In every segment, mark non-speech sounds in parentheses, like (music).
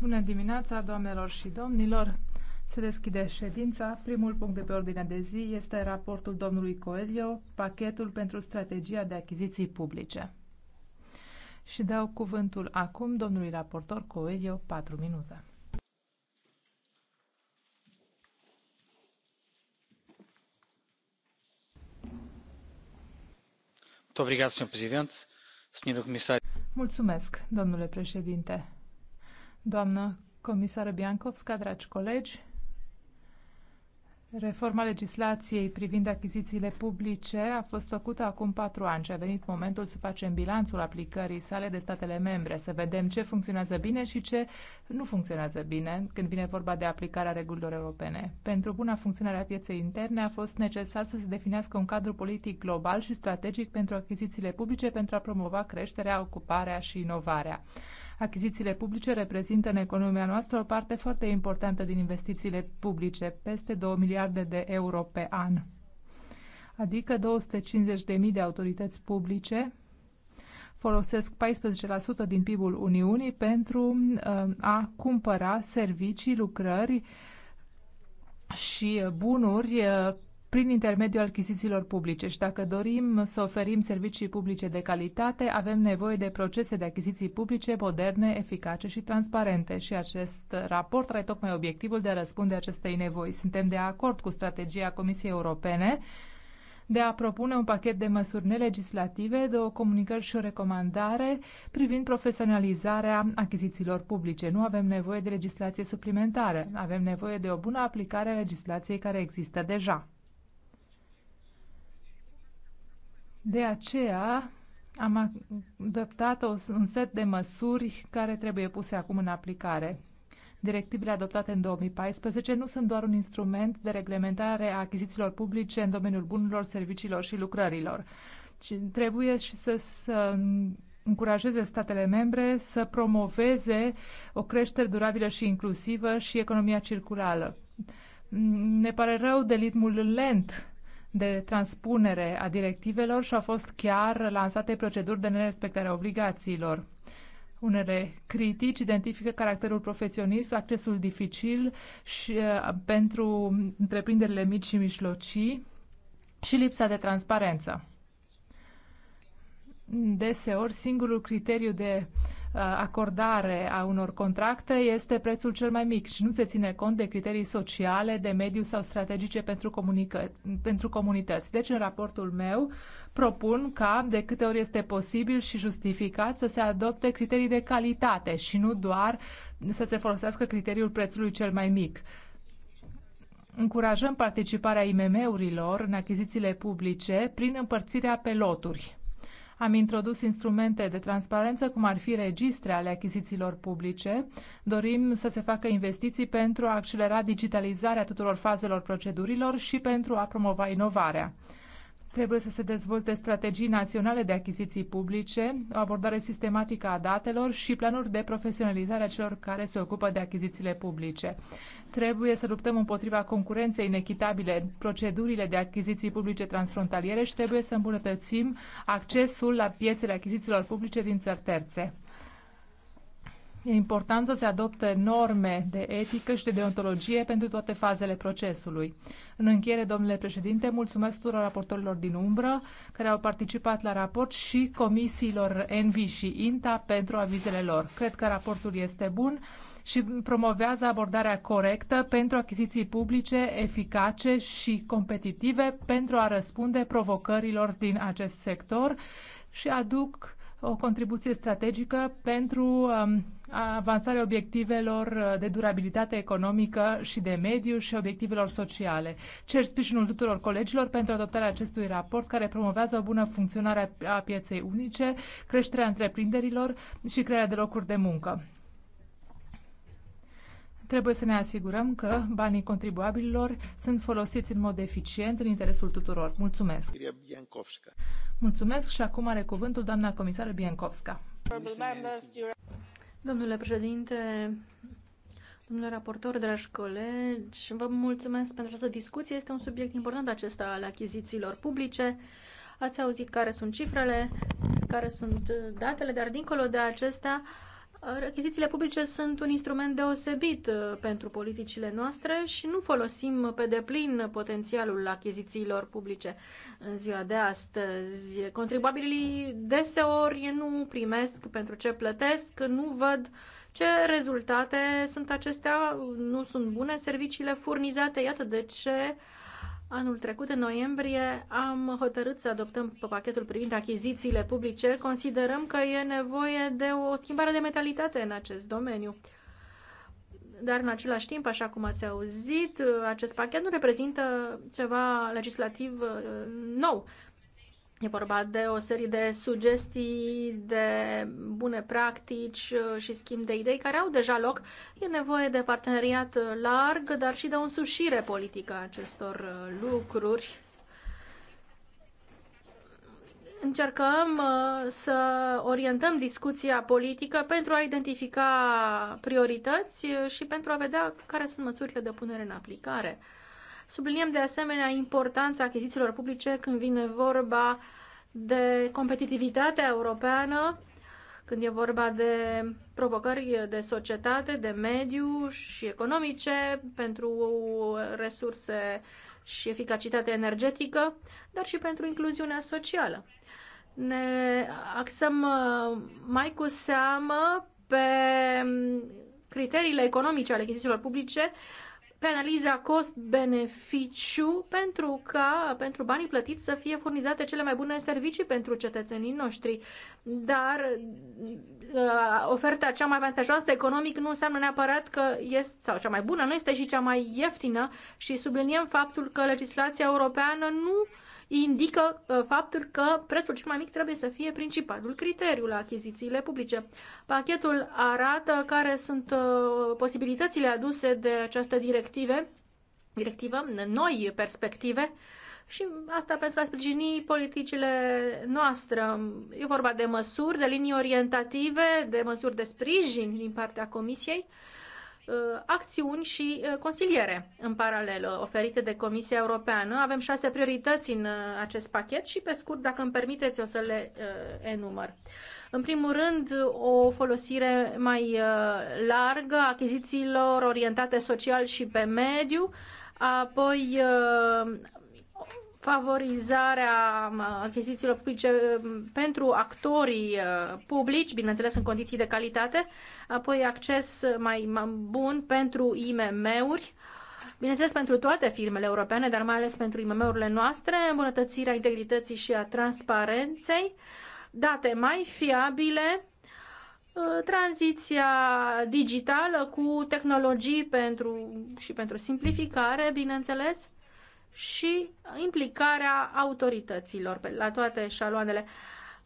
Bună dimineața, doamnelor și domnilor! Se deschide ședința. Primul punct de pe ordinea de zi este raportul domnului Coelho, pachetul pentru strategia de achiziții publice. Și dau cuvântul acum domnului raportor Coelho, patru minute. Obrigado, Sr. Presidente. Mulțumesc, domnule președinte. Doamnă comisară Biancovska, dragi colegi, Reforma legislației privind achizițiile publice a fost făcută acum patru ani și a venit momentul să facem bilanțul aplicării sale de statele membre, să vedem ce funcționează bine și ce nu funcționează bine când vine vorba de aplicarea regulilor europene. Pentru buna funcționare a pieței interne a fost necesar să se definească un cadru politic global și strategic pentru achizițiile publice pentru a promova creșterea, ocuparea și inovarea. Achizițiile publice reprezintă în economia noastră o parte foarte importantă din investițiile publice, peste 2 miliarde de euro pe an, adică 250.000 de autorități publice folosesc 14% din PIB-ul Uniunii pentru uh, a cumpăra servicii, lucrări și uh, bunuri uh, prin intermediul achizițiilor publice și dacă dorim să oferim servicii publice de calitate, avem nevoie de procese de achiziții publice moderne, eficace și transparente și acest raport are tocmai obiectivul de a răspunde acestei nevoi. Suntem de acord cu strategia Comisiei Europene de a propune un pachet de măsuri nelegislative, de o comunicări și o recomandare privind profesionalizarea achizițiilor publice. Nu avem nevoie de legislație suplimentară, avem nevoie de o bună aplicare a legislației care există deja. De aceea am adoptat un set de măsuri care trebuie puse acum în aplicare. Directivele adoptate în 2014 nu sunt doar un instrument de reglementare a achizițiilor publice în domeniul bunurilor, serviciilor și lucrărilor, ci trebuie și să, să încurajeze statele membre să promoveze o creștere durabilă și inclusivă și economia circulară. Ne pare rău de ritmul lent de transpunere a directivelor și au fost chiar lansate proceduri de nerespectare a obligațiilor. Unele critici identifică caracterul profesionist, accesul dificil și, uh, pentru întreprinderile mici și mijlocii și lipsa de transparență. Deseori, singurul criteriu de uh, Uh, acordare a unor contracte este prețul cel mai mic și nu se ține cont de criterii sociale, de mediu sau strategice pentru, comunică, pentru comunități. Deci, în raportul meu, propun ca, de câte ori este posibil și justificat, să se adopte criterii de calitate și nu doar să se folosească criteriul prețului cel mai mic. Încurajăm participarea IMM-urilor în achizițiile publice prin împărțirea pe loturi am introdus instrumente de transparență, cum ar fi registre ale achizițiilor publice. Dorim să se facă investiții pentru a accelera digitalizarea tuturor fazelor procedurilor și pentru a promova inovarea. Trebuie să se dezvolte strategii naționale de achiziții publice, o abordare sistematică a datelor și planuri de profesionalizare a celor care se ocupă de achizițiile publice. Trebuie să luptăm împotriva concurenței inechitabile, procedurile de achiziții publice transfrontaliere și trebuie să îmbunătățim accesul la piețele achizițiilor publice din țări terțe. E important să se adopte norme de etică și de deontologie pentru toate fazele procesului. În încheiere, domnule președinte, mulțumesc tuturor raportorilor din umbră care au participat la raport și comisiilor ENVI și INTA pentru avizele lor. Cred că raportul este bun și promovează abordarea corectă pentru achiziții publice eficace și competitive pentru a răspunde provocărilor din acest sector și aduc o contribuție strategică pentru um, avansarea obiectivelor de durabilitate economică și de mediu și obiectivelor sociale. Cer sprijinul tuturor colegilor pentru adoptarea acestui raport care promovează o bună funcționare a pieței unice, creșterea întreprinderilor și crearea de locuri de muncă. Trebuie să ne asigurăm că banii contribuabililor sunt folosiți în mod eficient în interesul tuturor. Mulțumesc! Mulțumesc și acum are cuvântul doamna comisară Biancovska. Domnule președinte, domnule raportor, dragi colegi, vă mulțumesc pentru această discuție. Este un subiect important acesta al achizițiilor publice. Ați auzit care sunt cifrele, care sunt datele, dar dincolo de acestea, uh, Rechizițiile publice sunt un instrument deosebit uh, pentru politicile noastre și nu folosim pe deplin potențialul achizițiilor publice în ziua de astăzi. Contribuabilii deseori nu primesc pentru ce plătesc, nu văd ce rezultate sunt acestea, nu sunt bune serviciile furnizate. Iată de ce Anul trecut, în noiembrie, am hotărât să adoptăm pachetul privind achizițiile publice. Considerăm că e nevoie de o schimbare de mentalitate în acest domeniu. Dar, în același timp, așa cum ați auzit, acest pachet nu reprezintă ceva legislativ uh, nou. E vorba de o serie de sugestii, de bune practici uh, și schimb de idei care au deja loc. E nevoie de parteneriat uh, larg, dar și de o însușire politică a acestor uh, lucruri. Încercăm să orientăm discuția politică pentru a identifica priorități și pentru a vedea care sunt măsurile de punere în aplicare. Subliniem de asemenea importanța achizițiilor publice când vine vorba de competitivitatea europeană, când e vorba de provocări de societate, de mediu și economice pentru resurse și eficacitate energetică, dar și pentru incluziunea socială. Ne axăm uh, mai cu seamă pe criteriile economice ale achizițiilor publice pe analiza cost-beneficiu pentru ca pentru banii plătiți să fie furnizate cele mai bune servicii pentru cetățenii noștri. Dar uh, oferta cea mai avantajoasă economic nu înseamnă neapărat că este, sau cea mai bună, nu este și cea mai ieftină și subliniem faptul că legislația europeană nu indică uh, faptul că prețul cel mai mic trebuie să fie principalul criteriu la achizițiile publice. Pachetul arată care sunt uh, posibilitățile aduse de această directive, directivă, noi perspective, și asta pentru a sprijini politicile noastre. E vorba de măsuri, de linii orientative, de măsuri de sprijin din partea Comisiei Uh, acțiuni și uh, consiliere în paralel uh, oferite de Comisia Europeană. Avem șase priorități în acest pachet și, pe scurt, dacă îmi permiteți, o să le enumăr. În primul rând, o folosire mai largă a achizițiilor orientate social și pe mediu, apoi favorizarea um, achizițiilor publice um, pentru actorii uh, publici, bineînțeles în condiții de calitate, apoi acces mai bun pentru IMM-uri, bineînțeles pentru toate firmele europene, dar mai ales pentru IMM-urile noastre, îmbunătățirea integrității și a transparenței, date mai fiabile, uh, tranziția digitală cu tehnologii pentru, și pentru simplificare, bineînțeles, și implicarea autorităților la toate șaloanele.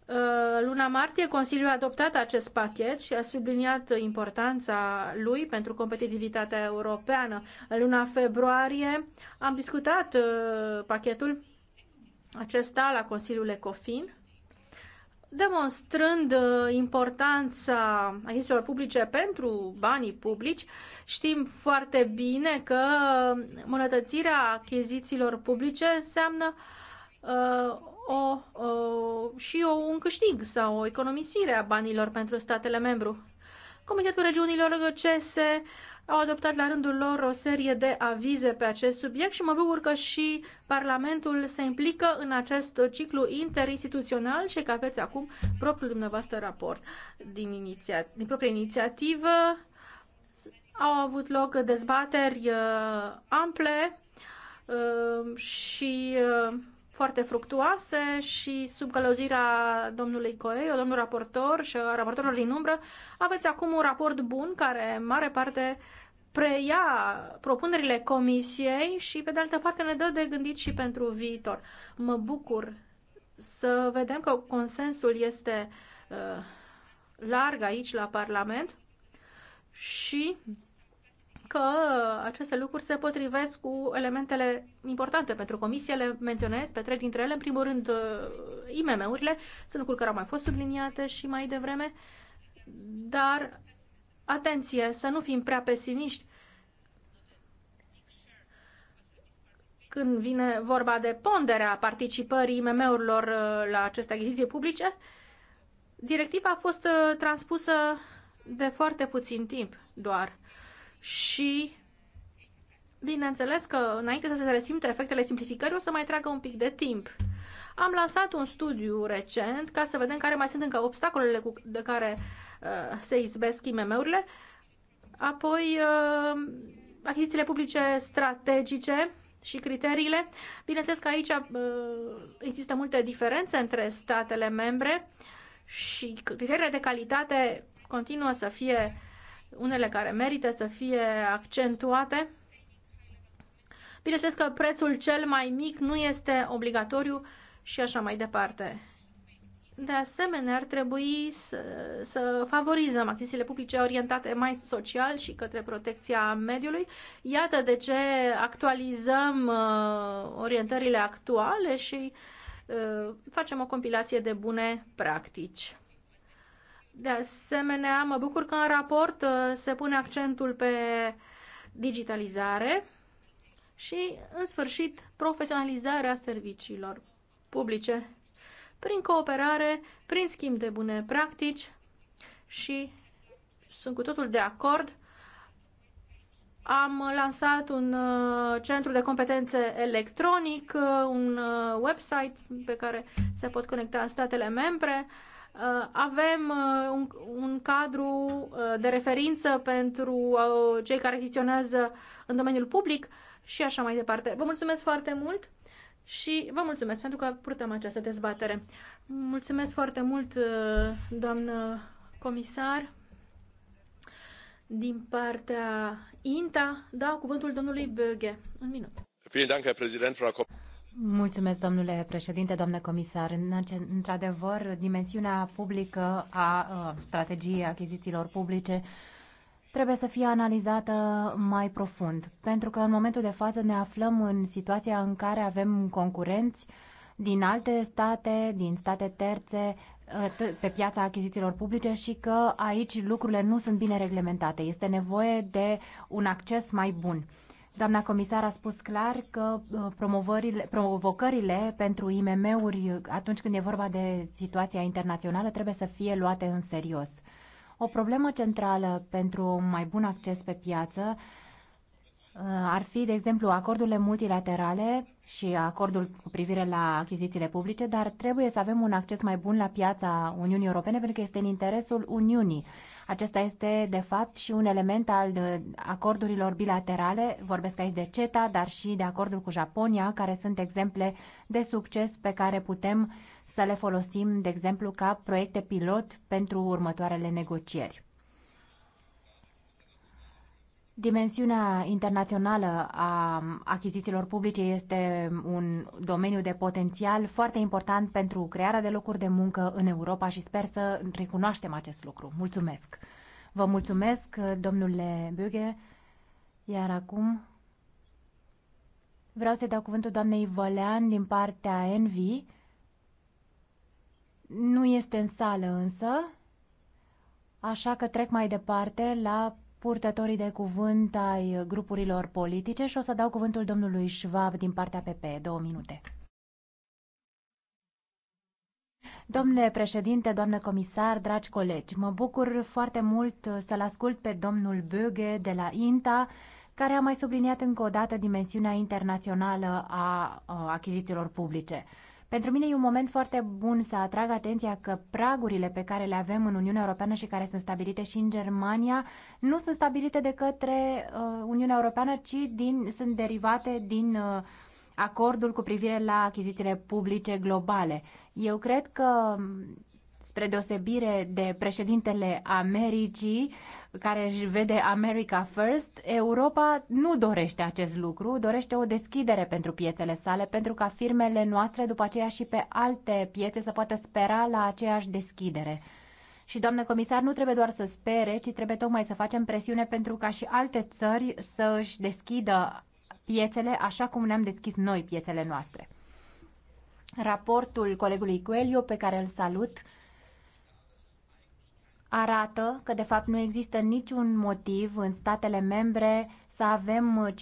Uh, luna martie, Consiliul a adoptat acest pachet și a subliniat importanța lui pentru competitivitatea europeană. În luna februarie am discutat uh, pachetul acesta la Consiliul ECOFIN demonstrând uh, importanța achizițiilor publice pentru banii publici. Știm foarte bine că monetățirea achizițiilor publice înseamnă uh, o, uh, și o, un câștig sau o economisire a banilor pentru statele membru. Comitetul Regiunilor ce uh, au adoptat la rândul lor o serie de avize pe acest subiect și mă bucur că și Parlamentul se implică în acest ciclu interinstituțional și că aveți acum propriul dumneavoastră raport din, iniția, din propria inițiativă. Au avut loc dezbateri uh, ample uh, și uh, foarte fructuoase și sub călăuzirea domnului Coelho, domnul raportor și raportorilor din umbră, aveți acum un raport bun care în mare parte preia propunerile comisiei și, pe de altă parte, ne dă de gândit și pentru viitor. Mă bucur să vedem că consensul este uh, larg aici la Parlament și că aceste lucruri se potrivesc cu elementele importante pentru comisie, le menționez pe trei dintre ele. În primul rând, uh, IMM-urile sunt lucruri care au mai fost subliniate și mai devreme, dar atenție, să nu fim prea pesimiști când vine vorba de ponderea participării IMM-urilor uh, la aceste achiziții publice. Directiva a fost uh, transpusă de foarte puțin timp doar și bineînțeles că înainte să se resimte efectele simplificării o să mai tragă un pic de timp. Am lansat un studiu recent ca să vedem care mai sunt încă obstacolele cu, de care uh, Uh, se izbesc IMM-urile. Apoi, uh, achizițiile publice strategice și criteriile. Bineînțeles că aici uh, există multe diferențe între statele membre și criteriile de calitate continuă să fie unele care merită să fie accentuate. Bineînțeles că prețul cel mai mic nu este obligatoriu și așa mai departe. De asemenea, ar trebui să, să favorizăm achizițiile publice orientate mai social și către protecția mediului. Iată de ce actualizăm uh, orientările actuale și uh, facem o compilație de bune practici. De asemenea, mă bucur că în raport uh, se pune accentul pe digitalizare și, în sfârșit, profesionalizarea serviciilor publice prin cooperare, prin schimb de bune practici și sunt cu totul de acord. Am lansat un uh, centru de competențe electronic, uh, un uh, website pe care se pot conecta statele membre. Avem un, un cadru de referință pentru cei care acționează în domeniul public și așa mai departe. Vă mulțumesc foarte mult! și vă mulțumesc pentru că purtăm această dezbatere. Mulțumesc foarte mult, uh, doamnă comisar. Din partea INTA, dau cuvântul domnului Böge. Un minut. Mulțumesc, domnule președinte, doamnă comisar. Într-adevăr, dimensiunea publică a uh, strategiei achizițiilor publice trebuie să fie analizată mai profund, pentru că în momentul de față ne aflăm în situația în care avem concurenți din alte state, din state terțe, ă, pe piața achizițiilor publice și că aici lucrurile nu sunt bine reglementate. Este nevoie de un acces mai bun. Doamna comisar a spus clar că ă, promovările, provocările pentru IMM-uri atunci când e vorba de situația internațională trebuie să fie luate în serios. O problemă centrală pentru un mai bun acces pe piață uh, ar fi, de exemplu, acordurile multilaterale și acordul cu privire la achizițiile publice, dar trebuie să avem un acces mai bun la piața Uniunii Europene pentru că este în interesul Uniunii. Acesta este, de fapt, și un element al uh, acordurilor bilaterale, vorbesc aici de CETA, dar și de acordul cu Japonia, care sunt exemple de succes pe care putem uh, să le folosim, de exemplu, ca proiecte pilot pentru următoarele negocieri. Dimensiunea internațională a achizițiilor publice este un domeniu de potențial foarte important pentru crearea de locuri de muncă în Europa și sper să recunoaștem acest lucru. Mulțumesc! Vă mulțumesc, domnule Bughe, iar acum vreau să dau cuvântul doamnei Vălean din partea Envi nu este în sală însă, așa că trec mai departe la purtătorii de cuvânt ai grupurilor politice și o să dau cuvântul domnului Schwab din partea PP. Două minute. Domnule președinte, doamnă comisar, dragi colegi, mă bucur foarte mult să-l ascult pe domnul Böge de la INTA, care a mai subliniat încă o dată dimensiunea internațională a achizițiilor publice. Pentru mine e un moment foarte bun să atrag atenția că pragurile pe care le avem în Uniunea Europeană și care sunt stabilite și în Germania nu sunt stabilite de către uh, Uniunea Europeană, ci din, sunt derivate din uh, acordul cu privire la achizițiile publice globale. Eu cred că, spre deosebire de președintele Americii, uh, care își vede America First, Europa nu dorește acest lucru, dorește o deschidere pentru piețele sale, pentru ca firmele noastre după aceea și pe alte piețe să poată spera la aceeași deschidere. Și, doamnă comisar, nu trebuie doar să spere, ci trebuie tocmai să facem presiune pentru ca și alte țări să își deschidă piețele așa cum ne-am deschis noi piețele noastre. Raportul colegului Coelho, pe care îl salut, arată că de fapt nu există niciun motiv în statele membre să avem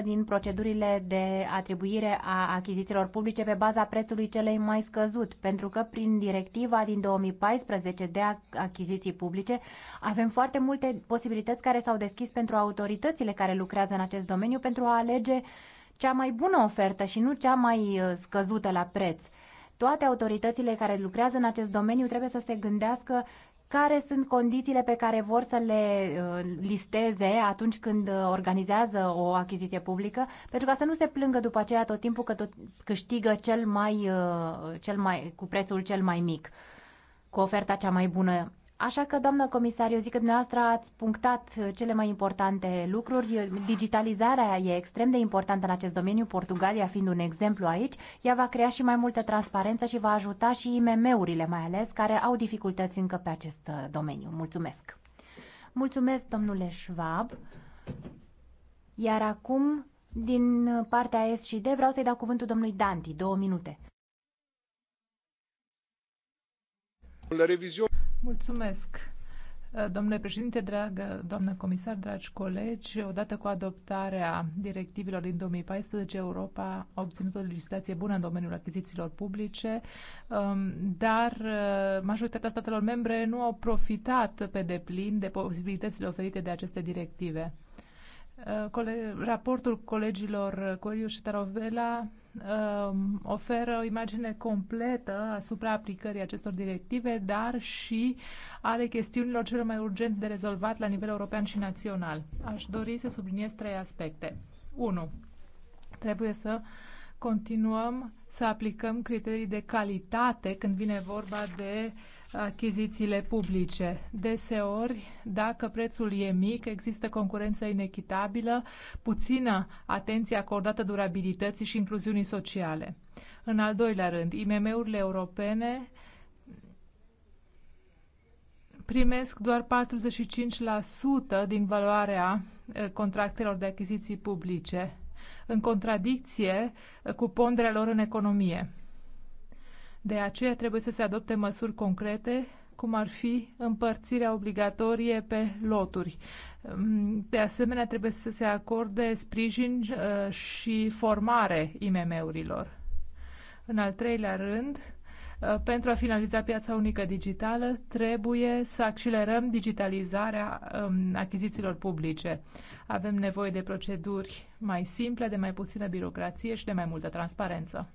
55% din procedurile de atribuire a achizițiilor publice pe baza prețului celei mai scăzut, pentru că prin directiva din 2014 de achiziții publice avem foarte multe posibilități care s-au deschis pentru autoritățile care lucrează în acest domeniu pentru a alege cea mai bună ofertă și nu cea mai uh, scăzută la preț. Toate autoritățile care lucrează în acest domeniu trebuie să se gândească care sunt condițiile pe care vor să le uh, listeze atunci când uh, organizează o achiziție publică, pentru ca să nu se plângă după aceea tot timpul că tot câștigă cel mai, uh, cel mai, cu prețul cel mai mic, cu oferta cea mai bună Așa că, doamnă comisar, eu zic că dumneavoastră ați punctat uh, cele mai importante lucruri. Digitalizarea e extrem de importantă în acest domeniu, Portugalia fiind un exemplu aici. Ea va crea și mai multă transparență și va ajuta și IMM-urile mai ales, care au dificultăți încă pe acest uh, domeniu. Mulțumesc! Mulțumesc, domnule Schwab! Iar acum, din partea S și D, vreau să-i dau cuvântul domnului Danti, două minute. La revizion... Mulțumesc. Uh, domnule președinte, dragă doamnă comisar, dragi colegi, odată cu adoptarea directivelor din 2014, Europa a obținut o legislație bună în domeniul achizițiilor publice, um, dar uh, majoritatea statelor membre nu au profitat pe deplin de posibilitățile oferite de aceste directive. Uh, raportul colegilor Coriu și Tarovela Um, oferă o imagine completă asupra aplicării acestor directive, dar și ale chestiunilor cele mai urgent de rezolvat la nivel european și național. Aș dori să subliniez trei aspecte. 1. Trebuie să continuăm să aplicăm criterii de calitate când vine vorba de uh, achizițiile publice. Deseori, dacă prețul e mic, există concurență inechitabilă, puțină atenție acordată durabilității și incluziunii sociale. În al doilea rând, IMM-urile europene primesc doar 45% din valoarea eh, contractelor de achiziții publice, în contradicție eh, cu ponderea lor în economie. De aceea trebuie să se adopte măsuri concrete, cum ar fi împărțirea obligatorie pe loturi. Mm, de asemenea, trebuie să se acorde sprijin uh, și formare IMM-urilor. În al treilea rând, uh, pentru a finaliza piața unică digitală, trebuie să accelerăm digitalizarea um, achizițiilor publice. Avem nevoie de proceduri mai simple, de mai puțină birocrație și de mai multă transparență.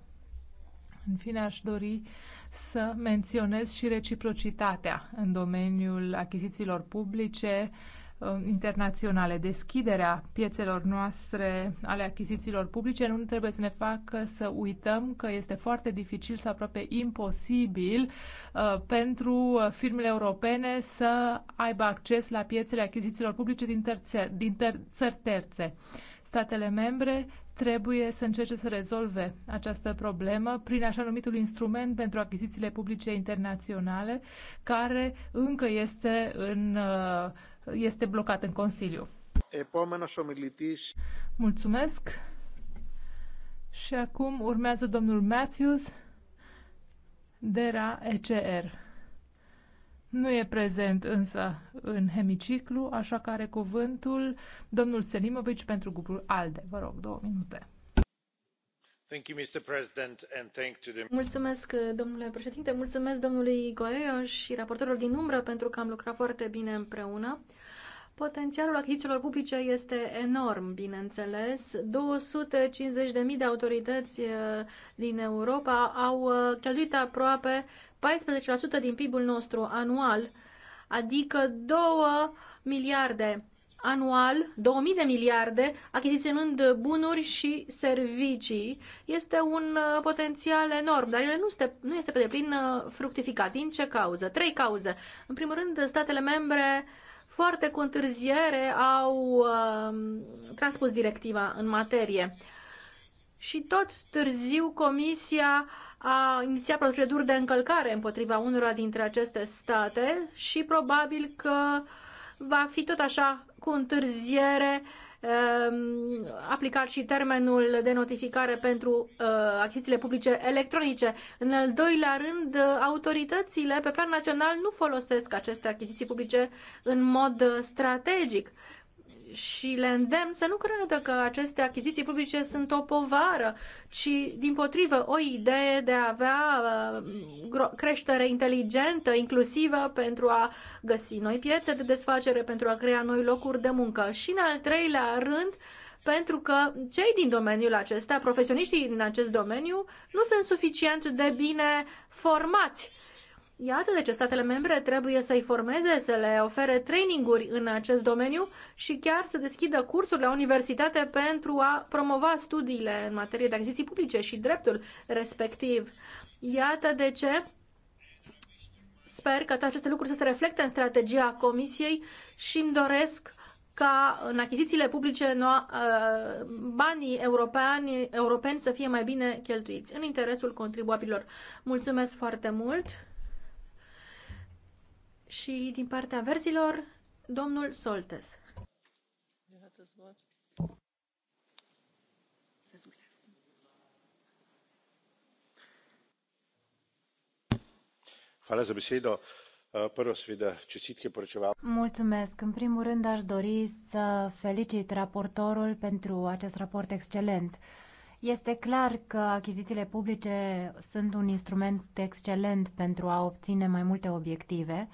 În fine, aș dori să menționez și reciprocitatea în domeniul achizițiilor publice uh, internaționale. Deschiderea piețelor noastre ale achizițiilor publice nu trebuie să ne facă să uităm că este foarte dificil sau aproape imposibil uh, pentru uh, firmele europene să aibă acces la piețele achizițiilor publice din, terțe, din ter, țări terțe. Statele membre trebuie să încerce să rezolve această problemă prin așa numitul instrument pentru achizițiile publice internaționale, care încă este, în, uh, este blocat în Consiliu. Mulțumesc. Și acum urmează domnul Matthews de la ECR. Nu e prezent însă în hemiciclu, așa că are cuvântul domnul Selimovic pentru grupul ALDE. Vă rog, două minute. Mulțumesc, domnule președinte, mulțumesc domnului Goeio și raportorilor din umbră pentru că am lucrat foarte bine împreună. Potențialul achizițiilor publice este enorm, bineînțeles. 250.000 de autorități eh, din Europa au eh, cheltuit aproape 14% din PIB-ul nostru anual, adică 2 miliarde anual, 2000 de miliarde, achiziționând bunuri și servicii. Este un eh, potențial enorm, dar el nu este, nu este pe deplin fructificat. Din ce cauză? Trei cauze. În primul rând, statele membre foarte cu întârziere au um, transpus directiva în materie. Și tot târziu Comisia a inițiat proceduri de încălcare împotriva unora dintre aceste state și probabil că va fi tot așa cu întârziere uh, aplicat și termenul de notificare pentru uh, achizițiile publice electronice. În al doilea rând, autoritățile pe plan național nu folosesc aceste achiziții publice în mod strategic și le îndemn să nu creadă că aceste achiziții publice sunt o povară, ci din potrivă o idee de a avea uh, creștere inteligentă, inclusivă pentru a găsi noi piețe de desfacere, pentru a crea noi locuri de muncă. Și în al treilea rând, pentru că cei din domeniul acesta, profesioniștii din acest domeniu, nu sunt suficient de bine formați Iată de ce statele membre trebuie să-i formeze, să le ofere traininguri în acest domeniu și chiar să deschidă cursuri la universitate pentru a promova studiile în materie de achiziții publice și dreptul respectiv. Iată de ce sper că toate aceste lucruri să se reflecte în strategia Comisiei și îmi doresc ca în achizițiile publice uh, banii europeani, europeni să fie mai bine cheltuiți în interesul contribuabililor. Mulțumesc foarte mult! Și din partea verzilor, domnul Soltes. Hvala za besedo. Eh, prvo seveda čestitke poročevalcu. Mulțumesc. În primul rând aș dori să felicit raportorul pentru acest raport excelent. Este clar că achizițiile publice sunt un instrument excelent pentru a obține mai multe obiective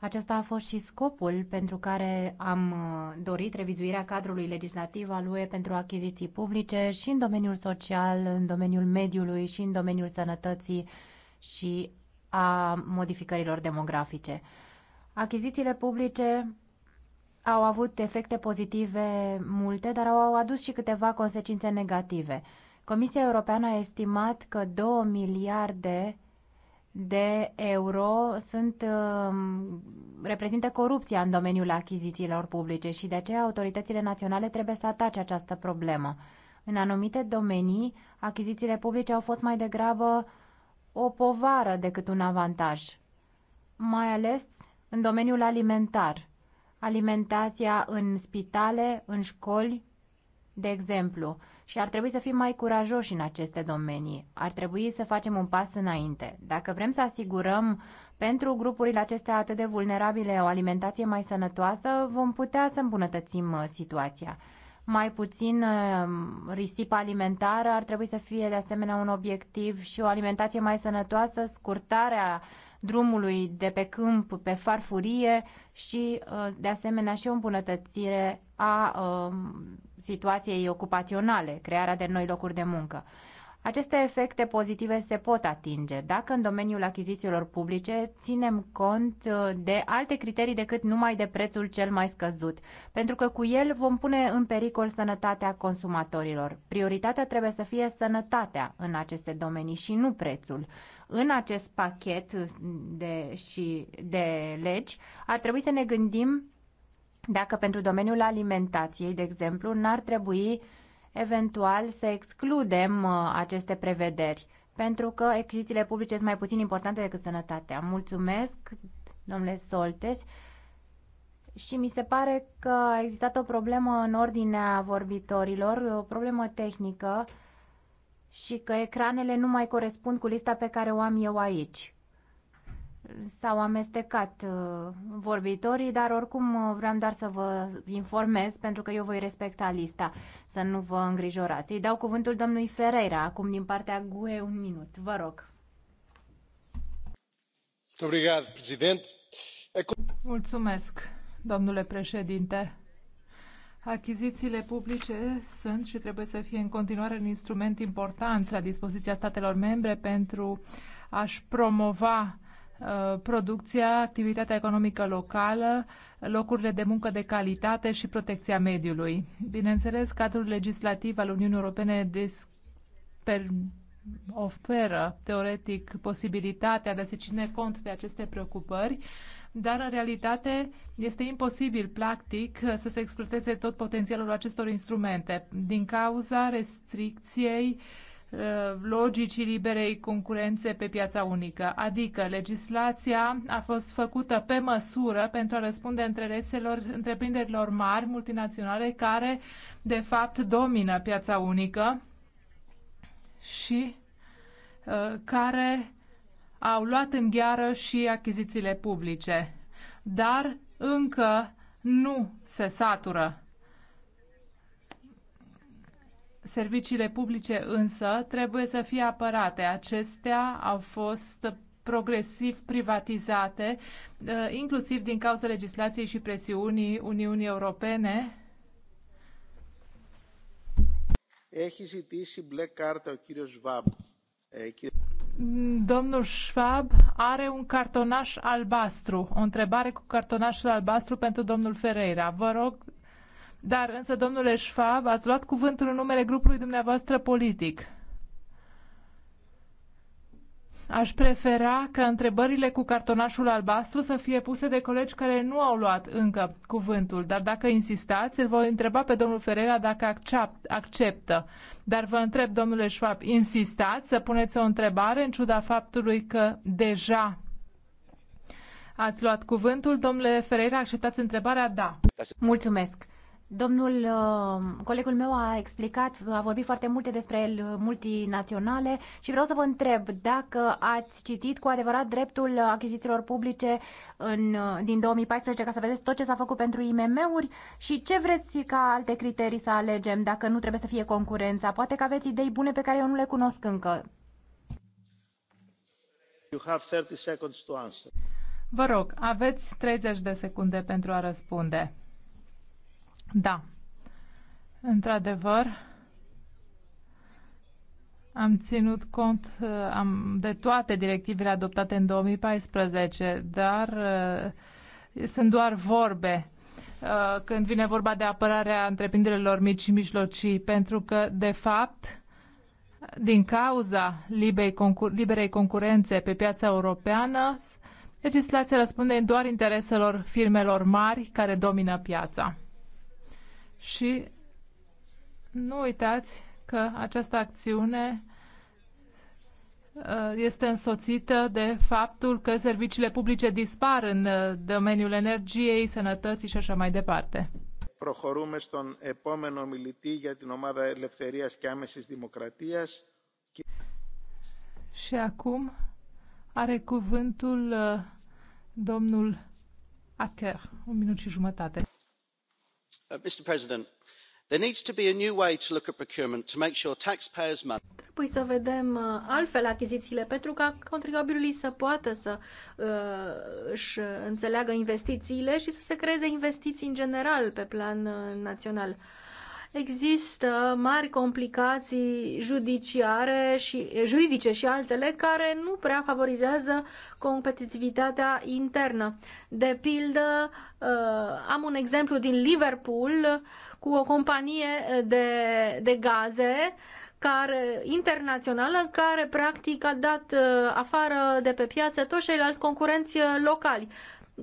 acesta a fost și scopul pentru care am uh, dorit revizuirea cadrului legislativ al UE pentru achiziții publice și în domeniul social, în domeniul mediului și în domeniul sănătății și a modificărilor demografice. Achizițiile publice au avut efecte pozitive multe, dar au adus și câteva consecințe negative. Comisia Europeană a estimat că 2 miliarde de euro sunt, um, reprezintă corupția în domeniul achizițiilor publice și de aceea autoritățile naționale trebuie să atace această problemă. În anumite domenii, achizițiile publice au fost mai degrabă o povară decât un avantaj, mai ales în domeniul alimentar. Alimentația în spitale, în școli, de exemplu și ar trebui să fim mai curajoși în aceste domenii. Ar trebui să facem un pas înainte. Dacă vrem să asigurăm pentru grupurile acestea atât de vulnerabile o alimentație mai sănătoasă, vom putea să îmbunătățim uh, situația. Mai puțin uh, risipa alimentară ar trebui să fie de asemenea un obiectiv și o alimentație mai sănătoasă, scurtarea drumului de pe câmp pe farfurie și uh, de asemenea și o îmbunătățire a situației ocupaționale, crearea de noi locuri de muncă. Aceste efecte pozitive se pot atinge dacă în domeniul achizițiilor publice ținem cont uh, de alte criterii decât numai de prețul cel mai scăzut, pentru că cu el vom pune în pericol sănătatea consumatorilor. Prioritatea trebuie să fie sănătatea în aceste domenii și nu prețul. În acest pachet de, și de legi ar trebui să ne gândim dacă pentru domeniul alimentației, de exemplu, n-ar trebui eventual să excludem uh, aceste prevederi, pentru că exițiile publice sunt mai puțin importante decât sănătatea. Mulțumesc, domnule Solteș. Și mi se pare că a existat o problemă în ordinea vorbitorilor, o problemă tehnică și că ecranele nu mai corespund cu lista pe care o am eu aici. S-au amestecat uh, vorbitorii, dar oricum uh, vreau doar să vă informez, pentru că eu voi respecta lista, să nu vă îngrijorați. Îi dau cuvântul domnului Ferreira, acum din partea GUE un minut. Vă rog. Mulțumesc, domnule președinte. Achizițiile publice sunt și trebuie să fie în continuare un instrument important la dispoziția statelor membre pentru a-și promova Uh, producția, activitatea economică locală, locurile de muncă de calitate și protecția mediului. Bineînțeles, cadrul legislativ al Uniunii Europene desper oferă teoretic posibilitatea de a se ține cont de aceste preocupări, dar în realitate este imposibil, practic, să se exploateze tot potențialul acestor instrumente din cauza restricției uh, Uh, logicii liberei concurențe pe piața unică. Adică legislația a fost făcută pe măsură pentru a răspunde intereselor întreprinderilor mari, multinaționale, care de fapt domină piața unică și uh, care au luat în gheară și achizițiile publice. Dar încă nu se satură Serviciile publice însă trebuie să fie apărate. Acestea au fost progresiv privatizate, uh, inclusiv din cauza legislației și presiunii Uniunii Europene. Domnul Schwab are un cartonaș albastru, o întrebare cu cartonașul albastru pentru domnul Ferreira. Vă rog dar însă, domnule Schwab, ați luat cuvântul în numele grupului dumneavoastră politic. Aș prefera că întrebările cu cartonașul albastru să fie puse de colegi care nu au luat încă cuvântul, dar dacă insistați, îl voi întreba pe domnul Ferreira dacă acceptă. Dar vă întreb, domnule Schwab, insistați să puneți o întrebare în ciuda faptului că deja ați luat cuvântul. Domnule Ferreira, acceptați întrebarea? Da. Mulțumesc. Domnul, uh, colegul meu a explicat, a vorbit foarte multe despre uh, multinaționale și vreau să vă întreb dacă ați citit cu adevărat dreptul uh, achizițiilor publice în, din 2014 ca să vedeți tot ce s-a făcut pentru IMM-uri și ce vreți ca alte criterii să alegem dacă nu trebuie să fie concurența. Poate că aveți idei bune pe care eu nu le cunosc încă. You have 30 seconds to answer. Vă rog, aveți 30 de secunde pentru a răspunde. Da, într-adevăr, am ținut cont uh, am, de toate directivele adoptate în 2014, dar uh, sunt doar vorbe uh, când vine vorba de apărarea întreprinderilor mici și mijlocii, pentru că, de fapt, din cauza liberei, concur- liberei concurențe pe piața europeană, legislația răspunde doar intereselor firmelor mari care domină piața și nu uitați că această acțiune uh, este însoțită de faptul că serviciile publice dispar în uh, domeniul energiei, sănătății și așa mai departe. Προχωρούμε στον επόμενο μιλητή για την ομάδα Ελευθερίας και Άμεσης Δημοκρατίας. Și acum are cuvântul uh, domnul Acker. Un minut și jumătate. Uh, mr president there needs to be a new way to look at procurement to make sure taxpayers' money. trebuie păi să vedem uh, altfel achizițiile pentru ca contribuabilii să poată să uh, își înțeleagă investițiile și să se creeze investiții în general pe plan uh, național există mari complicații judiciare și juridice și altele care nu prea favorizează competitivitatea internă. De pildă, uh, am un exemplu din Liverpool cu o companie de, de gaze care, internațională care practic a dat uh, afară de pe piață toți ceilalți concurenți uh, locali.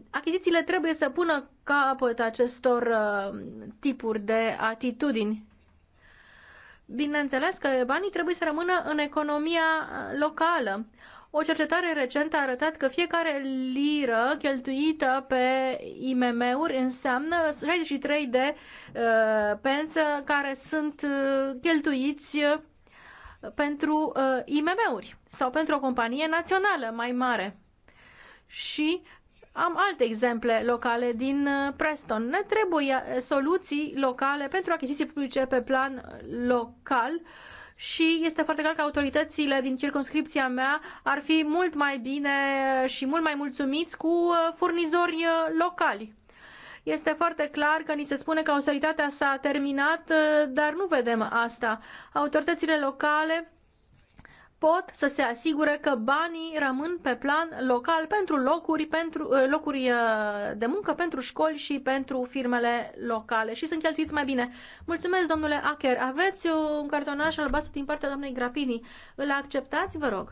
Achizițiile trebuie să pună capăt acestor uh, tipuri de atitudini. Bineînțeles că banii trebuie să rămână în economia uh, locală. O cercetare recentă a arătat că fiecare liră cheltuită pe IMM-uri înseamnă 63 de uh, pensă care sunt uh, cheltuiți pentru uh, IMM-uri sau pentru o companie națională mai mare. Și am alte exemple locale din uh, Preston. Ne trebuie uh, soluții locale pentru achiziții publice pe plan uh, local și este foarte clar că autoritățile din circunscripția mea ar fi mult mai bine și mult mai mulțumiți cu furnizori locali. Este foarte clar că ni se spune că autoritatea s-a terminat, dar nu vedem asta. Autoritățile locale pot să se asigure că banii rămân pe plan local pentru locuri, pentru, uh, locuri uh, de muncă, pentru școli și pentru firmele locale și sunt cheltuiți mai bine. Mulțumesc, domnule Acker. Aveți un cartonaș albastru din partea doamnei Grapini. Îl acceptați, vă rog?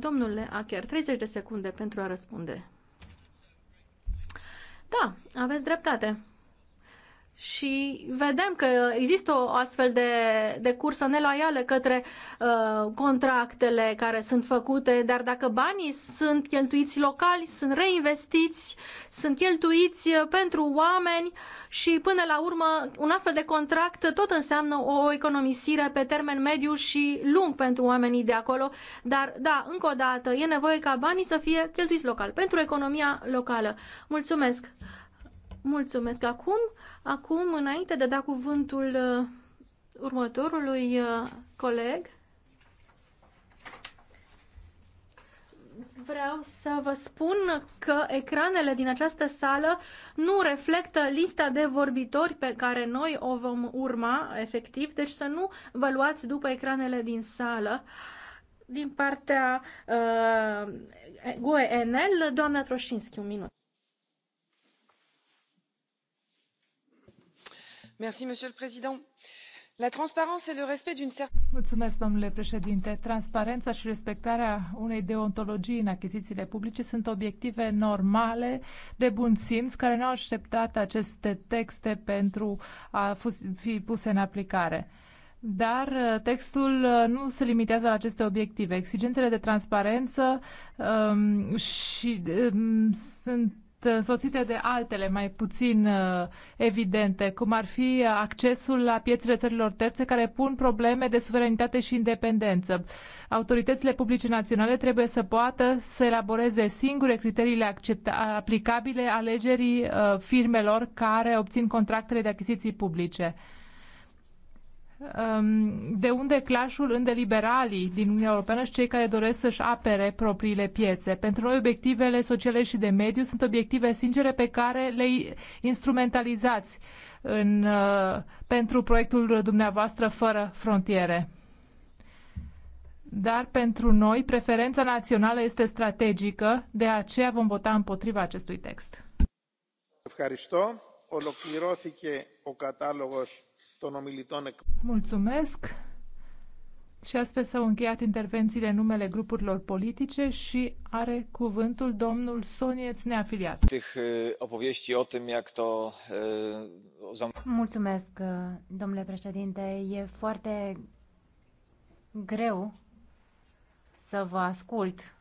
Domnule acker 30 de secunde pentru a răspunde. Da, aveți dreptate și vedem că există o astfel de, de cursă neloială către uh, contractele care sunt făcute, dar dacă banii sunt cheltuiți locali, sunt reinvestiți, sunt cheltuiți uh, pentru oameni și până la urmă un astfel de contract tot înseamnă o economisire pe termen mediu și lung pentru oamenii de acolo, dar da, încă o dată, e nevoie ca banii să fie cheltuiți local, pentru economia locală. Mulțumesc! Mulțumesc acum! Acum, înainte de a da cuvântul uh, următorului uh, coleg, vreau să vă spun că ecranele din această sală nu reflectă lista de vorbitori pe care noi o vom urma efectiv, deci să nu vă luați după ecranele din sală. Din partea uh, GUE-NL, doamna Troșinski, un minut. Mulțumesc, domnule președinte transparența și respectarea unei deontologii în achizițiile publice sunt obiective normale de bun simț care nu au așteptat aceste texte pentru a fi puse în aplicare. Dar uh, textul uh, nu se limitează la aceste obiective. Exigențele de transparență um, și, um, sunt însoțite de altele mai puțin uh, evidente, cum ar fi uh, accesul la piețele țărilor terțe care pun probleme de suveranitate și independență. Autoritățile publice naționale trebuie să poată să elaboreze singure criteriile accepta- aplicabile alegerii uh, firmelor care obțin contractele de achiziții publice. Um, de unde clașul între liberalii din Uniunea Europeană și cei care doresc să-și apere propriile piețe. Pentru noi, obiectivele sociale și de mediu sunt obiective sincere pe care le instrumentalizați în, uh, pentru proiectul dumneavoastră fără frontiere. Dar pentru noi, preferența națională este strategică, de aceea vom vota împotriva acestui text. Ευχαριστώ. Ολοκληρώθηκε ο Mulțumesc! Și astfel s-au încheiat intervențiile în numele grupurilor politice și are cuvântul domnul Sonieț neafiliat. Mulțumesc, domnule președinte. E foarte greu să vă ascult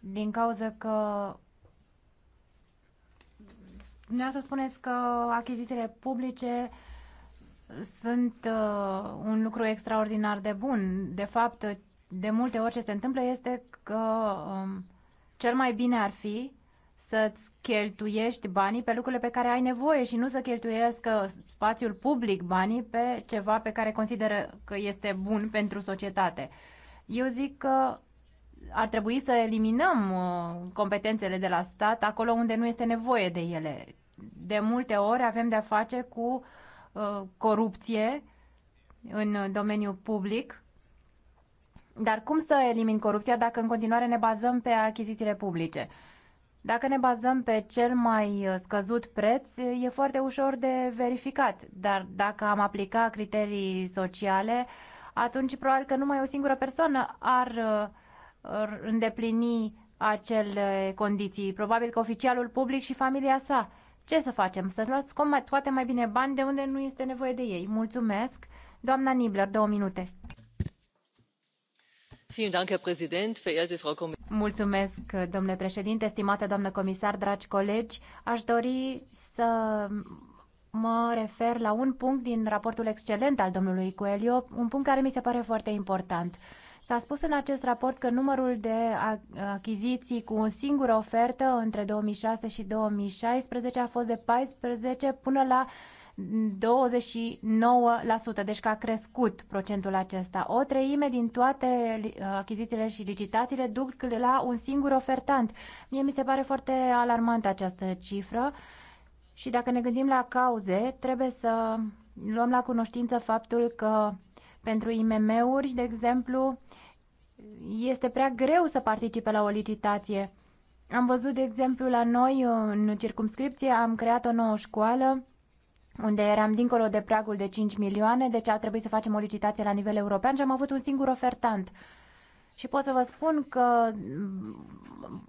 din cauza că să spuneți că achizițiile publice sunt uh, un lucru extraordinar de bun. De fapt, de multe ori ce se întâmplă este că um, cel mai bine ar fi să-ți cheltuiești banii pe lucrurile pe care ai nevoie și nu să cheltuiască spațiul public banii pe ceva pe care consideră că este bun pentru societate. Eu zic că ar trebui să eliminăm uh, competențele de la stat acolo unde nu este nevoie de ele. De multe ori avem de-a face cu uh, corupție în domeniul public, dar cum să elimin corupția dacă în continuare ne bazăm pe achizițiile publice? Dacă ne bazăm pe cel mai uh, scăzut preț, e foarte ușor de verificat, dar dacă am aplica criterii sociale, atunci probabil că numai o singură persoană ar uh, îndeplini acele condiții, probabil că oficialul public și familia sa. Ce să facem? Să luați toate mai bine bani de unde nu este nevoie de ei. Mulțumesc. Doamna Nibler, două minute. Mulțumesc, domnule președinte, stimată doamnă comisar, dragi colegi. Aș dori să mă refer la un punct din raportul excelent al domnului Coelho, un punct care mi se pare foarte important. S-a spus în acest raport că numărul de achiziții cu o singură ofertă între 2006 și 2016 a fost de 14 până la 29%, deci că a crescut procentul acesta. O treime din toate achizițiile și licitațiile duc la un singur ofertant. Mie mi se pare foarte alarmantă această cifră și dacă ne gândim la cauze, trebuie să luăm la cunoștință faptul că pentru IMM-uri, de exemplu, este prea greu să participe la o licitație. Am văzut, de exemplu, la noi, în circumscripție, am creat o nouă școală unde eram dincolo de pragul de 5 milioane, deci a trebuit să facem o licitație la nivel european și am avut un singur ofertant. Și pot să vă spun că mm,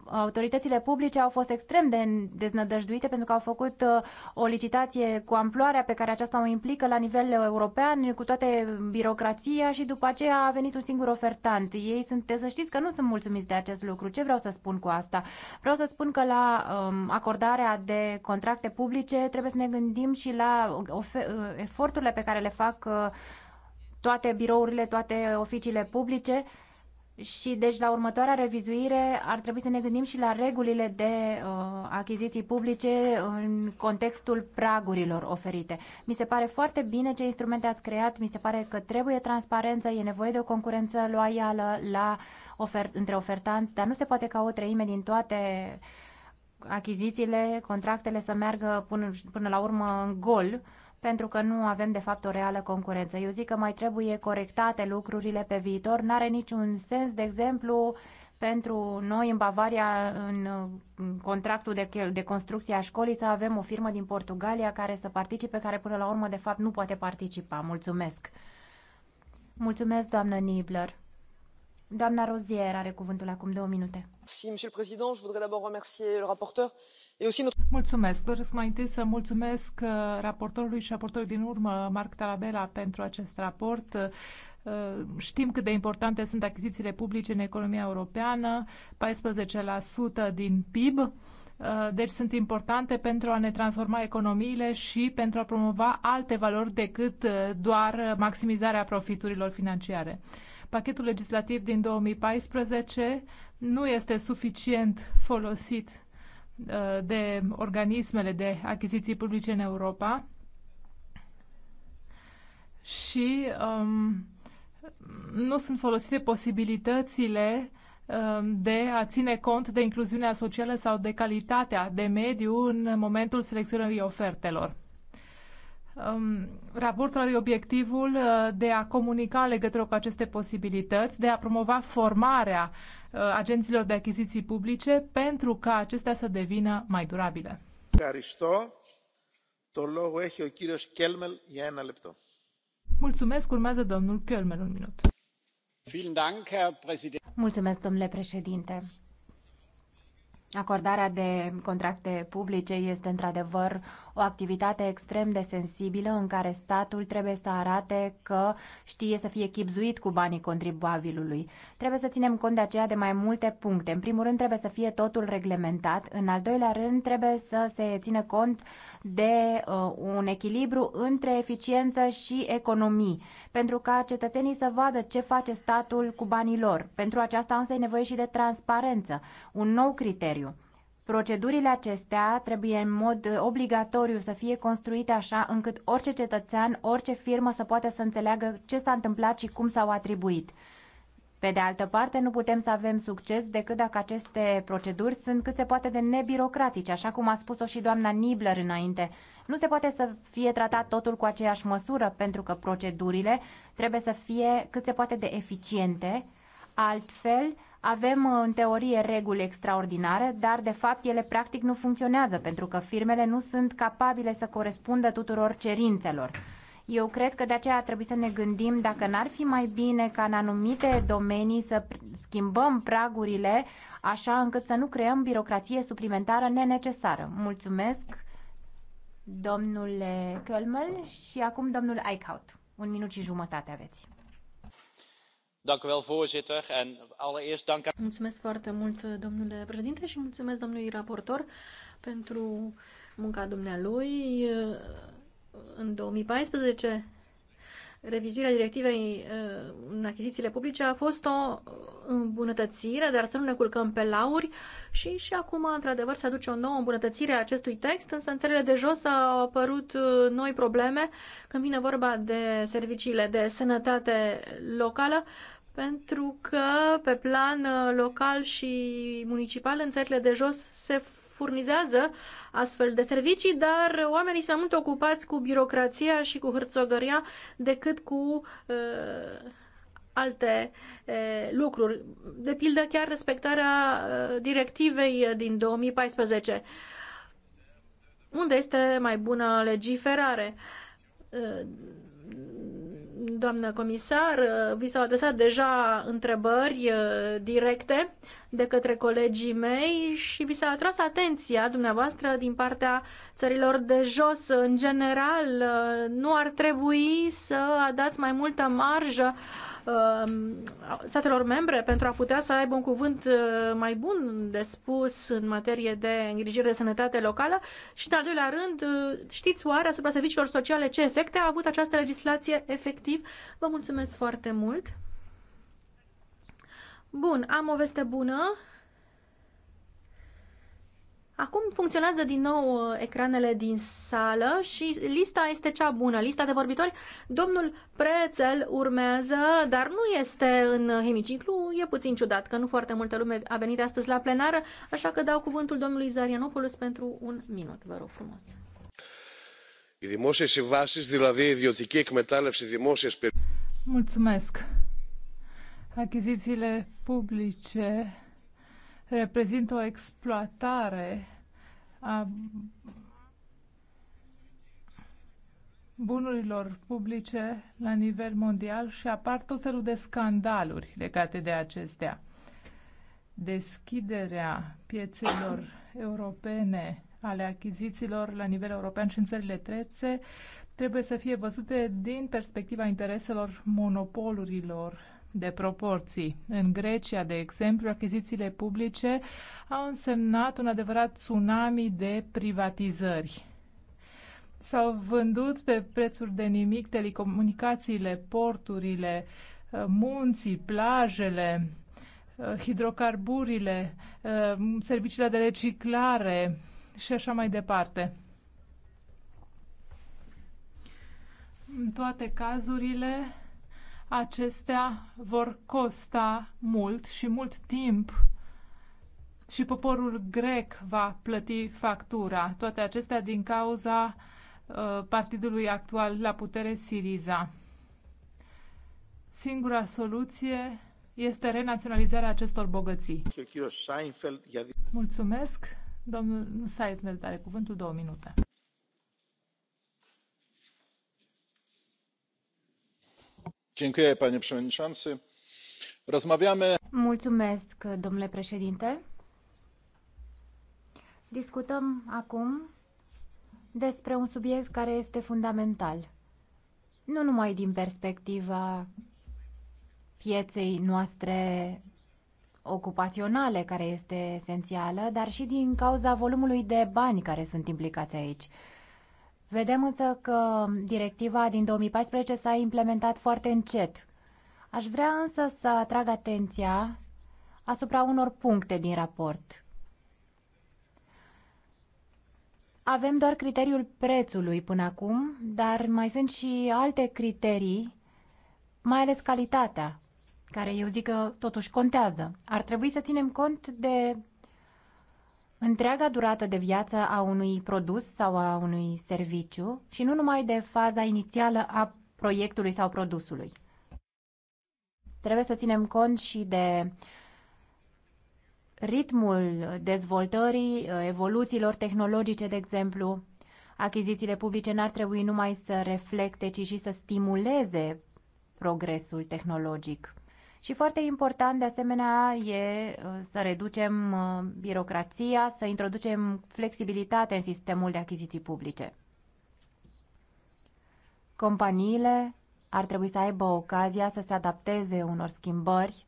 autoritățile publice au fost extrem de deznădăjduite pentru că au făcut uh, o licitație cu amploarea pe care aceasta o implică la nivel european, cu toate birocrația și după aceea a venit un singur ofertant. Ei sunt, să știți că nu sunt mulțumiți de acest lucru. Ce vreau să spun cu asta? Vreau să spun că la um, acordarea de contracte publice trebuie să ne gândim și la uh, uh, eforturile pe care le fac uh, toate birourile, toate oficiile publice și deci la următoarea revizuire ar trebui să ne gândim și la regulile de uh, achiziții publice în contextul pragurilor oferite. Mi se pare foarte bine ce instrumente ați creat, mi se pare că trebuie transparență, e nevoie de o concurență loială la ofer- între ofertanți, dar nu se poate ca o treime din toate achizițiile, contractele să meargă până, până la urmă în gol pentru că nu avem de fapt o reală concurență. Eu zic că mai trebuie corectate lucrurile pe viitor. N-are niciun sens, de exemplu, pentru noi în Bavaria, în contractul de, de construcție a școlii, să avem o firmă din Portugalia care să participe, care până la urmă, de fapt, nu poate participa. Mulțumesc! Mulțumesc, doamnă Nibler. Doamna Rozier are cuvântul acum două minute. Mulțumesc. Doresc mai întâi să mulțumesc uh, raportorului și raportorului din urmă, Marc Tarabella, pentru acest raport. Uh, știm cât de importante sunt achizițiile publice în economia europeană, 14% din PIB uh, deci sunt importante pentru a ne transforma economiile și pentru a promova alte valori decât doar maximizarea profiturilor financiare. Pachetul legislativ din 2014 nu este suficient folosit uh, de organismele de achiziții publice în Europa și um, nu sunt folosite posibilitățile um, de a ține cont de incluziunea socială sau de calitatea de mediu în momentul selecționării ofertelor. Um, raportul are obiectivul uh, de a comunica legătură cu aceste posibilități, de a promova formarea uh, agenților de achiziții publice pentru ca acestea să devină mai durabile. Mulțumesc, urmează domnul Kelmel un minut. Mulțumesc, domnule președinte Acordarea de contracte publice este într-adevăr o activitate extrem de sensibilă în care statul trebuie să arate că știe să fie chipzuit cu banii contribuabilului. Trebuie să ținem cont de aceea de mai multe puncte. În primul rând trebuie să fie totul reglementat, în al doilea rând trebuie să se țină cont de uh, un echilibru între eficiență și economii, pentru ca cetățenii să vadă ce face statul cu banii lor. Pentru aceasta însă e nevoie și de transparență, un nou criteriu. Procedurile acestea trebuie în mod obligatoriu să fie construite așa încât orice cetățean, orice firmă să poată să înțeleagă ce s-a întâmplat și cum s-au atribuit. Pe de altă parte, nu putem să avem succes decât dacă aceste proceduri sunt cât se poate de nebirocratice, așa cum a spus-o și doamna Nibler înainte. Nu se poate să fie tratat totul cu aceeași măsură, pentru că procedurile trebuie să fie cât se poate de eficiente, altfel avem în teorie reguli extraordinare, dar de fapt ele practic nu funcționează pentru că firmele nu sunt capabile să corespundă tuturor cerințelor. Eu cred că de aceea ar trebui să ne gândim dacă n-ar fi mai bine ca în anumite domenii să schimbăm pragurile așa încât să nu creăm birocrație suplimentară nenecesară. Mulțumesc, domnule Kölmel și acum domnul Eichhout. Un minut și jumătate aveți. Mulțumesc foarte mult, domnule președinte, și mulțumesc domnului raportor pentru munca dumnealui în 2014 revizuirea directivei uh, în achizițiile publice a fost o îmbunătățire, dar să nu ne culcăm pe lauri și și acum, într-adevăr, se aduce o nouă îmbunătățire a acestui text, însă în țările de jos au apărut uh, noi probleme când vine vorba de serviciile de sănătate locală, pentru că pe plan uh, local și municipal în țările de jos se furnizează astfel de servicii, dar oamenii sunt mult ocupați cu birocrația și cu hârțogăria decât cu uh, alte e, uh, lucruri, de pildă chiar respectarea e, uh, directivei din 2014, unde este mai bună legiferare. Uh, doamnă comisar, vi s-au adresat deja întrebări directe de către colegii mei și vi s-a atras atenția dumneavoastră din partea țărilor de jos. În general, nu ar trebui să dați mai multă marjă um, statelor membre pentru a putea să aibă un cuvânt uh, mai bun de spus în materie de îngrijire de sănătate locală și, în al doilea rând, uh, știți oare asupra serviciilor sociale ce efecte a avut această legislație efectiv? Vă mulțumesc foarte mult! Bun, am o veste bună. Acum funcționează din nou uh, ecranele din sală și lista este cea bună, lista de vorbitori. Domnul Prețel urmează, dar nu este în hemiciclu, e puțin ciudat că nu foarte multă lume a venit astăzi la plenară, așa că dau cuvântul domnului Zarianopoulos pentru un minut, vă rog frumos. Mulțumesc achizițiile publice reprezintă o exploatare a bunurilor publice la nivel mondial și apar tot felul de scandaluri legate de acestea. Deschiderea piețelor europene ale achizițiilor la nivel european și în țările trețe trebuie să fie văzute din perspectiva intereselor monopolurilor de proporții. În Grecia, de exemplu, achizițiile publice au însemnat un adevărat tsunami de privatizări. S-au vândut pe prețuri de nimic telecomunicațiile, porturile, uh, munții, plajele, uh, hidrocarburile, uh, serviciile de reciclare și așa mai departe. În toate cazurile, acestea vor costa mult și mult timp și poporul grec va plăti factura. Toate acestea din cauza uh, partidului actual la putere Siriza. Singura soluție este renaționalizarea acestor bogății. Mulțumesc. Domnul Seinfeld are cuvântul două minute. Mulțumesc, domnule președinte. Discutăm acum despre un subiect care este fundamental, nu numai din perspectiva pieței noastre ocupaționale, care este esențială, dar și din cauza volumului de bani care sunt implicați aici. Vedem însă că directiva din 2014 s-a implementat foarte încet. Aș vrea însă să atrag atenția asupra unor puncte din raport. Avem doar criteriul prețului până acum, dar mai sunt și alte criterii, mai ales calitatea, care eu zic că totuși contează. Ar trebui să ținem cont de întreaga durată de viață a unui produs sau a unui serviciu și nu numai de faza inițială a proiectului sau produsului. Trebuie să ținem cont și de ritmul dezvoltării, evoluțiilor tehnologice, de exemplu. Achizițiile publice n-ar trebui numai să reflecte, ci și să stimuleze progresul tehnologic. Și foarte important, de asemenea, e uh, să reducem uh, birocrația, să introducem flexibilitate în sistemul de achiziții publice. Companiile ar trebui să aibă ocazia să se adapteze unor schimbări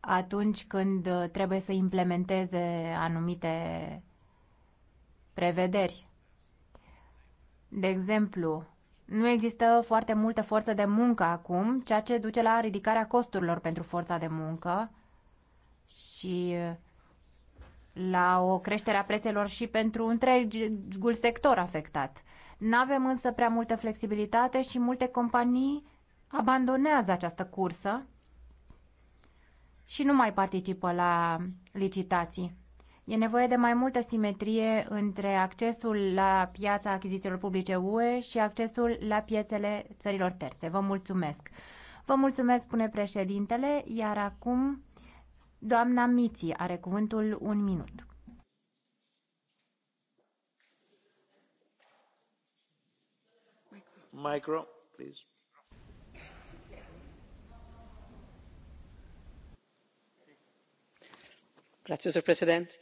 atunci când uh, trebuie să implementeze anumite prevederi. De exemplu, nu există foarte multă forță de muncă acum, ceea ce duce la ridicarea costurilor pentru forța de muncă și uh, la o creștere a prețelor și pentru întregul sector afectat. Nu avem însă prea multă flexibilitate și multe companii abandonează această cursă și nu mai participă la licitații. E nevoie de mai multă simetrie între accesul la piața achizițiilor publice UE și accesul la piețele țărilor terțe. Vă mulțumesc! Vă mulțumesc, spune președintele, iar acum doamna Miții are cuvântul un minut. Micro, please. domnule președinte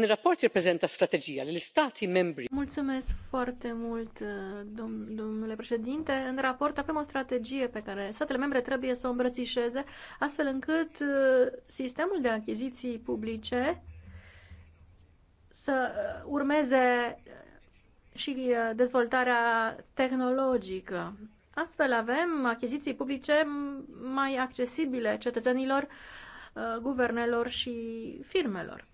în raport reprezintă strategia ale stati membri. Mulțumesc foarte mult, domnule președinte. În raport avem o strategie pe care statele membre trebuie să o îmbrățișeze, astfel încât uh, sistemul de achiziții publice să uh, urmeze uh, și dezvoltarea tehnologică. Astfel avem achiziții publice mai accesibile cetățenilor Uh, guvernelor și firmelor.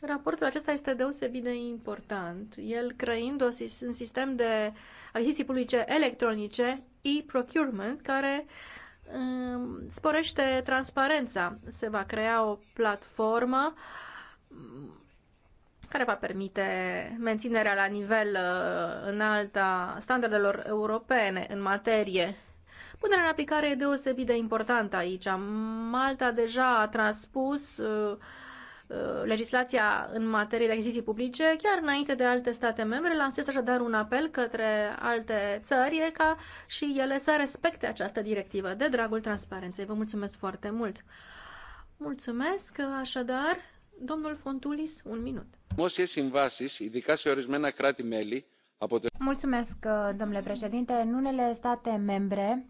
Raportul acesta este deosebit de important, el creând o, un sistem de achiziții publice electronice, e-procurement, care um, sporește transparența. Se va crea o platformă um, care va permite menținerea la nivel uh, înalt a standardelor europene în materie Punerea în aplicare e deosebit de importantă aici. Malta deja a transpus uh, uh, legislația în materie de achiziții publice, chiar înainte de alte state membre, lansez așadar un apel către alte țări ca și ele să respecte această directivă de dragul transparenței. Vă mulțumesc foarte mult! Mulțumesc, așadar, domnul Fontulis, un minut. Mulțumesc, domnule președinte. În unele state membre,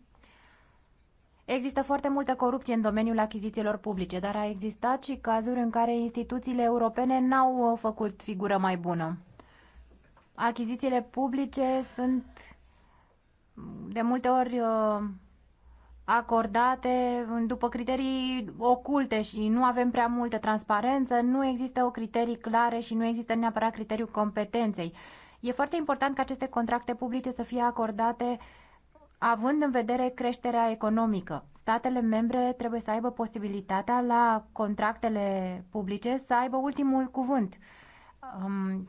Există foarte multă corupție în domeniul achizițiilor publice, dar a existat și cazuri în care instituțiile europene n-au uh, făcut figură mai bună. Achizițiile publice sunt mm, de multe ori uh, acordate după criterii oculte și nu avem prea multă transparență, nu există o criterii clare și nu există neapărat criteriul competenței. E foarte important ca aceste contracte publice să fie acordate uh, având în vedere creșterea economică. Statele membre trebuie să aibă posibilitatea la contractele publice să aibă ultimul cuvânt. Um,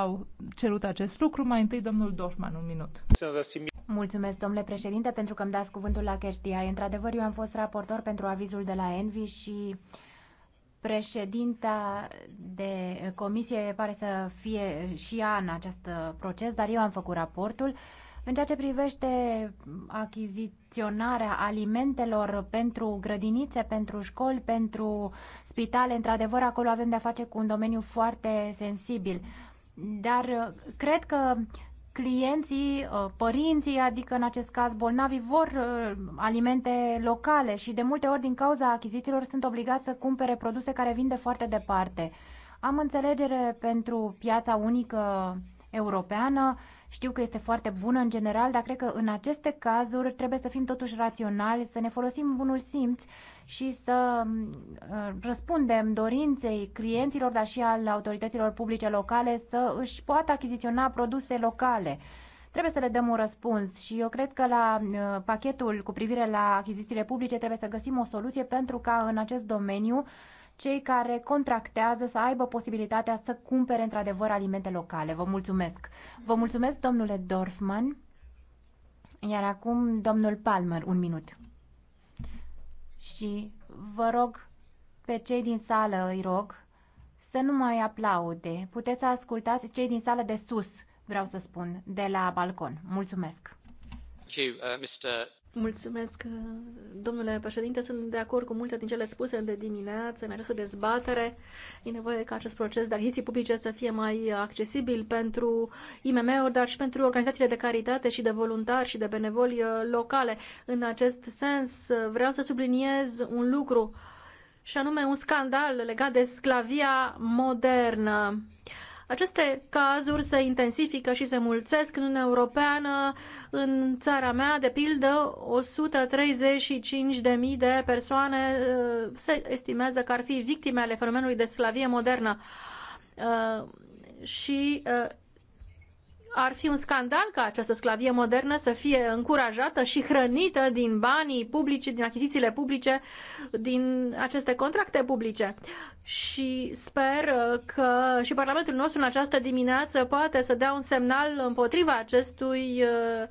au cerut acest lucru. Mai întâi, domnul Dorfman, un minut. Mulțumesc, domnule președinte, pentru că îmi dați cuvântul la CashDI. Într-adevăr, eu am fost raportor pentru avizul de la Envi și președinta de comisie pare să fie și ea în acest proces, dar eu am făcut raportul. În ceea ce privește achiziționarea alimentelor pentru grădinițe, pentru școli, pentru spitale, într-adevăr acolo avem de-a face cu un domeniu foarte sensibil. Dar uh, cred că clienții, uh, părinții, adică în acest caz bolnavii, vor uh, alimente locale și de multe ori din cauza achizițiilor sunt obligați să cumpere produse care vin de foarte departe. Am înțelegere pentru piața unică europeană știu că este foarte bună în general, dar cred că în aceste cazuri trebuie să fim totuși raționali, să ne folosim bunul simț și să mm, uh, răspundem dorinței clienților, dar și al autorităților publice locale să își poată achiziționa produse locale trebuie să le dăm un răspuns și eu cred că la uh, pachetul cu privire la achizițiile publice trebuie să găsim o soluție pentru ca în acest domeniu cei care contractează să aibă posibilitatea să cumpere într-adevăr alimente locale. Vă mulțumesc! Vă mulțumesc, domnule Dorfman. Iar acum, domnul Palmer, un minut. Și vă rog pe cei din sală, îi rog, să nu mai aplaude. Puteți să ascultați cei din sală de sus, vreau să spun, de la balcon. Mulțumesc! Thank you, uh, Mr. Mulțumesc, domnule președinte. Sunt de acord cu multe din cele spuse de dimineață în această dezbatere. E nevoie ca acest proces de achiziții publice să fie mai accesibil pentru IMM-uri, dar și pentru organizațiile de caritate și de voluntari și de benevoli uh, locale. În acest sens, uh, vreau să subliniez un lucru, și anume un scandal legat de sclavia modernă aceste cazuri se intensifică și se mulțesc în Uniunea Europeană. În țara mea, de pildă, 135.000 de persoane uh, se estimează că ar fi victime ale fenomenului de sclavie modernă uh, și uh, ar fi un scandal ca această sclavie modernă să fie încurajată și hrănită din banii publici, din achizițiile publice, din aceste contracte publice. Și sper uh, că și Parlamentul nostru în această dimineață poate să dea un semnal împotriva acestui uh,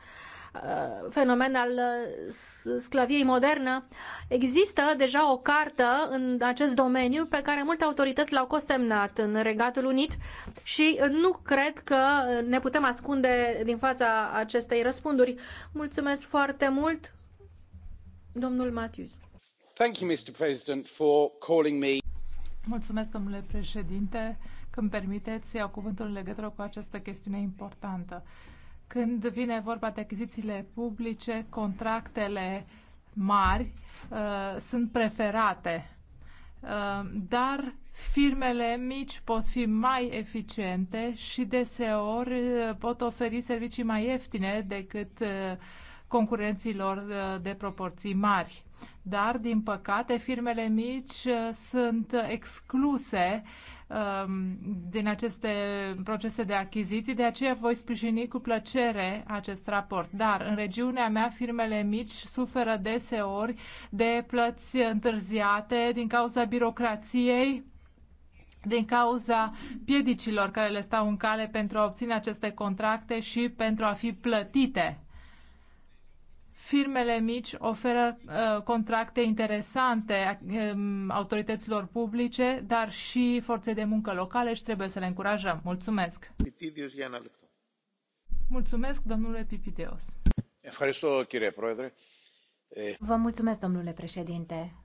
Uh, fenomen al uh, sclaviei modernă. Există deja o cartă în acest domeniu pe care multe autorități l-au cosemnat în Regatul Unit și nu cred că ne putem ascunde din fața acestei răspunduri. Mulțumesc foarte mult, domnul Matthews. Thank you, Mr. President, for calling me. Mulțumesc, domnule președinte, că îmi permiteți să iau cuvântul în legătură cu această chestiune importantă. Când vine vorba de achizițiile publice, contractele mari uh, sunt preferate, uh, dar firmele mici pot fi mai eficiente și deseori uh, pot oferi servicii mai ieftine decât uh, concurenților uh, de proporții mari. Dar, din păcate, firmele mici uh, sunt excluse uh, Um, din aceste procese de achiziții, de aceea voi sprijini cu plăcere acest raport. Dar în regiunea mea firmele mici suferă deseori de plăți întârziate din cauza birocrației din cauza piedicilor care le stau în cale pentru a obține aceste contracte și pentru a fi plătite. Firmele mici oferă uh, contracte interesante uh, autorităților publice, dar și forțe de muncă locale și trebuie să le încurajăm. Mulțumesc! Mulțumesc, domnule Pipiteos! Vă mulțumesc, domnule președinte!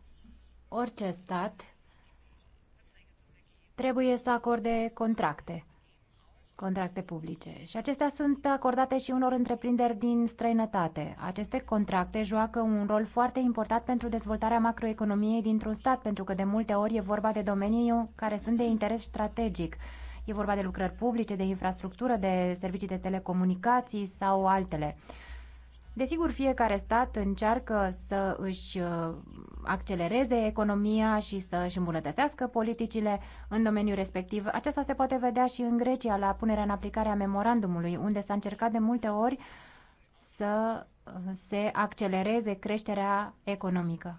Orice stat trebuie să acorde contracte contracte publice și acestea sunt acordate și unor întreprinderi din străinătate. Aceste contracte joacă un rol foarte important pentru dezvoltarea macroeconomiei dintr-un stat, pentru că de multe ori e vorba de domenii care sunt de interes strategic. E vorba de lucrări publice, de infrastructură, de servicii de telecomunicații sau altele. Desigur, fiecare stat încearcă să își uh, accelereze economia și să își îmbunătățească politicile în domeniul respectiv. Aceasta se poate vedea și în Grecia la punerea în aplicare a memorandumului, unde s-a încercat de multe ori să uh, se accelereze creșterea economică.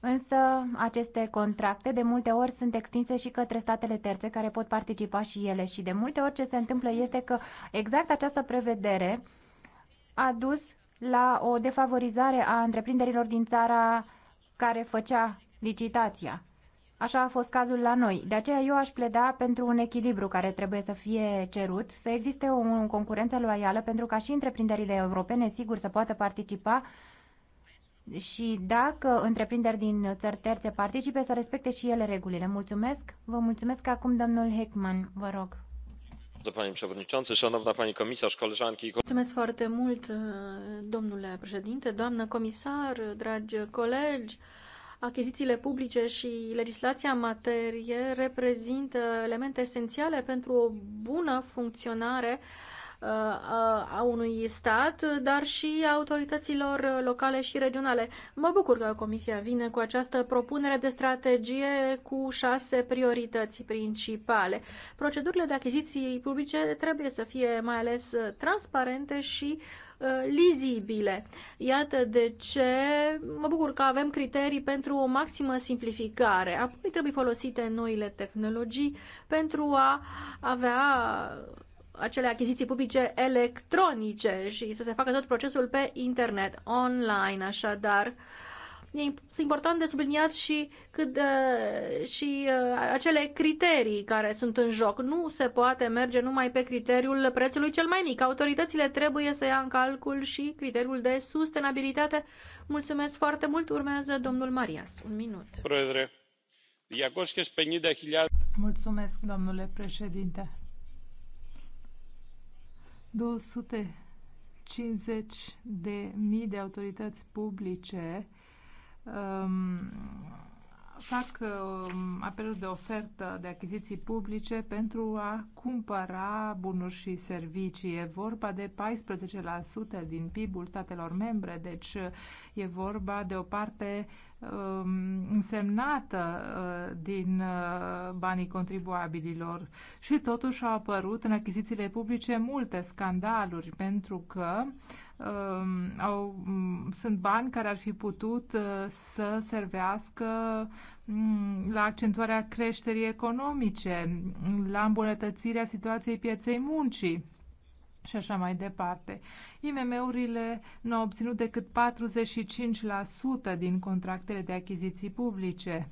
Însă aceste contracte de multe ori sunt extinse și către statele terțe care pot participa și ele și de multe ori ce se întâmplă este că exact această prevedere uh, a dus la o defavorizare a întreprinderilor din țara care făcea licitația. Așa a fost cazul la noi. De aceea eu aș pleda pentru un echilibru care trebuie să fie cerut, să existe o concurență loială pentru ca și întreprinderile europene, sigur, să poată participa și dacă întreprinderi din țări terțe participe, să respecte și ele regulile. Mulțumesc. Vă mulțumesc acum, domnul Heckman, vă rog. Mulțumesc foarte mult, domnule președinte, doamnă comisar, dragi colegi. Achizițiile publice și legislația în materie reprezintă elemente esențiale pentru o bună funcționare uh, Uh, a unui stat, dar și autorităților locale și regionale. Mă bucur că Comisia vine cu această propunere de strategie cu șase priorități principale. Procedurile de achiziții publice trebuie să fie mai ales transparente și uh, lizibile. Iată de ce mă bucur că avem criterii pentru o maximă simplificare. Apoi trebuie folosite noile tehnologii pentru a avea acele achiziții publice electronice și să se facă tot procesul pe internet, online, așadar. E important de subliniat și, cât, și uh, acele criterii care sunt în joc. Nu se poate merge numai pe criteriul prețului cel mai mic. Autoritățile trebuie să ia în calcul și criteriul de sustenabilitate. Mulțumesc foarte mult. Urmează domnul Marias. Un minut. Mulțumesc, domnule președinte. 250 de mii de autorități publice um, fac um, apeluri de ofertă de achiziții publice pentru a cumpăra bunuri și servicii. E vorba de 14% din PIB-ul statelor membre, deci uh, e vorba de o parte um, însemnată uh, din uh, banii contribuabililor. Și totuși au apărut în achizițiile publice multe scandaluri, pentru că uh, Um, au, mm, sunt bani care ar fi putut uh, să servească mm, la accentuarea creșterii economice, la îmbunătățirea situației pieței muncii și așa mai departe. IMM-urile nu au obținut decât 45% din contractele de achiziții publice.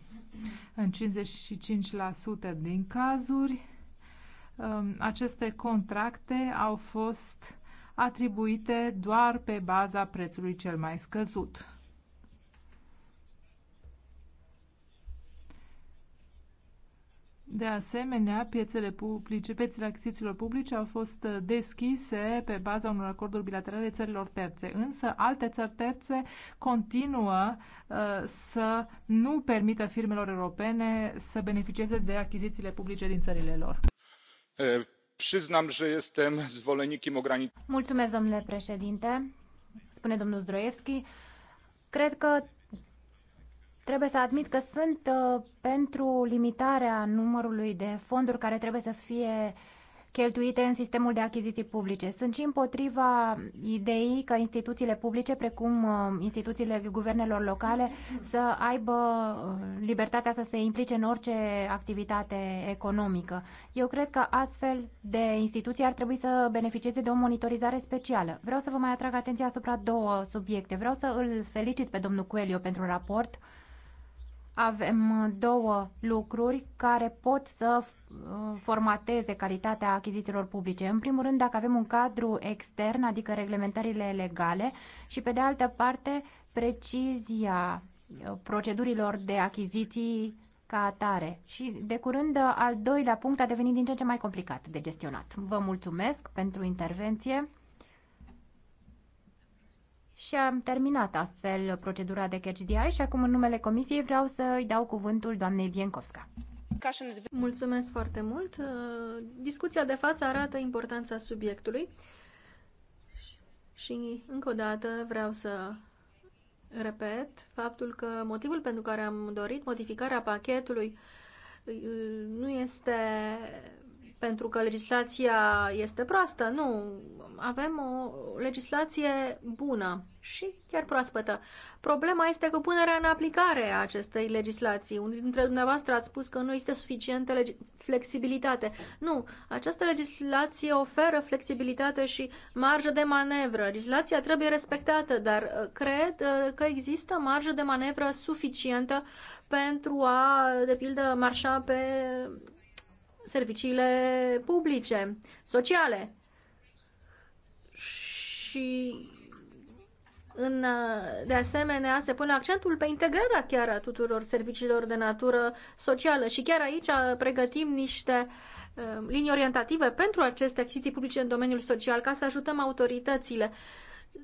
În 55% din cazuri, um, aceste contracte au fost atribuite doar pe baza prețului cel mai scăzut. De asemenea, piețele publice, piețele achizițiilor publice au fost deschise pe baza unor acorduri bilaterale țărilor terțe, însă alte țări terțe continuă uh, să nu permită firmelor europene să beneficieze de achizițiile publice din țările lor. Eh, Mulțumesc, domnule președinte, zwolennikiem domnul Trebuie să admit că sunt uh, pentru limitarea numărului de fonduri care trebuie să fie cheltuite în sistemul de achiziții publice. Sunt și împotriva ideii că instituțiile publice, precum uh, instituțiile guvernelor locale, să aibă uh, libertatea să se implice în orice activitate economică. Eu cred că astfel de instituții ar trebui să beneficieze de o monitorizare specială. Vreau să vă mai atrag atenția asupra două subiecte. Vreau să îl felicit pe domnul Coelio pentru raport avem uh, două lucruri care pot să uh, formateze calitatea achizițiilor publice. În primul rând, dacă avem un cadru extern, adică reglementările legale, și pe de altă parte, precizia uh, procedurilor de achiziții ca atare. Și de curând, al doilea punct a devenit din ce în ce mai complicat de gestionat. Vă mulțumesc pentru intervenție și am terminat astfel procedura de catch și acum în numele comisiei vreau să îi dau cuvântul doamnei Biencovska. Mulțumesc foarte mult. Discuția de față arată importanța subiectului și încă o dată vreau să repet faptul că motivul pentru care am dorit modificarea pachetului uh, nu este pentru că legislația este proastă. Nu, avem o legislație bună și chiar proaspătă. Problema este că punerea în aplicare a acestei legislații. unul dintre dumneavoastră ați spus că nu este suficientă flexibilitate. Nu, această legislație oferă flexibilitate și marjă de manevră. Legislația trebuie respectată, dar uh, cred uh, că există marjă de manevră suficientă pentru a, de pildă, marșa pe serviciile publice, sociale. Și în, de asemenea, se pune accentul pe integrarea chiar a tuturor serviciilor de natură socială și chiar aici pregătim niște uh, linii orientative pentru aceste achiziții publice în domeniul social ca să ajutăm autoritățile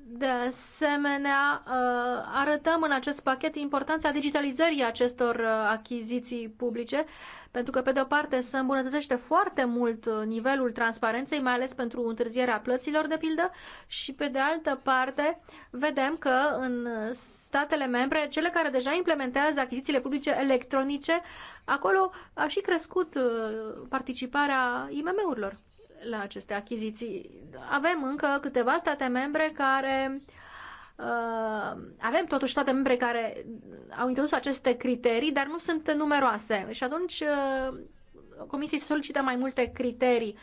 de asemenea, uh, arătăm în acest pachet importanța digitalizării acestor uh, achiziții publice, pentru că, pe de o parte, se îmbunătățește foarte mult uh, nivelul transparenței, mai ales pentru întârzierea plăților, de pildă, și, pe de altă parte, vedem că în statele membre, cele care deja implementează achizițiile publice electronice, acolo a și crescut participarea IMM-urilor la aceste achiziții. Avem încă câteva state membre care uh, avem totuși state membre care au introdus aceste criterii, dar nu sunt numeroase. Și atunci uh, comisiei solicită mai multe criterii.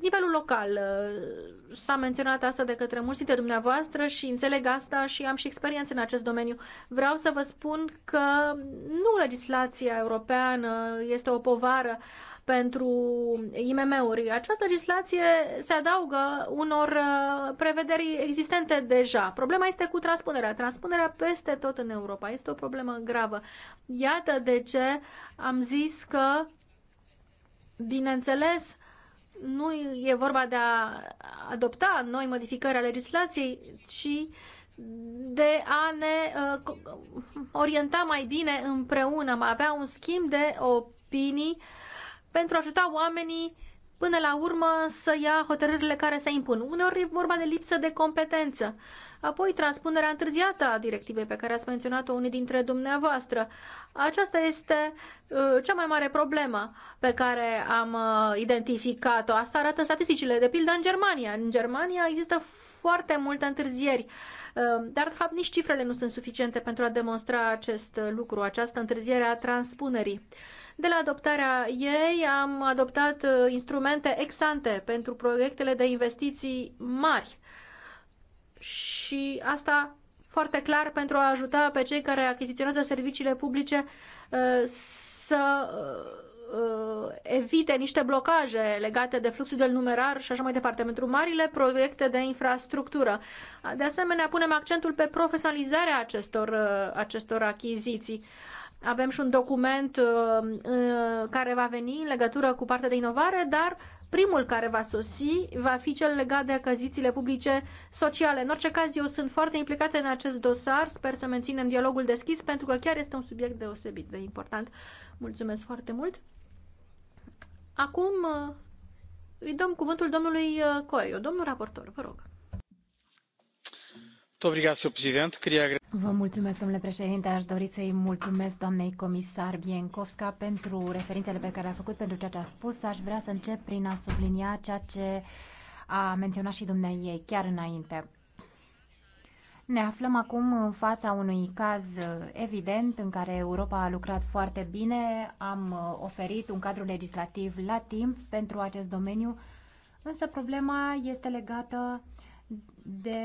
Nivelul local uh, s-a menționat asta de către mulți dintre dumneavoastră și înțeleg asta și am și experiență în acest domeniu. Vreau să vă spun că nu legislația europeană este o povară pentru IMM-uri. Această legislație se adaugă unor uh, prevederi existente deja. Problema este cu transpunerea. Transpunerea peste tot în Europa este o problemă gravă. Iată de ce am zis că, bineînțeles, nu e vorba de a adopta noi modificări a legislației, ci de a ne uh, orienta mai bine împreună, am avea un schimb de opinii uh, pentru a ajuta oamenii până la urmă să ia hotărârile care se impun. Uneori e vorba de lipsă de competență. Apoi, transpunerea întârziată a directivei pe care ați menționat-o unii dintre dumneavoastră. Aceasta este uh, cea mai mare problemă pe care am uh, identificat-o. Asta arată statisticile, de pildă în Germania. În Germania există foarte multe întârzieri, uh, dar, de fapt, nici cifrele nu sunt suficiente pentru a demonstra acest lucru, această întârziere a transpunerii. Uh, de la adoptarea ei am adoptat uh, instrumente exante pentru proiectele de investiții mari și asta foarte clar pentru a ajuta pe cei care achiziționează serviciile publice uh, să uh, evite niște blocaje legate de fluxul de numerar și așa mai departe, pentru marile proiecte de infrastructură. De asemenea, punem accentul pe profesionalizarea acestor, acestor achiziții. Avem și un document uh, care va veni în legătură cu partea de inovare, dar primul care va sosi va fi cel legat de acăzițiile publice sociale. În orice caz, eu sunt foarte implicată în acest dosar, sper să menținem dialogul deschis, pentru că chiar este un subiect deosebit de important. Mulțumesc foarte mult! Acum uh, îi dăm cuvântul domnului uh, Coio, domnul raportor, vă rog. Vă mulțumesc, domnule președinte. Aș dori să-i mulțumesc doamnei comisar Biencovska pentru referințele pe care le-a făcut, pentru ceea ce a spus. Aș vrea să încep prin a sublinia ceea ce a menționat și ei chiar înainte. Ne aflăm acum în fața unui caz evident în care Europa a lucrat foarte bine, am oferit un cadru legislativ la timp pentru acest domeniu, însă problema este legată de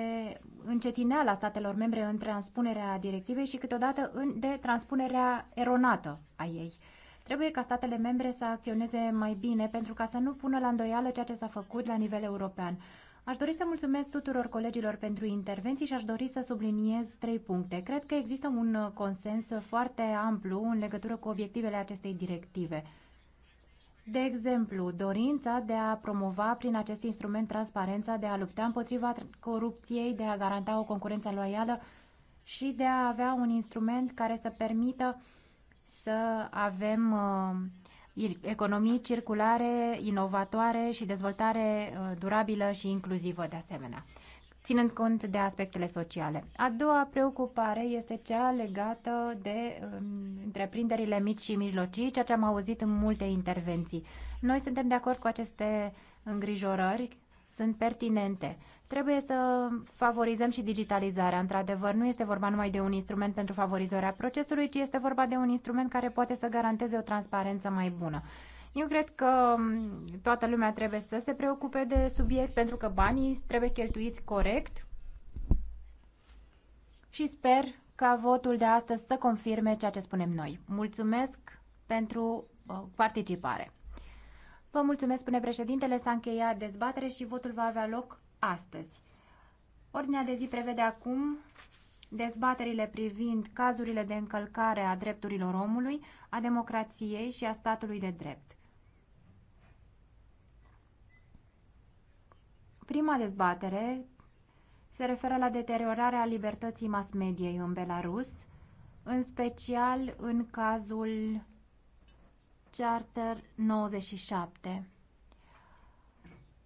încetineala statelor membre în transpunerea directivei și câteodată de transpunerea eronată a ei. Trebuie ca statele membre să acționeze mai bine pentru ca să nu pună la îndoială ceea ce s-a făcut la nivel european. Aș dori să mulțumesc tuturor colegilor pentru intervenții și aș dori să subliniez trei puncte. Cred că există un consens foarte amplu în legătură cu obiectivele acestei directive. De exemplu, dorința de a promova prin acest instrument transparența, de a lupta împotriva corupției, de a garanta o concurență loială și de a avea un instrument care să permită să avem uh, economii circulare, inovatoare și dezvoltare uh, durabilă și inclusivă de asemenea ținând cont de aspectele sociale. A doua preocupare este cea legată de um, întreprinderile mici și mijlocii, ceea ce am auzit în multe intervenții. Noi suntem de acord cu aceste îngrijorări, sunt pertinente. Trebuie să favorizăm și digitalizarea. Într-adevăr, nu este vorba numai de un instrument pentru favorizarea procesului, ci este vorba de un instrument care poate să garanteze o transparență mai bună. Eu cred că mm, toată lumea trebuie să se preocupe de subiect pentru că banii trebuie cheltuiți corect și sper ca votul de astăzi să confirme ceea ce spunem noi. Mulțumesc pentru uh, participare. Vă mulțumesc, spune președintele, s-a încheiat dezbatere și votul va avea loc astăzi. Ordinea de zi prevede acum dezbaterile privind cazurile de încălcare a drepturilor omului, a democrației și a statului de drept. Prima dezbatere se referă la deteriorarea libertății mass mediei în Belarus, în special în cazul Charter 97.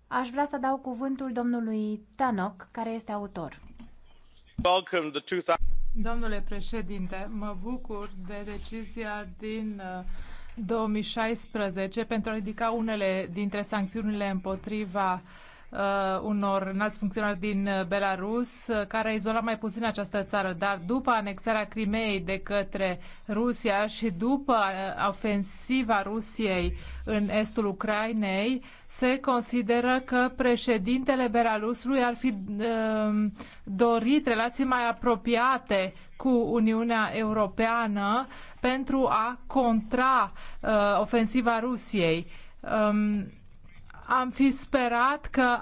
Aș vrea să dau cuvântul domnului Tanok, care este autor. Domnule președinte, mă bucur de decizia din 2016 uh, pentru a ridica unele dintre sancțiunile împotriva uh, uh, unor înalți funcționari din uh, Belarus, uh, care a izolat mai puțin această țară, dar după anexarea Crimeei de către Rusia și după uh, ofensiva Rusiei în estul Ucrainei, se consideră că președintele Belarusului ar fi uh, dorit relații mai apropiate cu Uniunea Europeană pentru a contra uh, ofensiva Rusiei. Um, am fi sperat că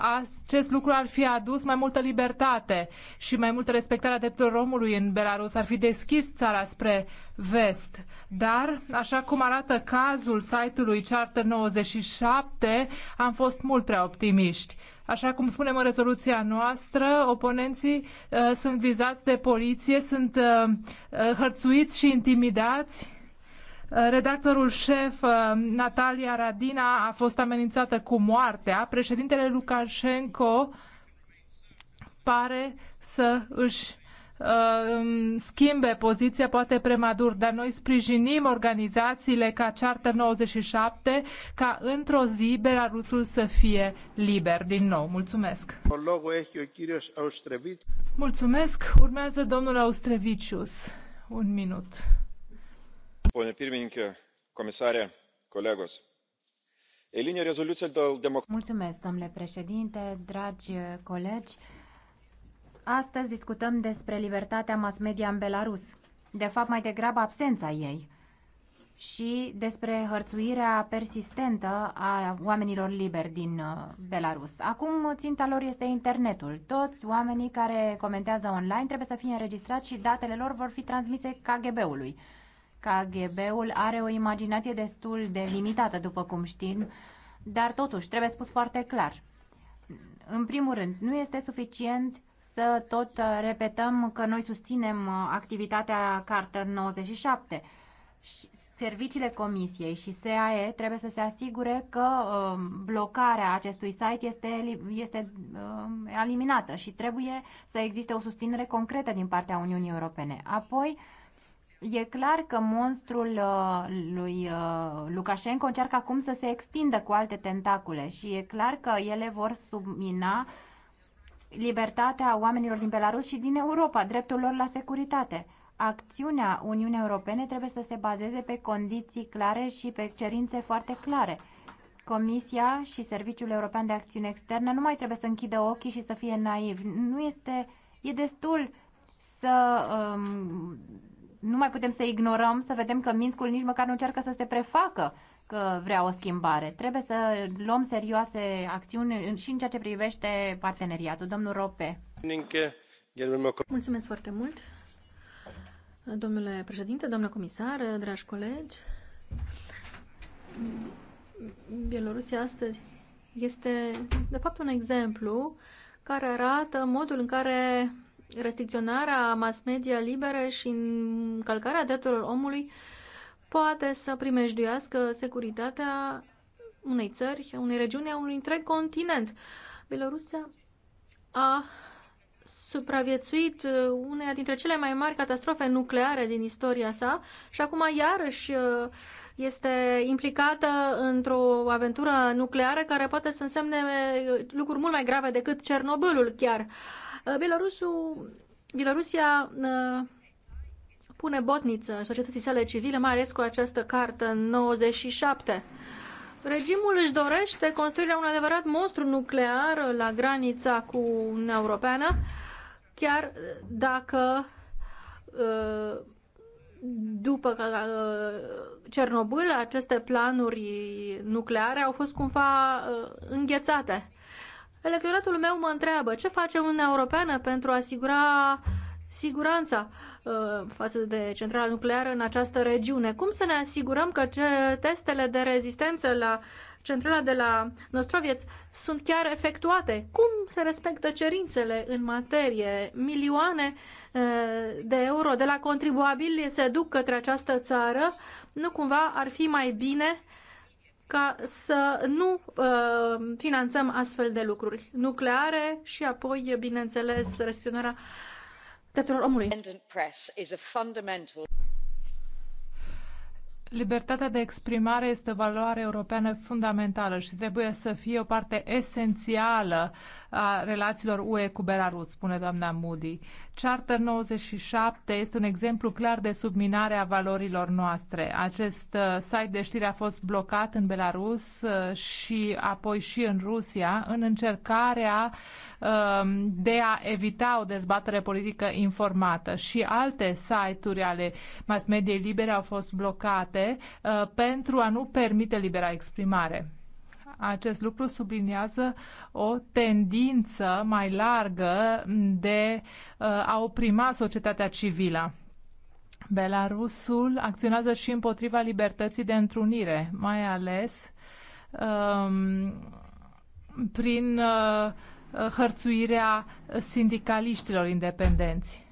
acest lucru ar fi adus mai multă libertate și mai multă a drepturilor omului în Belarus, ar fi deschis țara spre vest. Dar, așa cum arată cazul site-ului Charter 97, am fost mult prea optimiști. Așa cum spunem în rezoluția noastră, oponenții uh, sunt vizați de poliție, sunt uh, uh hărțuiți și intimidați Redactorul șef uh, Natalia Radina a fost amenințată cu moartea. Președintele Lukashenko pare să își uh, schimbe poziția, poate prematur, dar noi sprijinim organizațiile ca Charter 97 ca într-o zi Belarusul să fie liber din nou. Mulțumesc! Mulțumesc! Urmează domnul Austrevicius. Un minut pone pirmininke comisare eilinė rezoliucija dėl Mulțumesc, domnule președinte, dragi colegi. Astăzi discutăm despre libertatea mass media în Belarus. De fapt, mai degrabă absența ei și despre hărțuirea persistentă a oamenilor liberi din uh, Belarus. Acum ținta lor este internetul. Toți oamenii care comentează online trebuie să fie înregistrați și datele lor vor fi transmise KGB-ului. KGB-ul are o imaginație destul de limitată, după cum știm, dar totuși trebuie spus foarte clar. În primul rând, nu este suficient să tot uh, repetăm că noi susținem uh, activitatea Carter 97. Serviciile Comisiei și SAE trebuie să se asigure că uh, blocarea acestui site este, este eliminată și trebuie să existe o susținere concretă din partea Uniunii Europene. Apoi, E clar că monstrul uh, lui uh, Lukashenko încearcă acum să se extindă cu alte tentacule și e clar că ele vor submina libertatea oamenilor din Belarus și din Europa, dreptul lor la securitate. Acțiunea Uniunii Europene trebuie să se bazeze pe condiții clare și pe cerințe foarte clare. Comisia și Serviciul European de Acțiune Externă nu mai trebuie să închidă ochii și să fie naivi. Nu este, e destul să um, nu mai putem să ignorăm, să vedem că Minscul nici măcar nu încearcă să se prefacă că vrea o schimbare. Trebuie să luăm serioase acțiuni și în ceea ce privește parteneriatul. Domnul Rope. Mulțumesc foarte mult, domnule președinte, doamnă comisar, dragi colegi. Bielorusia astăzi este, de fapt, un exemplu care arată modul în care restricționarea mass media libere și încălcarea drepturilor omului poate să primejduiască securitatea unei țări, unei regiuni, a unui întreg continent. Belarusia a supraviețuit uneia dintre cele mai mari catastrofe nucleare din istoria sa și acum iarăși este implicată într-o aventură nucleară care poate să însemne lucruri mult mai grave decât Cernobâlul chiar. Uh, Bielorusia uh, pune botniță societății sale civile, mai ales cu această cartă 97. Regimul își dorește construirea unui adevărat monstru nuclear la granița cu Uniunea Europeană, chiar dacă uh, după Cernobâl aceste planuri nucleare au fost cumva înghețate. Electoratul meu mă întreabă ce face Uniunea Europeană pentru a asigura siguranța uh, față de centrala nucleară în această regiune. Cum să ne asigurăm că testele de rezistență la centrala de la Nostrovieț sunt chiar efectuate? Cum se respectă cerințele în materie? Milioane uh, de euro de la contribuabili se duc către această țară. Nu cumva ar fi mai bine uh, ca să nu uh, finanțăm astfel de lucruri nucleare și apoi, bineînțeles, restricționarea drepturilor omului. Libertatea de exprimare este o valoare europeană fundamentală și trebuie să fie o parte esențială a relațiilor UE cu Belarus, spune doamna Moody. Charter 97 este un exemplu clar de subminare a valorilor noastre. Acest uh, site de știri a fost blocat în Belarus uh, și apoi și în Rusia în încercarea um, de a evita o dezbatere politică informată și alte site-uri ale mass mediei libere au fost blocate uh, pentru a nu permite libera exprimare. Acest lucru subliniază o tendință mai largă de uh, a oprima societatea civilă. Belarusul acționează și împotriva libertății de întrunire, mai ales um, prin uh, hărțuirea sindicaliștilor independenți.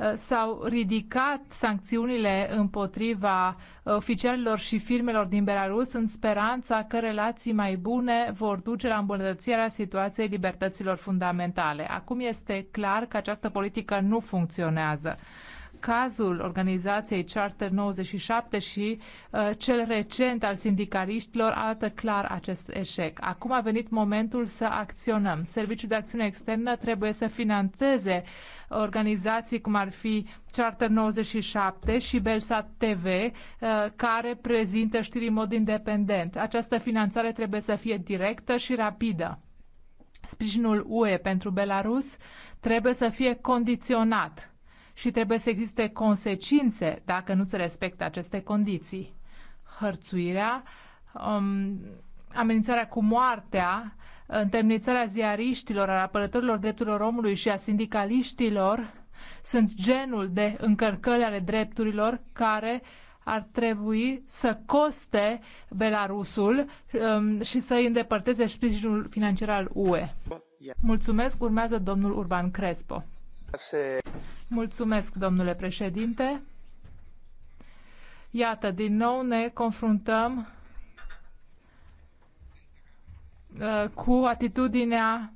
Uh, s-au ridicat sancțiunile împotriva uh, oficialilor și firmelor din Belarus în speranța că relații mai bune vor duce la îmbunătățirea situației libertăților fundamentale. Acum este clar că această politică nu funcționează cazul organizației Charter 97 și uh, cel recent al sindicaliștilor arată clar acest eșec. Acum a venit momentul să acționăm. Serviciul de acțiune externă trebuie să financeze organizații cum ar fi Charter 97 și Belsat TV, uh, care prezintă știri în mod independent. Această finanțare trebuie să fie directă și rapidă. Sprijinul UE pentru Belarus trebuie să fie condiționat și trebuie să existe consecințe dacă nu se respectă aceste condiții. Hărțuirea, um, amenințarea cu moartea întemnițarea ziariștilor, a apărătorilor drepturilor omului și a sindicaliștilor sunt genul de încărcări ale drepturilor care ar trebui să coste Belarusul um, și să îi îndepărteze sprijinul financiar al UE. Mulțumesc, urmează domnul Urban Crespo. Mulțumesc, domnule președinte. Iată, din nou ne confruntăm Uh, cu atitudinea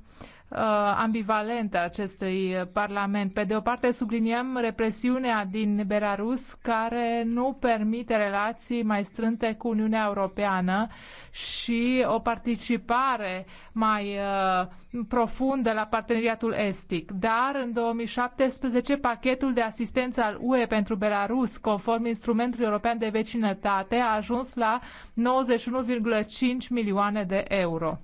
Uh, ambivalente a acestui Parlament. Pe de o parte subliniem represiunea din Belarus care nu permite relații mai strânte cu Uniunea Europeană și o participare mai uh, profundă la parteneriatul estic. Dar în 2017 pachetul de asistență al UE pentru Belarus conform instrumentului european de vecinătate a ajuns la 91,5 milioane de euro.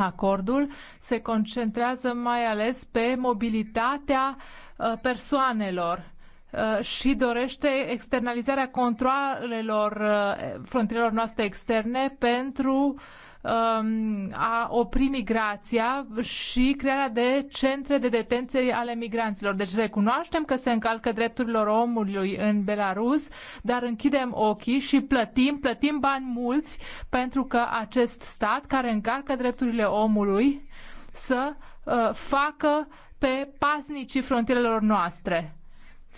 Acordul se concentrează mai ales pe mobilitatea uh, persoanelor uh, și dorește externalizarea controlelor uh, frontierelor noastre externe pentru Um, a opri migrația și crearea de centre de detenție ale migranților. Deci recunoaștem că se încalcă drepturile omului în Belarus, dar închidem ochii și plătim, plătim bani mulți pentru că acest stat care încalcă drepturile omului să uh, facă pe paznicii frontierelor noastre.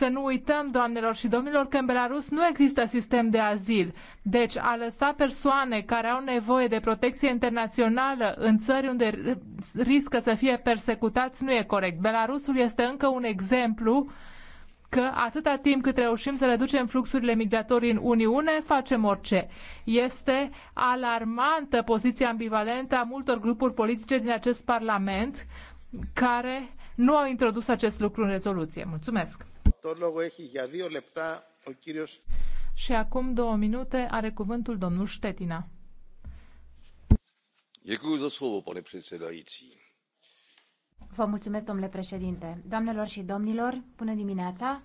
Să nu uităm, doamnelor și domnilor, că în Belarus nu există sistem de azil. Deci a lăsa persoane care au nevoie de protecție internațională în țări unde riscă să fie persecutați nu e corect. Belarusul este încă un exemplu că atâta timp cât reușim să reducem fluxurile migratorii în Uniune, facem orice. Este alarmantă poziția ambivalentă a multor grupuri politice din acest Parlament care nu au introdus acest lucru în rezoluție. Mulțumesc! Și acum două minute are cuvântul domnul Ștetina. Vă mulțumesc, domnule președinte. Doamnelor și domnilor, bună dimineața!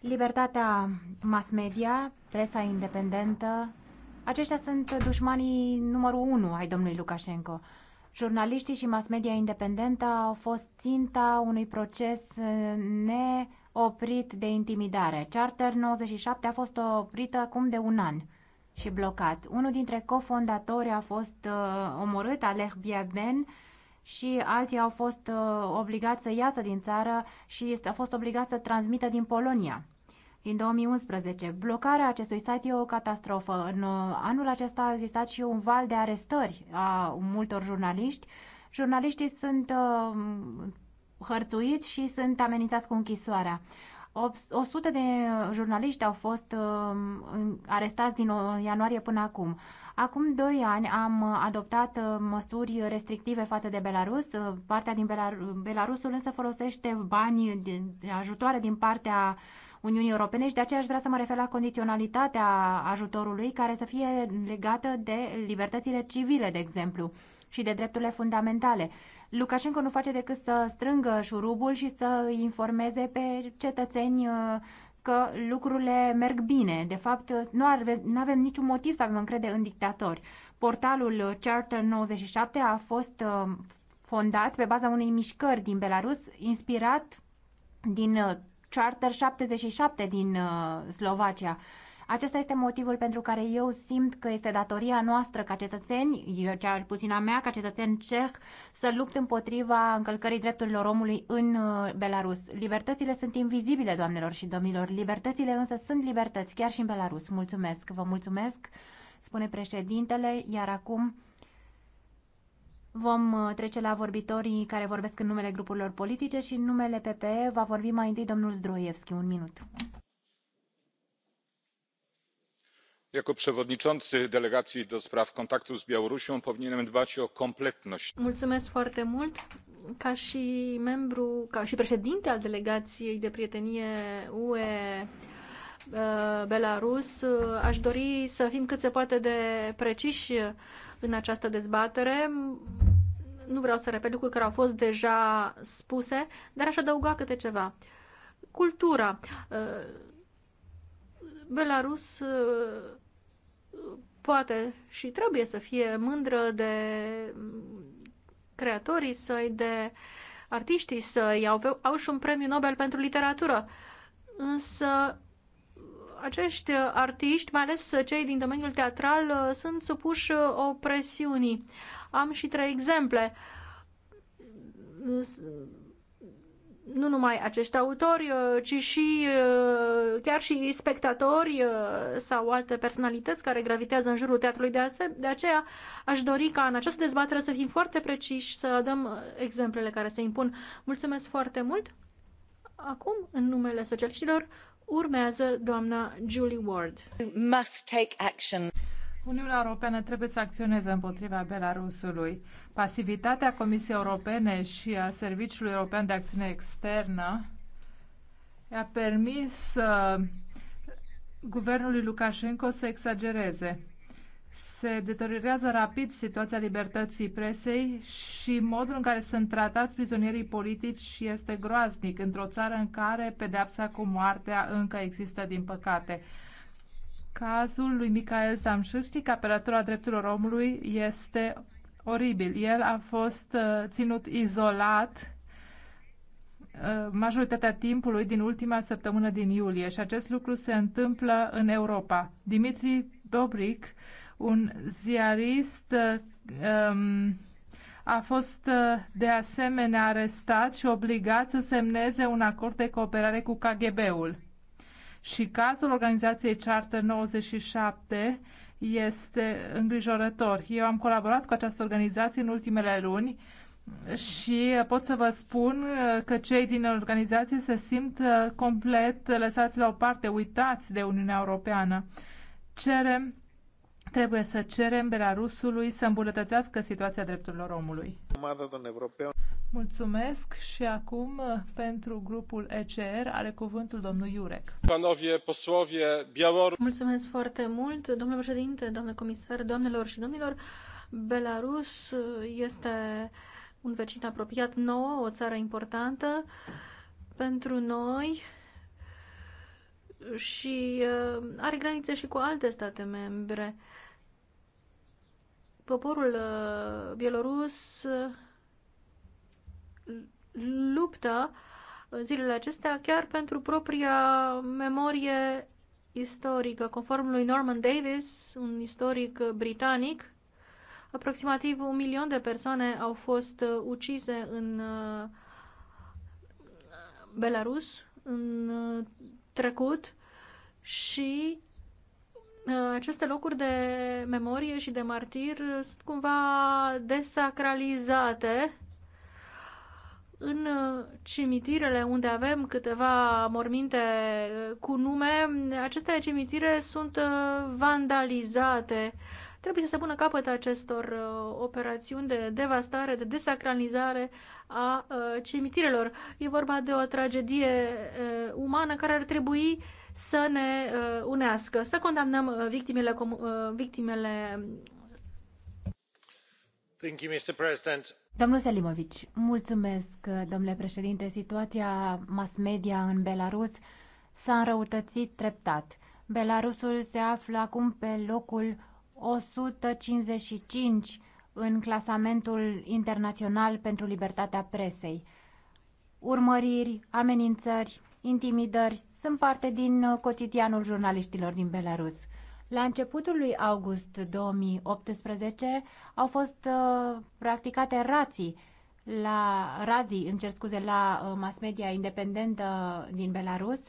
Libertatea mass media, presa independentă, aceștia sunt dușmanii numărul unu ai domnului Lukashenko. Jurnaliștii și mass media independentă au fost ținta unui proces ne oprit de intimidare. Charter 97 a fost oprită acum de un an și blocat. Unul dintre cofondatori a fost uh, omorât, Alec Biaben, și alții au fost uh, obligați să iasă din țară și a fost obligat să transmită din Polonia. Din 2011, blocarea acestui site e o catastrofă. În uh, anul acesta a existat și un val de arestări a multor jurnaliști. Jurnaliștii sunt uh, hărțuiți și sunt amenințați cu închisoarea. 100 de jurnaliști au fost uh, arestați din ianuarie până acum. Acum doi ani am adoptat uh, măsuri restrictive față de Belarus. Uh, partea din Belar- Belarusul însă folosește bani de ajutoare din partea Uniunii Europene și de aceea aș vrea să mă refer la condiționalitatea ajutorului care să fie legată de libertățile civile, de exemplu și de drepturile fundamentale. Lukashenko nu face decât să strângă șurubul și să informeze pe cetățeni uh, că lucrurile merg bine. De fapt, nu avem, avem niciun motiv să avem încredere în dictatori. Portalul Charter 97 a fost uh, fondat pe baza unei mișcări din Belarus, inspirat din uh, Charter 77 din Slovacia. Acesta este motivul pentru care eu simt că este datoria noastră ca cetățeni, cea puțin a mea, ca cetățen ceh, să lupt împotriva încălcării drepturilor omului în uh, Belarus. Libertățile sunt invizibile, doamnelor și domnilor. Libertățile însă sunt libertăți, chiar și în Belarus. Mulțumesc, vă mulțumesc, spune președintele, iar acum... Vom uh, trece la vorbitorii care vorbesc în numele grupurilor politice și în numele PPE va vorbi mai întâi domnul Zdroievski. Un minut. jako przewodniczący delegacji do spraw kontaktów z białorusią powinienem dbać o kompletność. Mulțumesc foarte mult. Ca și membru, ca și președinte al delegației de prietenie UE uh, Belarus, uh, aș dori să fim cât se poate de preciși în această dezbatere. Nu vreau să repet lucruri care au fost deja spuse, dar aș adăuga câte ceva. Cultura. Uh, Belarus poate și trebuie să fie mândră de creatorii săi, de artiștii săi, au, au și un premiu Nobel pentru literatură. Însă acești artiști, mai ales cei din domeniul teatral, sunt supuși opresiunii. Am și trei exemple nu numai acești autori, uh, ci și uh, chiar și spectatori uh, sau alte personalități care gravitează în jurul teatrului. De, ase- de aceea aș dori ca în această dezbatere să fim foarte preciși, să dăm exemplele care se impun. Mulțumesc foarte mult! Acum, în numele socialiștilor, urmează doamna Julie Ward. must take action. Uniunea Europeană trebuie să acționeze împotriva Belarusului. Pasivitatea Comisiei Europene și a Serviciului European de Acțiune Externă a permis uh, guvernului Lukashenko să exagereze. Se deteriorează rapid situația libertății presei și modul în care sunt tratați prizonierii politici este groaznic într-o țară în care pedepsa cu moartea încă există, din păcate. Cazul lui Michael Samșâșchi, apelator la drepturilor omului, este oribil. El a fost uh, ținut izolat uh, majoritatea timpului din ultima săptămână din iulie și acest lucru se întâmplă în Europa. Dimitri Dobric, un ziarist, uh, um, a fost de asemenea arestat și obligat să semneze un acord de cooperare cu KGB-ul. Și cazul organizației Charter 97 este îngrijorător. Eu am colaborat cu această organizație în ultimele luni și pot să vă spun că cei din organizație se simt uh, complet lăsați la o parte, uitați de Uniunea Europeană. Cerem trebuie să cerem Belarusului să îmbunătățească situația drepturilor omului. Mulțumesc și acum uh, pentru grupul ECR are cuvântul domnul Iurec. Mulțumesc foarte mult, domnule președinte, domnule comisar, doamnelor și domnilor. Belarus uh, este un vecin apropiat nouă, o țară importantă pentru noi și uh, are granițe și cu alte state membre. Poporul uh, bielorus uh, luptă în zilele acestea chiar pentru propria memorie istorică. Conform lui Norman Davis, un istoric britanic, aproximativ un milion de persoane au fost uh, ucise în Belarus în trecut și Uh, aceste locuri de memorie și de martir uh, sunt cumva desacralizate în uh, cimitirele unde avem câteva morminte cu nume, aceste cimitire sunt vandalizate. Trebuie să se pună capăt acestor operațiuni de devastare, de desacralizare a cimitirelor. E vorba de o tragedie umană care ar trebui să ne uh, unească, să condamnăm uh, victimele, uh, victimele Thank you, Mr. President. Domnul Selimovici, mulțumesc, domnule președinte. Situația mass media în Belarus s-a înrăutățit treptat. Belarusul se află acum pe locul 155 în clasamentul internațional pentru libertatea presei. Urmăriri, amenințări, intimidări sunt parte din uh, cotidianul jurnaliștilor din Belarus. La începutul lui august 2018 au fost uh, practicate rații la razii, încer scuze, la uh, mass media independentă din Belarus.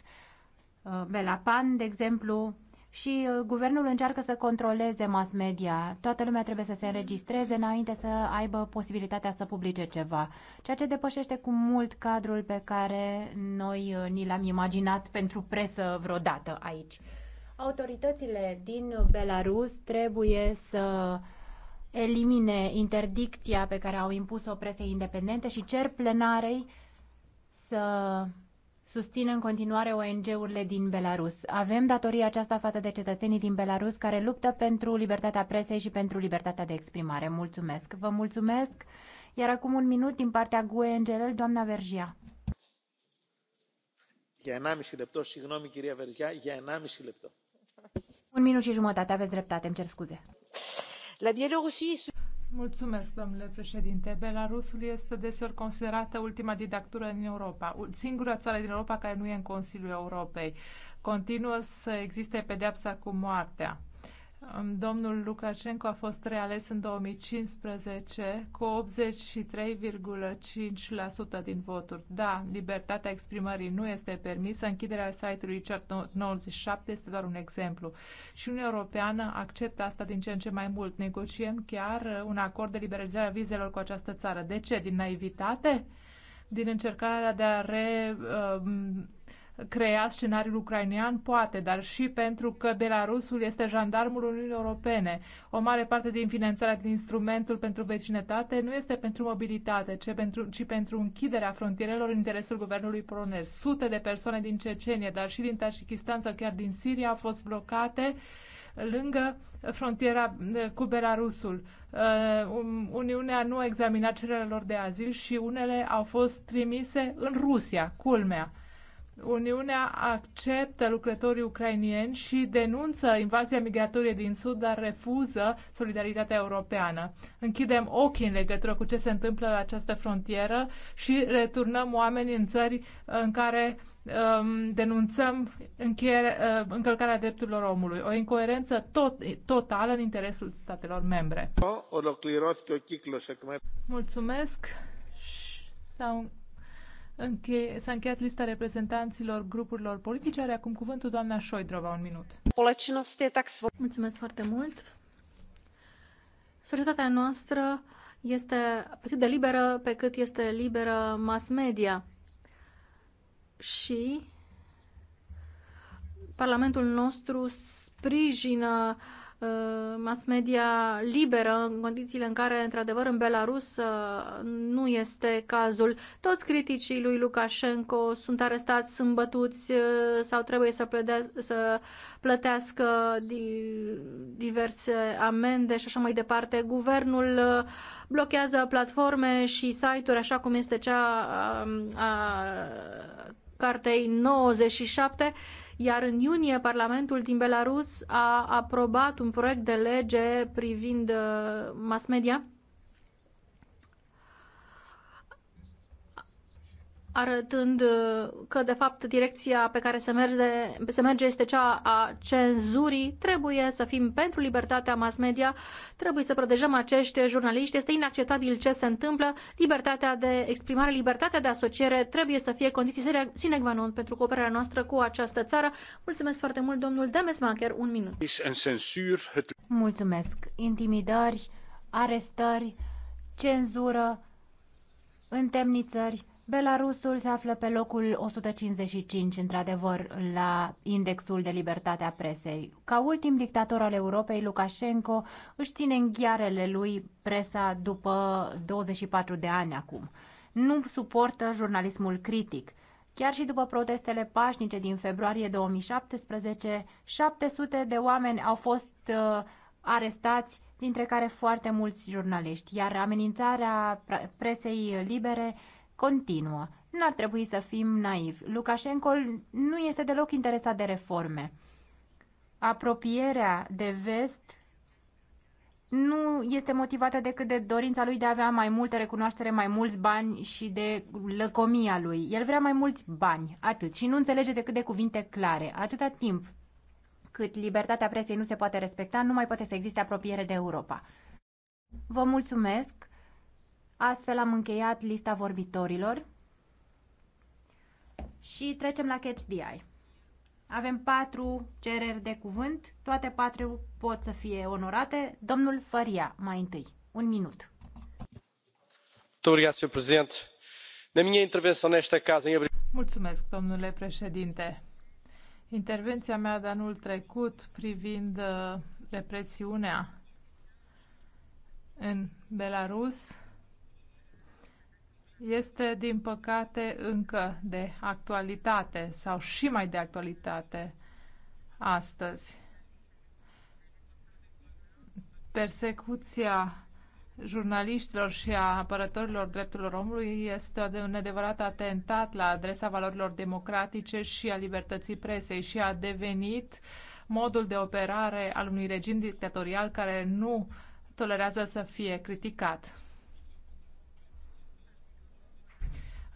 Belapan, de exemplu, și uh, guvernul încearcă să controleze mass media. Toată lumea trebuie să se înregistreze înainte să aibă posibilitatea să publice ceva, ceea ce depășește cu mult cadrul pe care noi uh, ni l-am imaginat pentru presă vreodată aici. Autoritățile din Belarus trebuie să elimine interdicția pe care au impus-o presei independente și cer plenarei să Susțin în continuare ONG-urile din Belarus. Avem datoria aceasta față de cetățenii din Belarus care luptă pentru libertatea presei și pentru libertatea de exprimare. Mulțumesc! Vă mulțumesc! Iar acum un minut din partea GUE NGL, doamna Vergia. Un minut și jumătate, aveți dreptate, îmi cer scuze. La Bielorusie Mulțumesc, domnule președinte. Belarusul este deseori considerată ultima didactură în Europa, singura țară din Europa care nu e în Consiliul Europei. Continuă să existe pedeapsa cu moartea. Domnul Lukashenko a fost reales în 2015 cu 83,5% din voturi. Da, libertatea exprimării nu este permisă, închiderea site-ului Cert97 este doar un exemplu. Și Uniunea Europeană acceptă asta din ce în ce mai mult. Negociem chiar uh, un acord de liberalizare a vizelor cu această țară. De ce? Din naivitate? Din încercarea de a re uh, crea scenariul ucrainean? Poate, dar și pentru că Belarusul este jandarmul Uniunii Europene. O mare parte din finanțarea din instrumentul pentru vecinătate nu este pentru mobilitate, ci pentru, ci pentru închiderea frontierelor în interesul guvernului polonez. Sute de persoane din Cecenie, dar și din Tajikistan sau chiar din Siria au fost blocate lângă frontiera eh, cu Belarusul. Eh, um, Uniunea nu a examinat cererile lor de azil și unele au fost trimise în Rusia, culmea. Uniunea acceptă lucrătorii ucrainieni și denunță invazia migratorie din Sud, dar refuză solidaritatea europeană. Închidem ochii în legătură cu ce se întâmplă la această frontieră și returnăm oamenii în țări în care um, denunțăm încheiere, uh, încălcarea drepturilor omului. O incoerență tot, totală în interesul statelor membre. Mulțumesc. Sau... Înche- s-a încheiat lista reprezentanților grupurilor politice. Are acum cuvântul doamna Șoidrova, un minut. Mulțumesc foarte mult. Societatea noastră este atât de liberă pe cât este liberă mass media. Și Parlamentul nostru sprijină uh, Uh, mass media liberă în condițiile în care, într-adevăr, în Belarus uh, nu este cazul. Toți criticii lui Lukashenko sunt arestați, sunt bătuți uh, sau trebuie să, să plătească diverse amende și așa mai departe. Guvernul blochează platforme și site-uri, așa cum este cea a, um, a cartei 97 iar în iunie Parlamentul din Belarus a aprobat un proiect de lege privind uh, mass media arătând uh, că, de fapt, direcția pe care se merge, se merge este cea a cenzurii. Trebuie să fim pentru libertatea mass media, trebuie să protejăm acești jurnaliști. Este inacceptabil ce se întâmplă. Libertatea de exprimare, libertatea de asociere trebuie să fie condiții sine qua non pentru cooperarea noastră cu această țară. Mulțumesc foarte mult, domnul Demesmacher. Un minut. Mulțumesc. Intimidări, arestări, cenzură, întemnițări Belarusul se află pe locul 155, într-adevăr, la indexul de libertate a presei. Ca ultim dictator al Europei, Lukashenko își ține în ghiarele lui presa după 24 de ani acum. Nu suportă jurnalismul critic. Chiar și după protestele pașnice din februarie 2017, 700 de oameni au fost uh, arestați, dintre care foarte mulți jurnaliști, iar amenințarea presei libere continuă. N-ar trebui să fim naivi. Lukashenko nu este deloc interesat de reforme. Apropierea de vest nu este motivată decât de dorința lui de a avea mai multă recunoaștere, mai mulți bani și de lăcomia lui. El vrea mai mulți bani, atât. Și nu înțelege decât de cuvinte clare. Atâta timp cât libertatea presei nu se poate respecta, nu mai poate să existe apropiere de Europa. Vă mulțumesc! Astfel am încheiat lista vorbitorilor și trecem la Catch the Eye. Avem patru cereri de cuvânt, toate patru pot să fie onorate. Domnul Făria, mai întâi, un minut. Mulțumesc, domnule președinte. Intervenția mea de anul trecut privind uh, represiunea în Belarus este, din păcate, încă de actualitate sau și mai de actualitate astăzi. Persecuția jurnaliștilor și a apărătorilor drepturilor omului este un adevărat atentat la adresa valorilor democratice și a libertății presei și a devenit modul de operare al unui regim dictatorial care nu tolerează să fie criticat.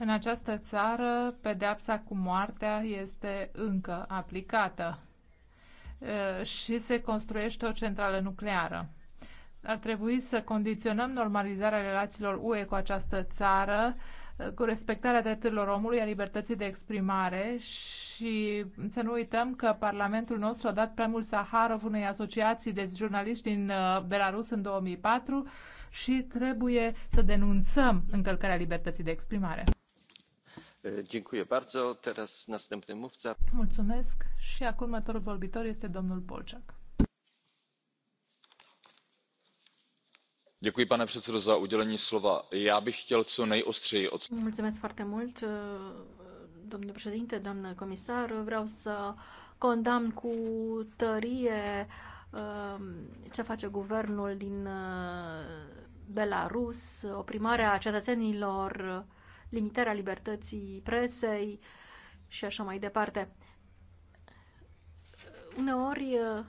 În această țară, pedeapsa cu moartea este încă aplicată și se construiește o centrală nucleară. Ar trebui să condiționăm normalizarea relațiilor UE cu această țară cu respectarea drepturilor omului, a libertății de exprimare și să nu uităm că Parlamentul nostru a dat premiul Saharov unei asociații de jurnaliști din Belarus în 2004 și trebuie să denunțăm încălcarea libertății de exprimare. Mulțumesc și acum este domnul pane předsedající Já bych chtěl co nejostřeji uh, domnule președinte, doamnă comisar. Vreau să condamn cu tărie uh, ce face guvernul din uh, Belarus, oprimarea cetățenilor limitarea libertății presei și așa mai departe. Uneori, uh,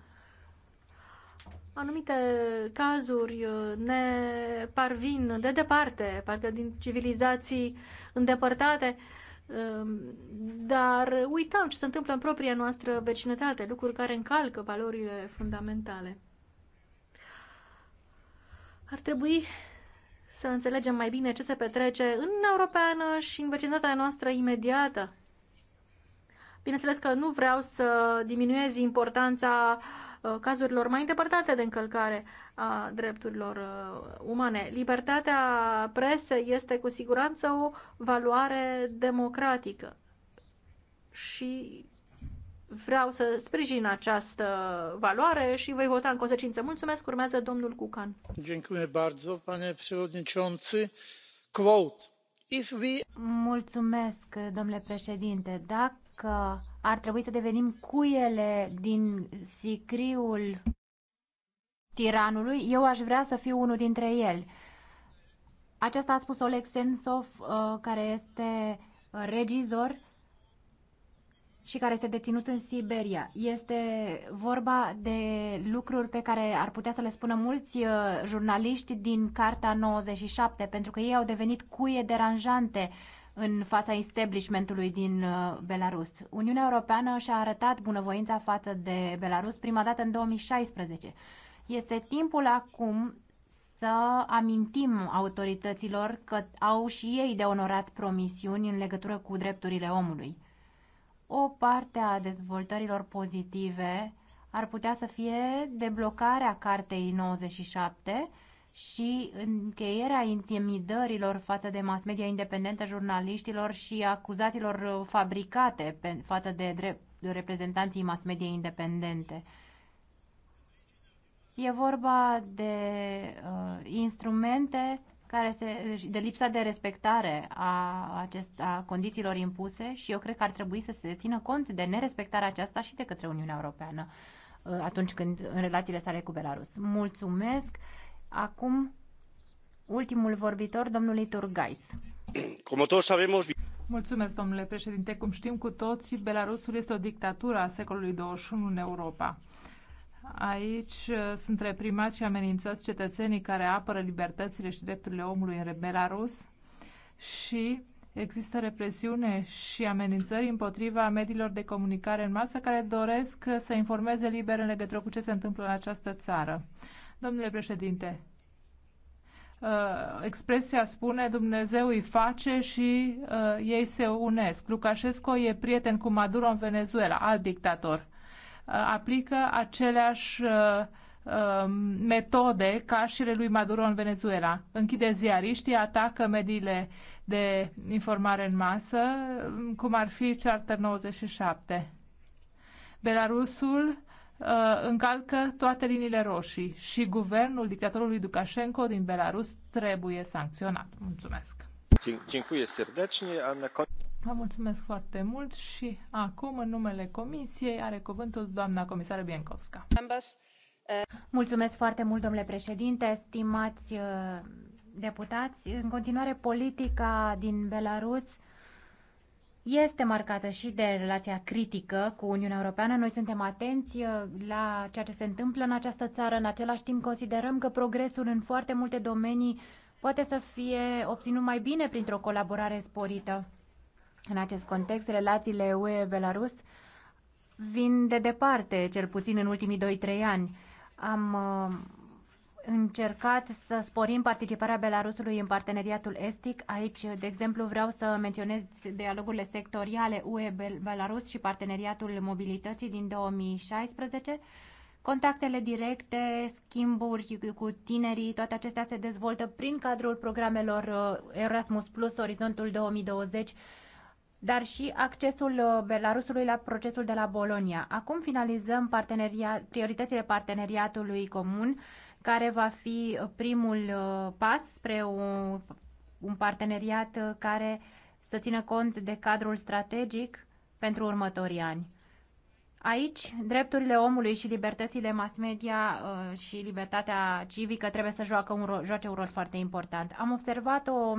anumite cazuri uh, ne parvin de departe, parcă din civilizații îndepărtate, um, dar uităm ce se întâmplă în propria noastră vecinătate, lucruri care încalcă valorile fundamentale. Ar trebui să înțelegem mai bine ce se petrece în Europeană și în vecinătatea noastră imediată. Bineînțeles că nu vreau să diminuez importanța uh, cazurilor mai îndepărtate de încălcare a drepturilor uh, umane. Libertatea presei este cu siguranță o valoare democratică și vreau să sprijin această valoare și voi vota în consecință. Mulțumesc, urmează domnul Cucan. Dziękuję bardzo, panie przewodniczący. Quote. If we... Mulțumesc, domnule președinte. Dacă ar trebui să devenim cuiele din sicriul tiranului, eu aș vrea să fiu unul dintre el. Aceasta a spus Oleg Sensov, uh, care este regizor și care este deținut în Siberia. Este vorba de lucruri pe care ar putea să le spună mulți uh, jurnaliști din Carta 97, pentru că ei au devenit cuie deranjante în fața establishmentului din uh, Belarus. Uniunea Europeană și-a arătat bunăvoința față de Belarus prima dată în 2016. Este timpul acum să amintim autorităților că au și ei de onorat promisiuni în legătură cu drepturile omului o parte a dezvoltărilor pozitive ar putea să fie deblocarea cartei 97 și încheierea intimidărilor față de mass media independentă, jurnaliștilor și acuzațiilor uh, fabricate pe, față de, drept, de reprezentanții mass media independente. E vorba de uh, instrumente care se, de lipsa de respectare a, acest, a condițiilor impuse și eu cred că ar trebui să se țină cont de nerespectarea aceasta și de către Uniunea Europeană uh, atunci când în relațiile sale cu Belarus. Mulțumesc! Acum, ultimul vorbitor, domnului Turgais. Mulțumesc, domnule președinte. Cum știm cu toții, Belarusul este o dictatură a secolului 21 în Europa. Aici uh, sunt reprimați și amenințați cetățenii care apără libertățile și drepturile omului în Belarus și există represiune și amenințări împotriva mediilor de comunicare în masă care doresc să informeze liber în legătură cu ce se întâmplă în această țară. Domnule președinte, uh, expresia spune Dumnezeu îi face și uh, ei se unesc. Lucașesco e prieten cu Maduro în Venezuela, alt dictator. Uh, aplică aceleași uh, uh, metode ca și lui Maduro în Venezuela. Închide ziariștii, atacă mediile de informare în masă, cum ar fi Charter 97. Belarusul uh, încalcă toate liniile roșii și guvernul dictatorului Dukashenko din Belarus trebuie sancționat. Mulțumesc! Vă mulțumesc foarte mult și acum, în numele Comisiei, are cuvântul doamna comisară Biencovska. Uh, mulțumesc foarte mult, domnule președinte, stimați uh, deputați. În continuare, politica din Belarus este marcată și de relația critică cu Uniunea Europeană. Noi suntem atenți uh, la ceea ce se întâmplă în această țară. În același timp, considerăm că progresul în foarte multe domenii poate să fie obținut mai bine printr-o colaborare sporită. În acest context, relațiile UE-Belarus vin de departe, cel puțin în ultimii 2-3 ani. Am uh, încercat să sporim participarea Belarusului în parteneriatul estic. Aici, de exemplu, vreau să menționez dialogurile sectoriale UE-Belarus și parteneriatul mobilității din 2016. Contactele directe, schimburi cu tinerii, toate acestea se dezvoltă prin cadrul programelor uh, Erasmus Plus, Orizontul 2020 dar și accesul uh, Belarusului la procesul de la Bolonia. Acum finalizăm parteneria, prioritățile parteneriatului comun, care va fi uh, primul uh, pas spre un, un parteneriat care să țină cont de cadrul strategic pentru următorii ani. Aici, drepturile omului și libertățile mass media uh, și libertatea civică trebuie să joacă un rol, joace un rol foarte important. Am observat o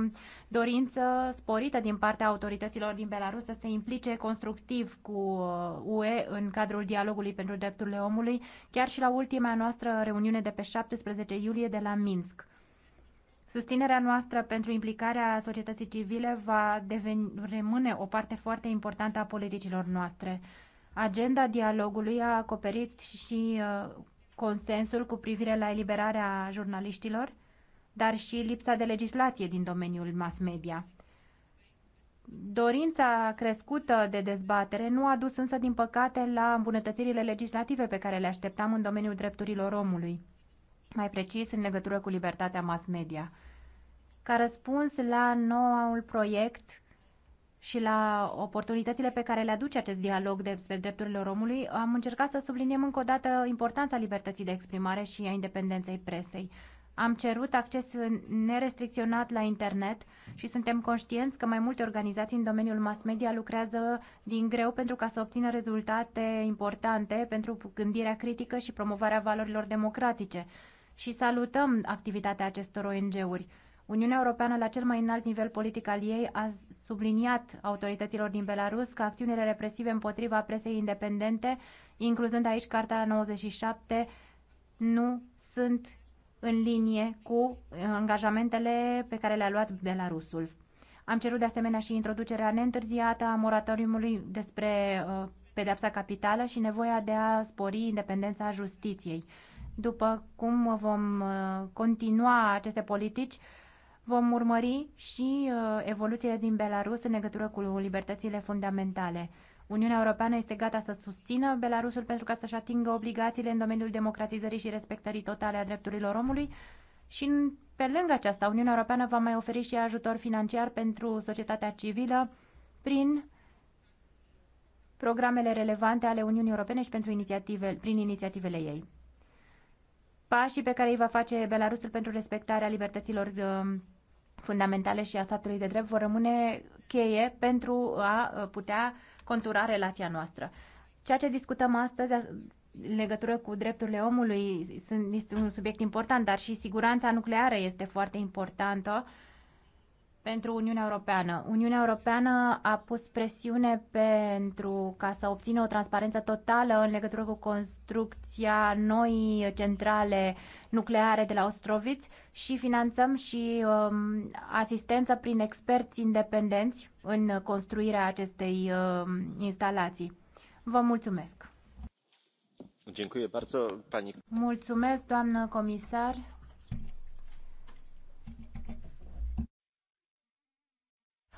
dorință sporită din partea autorităților din Belarus să se implice constructiv cu uh, UE în cadrul dialogului pentru drepturile omului, chiar și la ultima noastră reuniune de pe 17 iulie de la Minsk. Susținerea noastră pentru implicarea societății civile va deveni, rămâne o parte foarte importantă a politicilor noastre. Agenda dialogului a acoperit și uh, consensul cu privire la eliberarea jurnaliștilor, dar și lipsa de legislație din domeniul mass media. Dorința crescută de dezbatere nu a dus însă, din păcate, la îmbunătățirile legislative pe care le așteptam în domeniul drepturilor omului, mai precis în legătură cu libertatea mass media. Ca răspuns la noul proiect și la oportunitățile pe care le aduce acest dialog despre drepturile omului, am încercat să subliniem încă o dată importanța libertății de exprimare și a independenței presei. Am cerut acces nerestricționat la internet și suntem conștienți că mai multe organizații în domeniul mass media lucrează din greu pentru ca să obțină rezultate importante pentru gândirea critică și promovarea valorilor democratice. Și salutăm activitatea acestor ONG-uri. Uniunea Europeană, la cel mai înalt nivel politic al ei, a subliniat autorităților din Belarus că acțiunile represive împotriva presei independente, incluzând aici Carta 97, nu sunt în linie cu uh, angajamentele pe care le-a luat Belarusul. Am cerut de asemenea și introducerea neîntârziată a moratoriumului despre uh, pedepsa capitală și nevoia de a spori independența justiției. După cum vom uh, continua aceste politici, Vom urmări și uh, evoluțiile din Belarus în legătură cu libertățile fundamentale. Uniunea Europeană este gata să susțină Belarusul pentru ca să-și atingă obligațiile în domeniul democratizării și respectării totale a drepturilor omului și pe lângă aceasta, Uniunea Europeană va mai oferi și ajutor financiar pentru societatea civilă prin programele relevante ale Uniunii Europene și pentru inițiative, prin inițiativele ei. Pașii pe care îi va face Belarusul pentru respectarea libertăților uh, fundamentale și a statului de drept vor rămâne cheie pentru a putea contura relația noastră. Ceea ce discutăm astăzi în legătură cu drepturile omului sunt, este un subiect important, dar și siguranța nucleară este foarte importantă pentru Uniunea Europeană. Uniunea Europeană a pus presiune pentru ca să obțină o transparență totală în legătură cu construcția noii centrale nucleare de la Ostroviț și finanțăm și um, asistență prin experți independenți în construirea acestei um, instalații. Vă mulțumesc! Mulțumesc, doamnă comisar.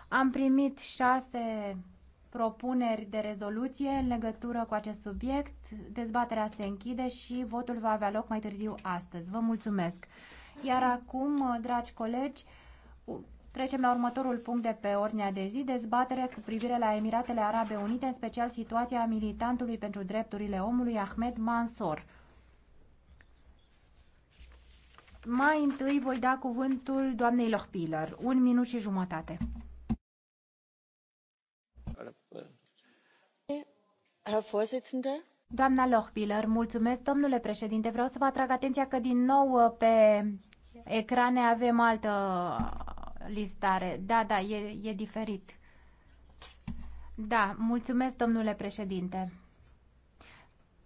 Am primit șase propuneri de rezoluție în legătură cu acest subiect. Dezbaterea se închide și votul va avea loc mai târziu astăzi. Vă mulțumesc! Iar acum, dragi colegi, trecem la următorul punct de pe ordinea de zi, dezbatere cu privire la Emiratele Arabe Unite, în special situația militantului pentru drepturile omului Ahmed Mansor. Mai întâi voi da cuvântul doamnei Lochpiller. Un minut și jumătate doamnă Lochbiller, mulțumesc. Domnule președinte, vreau să vă atrag atenția că din nou uh, pe ecrane avem altă uh, listare. Da, da, e, e diferit. Da, mulțumesc, domnule președinte.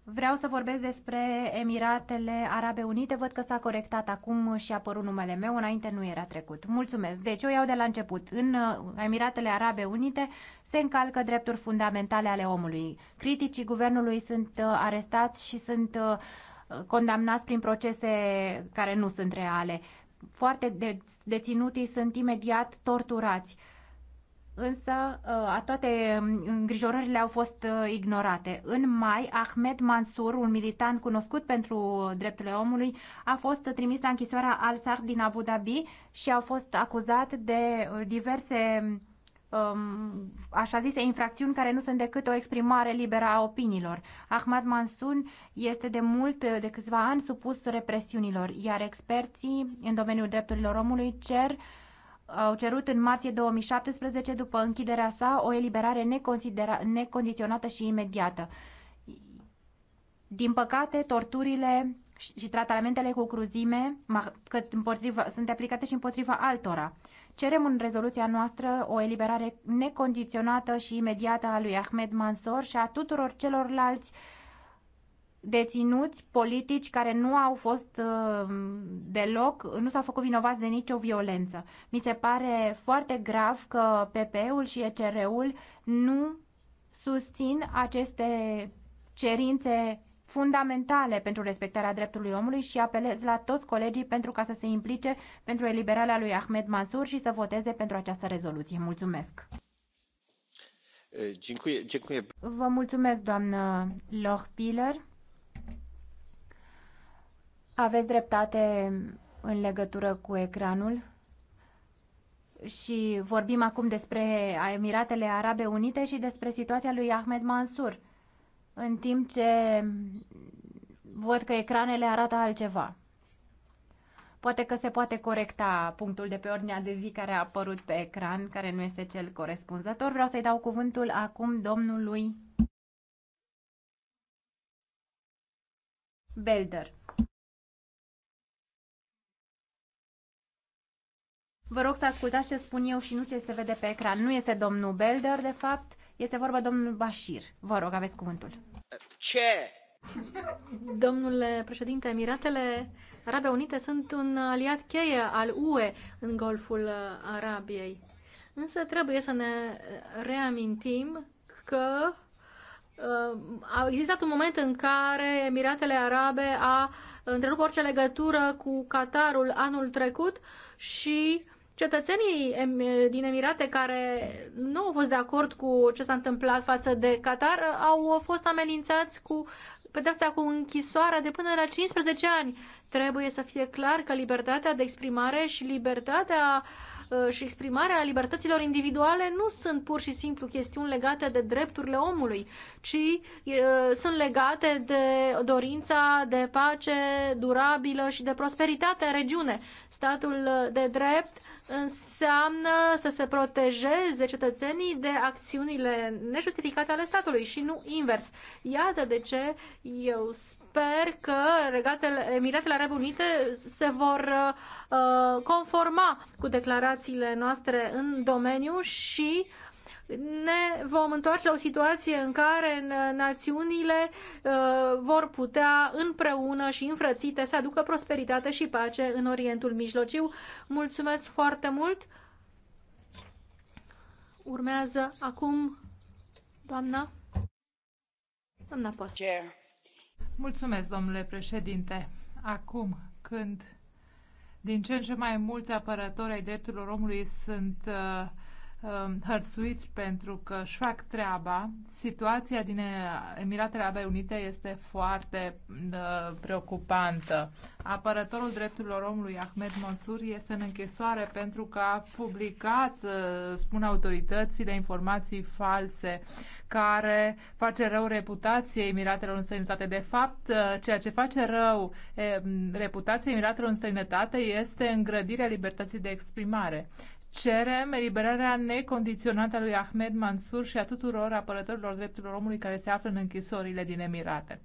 Vreau să vorbesc despre Emiratele Arabe Unite. Văd că s-a corectat acum și a apărut numele meu. Înainte nu era trecut. Mulțumesc. Deci eu iau de la început. În uh, Emiratele Arabe Unite se încalcă drepturi fundamentale ale omului. Criticii guvernului sunt uh, arestați și sunt uh, condamnați prin procese care nu sunt reale. Foarte de- deținuții sunt imediat torturați. Însă uh, a toate um, îngrijorările au fost ignorate. În mai, Ahmed Mansur, un militant cunoscut pentru drepturile omului, a fost trimis la închisoarea Al-Sar din Abu Dhabi și a fost acuzat de diverse um, um, așa zise infracțiuni care nu sunt decât o exprimare liberă a opiniilor. Ahmad Mansun este de mult, de câțiva ani, supus represiunilor, iar experții în domeniul drepturilor omului cer au cerut în martie 2017, după închiderea sa, o eliberare necondiționată și imediată. Din păcate, torturile și tratamentele cu cruzime împotriva, sunt aplicate și împotriva altora. Cerem în rezoluția noastră o eliberare necondiționată și imediată a lui Ahmed Mansour și a tuturor celorlalți deținuți politici care nu au fost uh, deloc, nu s-au făcut vinovați de nicio violență. Mi se pare foarte grav că PP-ul și ECR-ul nu susțin aceste cerințe fundamentale pentru respectarea dreptului omului și apelez la toți colegii pentru ca să se implice pentru eliberarea lui Ahmed Mansur și să voteze pentru această rezoluție. Mulțumesc! Eh, Vă mulțumesc, doamnă Lohpiller. Aveți dreptate în legătură cu ecranul și vorbim acum despre Emiratele Arabe Unite și despre situația lui Ahmed Mansur în timp ce văd că ecranele arată altceva. Poate că se poate corecta punctul de pe ordinea de zi care a apărut pe ecran, care nu este cel corespunzător. Vreau să-i dau cuvântul acum domnului Belder. Vă rog să ascultați ce spun eu și nu ce se vede pe ecran. Nu este domnul Belder, de fapt, este vorba domnul Bashir. Vă rog, aveți cuvântul. Ce? Domnule președinte, Emiratele Arabe Unite sunt un aliat cheie al UE în Golful Arabiei. Însă trebuie să ne reamintim că uh, a existat un moment în care Emiratele Arabe a întrerupt orice legătură cu Qatarul anul trecut și Cetățenii din Emirate care nu au fost de acord cu ce s-a întâmplat față de Qatar au fost amenințați cu pedeapsa cu închisoare de până la 15 ani. Trebuie să fie clar că libertatea de exprimare și libertatea uh, și exprimarea libertăților individuale nu sunt pur și simplu chestiuni legate de drepturile omului, ci e, uh, sunt legate de dorința de pace durabilă și de prosperitate în regiune. Statul de drept înseamnă să se protejeze cetățenii de acțiunile nejustificate ale statului și nu invers. Iată de ce eu sper că Regatele, Emiratele Arabe Unite se vor uh, conforma cu declarațiile noastre în domeniu și uh, ne vom întoarce la o situație în care națiunile uh, vor putea împreună și înfrățite să aducă prosperitate și pace în Orientul Mijlociu. Mulțumesc foarte mult! Urmează acum doamna doamna Post. Mulțumesc, domnule președinte. Acum când din ce în ce mai mulți apărători ai drepturilor omului sunt uh, Um, hărțuiți pentru că își fac treaba. Situația din Emiratele Arabe Unite este foarte uh, preocupantă. Apărătorul drepturilor omului Ahmed Mansur este în închisoare pentru că a publicat, uh, spun autoritățile, informații false care face rău reputației Emiratelor în străinătate. De fapt, uh, ceea ce face rău eh, reputației Emiratelor în străinătate este îngrădirea libertății de exprimare cerem eliberarea necondiționată a lui Ahmed Mansur și a tuturor apărătorilor drepturilor omului care se află în închisorile din Emirate.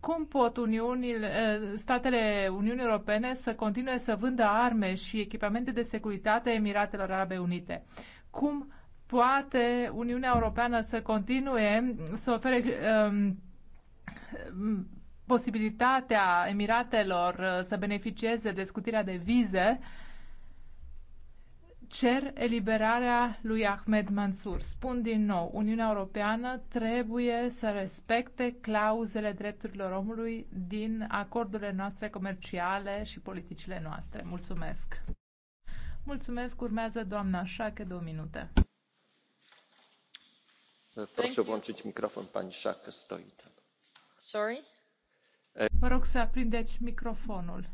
Cum pot Uniunile, eh, statele Uniunii Europene să continue să vândă arme și echipamente de securitate Emiratelor Arabe Unite? Cum poate Uniunea Europeană să continue să ofere um, posibilitatea Emiratelor eh, să beneficieze de scutirea de vize uh, cer eliberarea lui Ahmed Mansour. Spun din nou, Uniunea Europeană trebuie să respecte clauzele drepturilor omului din acordurile noastre comerciale și politicile noastre. Mulțumesc! Mulțumesc! Urmează doamna Șache, două minute. Proszę włączyć microfon, pani Șache, stoi Sorry? Vă rog să aprindeți microfonul.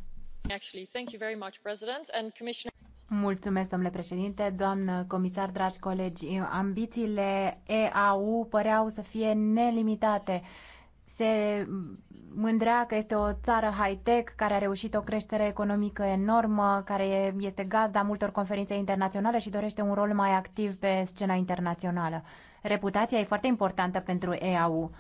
Mulțumesc, domnule președinte, doamnă comisar, dragi colegi. Ambițiile EAU păreau să fie nelimitate. Se mândrea că este o țară high-tech care a reușit o creștere economică enormă, care este gazda multor conferințe internaționale și dorește un rol mai activ pe scena internațională. Reputația e foarte importantă pentru EAU.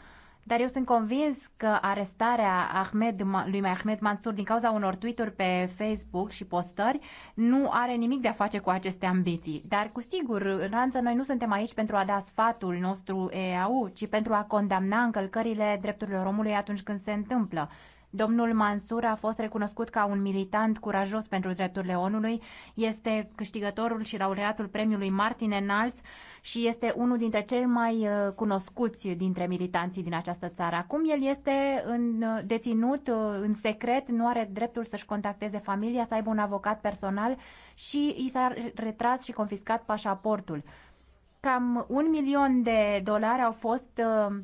Dar eu sunt convins că arestarea Ahmed, lui Ahmed Mansur din cauza unor tweet-uri pe Facebook și postări nu are nimic de a face cu aceste ambiții. Dar cu sigur Ranță, noi nu suntem aici pentru a da sfatul nostru EAU, ci pentru a condamna încălcările drepturilor omului atunci când se întâmplă. Domnul Mansur a fost recunoscut ca un militant curajos pentru drepturile omului, este câștigătorul și laureatul premiului Martin Enals și este unul dintre cei mai uh, cunoscuți dintre militanții din această țară. Acum el este în, uh, deținut uh, în secret, nu are dreptul să-și contacteze familia, să aibă un avocat personal și i s-a retras și confiscat pașaportul. Cam un milion de dolari au fost uh,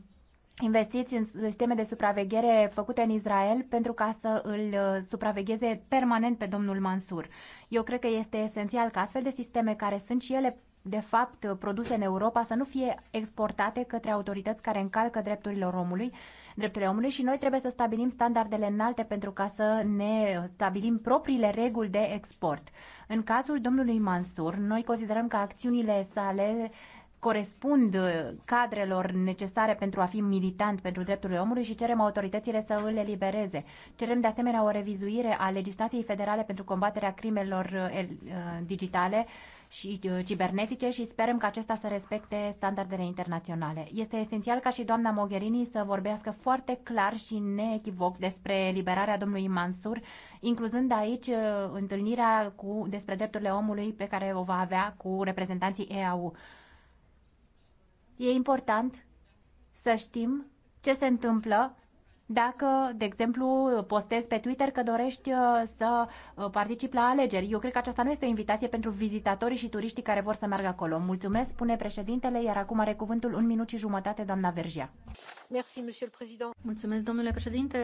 investiți în sisteme de supraveghere făcute în Israel pentru ca să îl uh, supravegheze permanent pe domnul Mansur. Eu cred că este esențial ca astfel de sisteme care sunt și ele de fapt uh, produse în Europa să nu fie exportate către autorități care încalcă drepturile omului, drepturile omului și noi trebuie să stabilim standardele înalte pentru ca să ne stabilim propriile reguli de export. În cazul domnului Mansur, noi considerăm că acțiunile sale corespund uh, cadrelor necesare pentru a fi militant pentru drepturile omului și cerem autoritățile să îl elibereze. Cerem de asemenea o revizuire a legislației federale pentru combaterea crimelor uh, uh, digitale și cibernetice și sperăm că acesta să respecte standardele internaționale. Este esențial ca și doamna Mogherini să vorbească foarte clar și neechivoc despre eliberarea domnului Mansur, incluzând aici întâlnirea cu, despre drepturile omului pe care o va avea cu reprezentanții EAU. E important să știm ce se întâmplă dacă, de exemplu, postezi pe Twitter că dorești uh, să uh, participi la alegeri. Eu cred că aceasta nu este o invitație pentru vizitatorii și turiștii care vor să meargă acolo. Mulțumesc, spune președintele, iar acum are cuvântul un minut și jumătate, doamna Vergea. Mulțumesc, domnule președinte.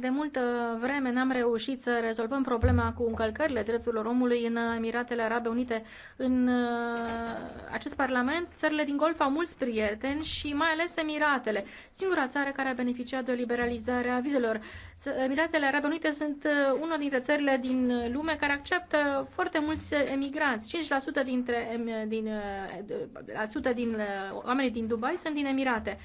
De multă vreme n-am reușit să rezolvăm problema cu încălcările drepturilor omului în Emiratele Arabe Unite. În uh, acest parlament, țările din Golf au mulți prieteni și mai ales Emiratele, singura țară care a beneficiat de o liberalizare a vizelor. Emiratele Arabe Unite sunt uh, una dintre țările din lume care acceptă foarte mulți emigranți. 50% dintre, din, uh, din, din oamenii din Dubai sunt din Emirate.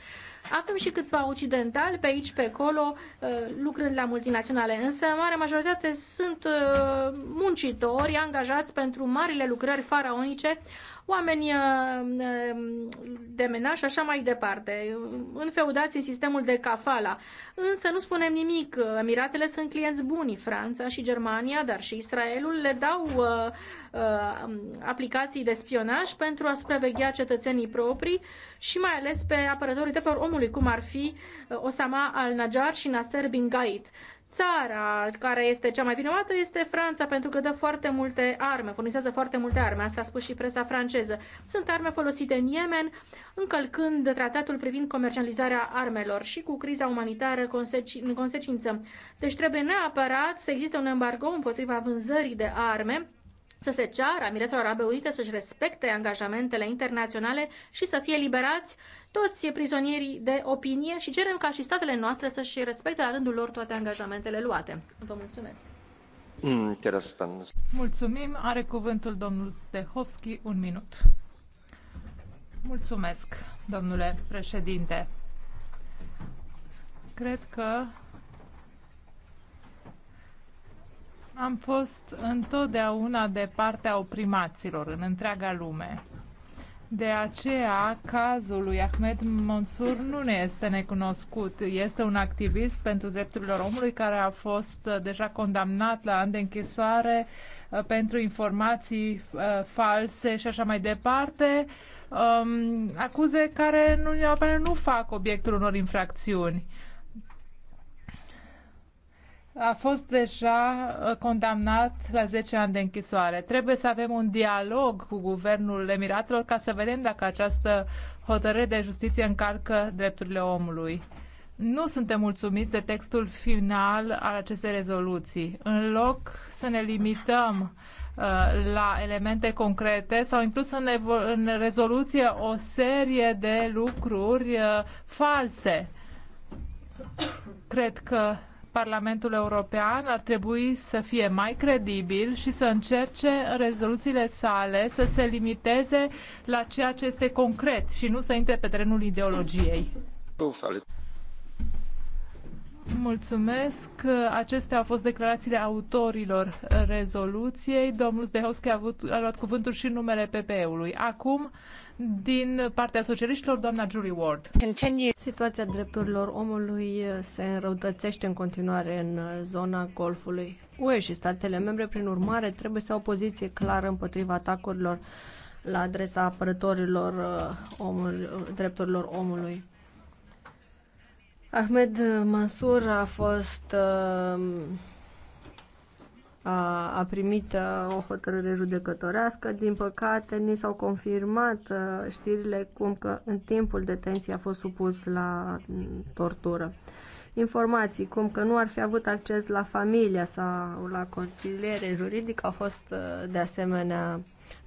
Avem și câțiva occidentali pe aici, pe acolo, uh, lucrând la multinaționale, însă marea majoritate sunt uh, muncitori angajați pentru marile lucrări faraonice oameni uh, de menaj și așa mai departe, înfeudați în sistemul de cafala. Însă nu spunem nimic, Emiratele sunt clienți buni, Franța și Germania, dar și Israelul le dau uh, uh, aplicații de spionaj pentru a supraveghea cetățenii proprii și mai ales pe apărătorii drepturilor omului, cum ar fi uh, Osama al-Najjar și Nasser bin Gait. Țara care este cea mai vinovată este Franța, pentru că dă foarte multe arme, furnizează foarte multe arme. Asta a spus și presa franceză. Sunt arme folosite în Yemen, încălcând tratatul privind comercializarea armelor și cu criza umanitară în consecință. Deci trebuie neapărat să existe un embargo împotriva vânzării de arme să se ceară Emiretelor Arabe Unite să-și respecte angajamentele internaționale și să fie liberați toți prizonierii de opinie și cerem ca și statele noastre să-și respecte la rândul lor toate angajamentele luate. Vă mulțumesc! Mm, Mulțumim. Are cuvântul domnul Stehovski. Un minut. Mulțumesc, domnule președinte. Cred că am fost întotdeauna de partea oprimaților în întreaga lume. De aceea, cazul lui Ahmed Mansur nu ne este necunoscut. Este un activist pentru drepturile omului care a fost uh, deja condamnat la ani de închisoare uh, pentru informații uh, false și așa mai departe, um, acuze care nu, nu fac obiectul unor infracțiuni a fost deja uh, condamnat la 10 ani de închisoare. Trebuie să avem un dialog cu guvernul Emiratelor ca să vedem dacă această hotărâre de justiție încarcă drepturile omului. Nu suntem mulțumiți de textul final al acestei rezoluții. În loc să ne limităm uh, la elemente concrete, sau inclus în, în rezoluție o serie de lucruri uh, false. Cred că Parlamentul European ar trebui să fie mai credibil și să încerce în rezoluțiile sale să se limiteze la ceea ce este concret și nu să intre pe terenul ideologiei. Mulțumesc. Acestea au fost declarațiile autorilor rezoluției. Domnul Zdehovski a, avut, a luat cuvântul și numele PPE-ului. Acum din partea socialiștilor, doamna Julie Ward. Continue. Situația drepturilor omului se înrăutățește în continuare în zona Golfului. UE și statele membre, prin urmare, trebuie să au o poziție clară împotriva atacurilor la adresa apărătorilor uh, omul, drepturilor omului. Ahmed Mansur a fost uh, a, primit o hotărâre judecătorească. Din păcate, ni s-au confirmat știrile cum că în timpul detenției a fost supus la tortură. Informații cum că nu ar fi avut acces la familia sau la conciliere juridică au fost de asemenea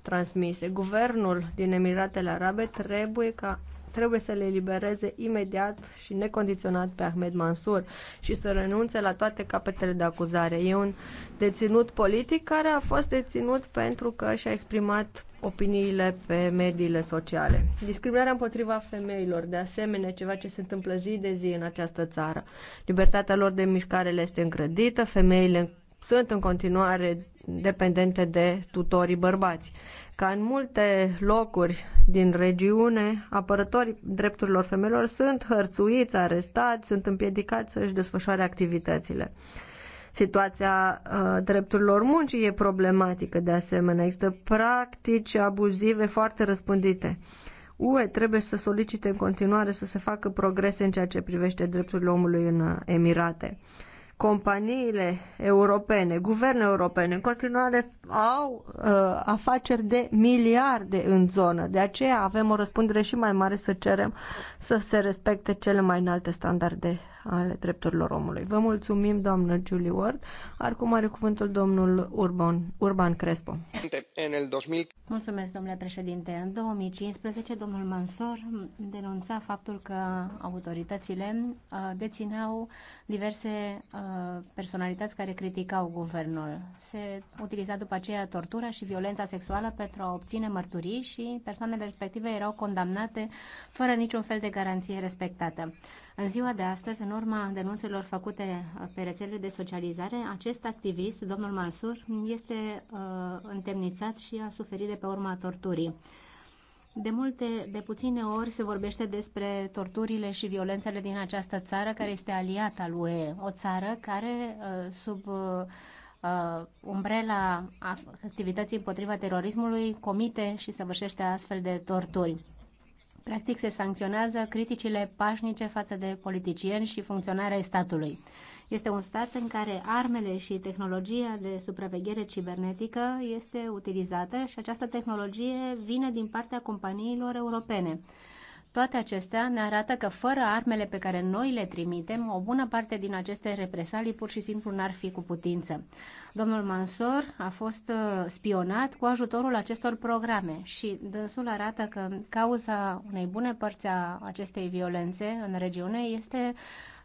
transmise. Guvernul din Emiratele Arabe trebuie ca trebuie să le elibereze imediat și necondiționat pe Ahmed Mansur și să renunțe la toate capetele de acuzare. E un deținut politic care a fost deținut pentru că și-a exprimat opiniile pe mediile sociale. Discriminarea împotriva femeilor, de asemenea, ceva ce se întâmplă zi de zi în această țară. Libertatea lor de mișcare le este îngrădită, femeile sunt în continuare dependente de tutorii bărbați. Ca în multe locuri din regiune, apărătorii drepturilor femeilor sunt hărțuiți, arestați, sunt împiedicați să își desfășoare activitățile. Situația uh, drepturilor muncii e problematică de asemenea. Există practici abuzive foarte răspândite. UE trebuie să solicite în continuare să se facă progrese în ceea ce privește drepturile omului în Emirate companiile europene, guverne europene, în continuare au uh, afaceri de miliarde în zonă. De aceea avem o răspundere și mai mare să cerem să se respecte cele mai înalte standarde ale drepturilor omului. Vă mulțumim, doamnă Julie Ward. Acum are cuvântul domnul Urban, Urban Crespo. În 2000. Mulțumesc, domnule președinte. În 2015, domnul Mansor denunța faptul că autoritățile uh, dețineau diverse uh, personalități care criticau guvernul. Se utiliza după aceea tortura și violența sexuală pentru a obține mărturii și persoanele respective erau condamnate fără niciun fel de garanție respectată. În ziua de astăzi, în urma denunțelor făcute uh, pe rețelele de socializare, acest activist, domnul Mansur, este uh, întemnițat și a suferit de pe urma torturii. De multe, de puține ori se vorbește despre torturile și violențele din această țară care este aliată al UE, o țară care uh, sub uh, uh, umbrela activității împotriva terorismului comite și săvârșește astfel de torturi. Practic se sancționează criticile pașnice față de politicieni și funcționarea statului. Este un stat în care armele și tehnologia de supraveghere cibernetică este utilizată și această tehnologie vine din partea companiilor europene. Toate acestea ne arată că fără armele pe care noi le trimitem, o bună parte din aceste represalii pur și simplu n-ar fi cu putință. Domnul Mansor a fost uh, spionat cu ajutorul acestor programe și dânsul arată că cauza unei bune părți a acestei violențe în regiune este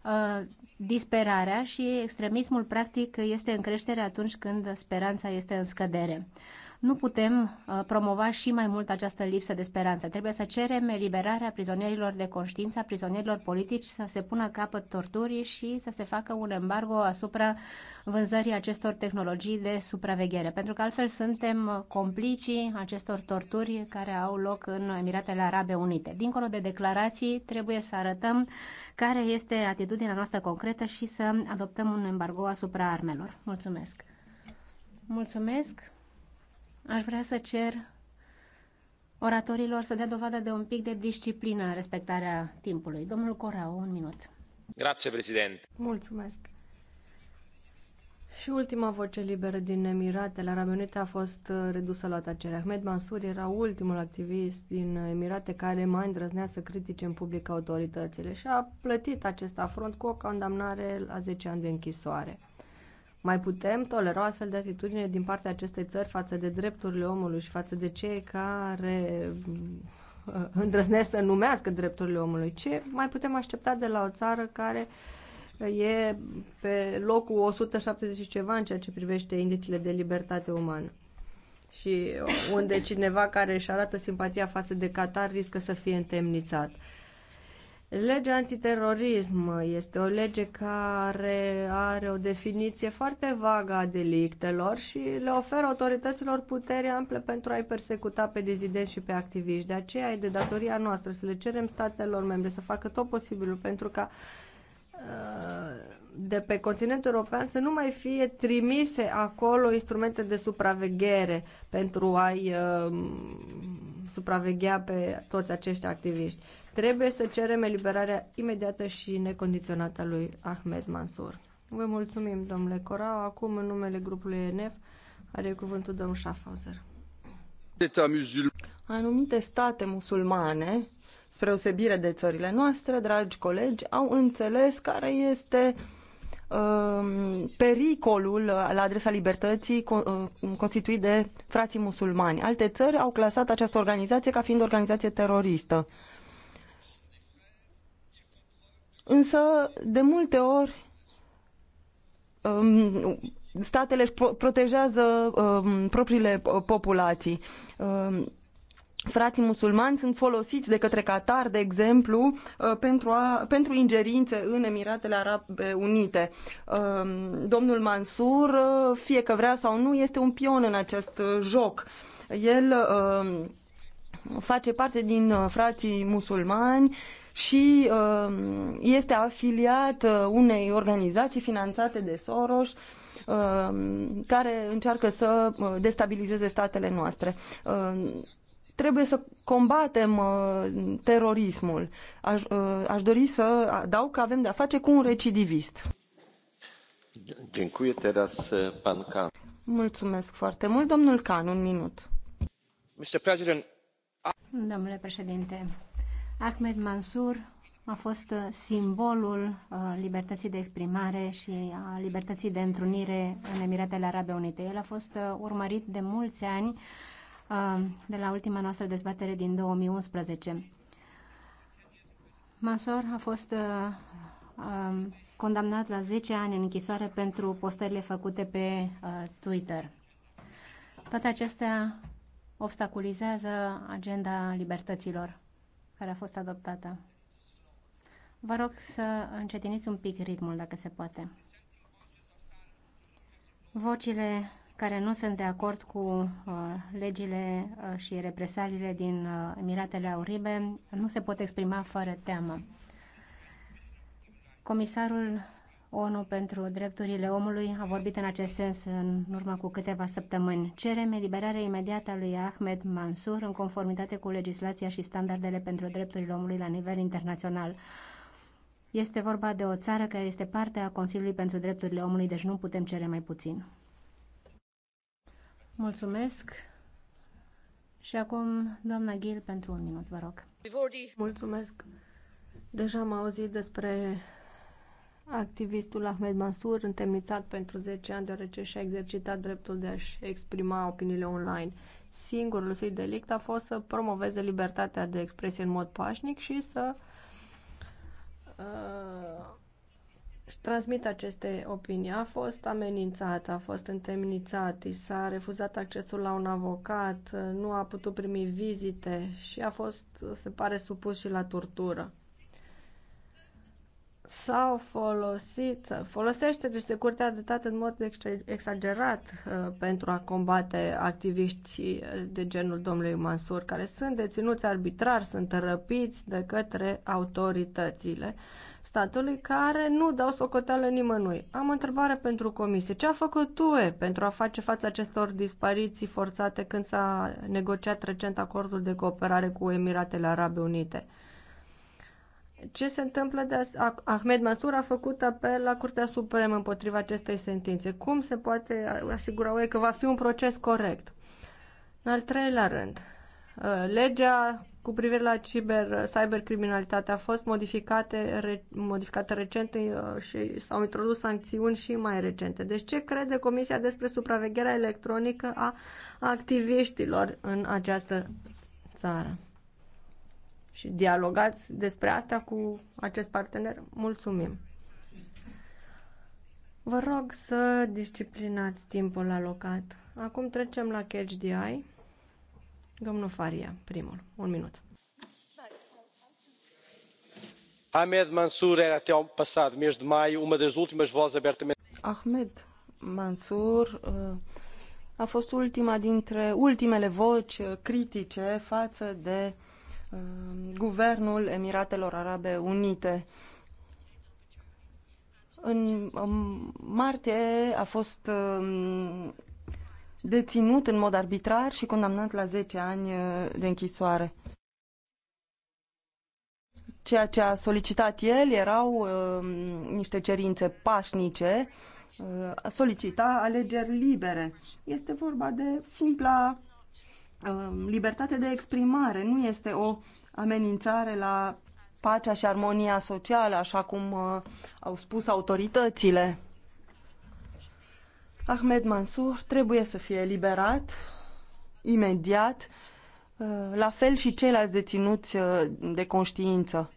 uh, disperarea și extremismul practic este în creștere atunci când speranța este în scădere nu putem uh, promova și mai mult această lipsă de speranță. Trebuie să cerem eliberarea prizonierilor de conștiință, a prizonierilor politici, să se pună capăt torturii și să se facă un embargo asupra vânzării acestor tehnologii de supraveghere, pentru că altfel suntem complicii acestor torturi care au loc în Emiratele Arabe Unite. Dincolo de declarații, trebuie să arătăm care este atitudinea noastră concretă și să adoptăm un embargo asupra armelor. Mulțumesc! Mulțumesc! Aș vrea să cer oratorilor să dea dovadă de un pic de disciplină în respectarea timpului. Domnul Corau, un minut. Grazie, prezident. Mulțumesc. Și ultima voce liberă din Emiratele Arabe Unite a fost uh, redusă la tăcere. Ahmed Mansour era ultimul activist din Emirate care mai îndrăznea să critique în public autoritățile și a plătit acest afront cu o condamnare la 10 ani de închisoare. Mai putem tolera o astfel de atitudine din partea acestei țări față de drepturile omului și față de cei care mm, (laughs) îndrăznesc să numească drepturile omului? Ce mai putem aștepta de la o țară care e pe locul 170 ceva în ceea ce privește indicile de libertate umană? și unde cineva care își arată simpatia față de Qatar riscă să fie întemnițat. Legea antiterorism este o lege care are o definiție foarte vagă a delictelor și le oferă autorităților putere ample pentru a-i persecuta pe dizidenți și pe activiști. De aceea e de datoria noastră să le cerem statelor membre să facă tot posibilul pentru ca uh, de pe continentul european să nu mai fie trimise acolo instrumente de supraveghere pentru a-i uh, supraveghea pe toți acești activiști. Trebuie să cerem eliberarea imediată și necondiționată a lui Ahmed Mansour. Vă mulțumim, domnule Corau. Acum, în numele grupului ENF, are cuvântul domnul Schaffhauser. Anumite state musulmane, spre osebire de țările noastre, dragi colegi, au înțeles care este um, pericolul la adresa libertății uh, constituit de frații musulmani. Alte țări au clasat această organizație ca fiind o organizație teroristă. Însă, de multe ori, um, statele își protejează um, propriile uh, populații. Um, frații musulmani sunt folosiți de către Qatar, de exemplu, uh, pentru, a, pentru ingerințe în Emiratele Arabe Unite. Domnul Mansur, uh, fie că vrea sau nu, este un pion în acest joc. El face parte din frații musulmani și um, este afiliat uh, unei organizații finanțate de Soros um, care încearcă să uh, destabilizeze statele noastre. Um, trebuie să combatem uh, terorismul. Aș, aș dori să adaug că avem de-a face cu un recidivist. Mulțumesc foarte mult. Domnul Can, un minut. Domnule președinte, Ahmed Mansur a fost uh, simbolul uh, libertății de exprimare și a libertății de întrunire în Emiratele Arabe Unite. El a fost uh, urmărit de mulți ani de la ultima noastră dezbatere din 2011. Mansur a fost um, condamnat la 10 ani în închisoare pentru postările făcute pe Twitter. Toate acestea obstaculizează agenda libertăților care a fost adoptată. Vă rog să încetiniți un pic ritmul, dacă se poate. Vocile care nu sunt de acord cu uh, legile uh, și represaliile din uh, Emiratele Auribe nu se pot exprima fără teamă. Comisarul ONU pentru drepturile omului a vorbit în acest sens în urmă cu câteva săptămâni. Cerem eliberarea imediată a lui Ahmed Mansur în conformitate cu legislația și standardele pentru drepturile omului la nivel internațional. Este vorba de o țară care este parte a Consiliului pentru Drepturile Omului, deci nu putem cere mai puțin. Mulțumesc. Și acum, doamna Ghil, pentru un minut, vă rog. Mulțumesc. Deja am auzit despre activistul Ahmed Mansur, întemnițat pentru 10 ani deoarece și-a exercitat dreptul de a-și exprima opiniile online. Singurul său delict a fost să promoveze libertatea de expresie în mod pașnic și să uh, transmită aceste opinii. A fost amenințat, a fost întemnițat, i s-a refuzat accesul la un avocat, nu a putut primi vizite și a fost, se pare, supus și la tortură s-au folosit, folosește deci securitatea de stat în mod exagerat uh, pentru a combate activiști uh, de genul domnului Mansur, care sunt deținuți arbitrar, sunt răpiți de către autoritățile statului, care nu dau socoteală nimănui. Am o întrebare pentru comisie. Ce a făcut tu pentru a face față acestor dispariții forțate când s-a negociat recent acordul de cooperare cu Emiratele Arabe Unite? Ce se întâmplă de Ahmed Masur a făcut apel la Curtea Supremă împotriva acestei sentințe. Cum se poate asigura oie că va fi un proces corect? În al treilea rând, uh, legea cu privire la ciber, uh, cybercriminalitate a fost modificate, re, modificată recent uh, și s-au introdus sancțiuni și mai recente. Deci ce crede Comisia despre supravegherea electronică a activiștilor în această țară? și dialogați despre asta cu acest partener, mulțumim. Vă rog să disciplinați timpul alocat. Acum trecem la Catch the Eye. Domnul Faria, primul. Un minut. Ahmed Mansour era até ao passado mês de maio uma das últimas vozes abertamente. Ahmed Mansour uh, a fost ultima dintre ultimele voci uh, critice față de Um, guvernul Emiratelor Arabe Unite. În martie a fost um, deținut în mod arbitrar și condamnat la 10 ani uh, de închisoare. Ceea ce a solicitat el erau um, niște cerințe pașnice, uh, solicita alegeri libere. Este vorba de simpla Um, libertatea de exprimare nu este o amenințare la pacea și armonia socială, așa cum uh, au spus autoritățile. Ahmed Mansur trebuie să fie eliberat imediat, uh, la fel și ceilalți deținuți uh, de conștiință.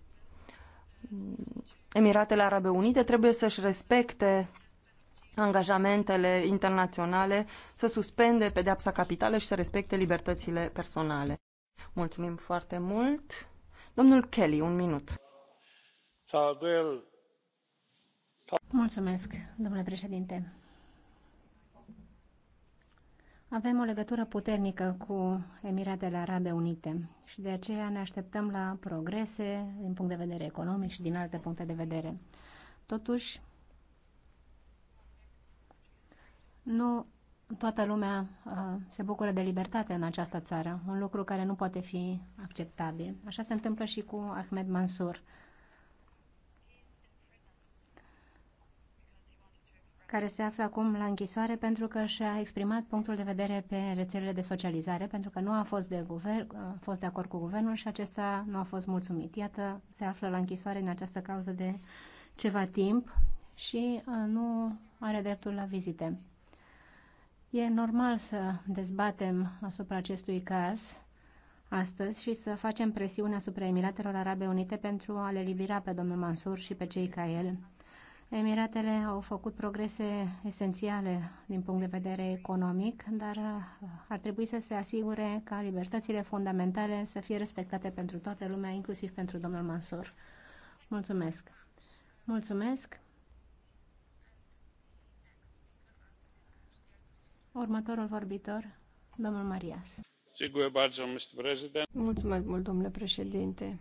Emiratele Arabe Unite trebuie să-și respecte angajamentele internaționale, să suspende pedeapsa capitală și să respecte libertățile personale. Mulțumim foarte mult. Domnul Kelly, un minut. Mulțumesc, domnule președinte. Avem o legătură puternică cu Emiratele Arabe Unite și de aceea ne așteptăm la progrese din punct de vedere economic și din alte puncte de vedere. Totuși, Nu toată lumea uh, se bucură de libertate în această țară, un lucru care nu poate fi acceptabil. Așa se întâmplă și cu Ahmed Mansur, care se află acum la închisoare pentru că și-a exprimat punctul de vedere pe rețelele de socializare, pentru că nu a fost de, guvern, uh, a fost de acord cu guvernul și acesta nu a fost mulțumit. Iată, se află la închisoare în această cauză de ceva timp și uh, nu are dreptul la vizite. E normal să dezbatem asupra acestui caz astăzi și să facem presiune asupra Emiratelor Arabe Unite pentru a le libera pe domnul Mansur și pe cei ca el. Emiratele au făcut progrese esențiale din punct de vedere economic, dar uh, ar trebui să se asigure ca libertățile fundamentale să fie respectate pentru toată lumea, inclusiv pentru domnul Mansur. Mulțumesc! Mulțumesc! Următorul vorbitor, domnul Marias. Mulțumesc mult, domnule președinte.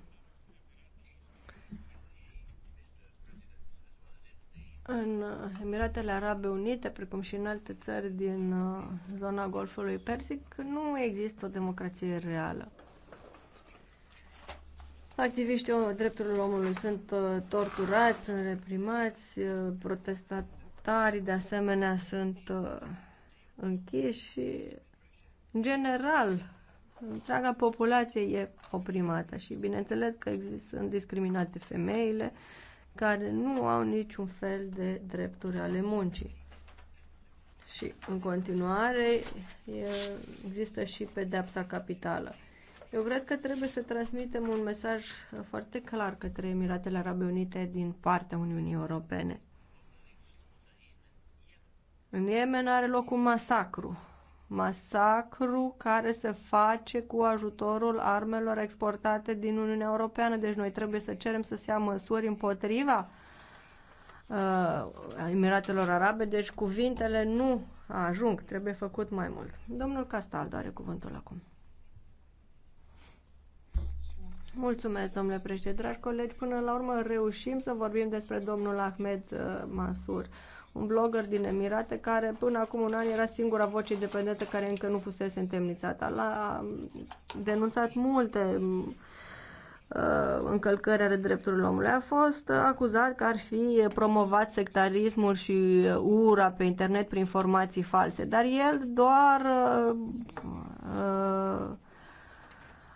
În Emiratele Arabe Unite, precum și în alte țări din uh, zona Golfului Persic, nu există o democrație reală. Activiștii drepturilor omului sunt uh, torturați, sunt reprimați, uh, protestatarii de asemenea sunt închiși și, în general, întreaga populație e oprimată și, bineînțeles, că există, sunt discriminate femeile care nu au niciun fel de drepturi ale muncii. Și, în continuare, e, există și pedepsa capitală. Eu cred că trebuie să transmitem un mesaj foarte clar către Emiratele Arabe Unite din partea Uniunii Europene. În Yemen are loc un masacru. Masacru care se face cu ajutorul armelor exportate din Uniunea Europeană. Deci noi trebuie să cerem să se ia măsuri împotriva uh, Emiratelor Arabe. Deci cuvintele nu ajung. Trebuie făcut mai mult. Domnul Castaldo are cuvântul acum. Mulțumesc, domnule președinte. Dragi colegi, până la urmă reușim să vorbim despre domnul Ahmed Mansur. Uh, un blogger din Emirate care până acum un an era singura voce independentă care încă nu fusese întemnițată. L-a mm, denunțat multe mm, uh, încălcări ale drepturilor omului. A fost acuzat că ar fi promovat sectarismul și ura pe internet prin informații false. Dar el doar uh, uh,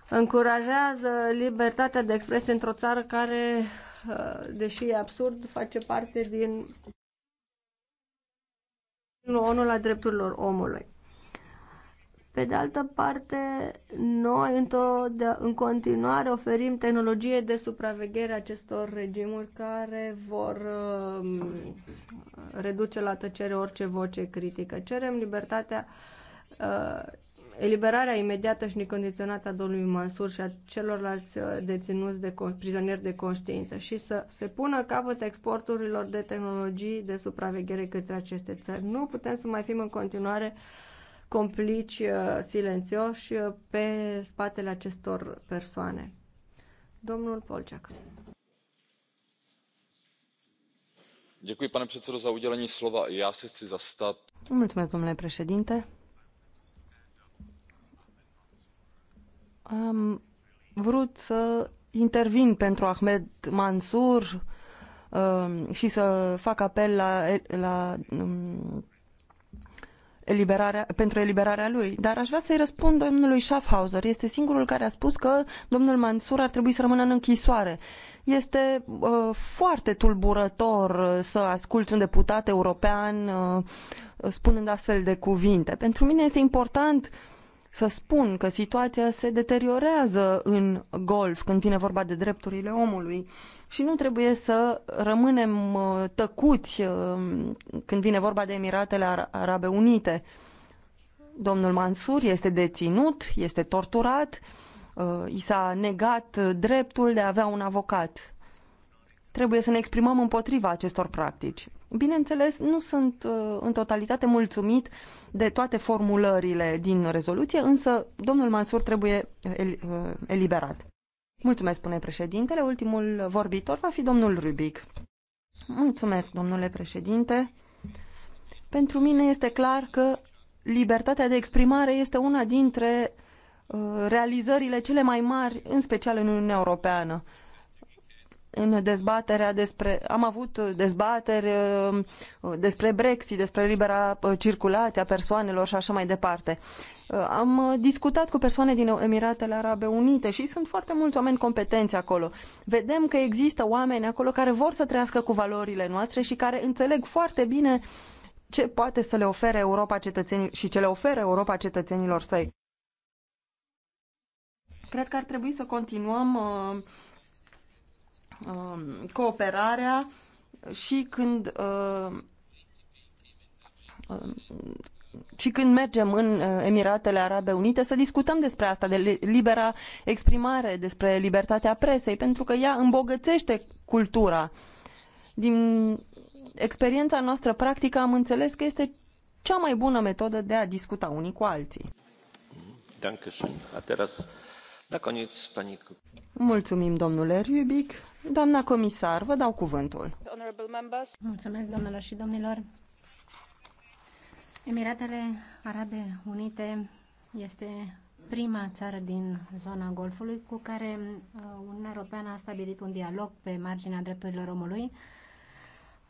încurajează libertatea de expresie într-o țară care, uh, deși e absurd, face parte din ONU la drepturilor omului. Pe de altă parte, noi în continuare oferim tehnologie de supraveghere acestor regimuri care vor uh, reduce la tăcere orice voce critică. Cerem libertatea uh, Eliberarea imediată și necondiționată a domnului Mansur și a celorlalți uh, deținuți de prizonieri de conștiință și să se pună capăt exporturilor de tehnologii de supraveghere către aceste țări. Nu putem să mai fim în continuare complici uh, silențioși uh, pe spatele acestor persoane. Domnul Polceac. Děkuji, pane předsedo, za udělení slova. Já se chci zastat. Mulțumesc, domnule președinte. Am vrut să intervin pentru Ahmed Mansur um, și să fac apel la, la um, eliberarea, pentru eliberarea lui. Dar aș vrea să-i răspund domnului Schaffhauser. Este singurul care a spus că domnul Mansur ar trebui să rămână în închisoare. Este uh, foarte tulburător uh, să asculți un deputat european uh, spunând astfel de cuvinte. Pentru mine este important uh, să spun că situația se deteriorează în golf când vine vorba de drepturile omului și nu trebuie să rămânem uh, tăcuți uh, când vine vorba de Emiratele Arabe Unite. Domnul Mansur este deținut, este torturat, uh, i s-a negat dreptul de a avea un avocat. Trebuie să ne exprimăm împotriva acestor practici. Bineînțeles, nu sunt uh, în totalitate mulțumit de toate formulările din rezoluție, însă domnul Mansur trebuie uh, uh, eliberat. Mulțumesc, spune președintele. Ultimul vorbitor va fi domnul Rubic. Mulțumesc, domnule președinte. Pentru mine este clar că libertatea de exprimare este una dintre realizările cele mai mari, în special în Uniunea Europeană în dezbaterea despre, am avut dezbateri uh, despre Brexit, despre libera uh, circulație a persoanelor și așa mai departe. Uh, am discutat cu persoane din Emiratele Arabe Unite și sunt foarte mulți oameni competenți acolo. Vedem că există oameni acolo care vor să trăiască cu valorile noastre și care înțeleg foarte bine ce poate să le ofere Europa cetățenilor și ce le oferă Europa cetățenilor săi. Cred că ar trebui să continuăm uh, Um, cooperarea și când uh, um, și când mergem în uh, Emiratele Arabe Unite să discutăm despre asta, de libera exprimare, despre libertatea presei, pentru că ea îmbogățește cultura. Din experiența noastră practică am înțeles că este cea mai bună metodă de a discuta unii cu alții. Mulțumim, domnule Rubic. Doamna comisar, vă dau cuvântul. Mulțumesc, domnilor și domnilor. Emiratele Arabe Unite este prima țară din zona Golfului cu care uh, Uniunea Europeană a stabilit un dialog pe marginea drepturilor omului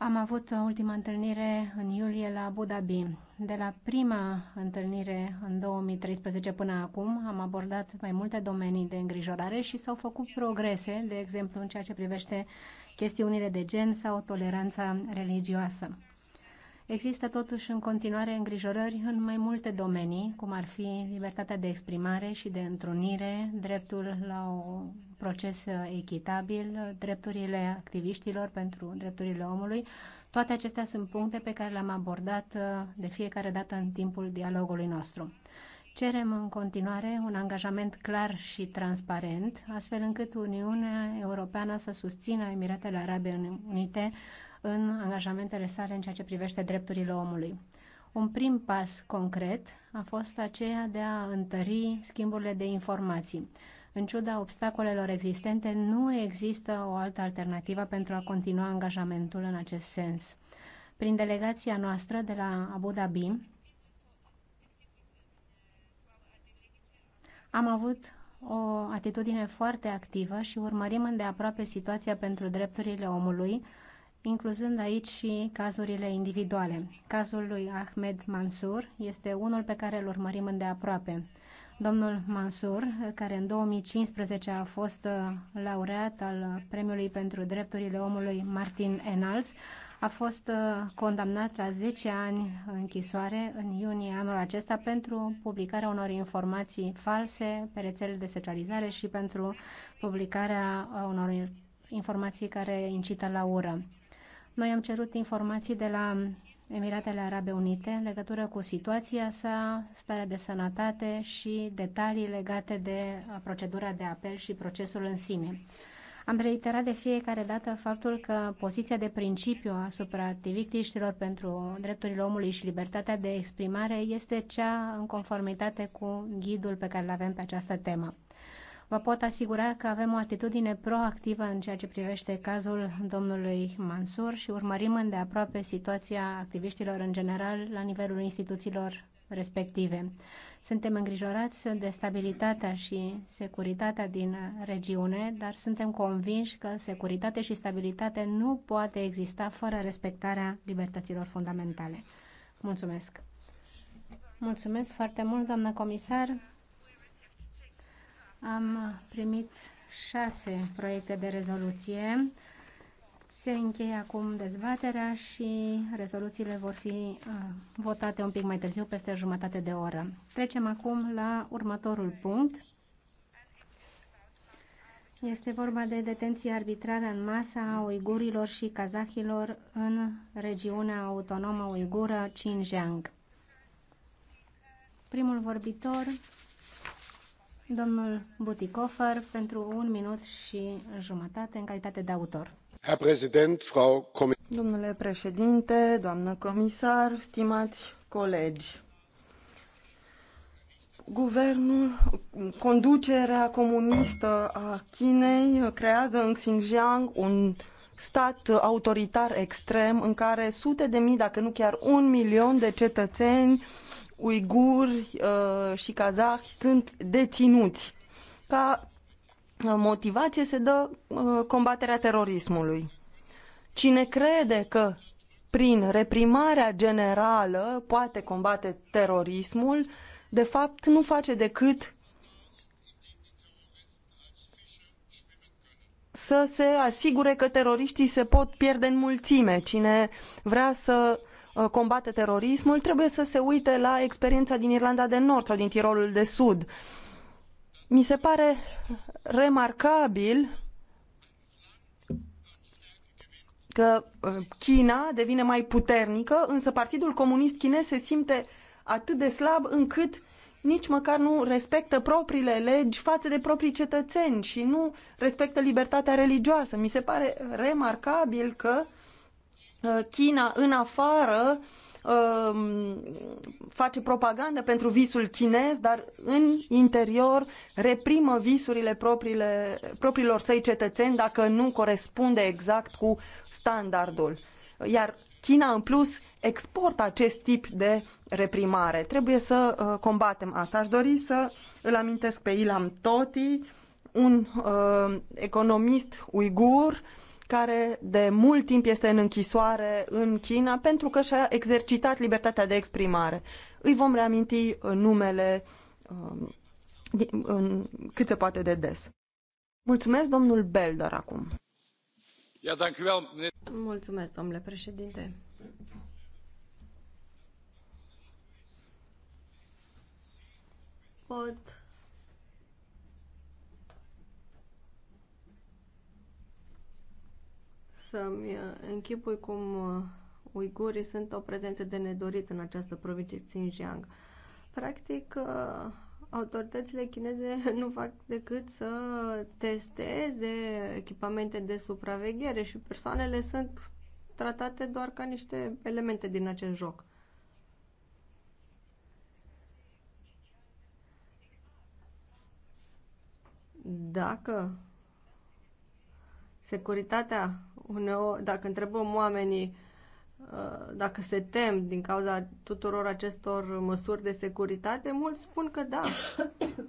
am avut ultima întâlnire în iulie la Abu Dhabi. De la prima întâlnire în 2013 până acum am abordat mai multe domenii de îngrijorare și s-au făcut progrese, de exemplu în ceea ce privește chestiunile de gen sau toleranța religioasă. Există totuși în continuare îngrijorări în mai multe domenii, cum ar fi libertatea de exprimare și de întrunire, dreptul la un proces echitabil, drepturile activiștilor pentru drepturile omului. Toate acestea sunt puncte pe care le-am abordat uh, de fiecare dată în timpul dialogului nostru. Cerem în continuare un angajament clar și transparent, astfel încât Uniunea Europeană să susțină Emiratele Arabe Unite în angajamentele sale în ceea ce privește drepturile omului. Un prim pas concret a fost aceea de a întări schimburile de informații. În ciuda obstacolelor existente, nu există o altă alternativă pentru a continua angajamentul în acest sens. Prin delegația noastră de la Abu Dhabi, am avut o atitudine foarte activă și urmărim îndeaproape situația pentru drepturile omului incluzând aici și cazurile individuale. Cazul lui Ahmed Mansur este unul pe care îl urmărim îndeaproape. Domnul Mansur, care în 2015 a fost uh, laureat al uh, Premiului pentru Drepturile Omului Martin Enals, a fost uh, condamnat la 10 ani închisoare în iunie anul acesta pentru publicarea unor informații false pe rețele de socializare și pentru publicarea unor informații care incită la ură. Noi am cerut informații de la Emiratele Arabe Unite în legătură cu situația sa, starea de sănătate și detalii legate de procedura de apel și procesul în sine. Am reiterat de fiecare dată faptul că poziția de principiu asupra activiștilor pentru drepturile omului și libertatea de exprimare este cea în conformitate cu ghidul pe care îl avem pe această temă. Vă pot asigura că avem o atitudine proactivă în ceea ce privește cazul domnului Mansur și urmărim îndeaproape situația activiștilor în general la nivelul instituțiilor respective. Suntem îngrijorați de stabilitatea și securitatea din regiune, dar suntem convinși că securitate și stabilitate nu poate exista fără respectarea libertăților fundamentale. Mulțumesc! Mulțumesc foarte mult, doamnă comisar! Am primit șase proiecte de rezoluție. Se încheie acum dezbaterea și rezoluțiile vor fi uh, votate un pic mai târziu, peste jumătate de oră. Trecem acum la următorul punct. Este vorba de detenție arbitrară în masă a uigurilor și kazahilor în regiunea autonomă uigură Xinjiang. Primul vorbitor Domnul Butikofer, pentru un minut și jumătate, în calitate de autor. Domnule președinte, doamnă comisar, stimați colegi, guvernul, conducerea comunistă a Chinei creează în Xinjiang un stat autoritar extrem în care sute de mii, dacă nu chiar un milion de cetățeni uiguri uh, și kazahi sunt deținuți. Ca uh, motivație se dă uh, combaterea terorismului. Cine crede că prin reprimarea generală poate combate terorismul, de fapt nu face decât să se asigure că teroriștii se pot pierde în mulțime. Cine vrea să Uh, combate terorismul, trebuie să se uite la experiența din Irlanda de Nord sau din Tirolul de Sud. Mi se pare remarcabil că uh, China devine mai puternică, însă Partidul Comunist Chinez se simte atât de slab încât nici măcar nu respectă propriile legi față de proprii cetățeni și nu respectă libertatea religioasă. Mi se pare remarcabil că uh, Uh, China în afară um, face propagandă pentru visul chinez, dar în interior reprimă visurile propriile, propriilor săi cetățeni dacă nu corespunde exact cu standardul. Iar China, în plus, exportă acest tip de reprimare. Trebuie să uh, combatem asta. Aș dori să îl amintesc pe Ilam Toti, un uh, economist uigur uh, care de mult timp este în închisoare în China pentru că și-a exercitat libertatea de exprimare. Îi vom reaminti uh, numele um, în cât se poate de des. Mulțumesc, domnul Belder, acum. Mulțumesc, domnule președinte. Pot să-mi uh, închipui cum uh, uigurii sunt o prezență de nedorit în această provincie Xinjiang. Practic, uh, autoritățile chineze (laughs) nu fac decât să testeze echipamente de supraveghere și persoanele sunt tratate doar ca niște elemente din acest joc. Dacă securitatea uneori, dacă întrebăm oamenii uh, dacă se tem din cauza tuturor acestor măsuri de securitate, mulți spun că da.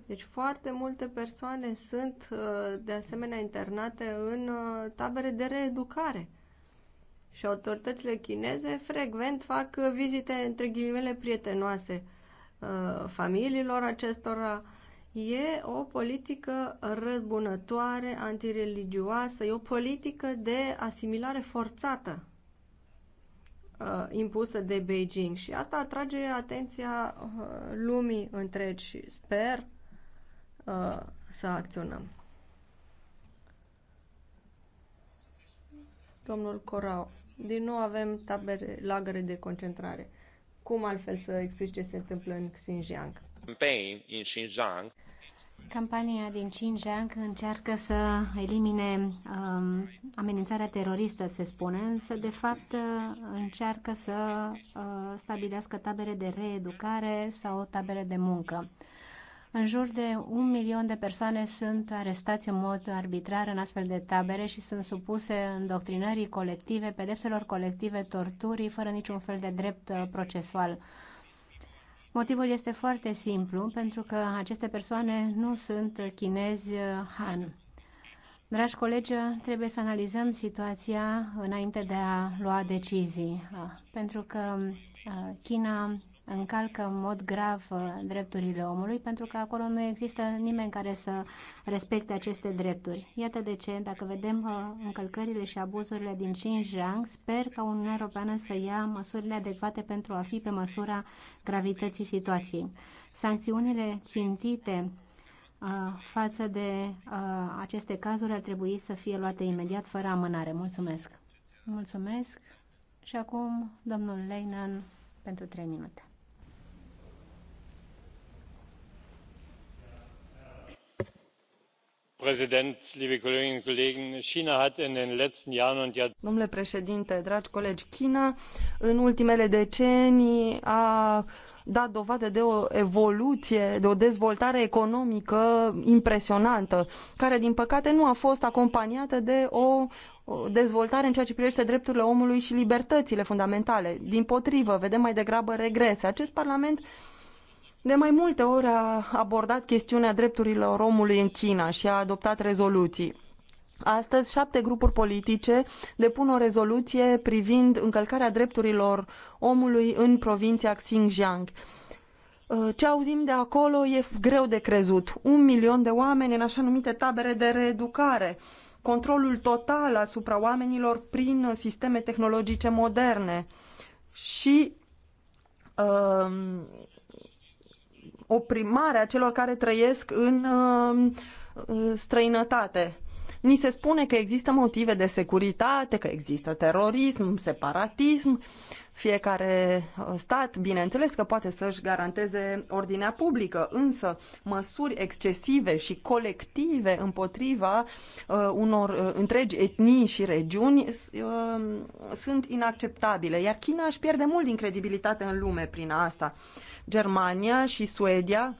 Deci foarte multe persoane sunt uh, de asemenea internate în uh, tabere de reeducare. Și autoritățile chineze frecvent fac vizite între ghilimele prietenoase familiilor acestora, E o politică răzbunătoare, antireligioasă, e o politică de asimilare forțată uh, impusă de Beijing și asta atrage atenția uh, lumii întregi și sper uh, să acționăm. Domnul Corau, din nou avem tabere, lagăre de concentrare. Cum altfel să explici ce se întâmplă în Xinjiang? Campania din Xinjiang încearcă să elimine um, amenințarea teroristă, se spune, însă, de fapt, uh, încearcă să uh, stabilească tabere de reeducare sau tabere de muncă. În jur de un milion de persoane sunt arestați în mod arbitrar în astfel de tabere și sunt supuse îndoctrinării colective, pedepselor colective, torturii, fără niciun fel de drept uh, procesual. Motivul este foarte simplu, pentru că aceste persoane nu sunt chinezi uh, Han. Dragi colegi, trebuie să analizăm situația înainte de a lua decizii, uh, pentru că uh, China încalcă în mod grav uh, drepturile omului, pentru că acolo nu există nimeni care să respecte aceste drepturi. Iată de ce, dacă vedem uh, încălcările și abuzurile din Xinjiang, sper ca Uniunea Europeană să ia măsurile adecvate pentru a fi pe măsura gravității situației. Sancțiunile țintite uh, față de aceste cazuri ar trebui să fie luate imediat, fără amânare. Mulțumesc! Mulțumesc! Și acum, domnul Leinan, pentru trei minute. Domnule președinte, dragi colegi, China în ultimele decenii a dat dovadă de o evoluție, de o dezvoltare economică impresionantă, care din păcate nu a fost acompaniată de o dezvoltare în ceea ce privește drepturile omului și libertățile fundamentale. Din potrivă, vedem mai degrabă regrese. Acest parlament de mai multe ori a abordat chestiunea drepturilor omului în China și a adoptat rezoluții. Astăzi, șapte grupuri politice depun o rezoluție privind încălcarea drepturilor omului în provincia Xinjiang. Uh, ce auzim de acolo e greu de crezut. Un milion de oameni în așa numite tabere de reeducare, controlul total asupra oamenilor prin sisteme tehnologice moderne și Uh, oprimare a celor care trăiesc uh, în străinătate. Ni se spune că există motive de securitate, că există terorism, separatism fiecare uh, stat, bineînțeles că poate să-și garanteze ordinea publică, însă măsuri excesive și colective împotriva uh, unor uh, întregi etnii și regiuni uh, sunt inacceptabile, iar China își pierde mult din credibilitate în lume prin asta. Germania și Suedia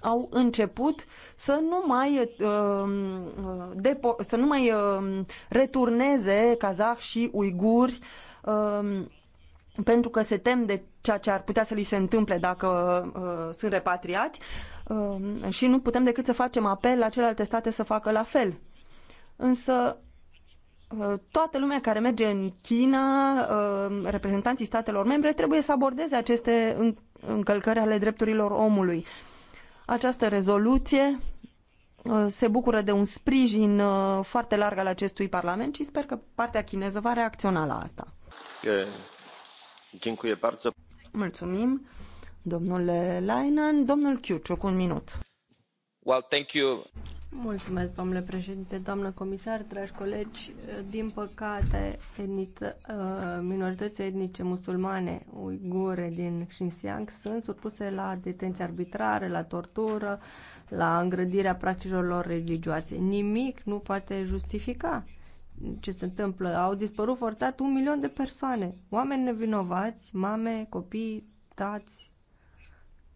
au început să nu mai, uh, depo- să nu mai uh, returneze kazah și uiguri uh, pentru că se tem de ceea ce ar putea să li se întâmple dacă uh, sunt repatriați uh, și nu putem decât să facem apel la celelalte state să facă la fel. Însă uh, toată lumea care merge în China, uh, reprezentanții statelor membre, trebuie să abordeze aceste încălcări ale drepturilor omului. Această rezoluție uh, se bucură de un sprijin foarte larg al acestui Parlament și sper că partea chineză va reacționa la asta. Yeah. Mulțumim, domnule Leinen. Domnul Chiuciuc, un minut. Well, thank you. Mulțumesc, domnule președinte, doamnă comisar, dragi colegi. Din păcate, etnic, uh, minorități etnice musulmane uigure din Xinjiang sunt supuse la detenție arbitrare, la tortură, la îngrădirea practicilor lor religioase. Nimic nu poate justifica ce se întâmplă. Au dispărut forțat un milion de persoane. Oameni nevinovați, mame, copii, tați,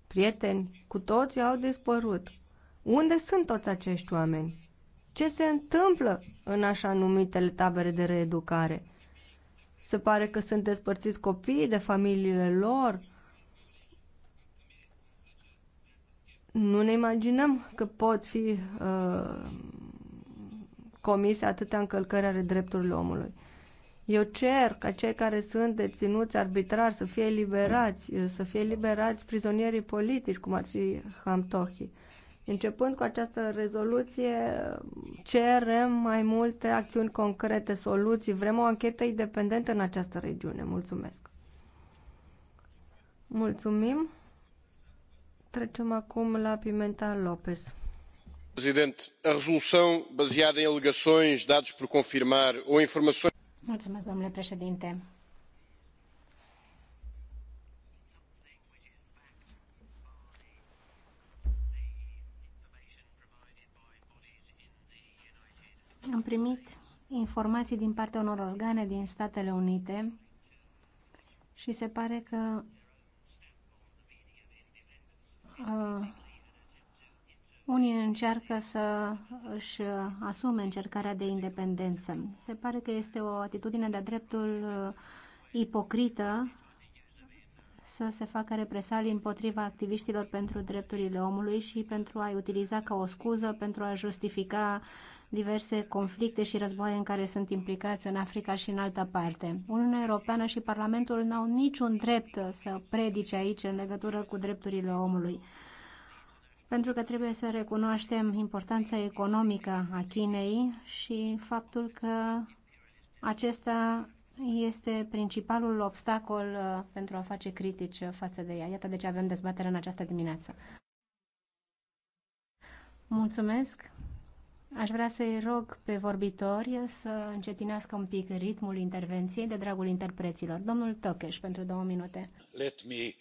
prieteni, cu toți au dispărut. Unde sunt toți acești oameni? Ce se întâmplă în așa numitele tabere de reeducare? Se pare că sunt despărțiți copiii de familiile lor. Nu ne imaginăm că pot fi uh, comise atâtea încălcări ale drepturilor omului. Eu cer ca cei care sunt deținuți arbitrar să fie eliberați, să fie eliberați prizonierii politici, cum ar fi Hamtohi. Începând cu această rezoluție, cerem mai multe acțiuni concrete, soluții. Vrem o anchetă independentă în această regiune. Mulțumesc! Mulțumim! Trecem acum la Pimenta Lopez. Președinte, a rezoluție bazată pe alegații date por confirmar sau informații. Mulțumesc, domnule președinte. Am primit informații din partea unor organe din Statele Unite și se pare că uh, unii încearcă să își asume încercarea de independență. Se pare că este o atitudine de-a dreptul uh, ipocrită să se facă represalii împotriva activiștilor pentru drepturile omului și pentru a-i utiliza ca o scuză pentru a justifica diverse conflicte și războaie în care sunt implicați în Africa și în altă parte. Uniunea Europeană și Parlamentul n-au niciun drept să predice aici în legătură cu drepturile omului pentru că trebuie să recunoaștem importanța economică a Chinei și faptul că acesta este principalul obstacol uh, pentru a face critici față de ea. Iată de ce avem dezbatere în această dimineață. Mulțumesc! Aș vrea să-i rog pe vorbitori să încetinească un pic ritmul intervenției de dragul interpreților. Domnul Tocheș, pentru două minute. Let me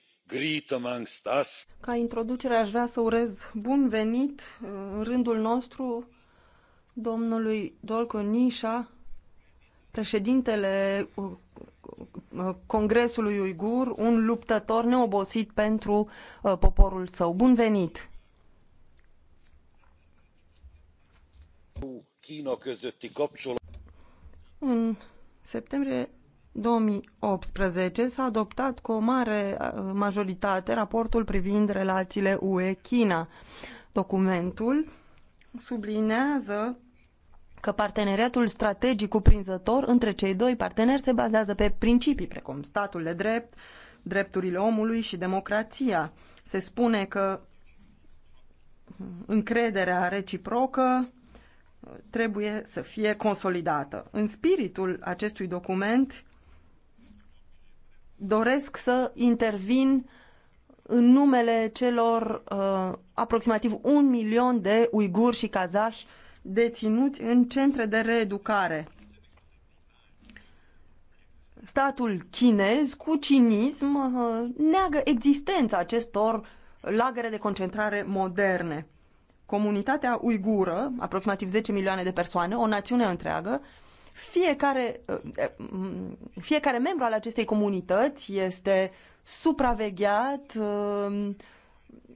ca introducere aș vrea să urez bun venit uh, în rândul nostru domnului Dolco Nisha, președintele uh, uh, Congresului Uigur, un luptător neobosit pentru poporul său. Bun venit! În septembrie 2018 s-a adoptat cu o mare uh, majoritate raportul privind relațiile UE-China. Documentul sublinează că parteneriatul strategic cuprinzător între cei doi parteneri se bazează pe principii precum statul de drept, drepturile omului și democrația. Se spune că uh, încrederea reciprocă uh, trebuie să fie consolidată. În spiritul acestui document doresc să intervin în numele celor uh, aproximativ un milion de uiguri și cazași deținuți în centre de reeducare. Statul chinez, cu cinism, uh, neagă existența acestor lagăre de concentrare moderne. Comunitatea uigură, aproximativ 10 milioane de persoane, o națiune întreagă, fiecare, eh, eh, fiecare membru al acestei comunități este supravegheat, eh,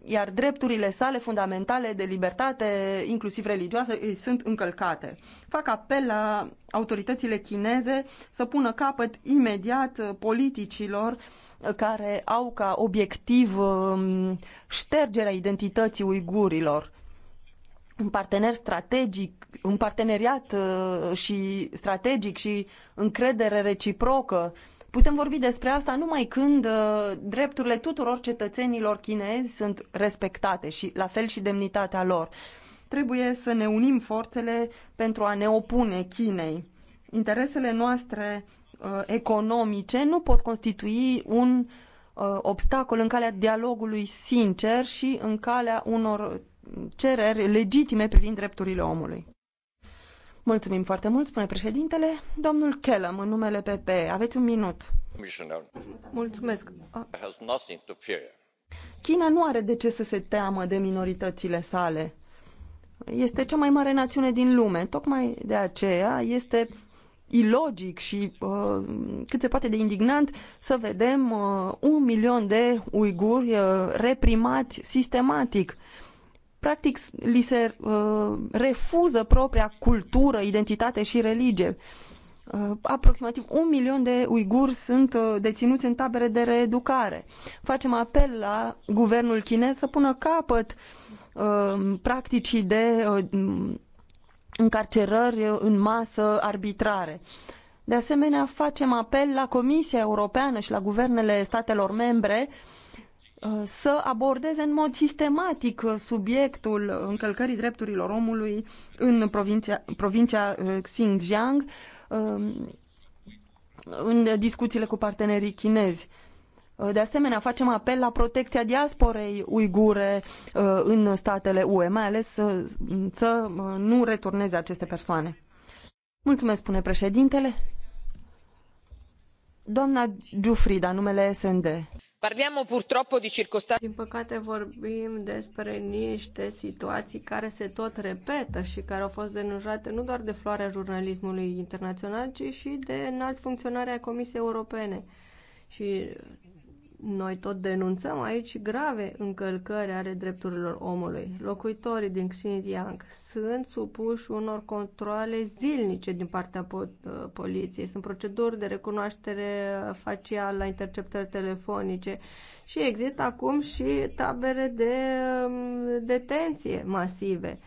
iar drepturile sale fundamentale de libertate, inclusiv religioasă, îi sunt încălcate. Fac apel la autoritățile chineze să pună capăt imediat politicilor care au ca obiectiv ștergerea identității uigurilor un partener strategic, un parteneriat uh, și strategic și încredere reciprocă. Putem vorbi despre asta numai când uh, drepturile tuturor cetățenilor chinezi sunt respectate și la fel și demnitatea lor. Trebuie să ne unim forțele pentru a ne opune Chinei. Interesele noastre uh, economice nu pot constitui un obstacol în calea dialogului sincer și în calea unor cereri legitime privind drepturile omului. Mulțumim foarte mult, spune președintele. Domnul Kellam, în numele PP, aveți un minut. Mulțumesc. China nu are de ce să se teamă de minoritățile sale. Este cea mai mare națiune din lume. Tocmai de aceea este ilogic și uh, cât se poate de indignant să vedem uh, un milion de uiguri uh, reprimați sistematic. Uh, practic li se uh, refuză propria cultură, identitate și religie. Uh, aproximativ un milion de uiguri sunt uh, deținuți în tabere de reeducare. Facem apel la guvernul chinez să pună capăt uh, practicii de uh, încarcerări uh, în masă arbitrare. De asemenea, facem apel la Comisia Europeană și la guvernele statelor membre uh, Uh, să abordeze în mod sistematic uh, subiectul încălcării drepturilor omului în provincia, provincia uh, Xinjiang um, în discuțiile cu partenerii chinezi. De asemenea, facem apel la protecția diasporei uigure în statele UE, mai ales să, să nu returneze aceste persoane. Mulțumesc, spune președintele. Doamna Giufrida, numele SND. Parliamo purtroppo di circostanțe. Din păcate vorbim despre niște situații care se tot repetă și care au fost denunțate nu doar de floarea jurnalismului internațional, ci și de înalți funcționari ai Comisiei Europene. Și noi tot denunțăm aici grave încălcări ale drepturilor omului. Locuitorii din Xinjiang sunt supuși unor controle zilnice din partea po- uh, poliției. Sunt proceduri de recunoaștere facială, interceptări telefonice și există acum și tabere de um, detenție masive.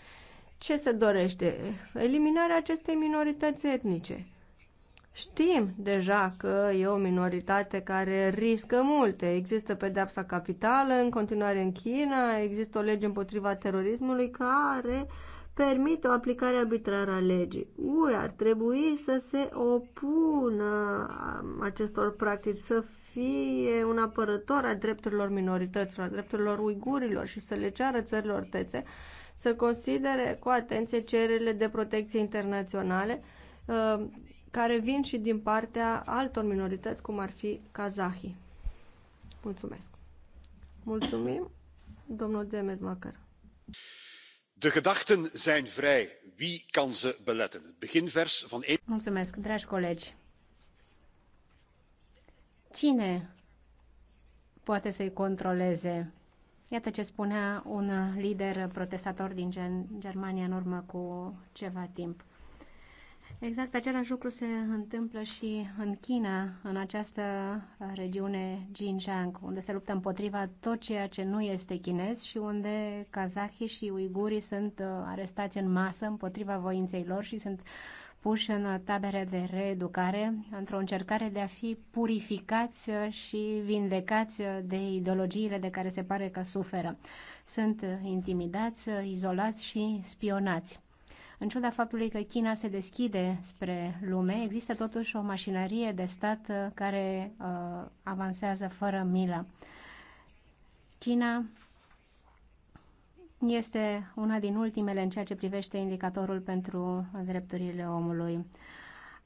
Ce se dorește? Eliminarea acestei minorități etnice Știm deja că e o minoritate care riscă multe. Există pedepsa capitală în continuare în China, există o lege împotriva terorismului care permite o aplicare arbitrară a legii. Ui, ar trebui să se opună um, acestor practici, să fie un apărător a drepturilor minorităților, a drepturilor uigurilor și să le ceară țărilor tețe să considere cu atenție cererile de protecție internaționale um, care vin și din partea altor minorități, cum ar fi kazahii. Mulțumesc. Mulțumim, domnul Demes Macar. De gedachten zijn vrij. Wie kan ze beletten? beginvers van een... Mulțumesc, dragi colegi. Cine poate să-i controleze? Iată ce spunea un lider protestator din Germania în urmă cu ceva timp. Exact același lucru se întâmplă și în China, în această uh, regiune Xinjiang, unde se luptă împotriva tot ceea ce nu este chinez și unde kazahii și uigurii sunt uh, arestați în masă împotriva voinței lor și sunt puși în uh, tabere de reeducare într-o încercare de a fi purificați și vindecați de ideologiile de care se pare că suferă. Sunt intimidați, izolați și spionați. În ciuda faptului că China se deschide spre lume, există totuși o mașinărie de stat uh, care uh, avansează fără milă. China este una din ultimele în ceea ce privește indicatorul pentru drepturile omului.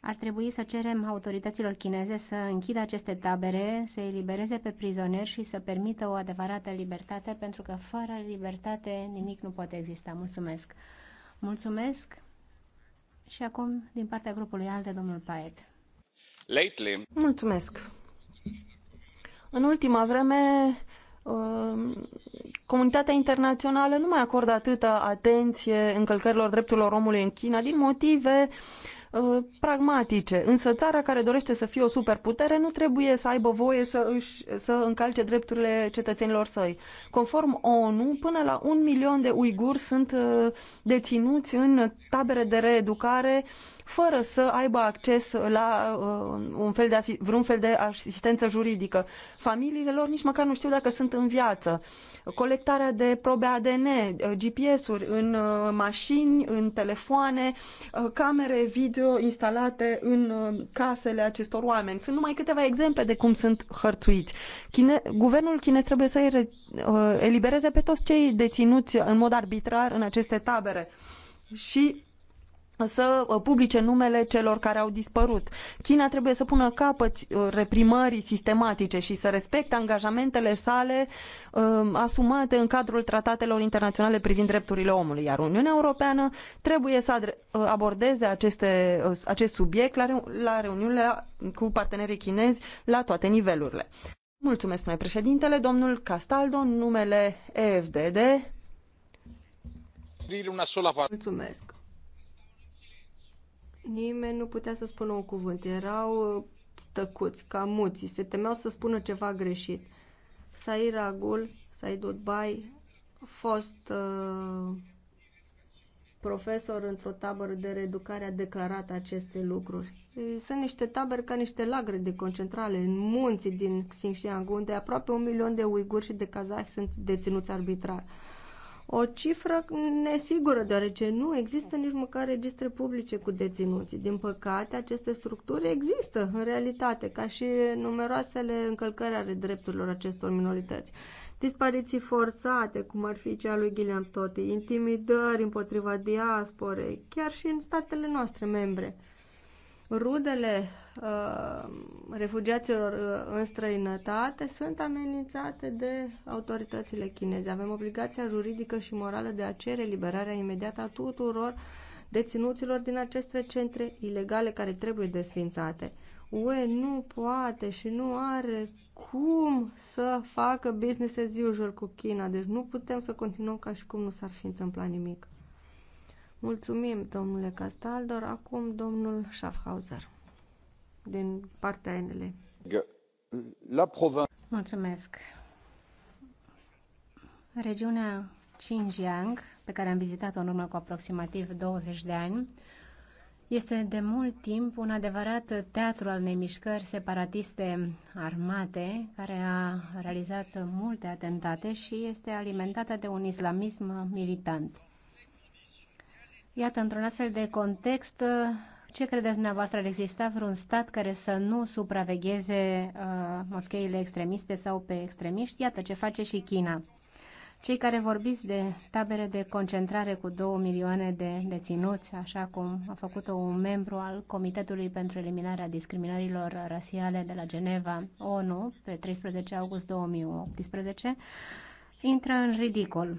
Ar trebui să cerem autorităților chineze să închidă aceste tabere, să elibereze pe prizonieri și să permită o adevărată libertate, pentru că fără libertate nimic nu poate exista. Mulțumesc! Mulțumesc. Și acum, din partea grupului ALDE, domnul Paet. Lately. Mulțumesc. În ultima vreme, uh, comunitatea internațională nu mai acordă atâta atenție încălcărilor drepturilor omului în China din motive uh, Uh, pragmatice. Însă țara care dorește să fie o superputere nu trebuie să aibă voie să, își, să încalce drepturile cetățenilor săi. Conform ONU, până la un milion de uiguri sunt uh, deținuți în tabere de reeducare uh, fără să aibă acces la uh, un fel de, vreun fel de asistență juridică. Familiile lor nici măcar nu știu dacă sunt în viață. Colectarea de probe ADN, uh, GPS-uri în uh, mașini, în telefoane, camere video instalate în casele acestor oameni. Sunt numai câteva exemple de cum sunt hărțuiți. Chine, guvernul chinez trebuie să îi elibereze pe toți cei deținuți în mod arbitrar în aceste tabere. Și să uh, publice numele celor care au dispărut. China trebuie să pună capăt uh, reprimării sistematice și să respecte angajamentele sale uh, asumate în cadrul tratatelor internaționale privind drepturile omului, iar Uniunea Europeană trebuie să uh, abordeze aceste, uh, acest subiect la, la reuniunile cu partenerii chinezi la toate nivelurile. Mulțumesc, spune președintele, domnul Castaldo, numele EFDD. Mulțumesc Nimeni nu putea să spună un cuvânt. Erau uh, tăcuți, ca muții. Se temeau să spună ceva greșit. Sair Agul, Said Udbai, fost uh, profesor într-o tabără de reeducare a declarat aceste lucruri. Sunt niște tabere ca niște lagre de concentrare în munții din Xinjiang, unde aproape un milion de uiguri și de kazahi sunt deținuți arbitrar. O cifră nesigură, deoarece nu există nici măcar registre publice cu deținuții. Din păcate, aceste structuri există în realitate, ca și numeroasele încălcări ale drepturilor acestor minorități. Dispariții forțate, cum ar fi cea lui Ghileam Toti, intimidări împotriva diasporei, chiar și în statele noastre membre. Rudele Uh, refugiaților uh, în străinătate sunt amenințate de autoritățile chineze. Avem obligația juridică și morală de a cere liberarea imediată a tuturor deținuților din aceste centre ilegale care trebuie desfințate. UE nu poate și nu are cum să facă business as usual cu China, deci nu putem să continuăm ca și cum nu s-ar fi întâmplat nimic. Mulțumim, domnule Castaldor. Acum, domnul Schaffhauser din partea NL. La provin... Mulțumesc. Regiunea Xinjiang, pe care am vizitat-o în urmă cu aproximativ 20 de ani, este de mult timp un adevărat teatru al nemișcări separatiste armate, care a realizat multe atentate și este alimentată de un islamism militant. Iată, într-un astfel de context, ce credeți dumneavoastră? Ar exista vreun stat care să nu supravegheze uh, moscheile extremiste sau pe extremiști? Iată ce face și China. Cei care vorbiți de tabere de concentrare cu 2 milioane de deținuți, așa cum a făcut-o un membru al Comitetului pentru Eliminarea Discriminărilor Rasiale de la Geneva, ONU, pe 13 august 2018, intră în ridicol.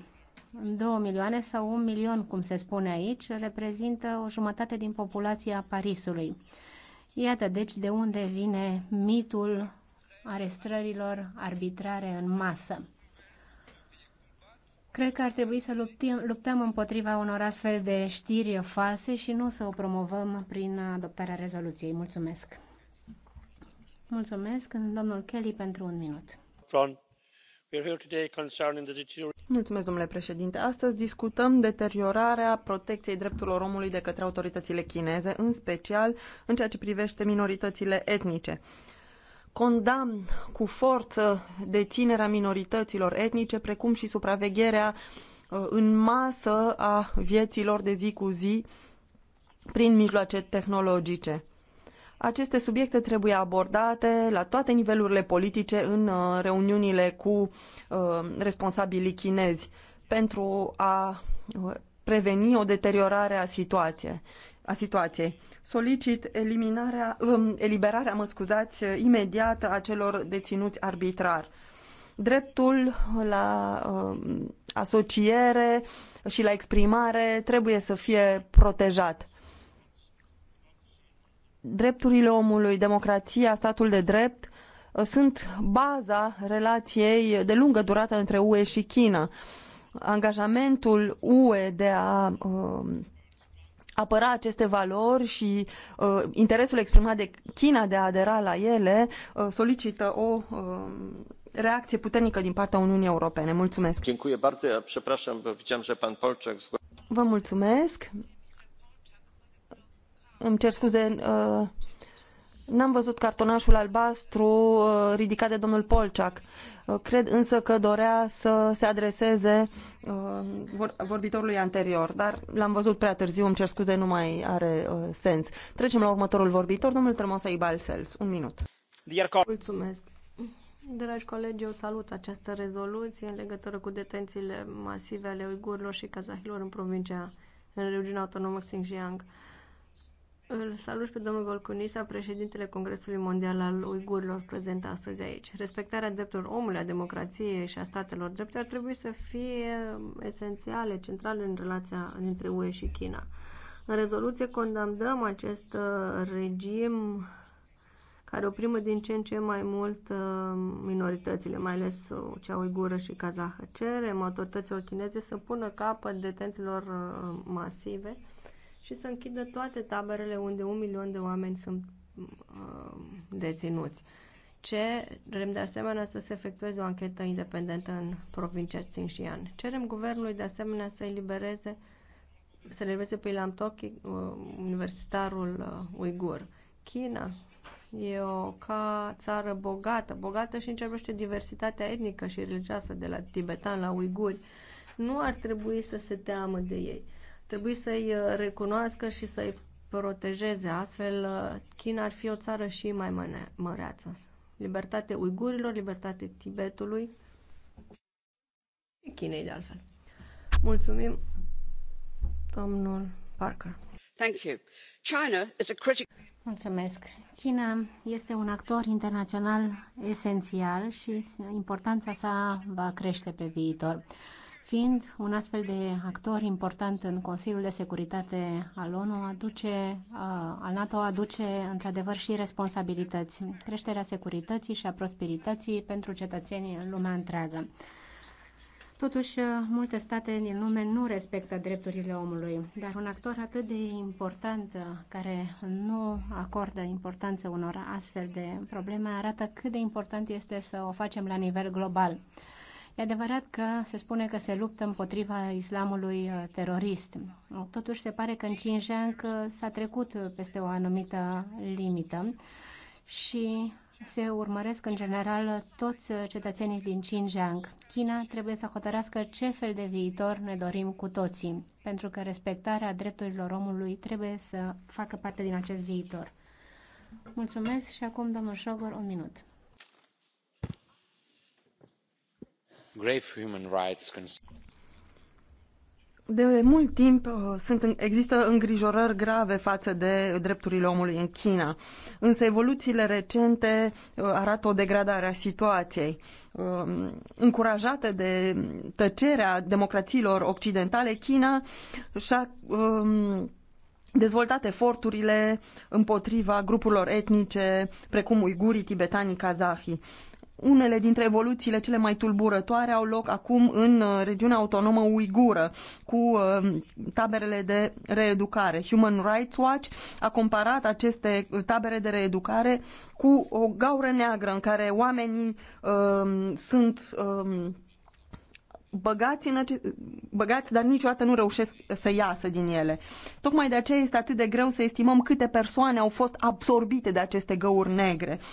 2 milioane sau 1 milion, cum se spune aici, reprezintă o jumătate din populația Parisului. Iată deci de unde vine mitul arestărilor arbitrare în masă. Cred că ar trebui să luptim, luptăm împotriva unor astfel de știri false și nu să o promovăm prin adoptarea rezoluției. Mulțumesc! Mulțumesc, domnul Kelly, pentru un minut. John. Mulțumesc, domnule președinte. Astăzi discutăm deteriorarea protecției drepturilor omului de către autoritățile chineze, în special în ceea ce privește minoritățile etnice. Condamn cu forță deținerea minorităților etnice, precum și supravegherea uh, în masă a vieților de zi cu zi prin mijloace tehnologice aceste subiecte trebuie abordate la toate nivelurile politice în uh, reuniunile cu uh, responsabilii chinezi pentru a uh, preveni o deteriorare a situației a situației. Solicit eliminarea, um, eliberarea, mă scuzați, imediată a celor deținuți arbitrar. Dreptul la um, asociere și la exprimare trebuie să fie protejat drepturile omului, democrația, statul de drept uh, sunt baza relației de lungă durată între UE și China. Angajamentul UE de a uh, apăra aceste valori și uh, interesul exprimat de China de a adera la ele uh, solicită o uh, reacție puternică din partea Uniunii Europene. Mulțumesc. Vă mulțumesc îmi cer scuze, uh, n-am văzut cartonașul albastru uh, ridicat de domnul Polciac. Uh, cred însă că dorea să se adreseze vorbitorului anterior, dar l-am văzut prea târziu, îmi cer scuze, nu mai are sens. Trecem la următorul vorbitor, domnul Tremosa Ibalsels. Un minut. Mulțumesc. Dragi colegi, eu salut această rezoluție în legătură cu detențiile masive ale uigurilor și kazahilor în provincia, în regiunea autonomă Xinjiang. Uh, îl salut pe domnul Golconisa, președintele Congresului Mondial al Uigurilor, prezent astăzi aici. Respectarea drepturilor omului, a democrației și a statelor drepte ar trebui să fie esențiale, centrale în relația dintre UE și China. În rezoluție condamnăm acest uh, regim care oprimă din ce în ce mai mult uh, minoritățile, mai ales uh, cea uigură și kazahă. Cerem autorităților chineze să pună capăt detențiilor masive și să închidă toate taberele unde un milion de oameni sunt uh, deținuți. Cerem de asemenea să se efectueze o anchetă independentă în provincia Xinjiang. Cerem guvernului de asemenea să elibereze să elibereze pe Ilam Toki, uh, universitarul uh, uigur. China e o ca țară bogată, bogată și încercește diversitatea etnică și religioasă de la tibetan la uiguri. Nu ar trebui să se teamă de ei. Trebuie să-i uh, recunoască și să-i protejeze. Astfel, uh, China ar fi o țară și mai măreață. Libertate uigurilor, libertate Tibetului, Chinei de altfel. Mulțumim, domnul Parker. Thank you. China is a critic... Mulțumesc. China este un actor internațional esențial și importanța sa va crește pe viitor. Fiind un astfel de actor important în Consiliul de Securitate al ONU, aduce, al NATO aduce într-adevăr și responsabilități, creșterea securității și a prosperității pentru cetățenii în lumea întreagă. Totuși, multe state din lume nu respectă drepturile omului, dar un actor atât de important care nu acordă importanță unor astfel de probleme arată cât de important este să o facem la nivel global. E adevărat că se spune că se luptă împotriva islamului uh, terorist. Totuși se pare că în 5 ani că s-a trecut peste o anumită limită și se urmăresc în general toți uh, cetățenii din Xinjiang. China trebuie să hotărească ce fel de viitor ne dorim cu toții, pentru că respectarea drepturilor omului trebuie să facă parte din acest viitor. Mulțumesc și acum, domnul Șogor, un minut. De mult timp uh, există îngrijorări grave față de drepturile omului în China, însă evoluțiile recente uh, arată o degradare a situației. Uh, încurajată de tăcerea democrațiilor occidentale, China și-a um, dezvoltat eforturile împotriva grupurilor etnice precum uigurii, tibetanii, kazahii unele dintre evoluțiile cele mai tulburătoare au loc acum în uh, regiunea autonomă uigură, cu uh, taberele de reeducare. Human Rights Watch a comparat aceste uh, tabere de reeducare cu o gaură neagră în care oamenii um, sunt um, băgați, în ace- băgați, dar niciodată nu reușesc să iasă din ele. Tocmai de aceea este atât de greu să estimăm câte persoane au fost absorbite de aceste găuri negre. Uh,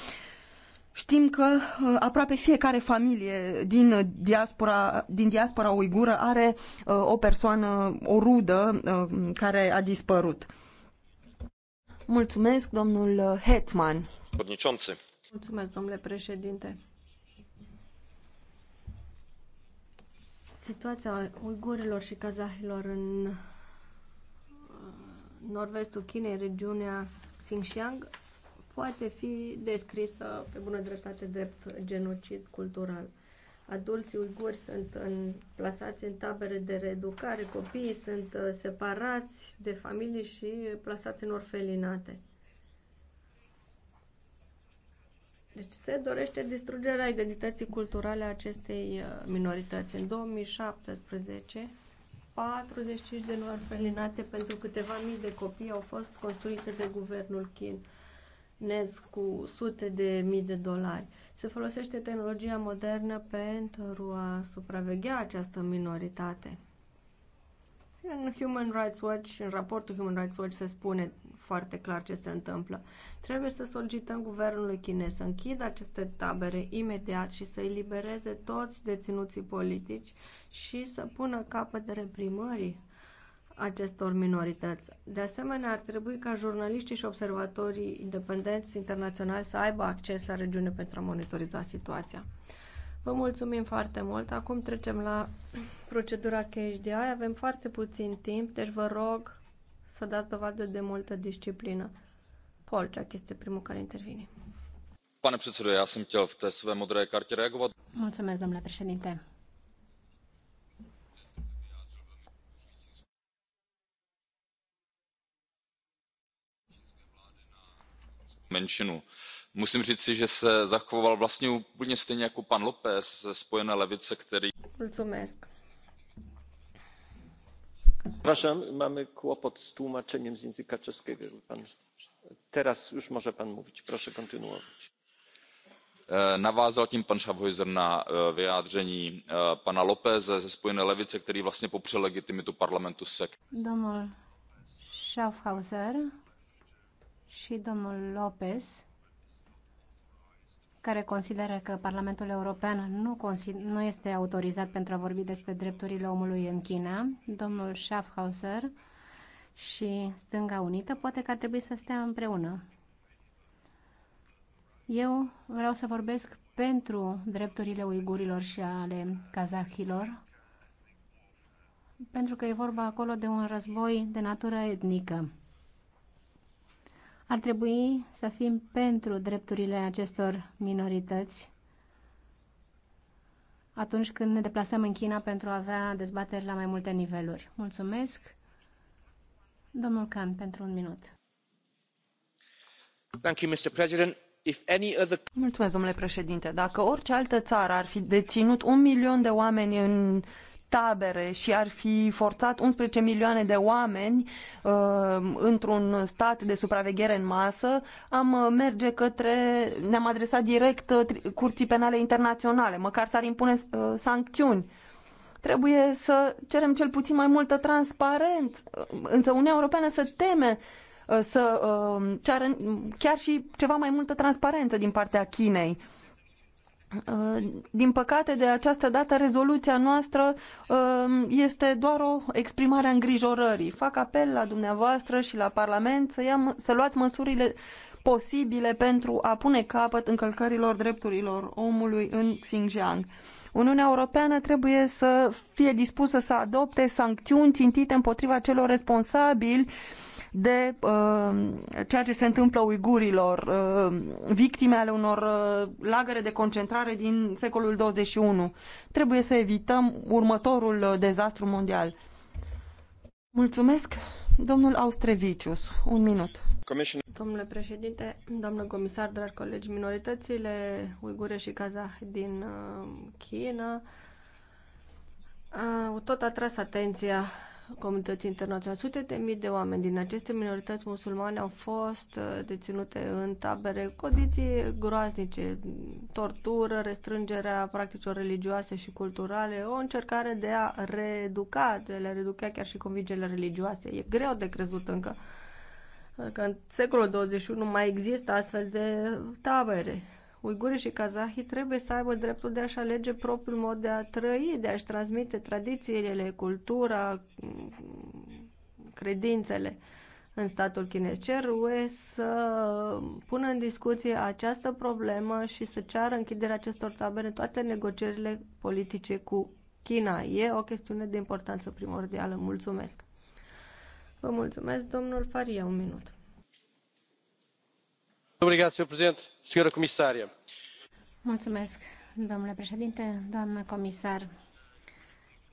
Știm că uh, aproape fiecare familie din diaspora, din diaspora uigură are uh, o persoană, o rudă uh, care a dispărut. Mulțumesc, domnul Hetman. Mulțumesc, domnule președinte. Situația uigurilor și kazahilor în nord-vestul Chinei, regiunea Xinjiang, poate fi descrisă pe bună dreptate drept genocid cultural. Adulții uiguri sunt în, plasați în tabere de reeducare, copiii sunt uh, separați de familii și plasați în orfelinate. Deci se dorește distrugerea identității culturale a acestei uh, minorități. În 2017, 45 de orfelinate pentru câteva mii de copii au fost construite de guvernul Chin nesc cu sute de mii de dolari. Se folosește tehnologia modernă pentru a supraveghea această minoritate. În Human Rights Watch, în raportul Human Rights Watch se spune foarte clar ce se întâmplă. Trebuie să solicităm guvernului chinez să închidă aceste tabere imediat și să elibereze toți deținuții politici și să pună capăt de reprimării acestor minorități. De asemenea, ar trebui ca jurnaliștii și observatorii independenți internaționali să aibă acces la regiune pentru a monitoriza situația. Vă mulțumim foarte mult. Acum trecem la procedura KHDI. Avem foarte puțin timp, deci vă rog să dați dovadă de multă disciplină. Polciac este primul care intervine. Pane předsedo, já jsem chtěl v té své modré kartě reagovat. Mulțumesc, domnule președinte. menšinu. musím říci že se zachoval vlastně úplně stejně jako pan lópez ze spojené levice který. przepraszam mamy kłopot z tłumaczeniem z języka czeskiego. teraz już może pan mówić proszę kontynuować. navázal tím pan schaffhauser na vyjádření pana lópeze ze spojené levice který vlastně popřel legitimitu parlamentu sec. Domnul Schaffhauser și domnul Lopez, care consideră că Parlamentul European nu, nu este autorizat pentru a vorbi despre drepturile omului în China, domnul Schaffhauser și Stânga Unită, poate că ar trebui să stea împreună. Eu vreau să vorbesc pentru drepturile uigurilor și ale kazahilor, pentru că e vorba acolo de un război de natură etnică. Ar trebui să fim pentru drepturile acestor minorități atunci când ne deplasăm în China pentru a avea dezbateri la mai multe niveluri. Mulțumesc. Domnul Khan, pentru un minut. Thank you, Mr. President. If any other... Mulțumesc, domnule președinte. Dacă orice altă țară ar fi deținut un milion de oameni în tabere și ar fi forțat 11 milioane de oameni uh, într-un stat de supraveghere în masă, am uh, merge către, ne-am adresat direct uh, curții penale internaționale, măcar s-ar impune uh, sancțiuni. Trebuie să cerem cel puțin mai multă transparență, uh, însă Uniunea Europeană se teme uh, să ceară chiar și ceva mai multă transparență din partea Chinei Uh, din păcate, de această dată, rezoluția noastră uh, este doar o exprimare a îngrijorării. Fac apel la dumneavoastră și la Parlament să, ia, să luați măsurile posibile pentru a pune capăt încălcărilor drepturilor omului în Xinjiang. Uniunea Europeană trebuie să fie dispusă să adopte sancțiuni țintite împotriva celor responsabili uh, de uh, ceea ce se întâmplă uigurilor, uh, victime ale unor uh, lagăre de concentrare din secolul 21. Trebuie să evităm următorul uh, dezastru mondial. Mulțumesc, domnul Austrevicius. Un minut. Domnule președinte, doamnă comisar, dragi colegi, minoritățile uigure și kazah din uh, China uh, au tot atras atenția comunității internaționale. Sute de mii de oameni din aceste minorități musulmane au fost uh, deținute în tabere condiții groaznice, tortură, restrângerea practicilor religioase și culturale, o încercare de a reeduca, de a reducea chiar și convingerile religioase. E greu de crezut încă uh, că în secolul 21 mai există astfel de tabere uigurii și kazahii trebuie să aibă dreptul de a-și alege propriul mod de a trăi, de a-și transmite tradițiile, cultura, credințele în statul chinez. Cer UE să pună în discuție această problemă și să ceară închiderea acestor tabere toate negocierile politice cu China. E o chestiune de importanță primordială. Mulțumesc! Vă mulțumesc, domnul Faria, un minut. Mulțumesc, domnule președinte doamnă comisar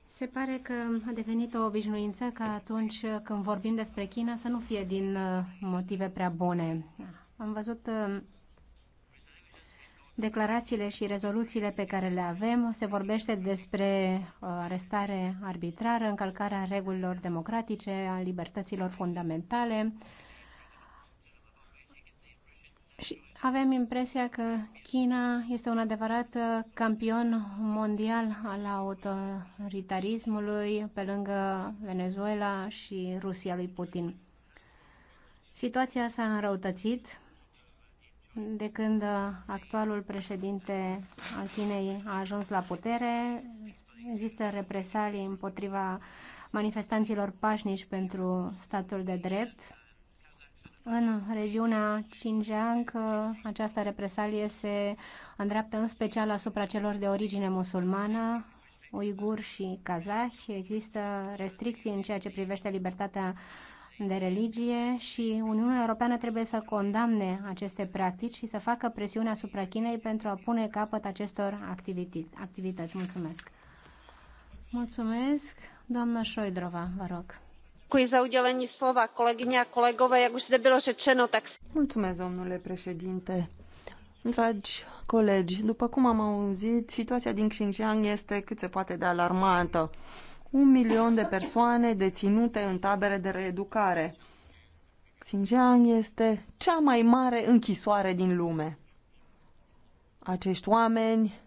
se pare că a devenit o obișnuință ca atunci când vorbim despre China să nu fie din uh, motive prea bune. Am văzut uh, declarațiile și rezoluțiile pe care le avem. Se vorbește despre uh, arestare arbitrară, încălcarea regulilor democratice, a libertăților fundamentale, și avem impresia că China este un adevărat uh, campion mondial al autoritarismului pe lângă Venezuela și Rusia lui Putin. Situația s-a înrăutățit de când uh, actualul președinte al Chinei a ajuns la putere. Există represalii împotriva manifestanților pașnici pentru statul de drept în regiunea Xinjiang, această represalie se îndreaptă în special asupra celor de origine musulmană, uiguri și kazahi. Există restricții în ceea ce privește libertatea de religie și Uniunea Europeană trebuie să condamne aceste practici și să facă presiune asupra Chinei pentru a pune capăt acestor activități. activități. Mulțumesc! Mulțumesc, doamna Șoidrova, vă rog domnule președinte. Dragi colegi, după cum am auzit, situația din Xinjiang este cât se poate de alarmantă. Un milion de persoane deținute în tabere de reeducare. Xinjiang este cea mai mare închisoare din lume. Acești oameni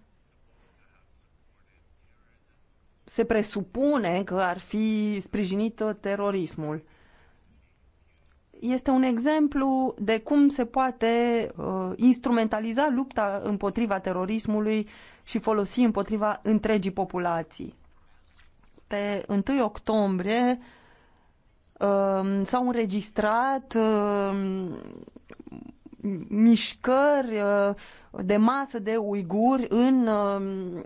se presupune că ar fi sprijinit terorismul. Este un exemplu de cum se poate uh, instrumentaliza lupta împotriva terorismului și folosi împotriva întregii populații. Pe 1 octombrie uh, s-au înregistrat uh, mișcări uh, de masă de uiguri în uh,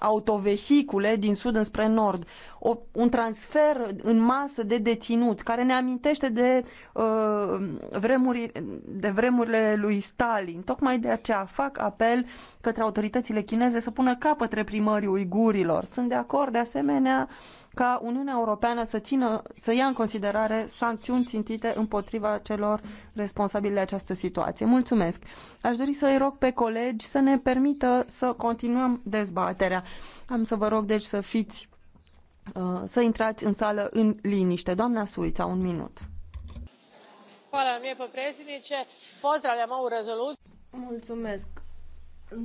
autovehicule din sud înspre nord, o, un transfer în masă de deținuți care ne amintește de, uh, vremuri, de vremurile lui Stalin. Tocmai de aceea fac apel către autoritățile chineze să pună capăt reprimării uigurilor. Sunt de acord de asemenea uh, ca Uniunea Europeană să, țină, să ia în considerare sancțiuni țintite împotriva celor responsabili de această situație. Mulțumesc! Aș dori să-i rog pe colegi să ne permită să continuăm dezbaterea. Am să vă rog deci să fiți uh, să intrați în sală în liniște. Doamna Suița, un minut. Mulțumesc,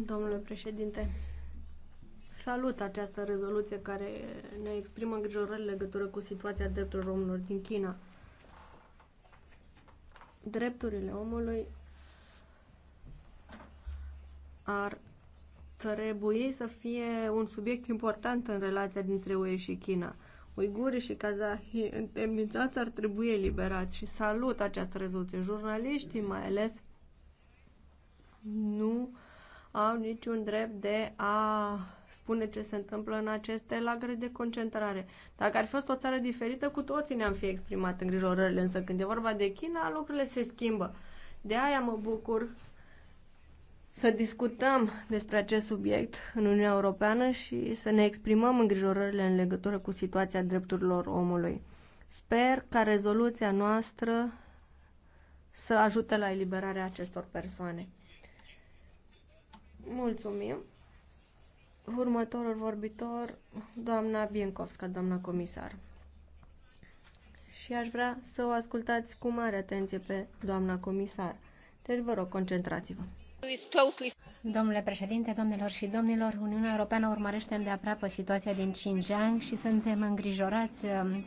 domnule președinte salut această rezoluție care ne exprimă îngrijorări în legătură cu situația drepturilor omului din China. Drepturile omului ar trebui să fie un subiect important în relația dintre UE și China. Uigurii și kazahii întemnițați ar trebui eliberați și salut această rezoluție. Jurnaliștii, mai ales, nu au niciun drept de a spune ce se întâmplă în aceste lagăre de concentrare. Dacă ar fi fost o țară diferită, cu toții ne-am fi exprimat îngrijorările, însă când e vorba de China, lucrurile se schimbă. De aia mă bucur să discutăm despre acest subiect în Uniunea Europeană și să ne exprimăm îngrijorările în legătură cu situația drepturilor omului. Sper ca rezoluția noastră să ajute la eliberarea acestor persoane. Mulțumim! Următorul vorbitor, doamna Biencovska, doamna comisar. Și aș vrea să o ascultați cu mare atenție pe doamna comisar. Deci vă rog, concentrați-vă. Domnule președinte, domnilor și domnilor, Uniunea Europeană urmărește îndeaproape situația din Xinjiang și suntem îngrijorați um,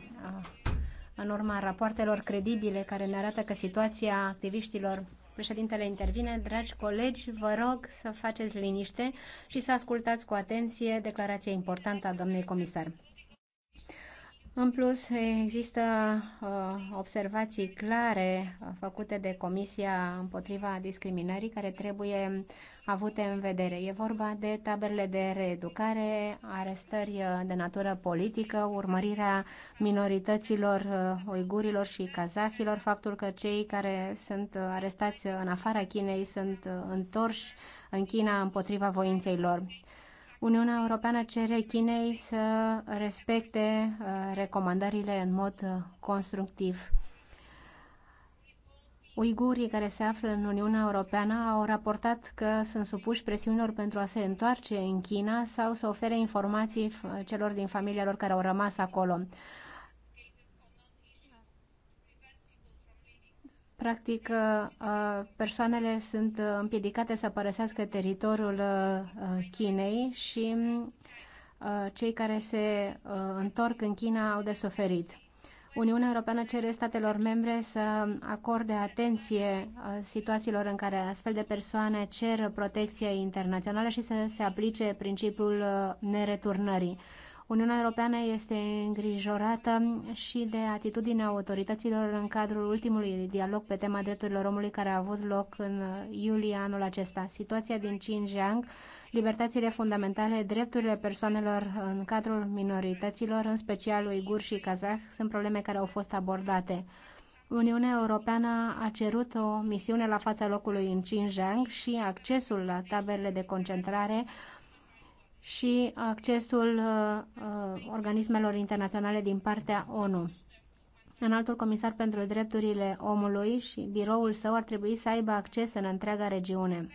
în urma rapoartelor credibile care ne arată că situația activiștilor Președintele intervine. Dragi colegi, vă rog să faceți liniște și să ascultați cu atenție declarația importantă a doamnei comisar. În plus, există uh, observații clare uh, făcute de Comisia împotriva discriminării care trebuie avute în vedere. E vorba de taberele de reeducare, arestări uh, de natură politică, urmărirea minorităților uh, uigurilor și kazahilor, faptul că cei care sunt arestați în afara Chinei sunt întorși în China împotriva voinței lor. Uniunea Europeană cere Chinei să respecte uh, recomandările în mod uh, constructiv. Uigurii care se află în Uniunea Europeană au raportat că sunt supuși presiunilor pentru a se întoarce în China sau să ofere informații uh, celor din familia lor care au rămas acolo. Practic, uh, persoanele sunt uh, împiedicate să părăsească teritoriul uh, Chinei și cei care se întorc în China au de suferit. Uniunea Europeană cere statelor membre să acorde atenție situațiilor în care astfel de persoane cer protecție internațională și să se aplice principiul nereturnării. Uniunea Europeană este îngrijorată și de atitudinea autorităților în cadrul ultimului dialog pe tema drepturilor omului care a avut loc în iulie anul acesta. Situația din Xinjiang, libertățile fundamentale, drepturile persoanelor în cadrul minorităților, în special uiguri și kazah, sunt probleme care au fost abordate. Uniunea Europeană a cerut o misiune la fața locului în Xinjiang și accesul la taberele de concentrare și accesul uh, uh, organismelor internaționale din partea ONU. Înaltul comisar pentru drepturile omului și biroul său ar trebui să aibă acces în întreaga regiune.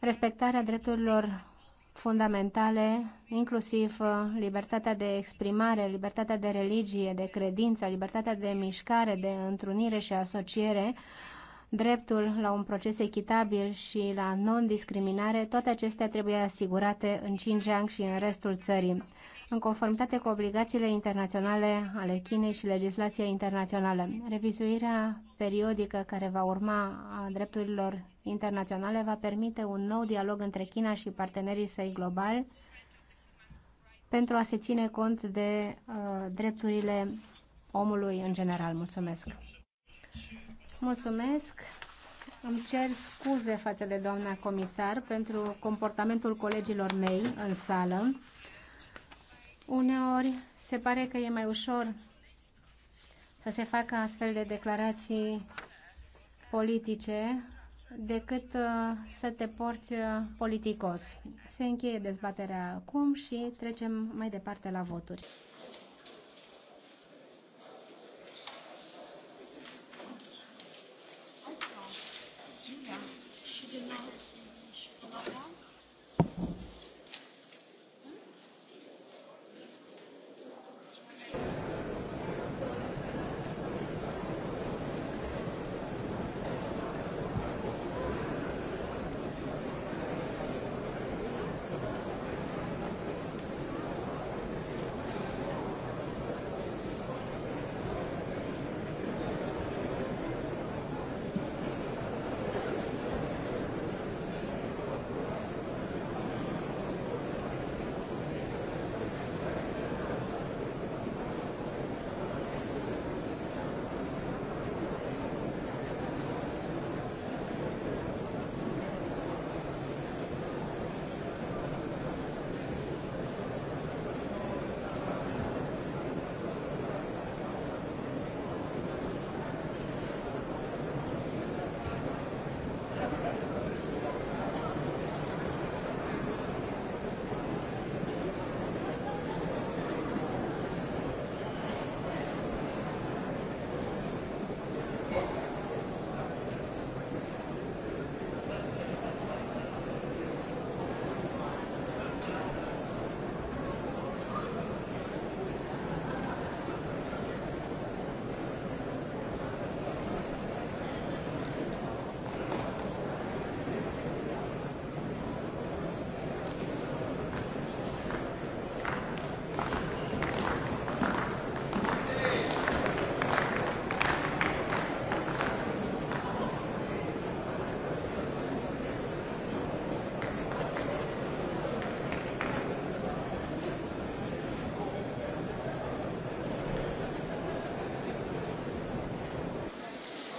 Respectarea drepturilor fundamentale, inclusiv uh, libertatea de exprimare, libertatea de religie, de credință, libertatea de mișcare, de întrunire și asociere, dreptul la un proces echitabil și la non-discriminare, toate acestea trebuie asigurate în Xinjiang și în restul țării, în conformitate cu obligațiile internaționale ale Chinei și legislația internațională. Revizuirea periodică care va urma a drepturilor internaționale va permite un nou dialog între China și partenerii săi globali pentru a se ține cont de uh, drepturile omului în general. Mulțumesc! Mulțumesc. Îmi cer scuze față de doamna comisar pentru comportamentul colegilor mei în sală. Uneori se pare că e mai ușor să se facă astfel de declarații politice decât uh, să te porți uh, politicos. Se încheie dezbaterea acum și trecem mai departe la voturi.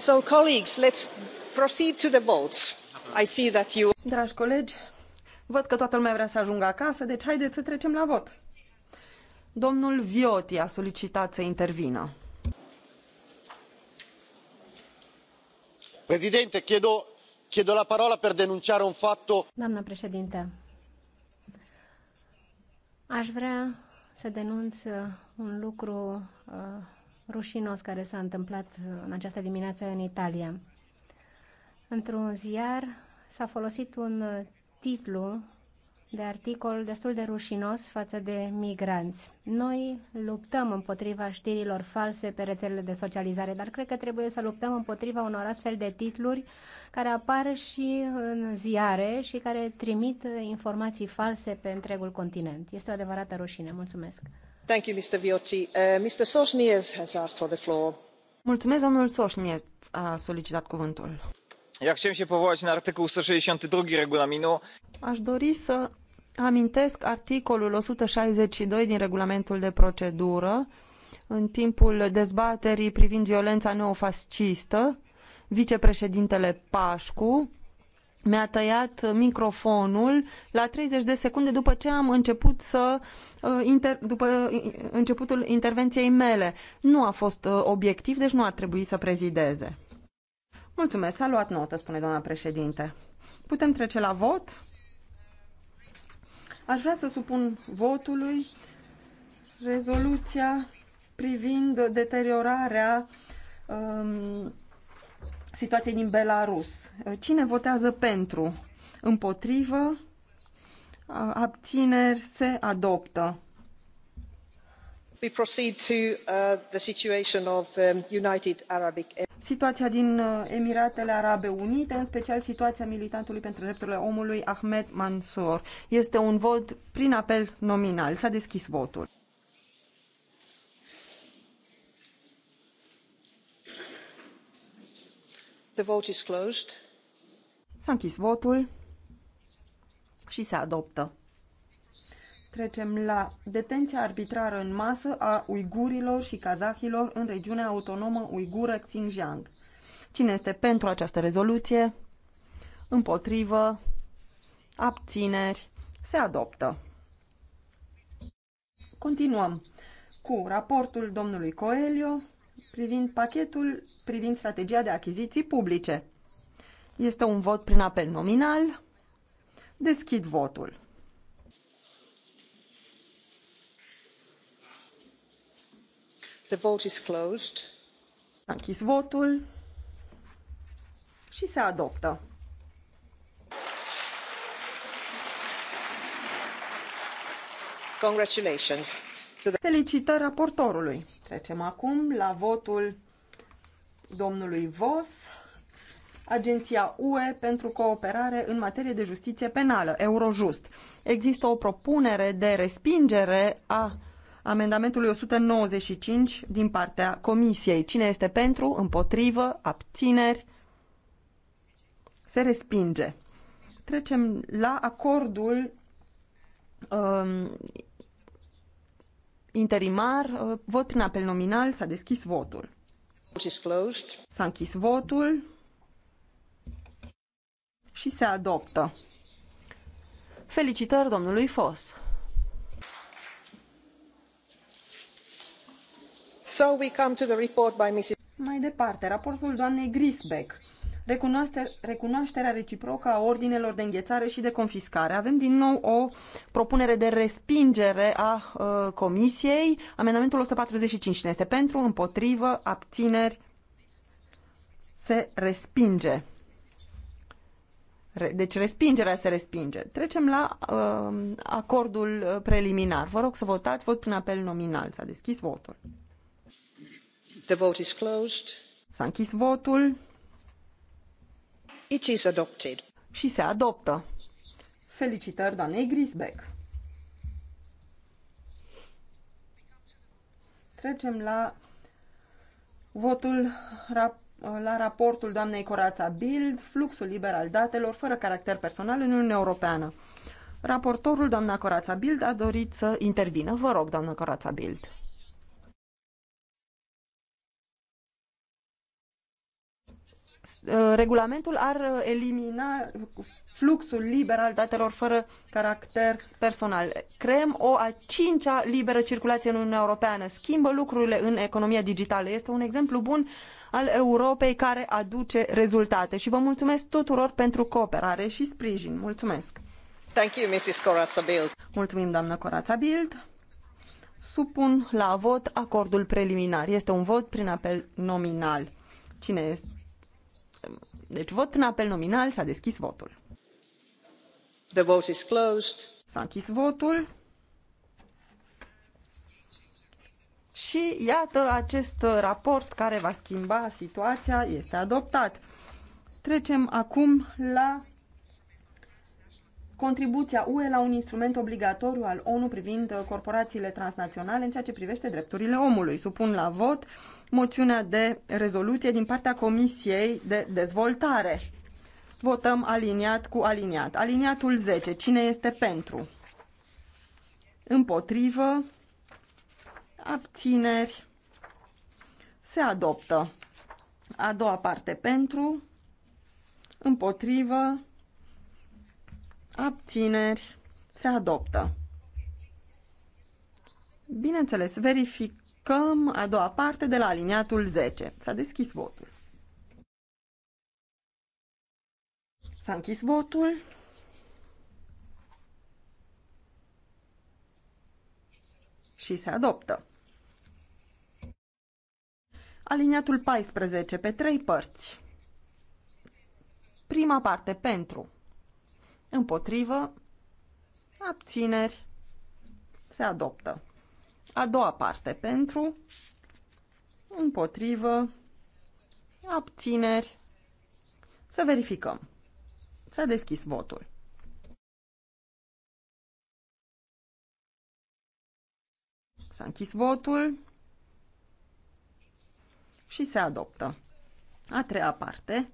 So, colleagues, let's proceed to the votes. I see that you... Dragi colegi, văd că toată lumea vrea să ajungă acasă, deci haideți să trecem la vot. Domnul Vioti a solicitat să intervină. Presidente, chiedo, chiedo la parola per denunciare un fatto. Doamna președinte, aș vrea să denunț uh, un lucru uh, rușinos care s-a întâmplat uh, în această dimineață în Italia. Într-un ziar s-a folosit un uh, titlu de articol destul de rușinos față de migranți. Noi luptăm împotriva știrilor false pe rețelele de socializare, dar cred că trebuie să luptăm împotriva unor astfel de titluri care apar și în ziare și care trimit uh, informații false pe întregul continent. Este o adevărată rușine. Mulțumesc! Uh, Mulțumesc, domnul Soșnier a solicitat cuvântul. Aș dori să amintesc articolul 162 din regulamentul de procedură în timpul dezbaterii privind violența neofascistă, vicepreședintele Pașcu mi-a tăiat microfonul la 30 de secunde după ce am început să uh, inter, după uh, începutul intervenției mele. Nu a fost uh, obiectiv, deci nu ar trebui să prezideze. Mulțumesc, a luat notă, spune doamna președinte. Putem trece la vot? Aș vrea să supun votului rezoluția privind deteriorarea um, situației din Belarus. Uh, cine votează pentru? Împotrivă? Uh, abțineri? Se adoptă. We proceed to uh, the situation of um, United Emirates. Situația din uh, Emiratele Arabe Unite, în special situația militantului pentru drepturile omului Ahmed Mansour. Este un vot prin apel nominal. S-a deschis votul. The vote S-a închis votul și se adoptă. Trecem la detenția arbitrară în masă a uigurilor și kazahilor în regiunea autonomă uigură Xinjiang. Cine este pentru această rezoluție? Împotrivă? Abțineri? Se adoptă. Continuăm cu raportul domnului Coelho privind pachetul privind strategia de achiziții publice. Este un vot prin apel nominal. Deschid votul. The vote is closed. A închis votul și se adoptă. Congratulations. Felicitări raportorului. Trecem acum la votul domnului Vos, Agenția UE pentru cooperare în materie de justiție penală, Eurojust. Există o propunere de respingere a amendamentului 195 din partea Comisiei. Cine este pentru, împotrivă, abțineri? Se respinge. Trecem la acordul um, interimar, uh, vot prin apel nominal, s-a deschis votul. S-a închis votul și se adoptă. Felicitări domnului Fos. So we come to the report by Mrs. Mai departe, raportul doamnei Grisbeck recunoașterea reciprocă a ordinelor de înghețare și de confiscare. Avem din nou o propunere de respingere a uh, Comisiei. Amendamentul 145 ne este pentru, împotrivă, abțineri, se respinge. Deci respingerea se respinge. Trecem la uh, acordul uh, preliminar. Vă rog să votați, vot prin apel nominal. S-a deschis votul. The vote is closed. S-a închis votul. It is adopted. Și se adoptă. Felicitări, doamnei Grisbeck. Trecem la votul rap la raportul doamnei Corața Bild, fluxul liber al datelor fără caracter personal în Uniunea Europeană. Raportorul, doamna Corața Bild, a dorit să intervină. Vă rog, doamna Corața Bild. Uh, regulamentul ar uh, elimina fluxul liber al datelor fără caracter personal. Creăm o a cincea liberă circulație în Uniunea Europeană, schimbă lucrurile în economia digitală. Este un exemplu bun al Europei care aduce rezultate și vă mulțumesc tuturor pentru cooperare și sprijin. Mulțumesc! Thank you, Mrs. Corazza Bild. Mulțumim, doamnă Corazza Bild. Supun la vot acordul preliminar. Este un vot prin apel nominal. Cine este? Deci vot în apel nominal, s-a deschis votul. The vote is closed. S-a închis votul. Și iată acest raport care va schimba situația este adoptat. Trecem acum la contribuția UE la un instrument obligatoriu al ONU privind corporațiile transnaționale în ceea ce privește drepturile omului. Supun la vot moțiunea de rezoluție din partea Comisiei de Dezvoltare. Votăm aliniat cu aliniat. Aliniatul 10. Cine este pentru? Împotrivă? Abțineri? Se adoptă. A doua parte pentru? Împotrivă? Abțineri? Se adoptă. Bineînțeles, verific verificăm a doua parte de la aliniatul 10. S-a deschis votul. S-a închis votul. Și se adoptă. Aliniatul 14 pe trei părți. Prima parte pentru, împotrivă, abțineri, se adoptă. A doua parte pentru, împotrivă, abțineri. Să verificăm. S-a deschis votul. S-a închis votul și se adoptă. A treia parte.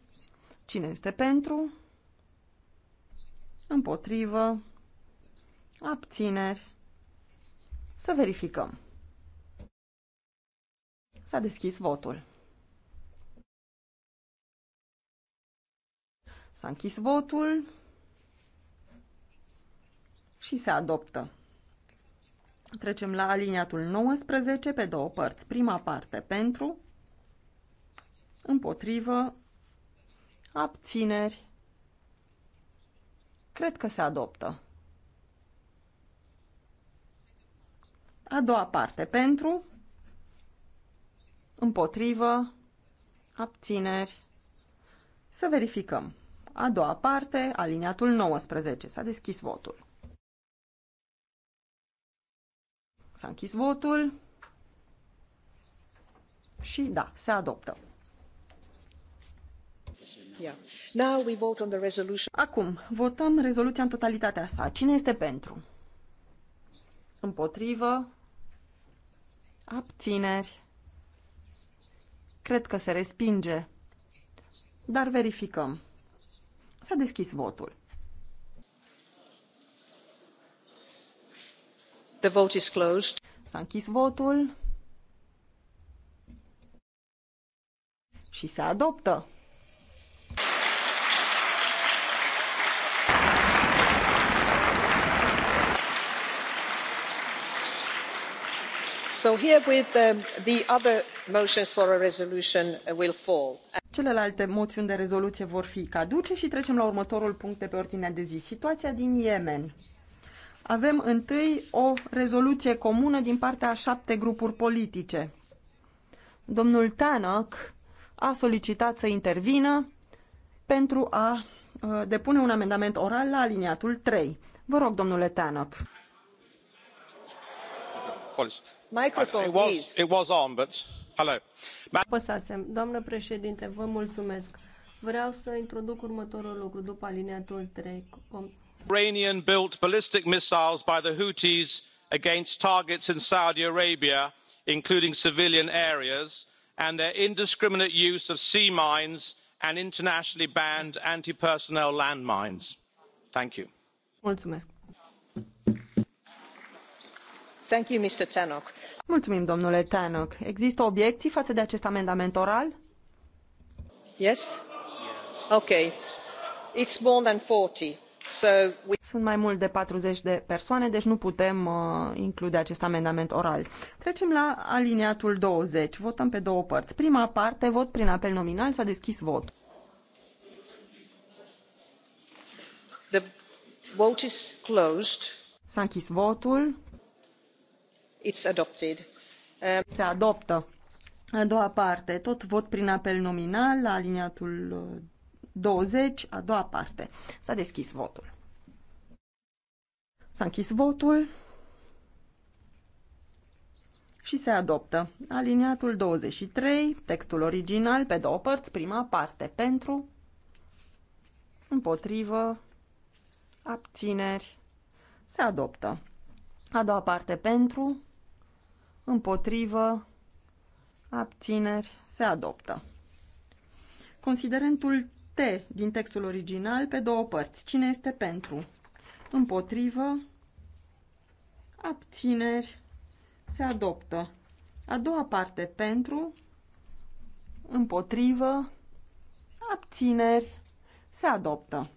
Cine este pentru? Împotrivă. Abțineri. Să verificăm. S-a deschis votul. S-a închis votul și se adoptă. Trecem la aliniatul 19 pe două părți. Prima parte pentru, împotrivă, abțineri. Cred că se adoptă. A doua parte pentru, împotrivă, abțineri. Să verificăm. A doua parte, aliniatul 19. S-a deschis votul. S-a închis votul și da, se adoptă. Acum, votăm rezoluția în totalitatea sa. Cine este pentru? Împotrivă. Abțineri. Cred că se respinge. Dar verificăm. S-a deschis votul. The vote is closed. S-a închis votul. Și se adoptă. celelalte moțiuni de rezoluție vor fi caduce și trecem la următorul punct de pe ordinea de zi situația din yemen. avem întâi o rezoluție comună din partea a șapte grupuri politice. Domnul Tanăk a solicitat să intervină pentru a uh, depune un amendament oral la aliniatul 3. Vă rog, domnule Tanăk doamnă președintă vă mulțumesc. vreau să introduc următorul lucru după alineatul trei iranian built ballistic missiles by the houthis against targets in saudi arabia including civilian areas and their indiscriminate use of sea mines and internationally banned anti personnel landmines. thank you. mulțumesc. Thank you, Mr. Tanok. Mulțumim, domnule Tanok. Există obiecții față de acest amendament oral? Yes? Ok. It's more than 40. So we... Sunt mai mult de 40 de persoane, deci nu putem uh, include acest amendament oral. Trecem la aliniatul 20. Votăm pe două părți. Prima parte, vot prin apel nominal, s-a deschis votul. The vote is closed. S-a închis votul. Se adoptă. A doua parte, tot vot prin apel nominal la aliniatul 20, uh, a doua parte. S-a deschis votul. S-a închis votul și se adoptă. Aliniatul 23, textul original, pe două părți, prima parte pentru, împotrivă, abțineri, se adoptă. A doua parte pentru, împotrivă, abțineri, se adoptă. Considerentul T din textul original pe două părți. Cine este pentru? Împotrivă, abțineri, se adoptă. A doua parte pentru, împotrivă, abțineri, se adoptă.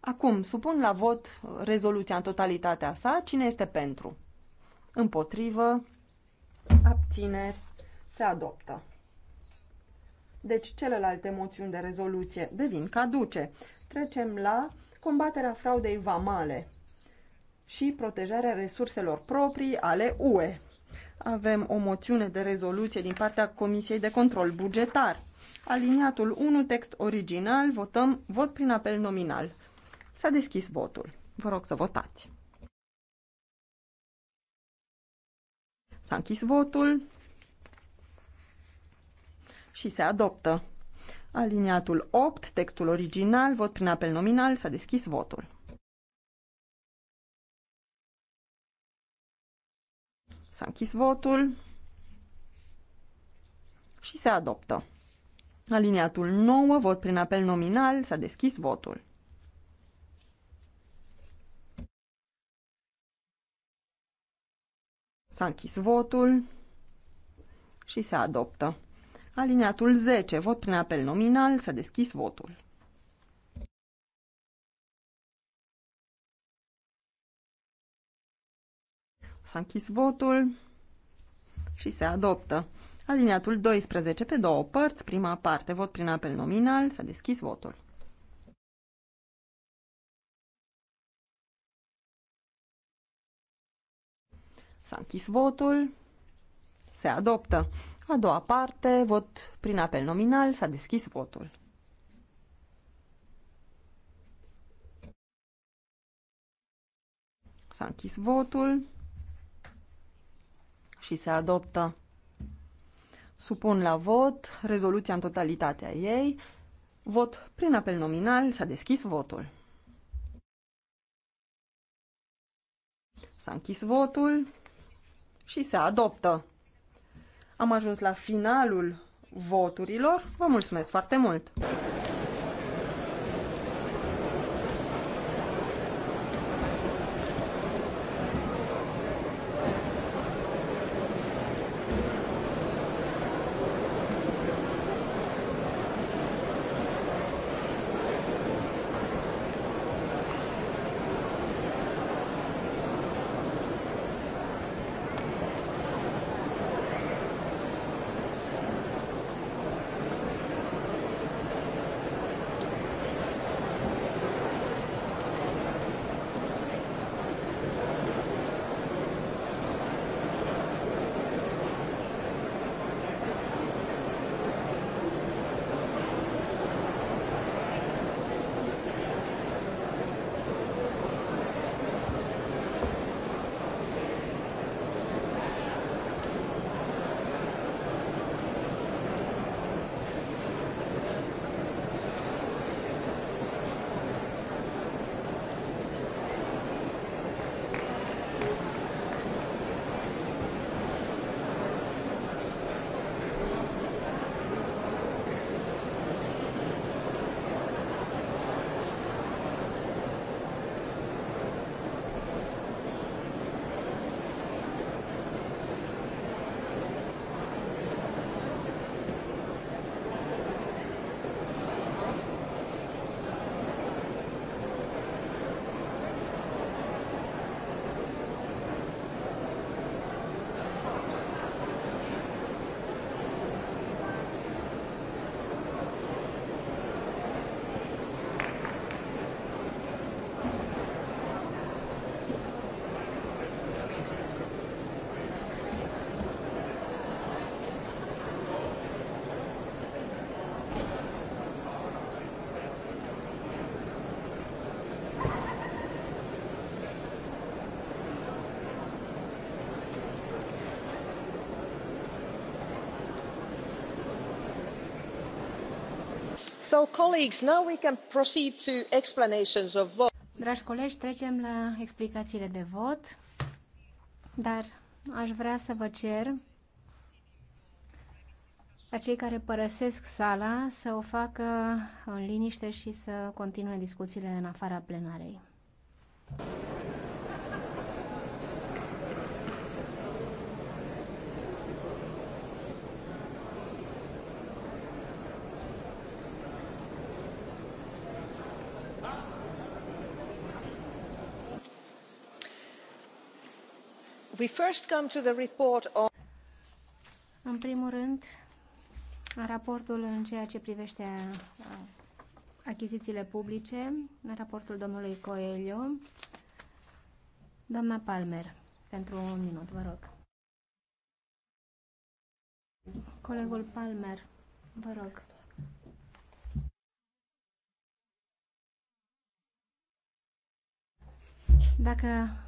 Acum, supun la vot rezoluția în totalitatea sa. Cine este pentru? împotrivă, abține, se adoptă. Deci celelalte moțiuni de rezoluție devin caduce. Trecem la combaterea fraudei vamale și protejarea resurselor proprii ale UE. Avem o moțiune de rezoluție din partea Comisiei de Control Bugetar. Aliniatul 1, text original, votăm vot prin apel nominal. S-a deschis votul. Vă rog să votați. S-a închis votul și se adoptă. Aliniatul 8, textul original, vot prin apel nominal, s-a deschis votul. S-a închis votul și se adoptă. Aliniatul 9, vot prin apel nominal, s-a deschis votul. S-a închis votul și se adoptă. Alineatul 10, vot prin apel nominal, s-a deschis votul. S-a închis votul și se adoptă. Aliniatul 12 pe două părți, prima parte, vot prin apel nominal, s-a deschis votul. S-a închis votul. Se adoptă. A doua parte, vot prin apel nominal, s-a deschis votul. S-a închis votul și se adoptă. Supun la vot rezoluția în totalitatea ei. Vot prin apel nominal, s-a deschis votul. S-a închis votul și se adoptă. Am ajuns la finalul voturilor. Vă mulțumesc foarte mult! Dragi colegi, trecem la explicațiile de vot, dar aș vrea să vă cer ca cei care părăsesc sala să o facă în liniște și să continue discuțiile în afara plenarei. În primul rând, raportul în ceea ce privește uh, achizițiile publice, raportul domnului Coelho. Doamna Palmer, pentru un minut, vă rog. Colegul Palmer, vă rog. Dacă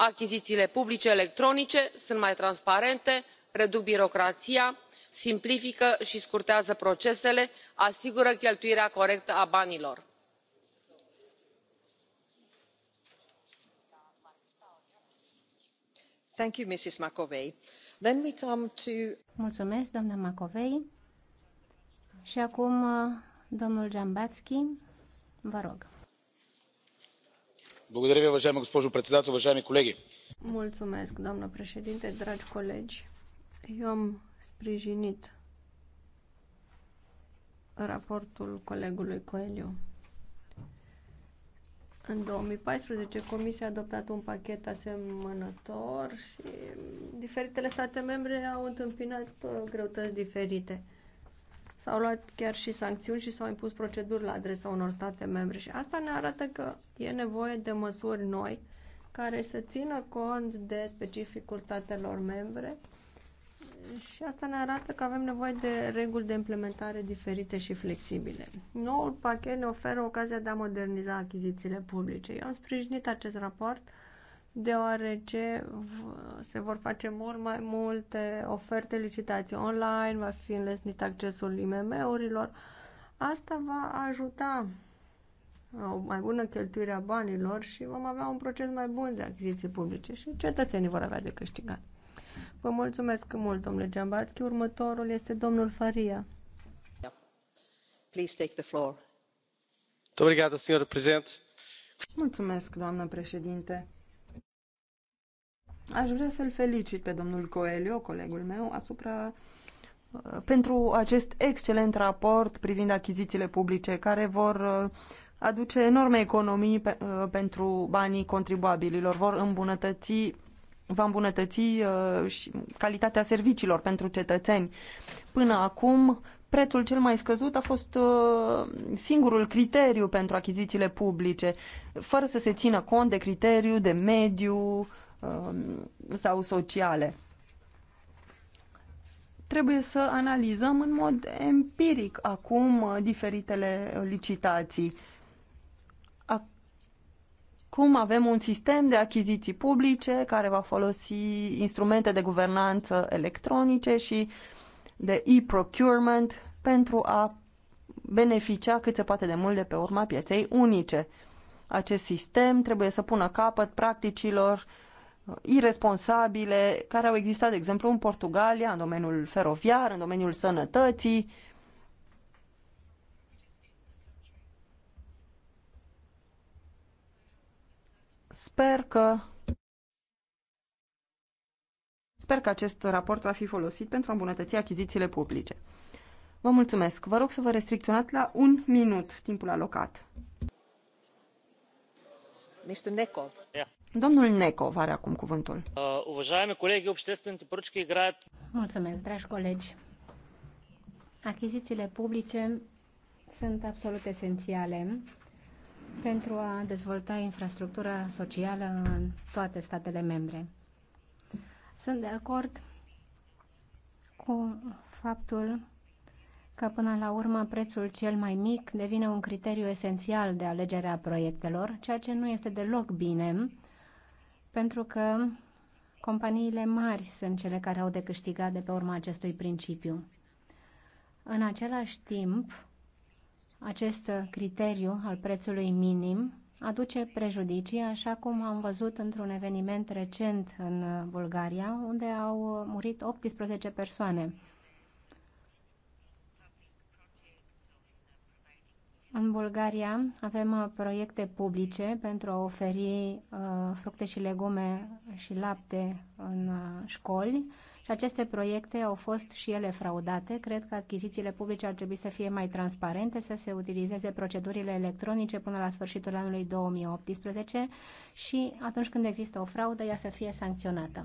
achizițiile publice electronice sunt mai transparente reduc birocrația simplifică și scurtează procesele asigură cheltuirea corectă a banilor. mulțumesc doamnă macovei și acum uh, domnul dzhambazki vă rog. Mulțumesc, doamnă președinte, dragi colegi. Eu am sprijinit raportul colegului Coelho. În 2014, Comisia a adoptat un pachet asemănător și diferitele state membre au întâmpinat uh, greutăți diferite. S-au luat chiar și sancțiuni și s-au impus proceduri la adresa unor state membre și asta ne arată că e nevoie de măsuri noi care să țină cont de specificul statelor membre și asta ne arată că avem nevoie de reguli de implementare diferite și flexibile. Noul pachet ne oferă ocazia de a moderniza achizițiile publice. Eu am sprijinit acest raport deoarece se vor face mult mai multe oferte licitații online, va fi înlesnit accesul IMM-urilor. Asta va ajuta o mai bună cheltuire a banilor și vom avea un proces mai bun de achiziții publice și cetățenii vor avea de câștigat. Vă mulțumesc mult, domnule Giambatski. Următorul este domnul Faria. Please take the floor. Mulțumesc, doamnă președinte. Aș vrea să-l felicit pe domnul Coelho, colegul meu, asupra uh, pentru acest excelent raport privind achizițiile publice, care vor uh, aduce enorme economii pe, uh, pentru banii contribuabililor, vor îmbunătăți va îmbunătăți uh, și calitatea serviciilor pentru cetățeni. Până acum, prețul cel mai scăzut a fost uh, singurul criteriu pentru achizițiile publice, fără să se țină cont de criteriu, de mediu, Um, sau sociale. Trebuie să analizăm în mod empiric acum uh, diferitele licitații. Acum avem un sistem de achiziții publice care va folosi instrumente de guvernanță electronice și de e-procurement pentru a beneficia cât se poate de mult de pe urma pieței unice. Acest sistem trebuie să pună capăt practicilor uh, irresponsabile care au existat, de exemplu, în Portugalia, în domeniul feroviar, în domeniul sănătății. Sper că Sper că acest raport va fi folosit pentru a îmbunătăți achizițiile publice. Vă mulțumesc. Vă rog să vă restricționați la un minut timpul alocat. Mr. Nekov. Yeah. Domnul Necov are acum cuvântul. Uh, Mulțumesc, dragi colegi. Achizițiile publice sunt absolut esențiale pentru a dezvolta infrastructura socială în toate statele membre. Sunt de acord cu faptul că până la urmă prețul cel mai mic devine un criteriu esențial de alegere a proiectelor, ceea ce nu este deloc bine pentru că companiile mari sunt cele care au de câștigat de pe urma acestui principiu. În același timp, acest criteriu al prețului minim aduce prejudicii, așa cum am văzut într-un eveniment recent în Bulgaria, unde au murit 18 persoane. În Bulgaria avem uh, proiecte publice pentru a oferi uh, fructe și legume și lapte în uh, școli și aceste proiecte au fost și ele fraudate. Cred că achizițiile publice ar trebui să fie mai transparente, să se utilizeze procedurile electronice până la sfârșitul anului 2018 și atunci când există o fraudă, ea să fie sancționată.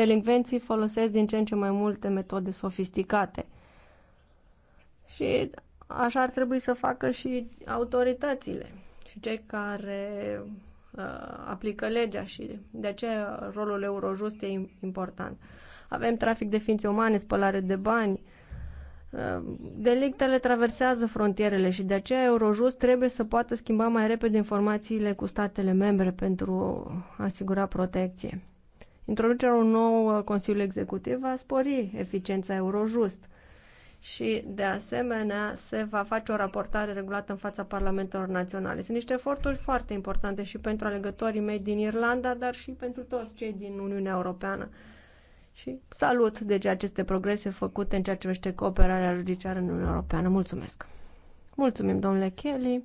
Delinvenții folosesc din ce în ce mai multe metode sofisticate. Și așa ar trebui să facă și autoritățile și cei care uh, aplică legea și de ce rolul Eurojust e important. Avem trafic de ființe umane, spălare de bani, uh, Delictele traversează frontierele și de aceea Eurojust trebuie să poată schimba mai repede informațiile cu statele membre pentru a asigura protecție. Introducerea unui nou uh, Consiliu Executiv va spori eficiența Eurojust și, de asemenea, se va face o raportare regulată în fața parlamentelor naționale. Sunt niște eforturi foarte importante și pentru alegătorii mei din Irlanda, dar și pentru toți cei din Uniunea Europeană. Și salut, deci, aceste progrese făcute în ceea ce privește cooperarea judiciară în Uniunea Europeană. Mulțumesc! Mulțumim, domnule Kelly!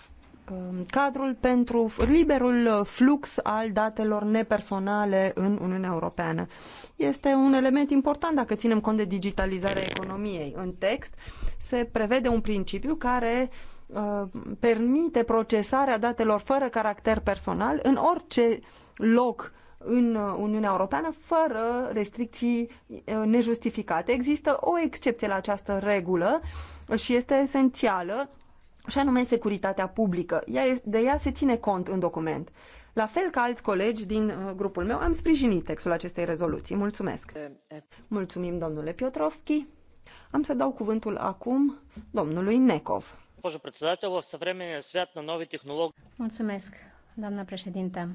Um, cadrul pentru liberul flux al datelor nepersonale în Uniunea Europeană. Este un element important dacă ținem cont de digitalizarea economiei. În text se prevede un principiu care uh, permite procesarea datelor fără caracter personal în orice loc în Uniunea Europeană fără restricții uh, nejustificate. Există o excepție la această regulă și este esențială și anume securitatea publică. De ea se ține cont în document. La fel ca alți colegi din uh, grupul meu, am sprijinit textul acestei rezoluții. Mulțumesc! Mulțumim, domnule Piotrovski. Am să dau cuvântul acum domnului Necov. Mulțumesc, doamnă președintă.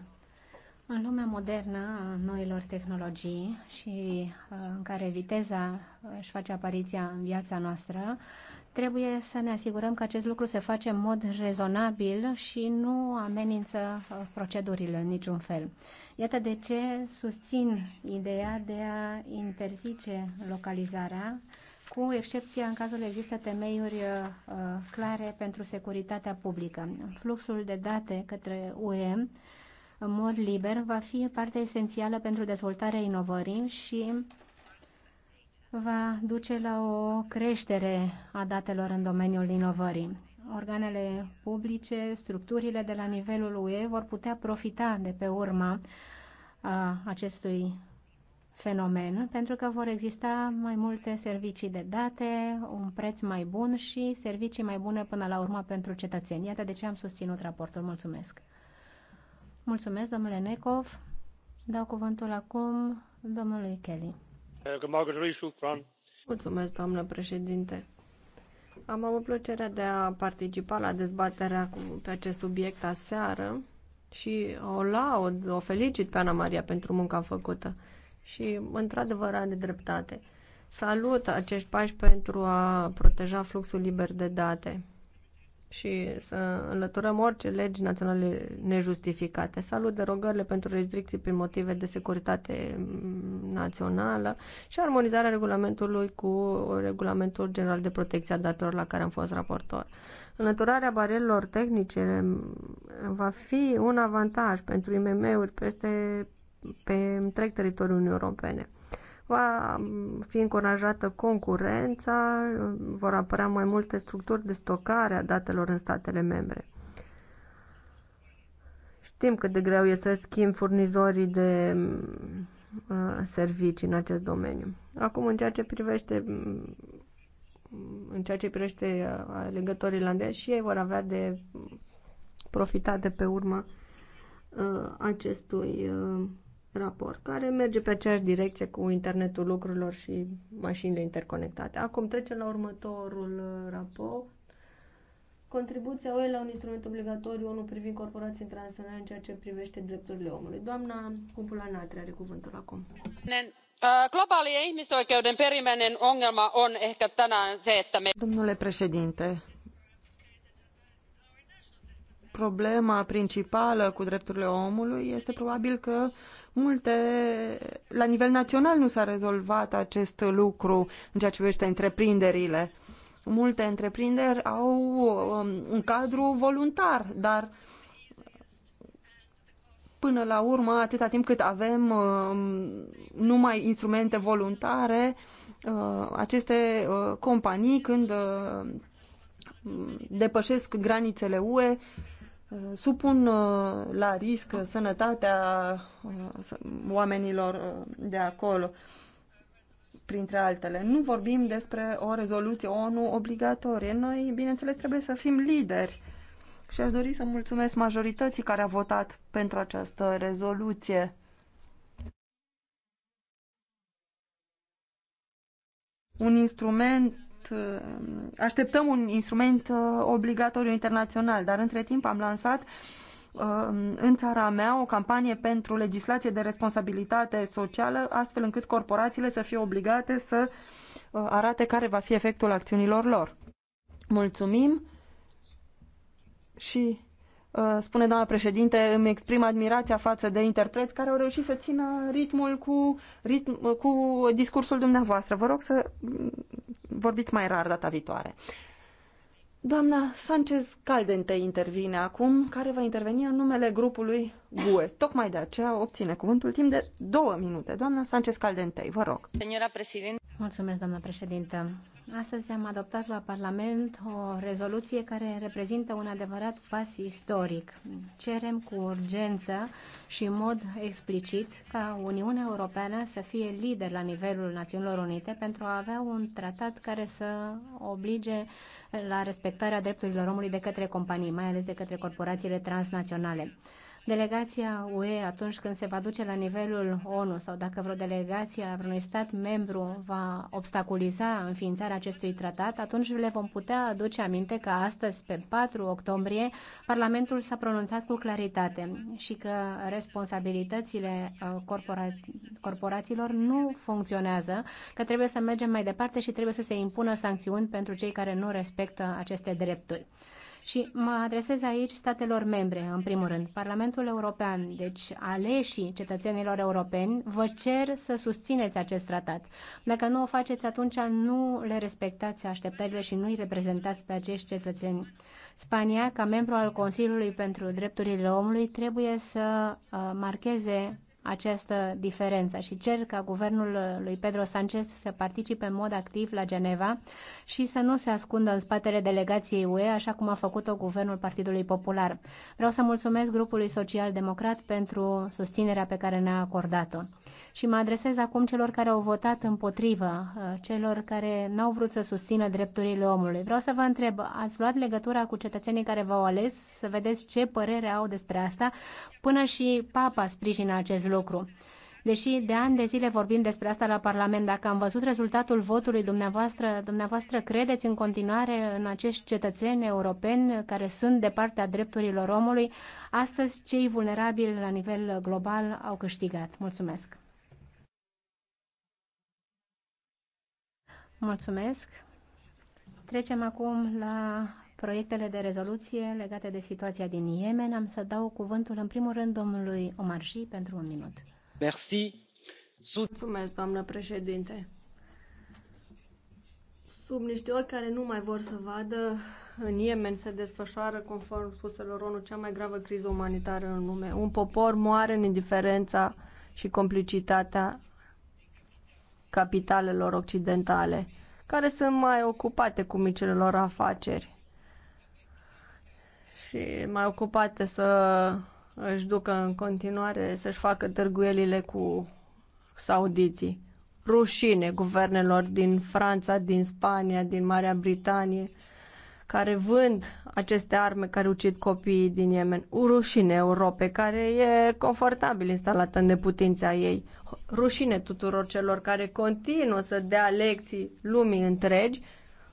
În lumea modernă a noilor tehnologii și uh, în care viteza uh, își face apariția în viața noastră, Trebuie să ne asigurăm că acest lucru se face în mod rezonabil și nu amenință uh, procedurile în niciun fel. Iată de ce susțin ideea de a interzice localizarea, cu excepția în cazul există temeiuri uh, clare pentru securitatea publică. Fluxul de date către UE în mod liber va fi parte esențială pentru dezvoltarea inovării și va duce la o creștere a datelor în domeniul inovării. Organele publice, structurile de la nivelul UE vor putea profita de pe urma a acestui fenomen, pentru că vor exista mai multe servicii de date, un preț mai bun și servicii mai bune până la urmă pentru cetățeni. Iată de ce am susținut raportul. Mulțumesc! Mulțumesc, domnule Necov. Dau cuvântul acum domnului Kelly. Mulțumesc, doamnă președinte. Am avut plăcerea de a participa la dezbaterea cu, pe acest subiect aseară și o laud, o felicit pe Ana Maria pentru munca făcută și, într-adevăr, are dreptate. Salut acești pași pentru a proteja fluxul liber de date și să înlăturăm orice legi naționale nejustificate. Salut derogările pentru restricții prin motive de securitate națională și armonizarea regulamentului cu regulamentul general de protecție a datelor la care am fost raportor. Înlăturarea barierilor tehnice va fi un avantaj pentru IMM-uri peste pe întreg teritoriul Uniunii Europene va fi încurajată concurența, vor apărea mai multe structuri de stocare a datelor în statele membre. Știm cât de greu e să schimb furnizorii de uh, servicii în acest domeniu. Acum, în ceea ce privește în ceea ce privește uh, alegătorii irlandezi și ei vor avea de profitat de pe urma uh, acestui raport, care merge pe aceeași direcție cu internetul lucrurilor și mașinile interconectate. Acum trecem la următorul uh, raport. Contribuția OE la un instrument obligatoriu ONU privind corporații internaționale în ceea ce privește drepturile omului. Doamna Cumpula Natri are cuvântul acum. Uh, ihmisoikeuden ongelma on ehkä tänään se, että me... Domnule președinte, problema principală cu drepturile omului este probabil că multe, la nivel național nu s-a rezolvat acest lucru în ceea ce privește întreprinderile. Multe întreprinderi au um, un cadru voluntar, dar până la urmă, atâta timp cât avem um, numai instrumente voluntare, uh, aceste uh, companii când uh, depășesc granițele UE, Uh, supun uh, la risc uh, sănătatea oamenilor de acolo, printre altele. Nu vorbim despre o rezoluție ONU obligatorie. Noi, bineînțeles, trebuie să fim lideri. Și aș dori să mulțumesc majorității care a votat pentru această rezoluție. Un instrument Uh, așteptăm un instrument uh, obligatoriu internațional, dar între timp am lansat uh, în țara mea o campanie pentru legislație de responsabilitate socială, astfel încât corporațiile să fie obligate să arate care va fi efectul acțiunilor lor. Mulțumim și Uh, spune doamna președinte, îmi exprim admirația față de interpreți care au reușit să țină ritmul cu, ritm, cu discursul dumneavoastră. Vă rog să vorbiți mai rar data viitoare. Doamna Sanchez Caldente intervine acum, care va interveni în numele grupului GUE. Tocmai de aceea obține cuvântul timp de două minute. Doamna Sanchez Caldente, vă rog. Mulțumesc, doamna președintă. Astăzi am adoptat la Parlament o rezoluție care reprezintă un adevărat pas istoric. Cerem cu urgență și în mod explicit ca Uniunea Europeană să fie lider la nivelul Națiunilor Unite pentru a avea un tratat care să oblige la respectarea drepturilor omului de către companii, mai ales de către corporațiile transnaționale. Delegația UE atunci când se va duce la nivelul ONU sau dacă vreo delegație a vreunui stat membru va obstaculiza înființarea acestui tratat, atunci le vom putea aduce aminte că astăzi, pe 4 octombrie, Parlamentul s-a pronunțat cu claritate și că responsabilitățile uh, corpora corporațiilor nu funcționează, că trebuie să mergem mai departe și trebuie să se impună sancțiuni pentru cei care nu respectă aceste drepturi. Și mă adresez aici statelor membre, în primul rând. Parlamentul European, deci aleșii cetățenilor europeni, vă cer să susțineți acest tratat. Dacă nu o faceți, atunci nu le respectați așteptările și nu îi reprezentați pe acești cetățeni. Spania, ca membru al Consiliului pentru Drepturile Omului, trebuie să uh, marcheze această diferență și cer ca guvernul lui Pedro Sanchez să participe în mod activ la Geneva și să nu se ascundă în spatele delegației UE, așa cum a făcut-o Guvernul Partidului Popular. Vreau să mulțumesc grupului social-democrat pentru susținerea pe care ne-a acordat-o. Și mă adresez acum celor care au votat împotrivă, uh, celor care n-au vrut să susțină drepturile omului. Vreau să vă întreb, ați luat legătura cu cetățenii care v-au ales să vedeți ce părere au despre asta? Până și Papa sprijină acest lucru. Deși de ani de zile vorbim despre asta la Parlament, dacă am văzut rezultatul votului dumneavoastră, dumneavoastră credeți în continuare în acești cetățeni europeni care sunt de partea drepturilor omului? Astăzi, cei vulnerabili la nivel global au câștigat. Mulțumesc! Mulțumesc! Trecem acum la proiectele de rezoluție legate de situația din Yemen. Am să dau cuvântul în primul rând domnului Omarji pentru un minut doamnă președinte. Sub niște ochi care nu mai vor să vadă, în Yemen se desfășoară, conform spuselor ONU, cea mai gravă criză umanitară în lume. Un popor moare în indiferența și complicitatea capitalelor occidentale, care sunt mai ocupate cu micile lor afaceri și mai ocupate să își ducă în continuare să-și facă târguielile cu saudiții. Rușine guvernelor din Franța, din Spania, din Marea Britanie, care vând aceste arme care ucid copiii din Yemen. Rușine Europe, care e confortabil instalată în neputința ei. Rușine tuturor celor care continuă să dea lecții lumii întregi,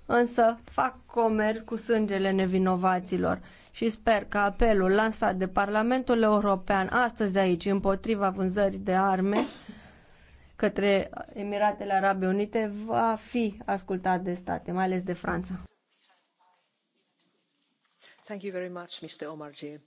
însă fac comerț cu sângele nevinovaților și sper că apelul lansat de Parlamentul European astăzi aici împotriva vânzării de arme către Emiratele Arabe Unite va fi ascultat de state, mai ales de Franța. Thank you very much, Mr. Omarjee.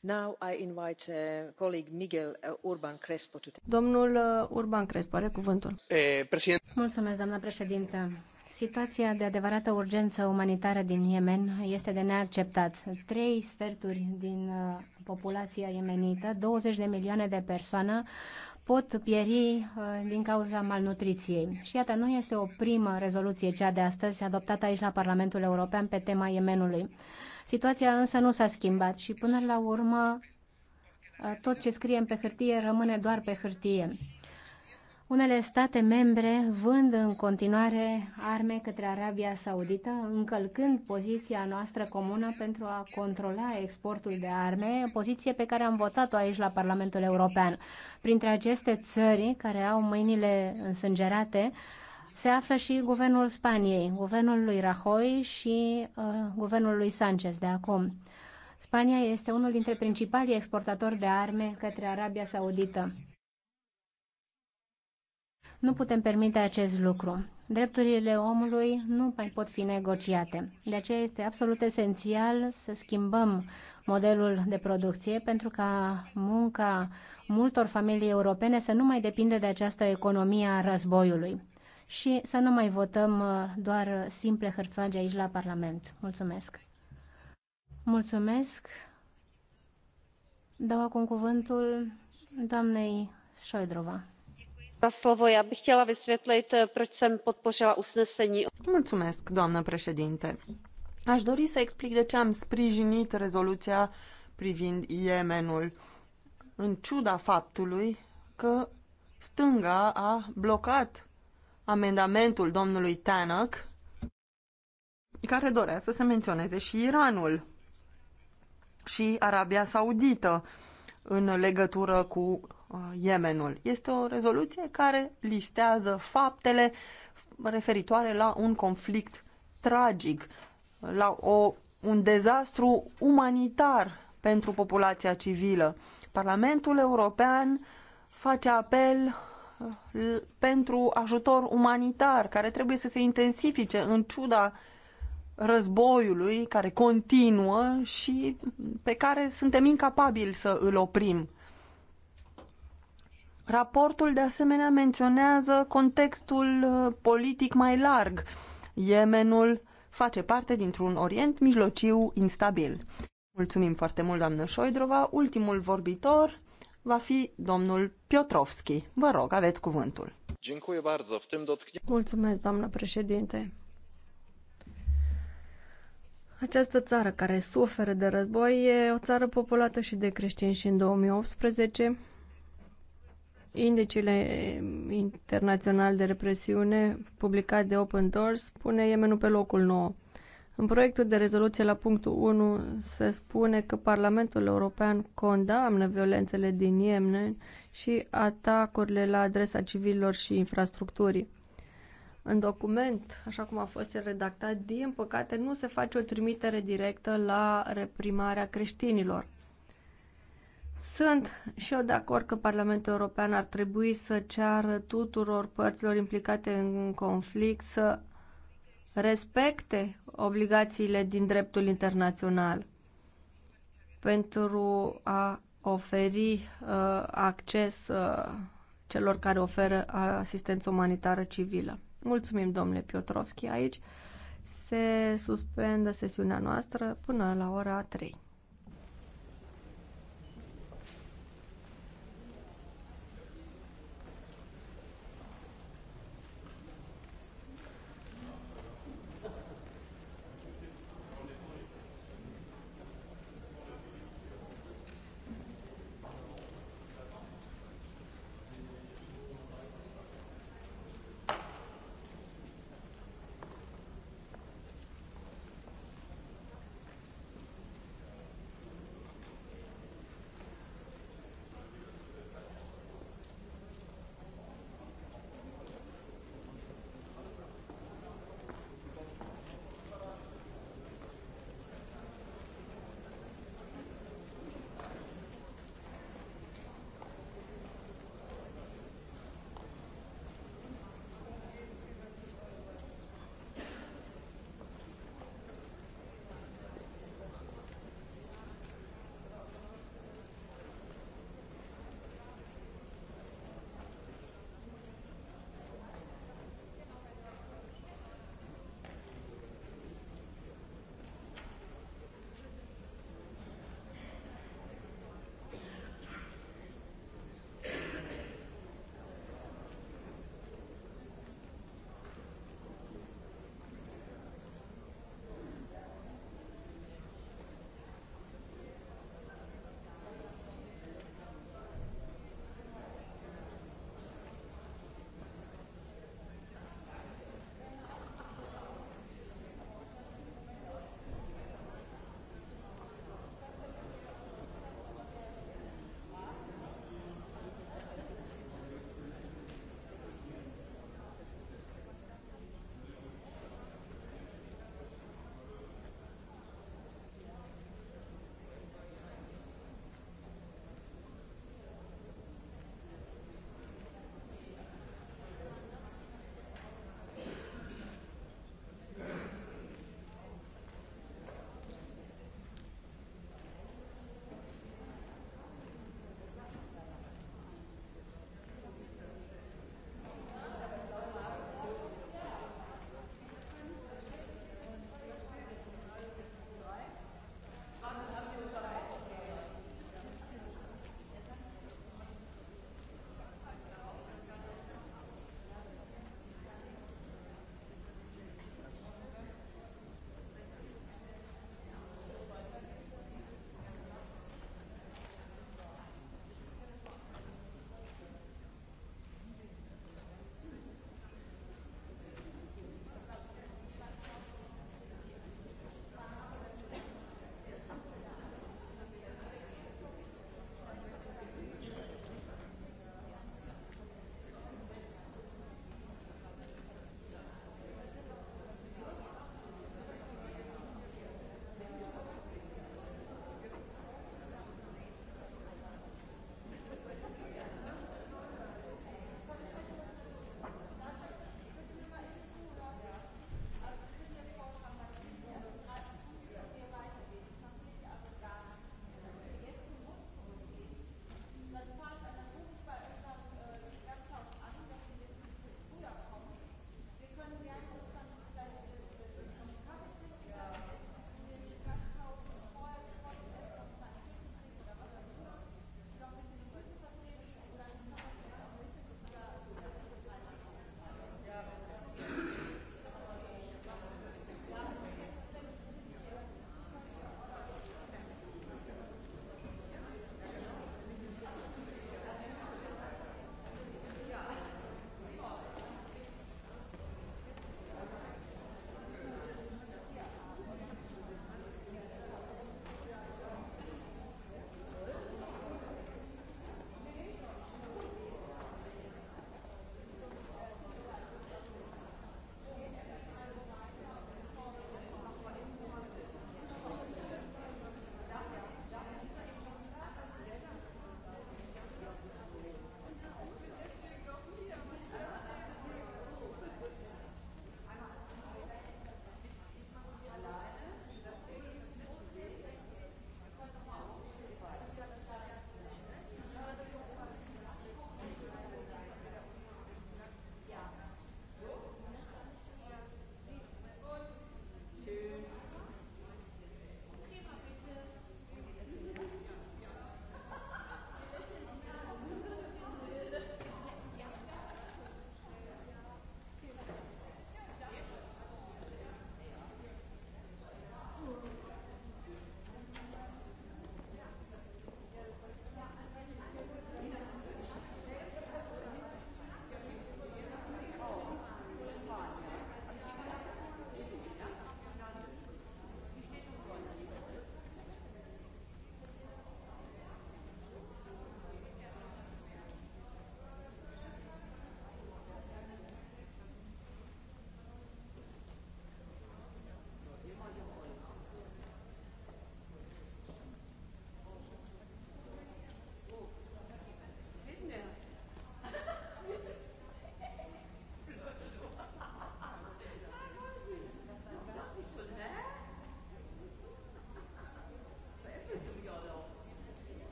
Now I invite uh, colleague Miguel uh, Urban Crespo to... Domnul uh, Urban Crespo are cuvântul. Eh, președinte. Mulțumesc, doamna președintă. Situația de adevărată urgență umanitară din Yemen este de neacceptat. Trei sferturi din uh, populația yemenită, 20 de milioane de persoane, pot pieri uh, din cauza malnutriției. Și iată, nu este o primă rezoluție cea de astăzi adoptată aici la Parlamentul European pe tema Yemenului. Situația însă nu s-a schimbat și până la urmă uh, tot ce scriem pe hârtie rămâne doar pe hârtie. Unele state membre vând în continuare arme către Arabia Saudită, încălcând poziția noastră comună pentru a controla exportul de arme, poziție pe care am votat-o aici la Parlamentul European. Printre aceste țări care au mâinile însângerate, se află și guvernul Spaniei, guvernul lui Rajoy și uh, guvernul lui Sanchez de acum. Spania este unul dintre principalii exportatori de arme către Arabia Saudită. Nu putem permite acest lucru. Drepturile omului nu mai pot fi negociate. De aceea este absolut esențial să schimbăm modelul de producție pentru ca munca multor familii europene să nu mai depinde de această economie a războiului și să nu mai votăm uh, doar simple hârțoage aici la Parlament. Mulțumesc! Mulțumesc! Dau acum cuvântul doamnei Șoidrova já bych chtěla vysvětlit, eh, proč jsem podpořila usnesení. Mulțumesc, doamnă președinte. Aș dori să explic de ce am sprijinit rezoluția privind Yemenul, în ciuda faptului că stânga a blocat amendamentul domnului Tanak, care dorea să se menționeze și Iranul și Arabia Saudită în legătură cu Uh, Yemenul. Este o rezoluție care listează faptele referitoare la un conflict tragic, la o, un dezastru umanitar pentru populația civilă. Parlamentul European face apel uh, pentru ajutor umanitar care trebuie să se intensifice în ciuda războiului care continuă și pe care suntem incapabili să îl oprim. Raportul, de asemenea, menționează contextul uh, politic mai larg. Yemenul face parte dintr-un Orient mijlociu instabil. Mulțumim foarte mult, doamnă Șoidrova. Ultimul vorbitor va fi domnul Piotrovski. Vă rog, aveți cuvântul. Mulțumesc, doamnă președinte. Această țară care suferă de război e o țară populată și de creștini și în 2018 Indicele internațional de represiune publicat de Open Doors pune Yemenul pe locul 9. În proiectul de rezoluție la punctul 1 se spune că Parlamentul European condamnă violențele din Yemen și atacurile la adresa civililor și infrastructurii. În document, așa cum a fost el redactat, din păcate nu se face o trimitere directă la reprimarea creștinilor. Sunt și eu de acord că Parlamentul European ar trebui să ceară tuturor părților implicate în conflict să respecte obligațiile din dreptul internațional pentru a oferi uh, acces uh, celor care oferă asistență umanitară civilă. Mulțumim, domnule Piotrovski, aici se suspendă sesiunea noastră până la ora 3.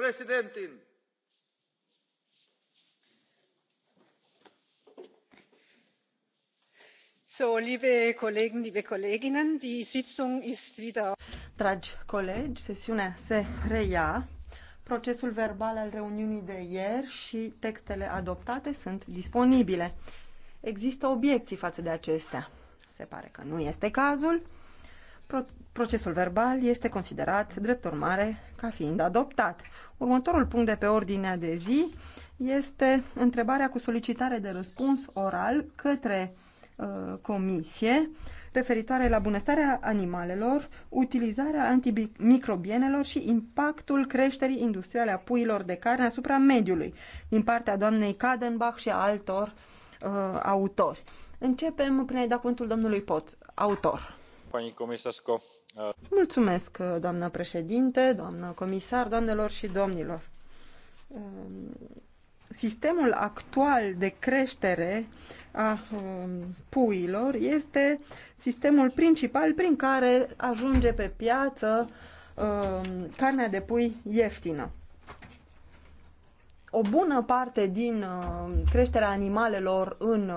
präsidentin! So, liebe Kollegen, liebe Kolleginnen, die Sitzung ist wieder. Dragi colegi, sesiunea se reia. Procesul verbal al reuniunii de ieri și textele adoptate sunt disponibile. Există obiecții față de acestea? Se pare că nu este cazul. Pro procesul verbal este considerat drept urmare ca fiind adoptat. Următorul punct de pe ordinea de zi este întrebarea cu solicitare de răspuns oral către uh, comisie referitoare la bunăstarea animalelor, utilizarea antimicrobienelor și impactul creșterii industriale a puilor de carne asupra mediului, din partea doamnei Cadenbach și a altor uh, autori. Începem prin a-i da cuvântul domnului Poț, autor. Pani comisarsko, Mulțumesc, doamnă președinte, doamnă comisar, doamnelor și domnilor. Um, sistemul actual de creștere a um, puilor este sistemul principal prin care ajunge pe piață um, carnea de pui ieftină. O bună parte din creșterea animalelor în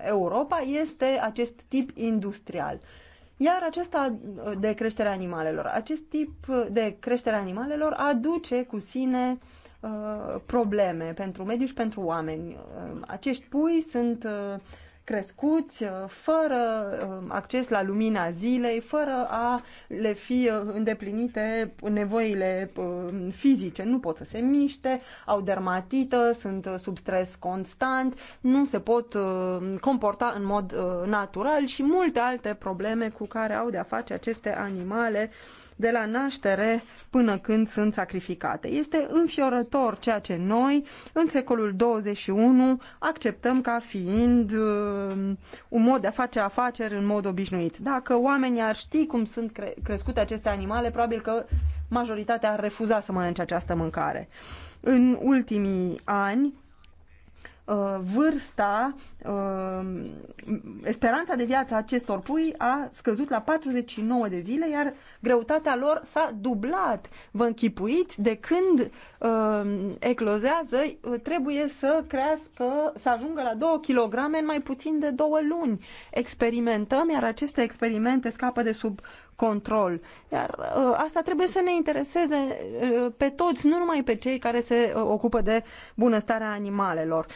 Europa este acest tip industrial iar acesta uh, de creștere animalelor, acest tip uh, de creștere animalelor aduce cu sine uh, probleme pentru mediu și pentru oameni. Uh, acești pui sunt uh, crescuți uh, fără um, acces la lumina zilei, fără a le fi uh, îndeplinite nevoile um, fizice. Nu pot să se miște, au dermatită, sunt uh, sub stres constant, nu se pot um, comporta în mod natural și multe alte probleme cu care au de-a face aceste animale uh, de la naștere până când sunt sacrificate. Este înfiorător ceea ce noi, în secolul 21, acceptăm ca fiind uh, un mod de a face afaceri în mod obișnuit. Dacă oamenii ar ști cum sunt cre- crescute aceste animale, probabil că majoritatea ar refuza să mănânce această mâncare. În ultimii ani, Uh, vârsta, uh, speranța de viață a acestor pui a scăzut la 49 de zile, iar greutatea lor s-a dublat. Vă închipuiți, de când uh, eclozează, trebuie să crească, să ajungă la 2 kg în mai puțin de 2 luni. Experimentăm, iar aceste experimente scapă de sub control. Iar uh, asta trebuie să ne intereseze uh, pe toți, nu numai pe cei care se uh, ocupă de bunăstarea animalelor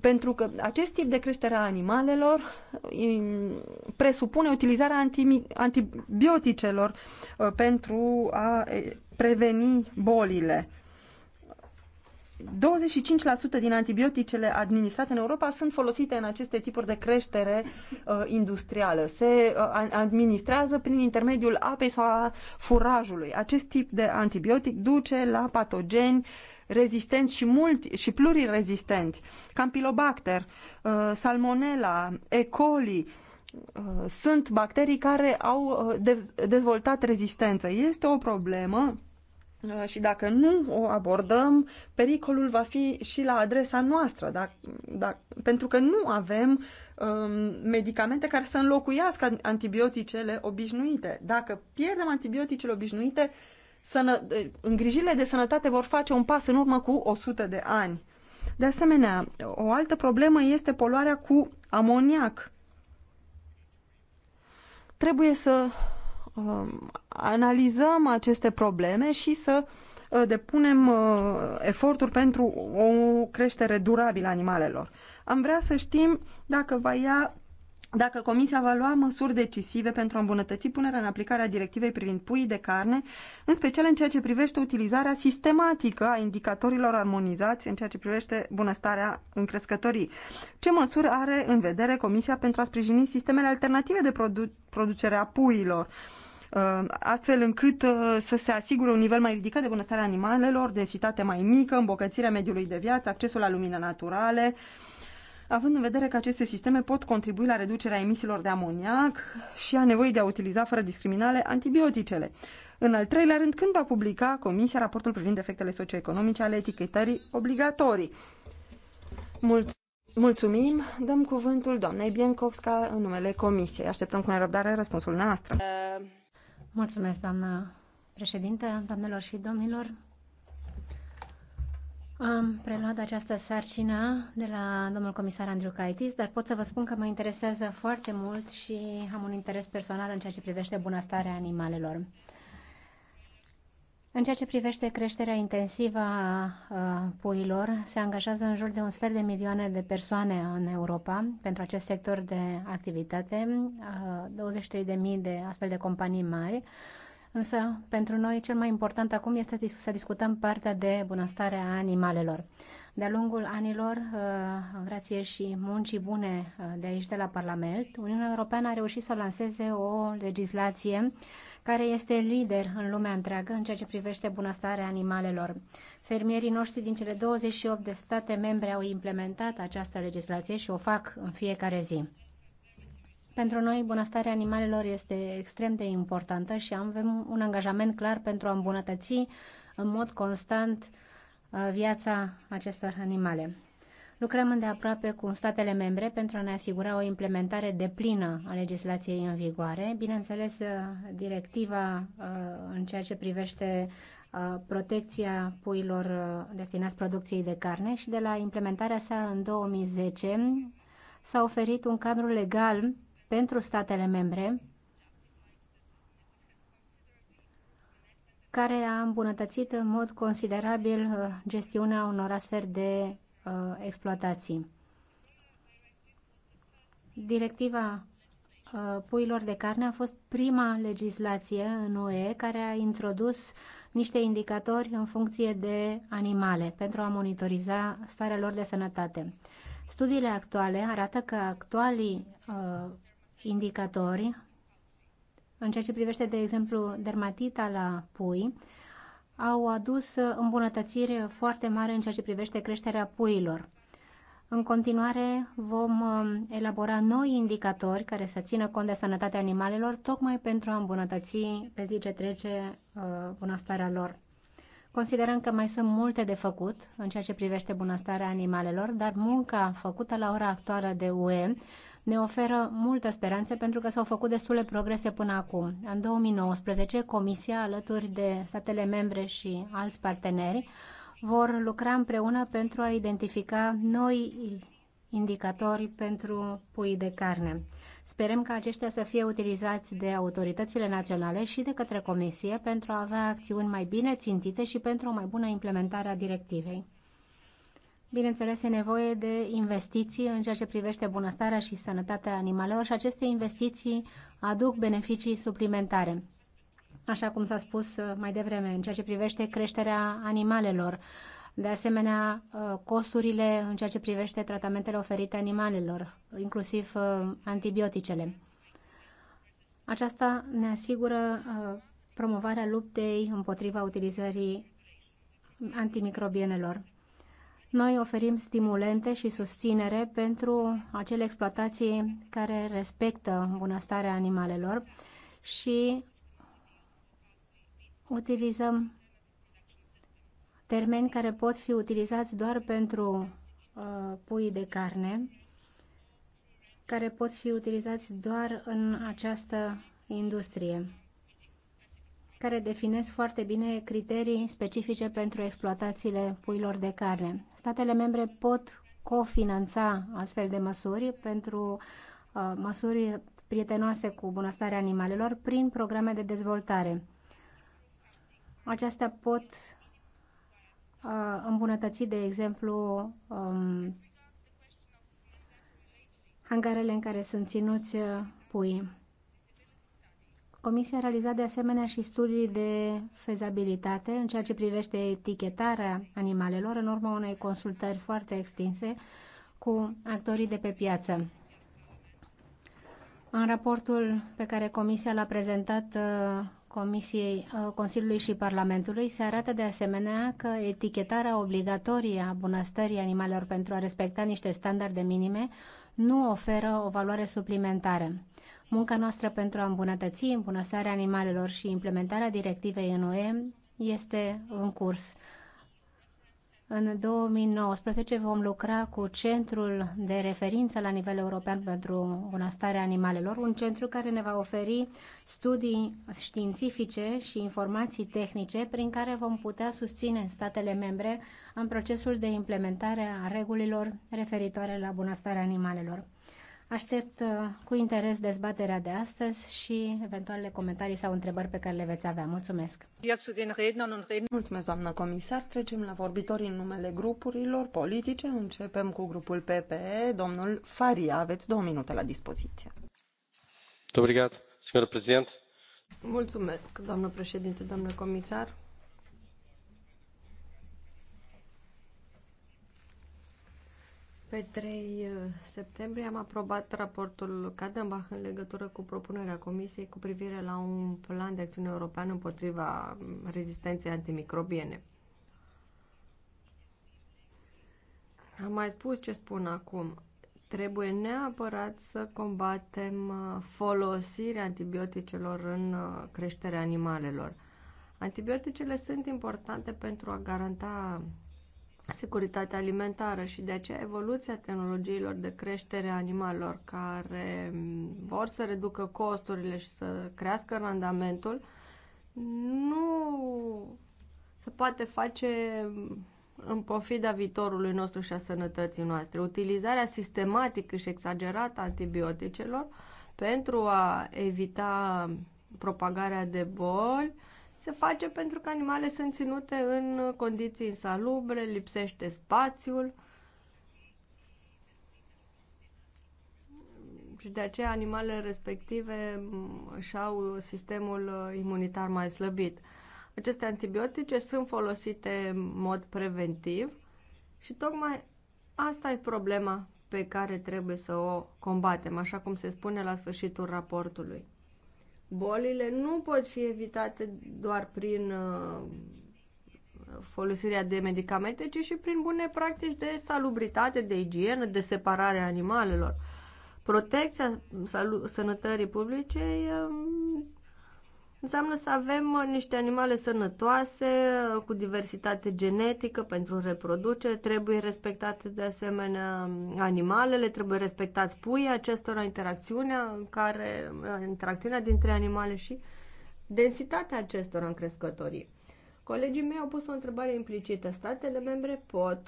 pentru că acest tip de creștere a animalelor um, presupune utilizarea antibioticelor pentru a eh, preveni bolile. 25% din antibioticele administrate în Europa sunt folosite în aceste tipuri de creștere uh, industrială. Se uh, administrează prin intermediul apei sau a furajului. Acest tip de antibiotic duce la patogeni rezistenți și, multi, și plurirezistenți. Campylobacter, uh, salmonella, E. coli, uh, sunt bacterii care au uh, dezvoltat rezistență. Este o problemă Uh, și dacă nu o abordăm, pericolul va fi și la adresa noastră, dacă, dacă, pentru că nu avem um, medicamente care să înlocuiască antibioticele obișnuite. Dacă pierdem antibioticele obișnuite, sănă, uh, îngrijirile de sănătate vor face un pas în urmă cu 100 de ani. De asemenea, o altă problemă este poluarea cu amoniac. Trebuie să Um, analizăm aceste probleme și să uh, depunem uh, eforturi pentru o creștere durabilă a animalelor. Am vrea să știm dacă va ia dacă Comisia va lua măsuri decisive pentru a îmbunătăți punerea în aplicare a directivei privind puii de carne, în special în ceea ce privește utilizarea sistematică a indicatorilor armonizați în ceea ce privește bunăstarea în crescătorii. Ce măsuri are în vedere Comisia pentru a sprijini sistemele alternative de produ- producere a puiilor? Uh, Uh, astfel încât uh, să se asigure un nivel mai ridicat de bunăstare animalelor, densitate mai mică, îmbogățirea mediului de viață, accesul la lumină naturale, având în vedere că aceste sisteme pot contribui la reducerea emisiilor de amoniac și a nevoii de a utiliza fără discriminare antibioticele. În al treilea rând, când va publica Comisia raportul privind efectele socioeconomice ale etichetării obligatorii? Mult. Mulțumim. Dăm cuvântul doamnei Biencovska în numele Comisiei. Așteptăm cu nerăbdare răspunsul noastră. Uh... Mulțumesc, doamna președinte, doamnelor și domnilor. Am preluat această sarcină de la domnul comisar Andrew Caitis, dar pot să vă spun că mă interesează foarte mult și am un interes personal în ceea ce privește bunăstarea animalelor. În ceea ce privește creșterea intensivă a puilor, se angajează în jur de un sfert de milioane de persoane în Europa pentru acest sector de activitate, 23.000 de astfel de companii mari. Însă, pentru noi, cel mai important acum este să discutăm partea de bunăstare a animalelor. De-a lungul anilor, grație și muncii bune de aici, de la Parlament, Uniunea Europeană a reușit să lanseze o legislație care este lider în lumea întreagă în ceea ce privește bunăstarea animalelor. Fermierii noștri din cele 28 de state membre au implementat această legislație și o fac în fiecare zi. Pentru noi, bunăstarea animalelor este extrem de importantă și avem un angajament clar pentru a îmbunătăți în mod constant uh, viața acestor animale. Lucrăm îndeaproape cu statele membre pentru a ne asigura o implementare deplină a legislației în vigoare. Bineînțeles, uh, directiva uh, în ceea ce privește uh, protecția puilor destinați producției de carne și de la implementarea sa în 2010 s-a oferit un cadru legal pentru statele membre care a îmbunătățit în mod considerabil gestiunea unor astfel de Uh, exploatații. Directiva uh, puilor de carne a fost prima legislație în UE care a introdus niște indicatori în funcție de animale pentru a monitoriza starea lor de sănătate. Studiile actuale arată că actualii uh, indicatori, în ceea ce privește, de exemplu, dermatita la pui, au adus îmbunătățiri foarte mari în ceea ce privește creșterea puilor. În continuare vom uh, elabora noi indicatori care să țină cont de sănătatea animalelor, tocmai pentru a îmbunătăți pe zi ce trece uh, bunăstarea lor. Considerăm că mai sunt multe de făcut în ceea ce privește bunăstarea animalelor, dar munca făcută la ora actuală de UE ne oferă multă speranță pentru că s-au făcut destule progrese până acum. În 2019, Comisia, alături de statele membre și alți parteneri, vor lucra împreună pentru a identifica noi indicatori pentru pui de carne. Sperăm că aceștia să fie utilizați de autoritățile naționale și de către Comisie pentru a avea acțiuni mai bine țintite și pentru o mai bună implementare a directivei. Bineînțeles, e nevoie de investiții în ceea ce privește bunăstarea și sănătatea animalelor și aceste investiții aduc beneficii suplimentare. Așa cum s-a spus uh, mai devreme, în ceea ce privește creșterea animalelor, de asemenea, uh, costurile în ceea ce privește tratamentele oferite animalelor, inclusiv uh, antibioticele. Aceasta ne asigură promovarea luptei împotriva utilizării antimicrobienelor. Noi oferim stimulente și susținere pentru acele exploatații care respectă bunăstarea animalelor și utilizăm termeni care pot fi utilizați doar pentru uh, pui de carne, care pot fi utilizați doar în această industrie care definesc foarte bine criterii specifice pentru exploatațiile puilor de carne. Statele membre pot cofinanța astfel de măsuri pentru uh, măsuri prietenoase cu bunăstarea animalelor prin programe de dezvoltare. Acestea pot uh, îmbunătăți, de exemplu, um, hangarele în care sunt ținuți uh, pui. Comisia a realizat de asemenea și studii de fezabilitate în ceea ce privește etichetarea animalelor în urma unei consultări foarte extinse cu actorii de pe piață. În raportul pe care Comisia l-a prezentat uh, Comisiei, uh, Consiliului și Parlamentului se arată de asemenea că etichetarea obligatorie a bunăstării animalelor pentru a respecta niște standarde minime nu oferă o valoare suplimentară. Munca noastră pentru a îmbunătăți îmbunăstarea animalelor și implementarea directivei în UE este în curs. În 2019 vom lucra cu centrul de referință la nivel european pentru bunăstarea animalelor, un centru care ne va oferi studii științifice și informații tehnice prin care vom putea susține statele membre în procesul de implementare a regulilor referitoare la bunăstarea animalelor. Aștept uh, cu interes dezbaterea de astăzi și eventualele comentarii sau întrebări pe care le veți avea. Mulțumesc! Mulțumesc, doamnă comisar. Trecem la vorbitorii în numele grupurilor politice. Începem cu grupul PPE. Domnul Faria, aveți două minute la dispoziție. Mulțumesc, doamnă președinte, doamnă comisar. Pe 3 uh, septembrie am aprobat raportul Cadenbach în legătură cu propunerea Comisiei cu privire la un plan de acțiune european împotriva mm, rezistenței antimicrobiene. Am mai spus ce spun acum. Trebuie neapărat să combatem uh, folosirea antibioticelor în uh, creșterea animalelor. Antibioticele sunt importante pentru a garanta securitatea alimentară și de aceea evoluția tehnologiilor de creștere a animalelor care mm, vor să reducă costurile și să crească randamentul nu se poate face mm, în pofida viitorului nostru și a sănătății noastre. Utilizarea sistematică și exagerată a antibioticelor pentru a evita propagarea de boli se face pentru că animalele sunt ținute în condiții insalubre, lipsește spațiul și de aceea animalele respective mm, își au sistemul uh, imunitar mai slăbit. Aceste antibiotice sunt folosite în mod preventiv și tocmai asta e problema pe care trebuie să o combatem, așa cum se spune la sfârșitul raportului. Bolile nu pot fi evitate doar prin uh, folosirea de medicamente, ci și prin bune practici de salubritate, de igienă, de separare a animalelor. Protecția sănătării publice um, înseamnă să avem uh, niște animale sănătoase, uh, cu diversitate genetică pentru reproducere, trebuie respectate de asemenea um, animalele, trebuie respectați puii acestora, interacțiunea, care, uh, interacțiunea dintre animale și densitatea acestora în crescătorie. Colegii mei au pus o întrebare implicită. Statele membre pot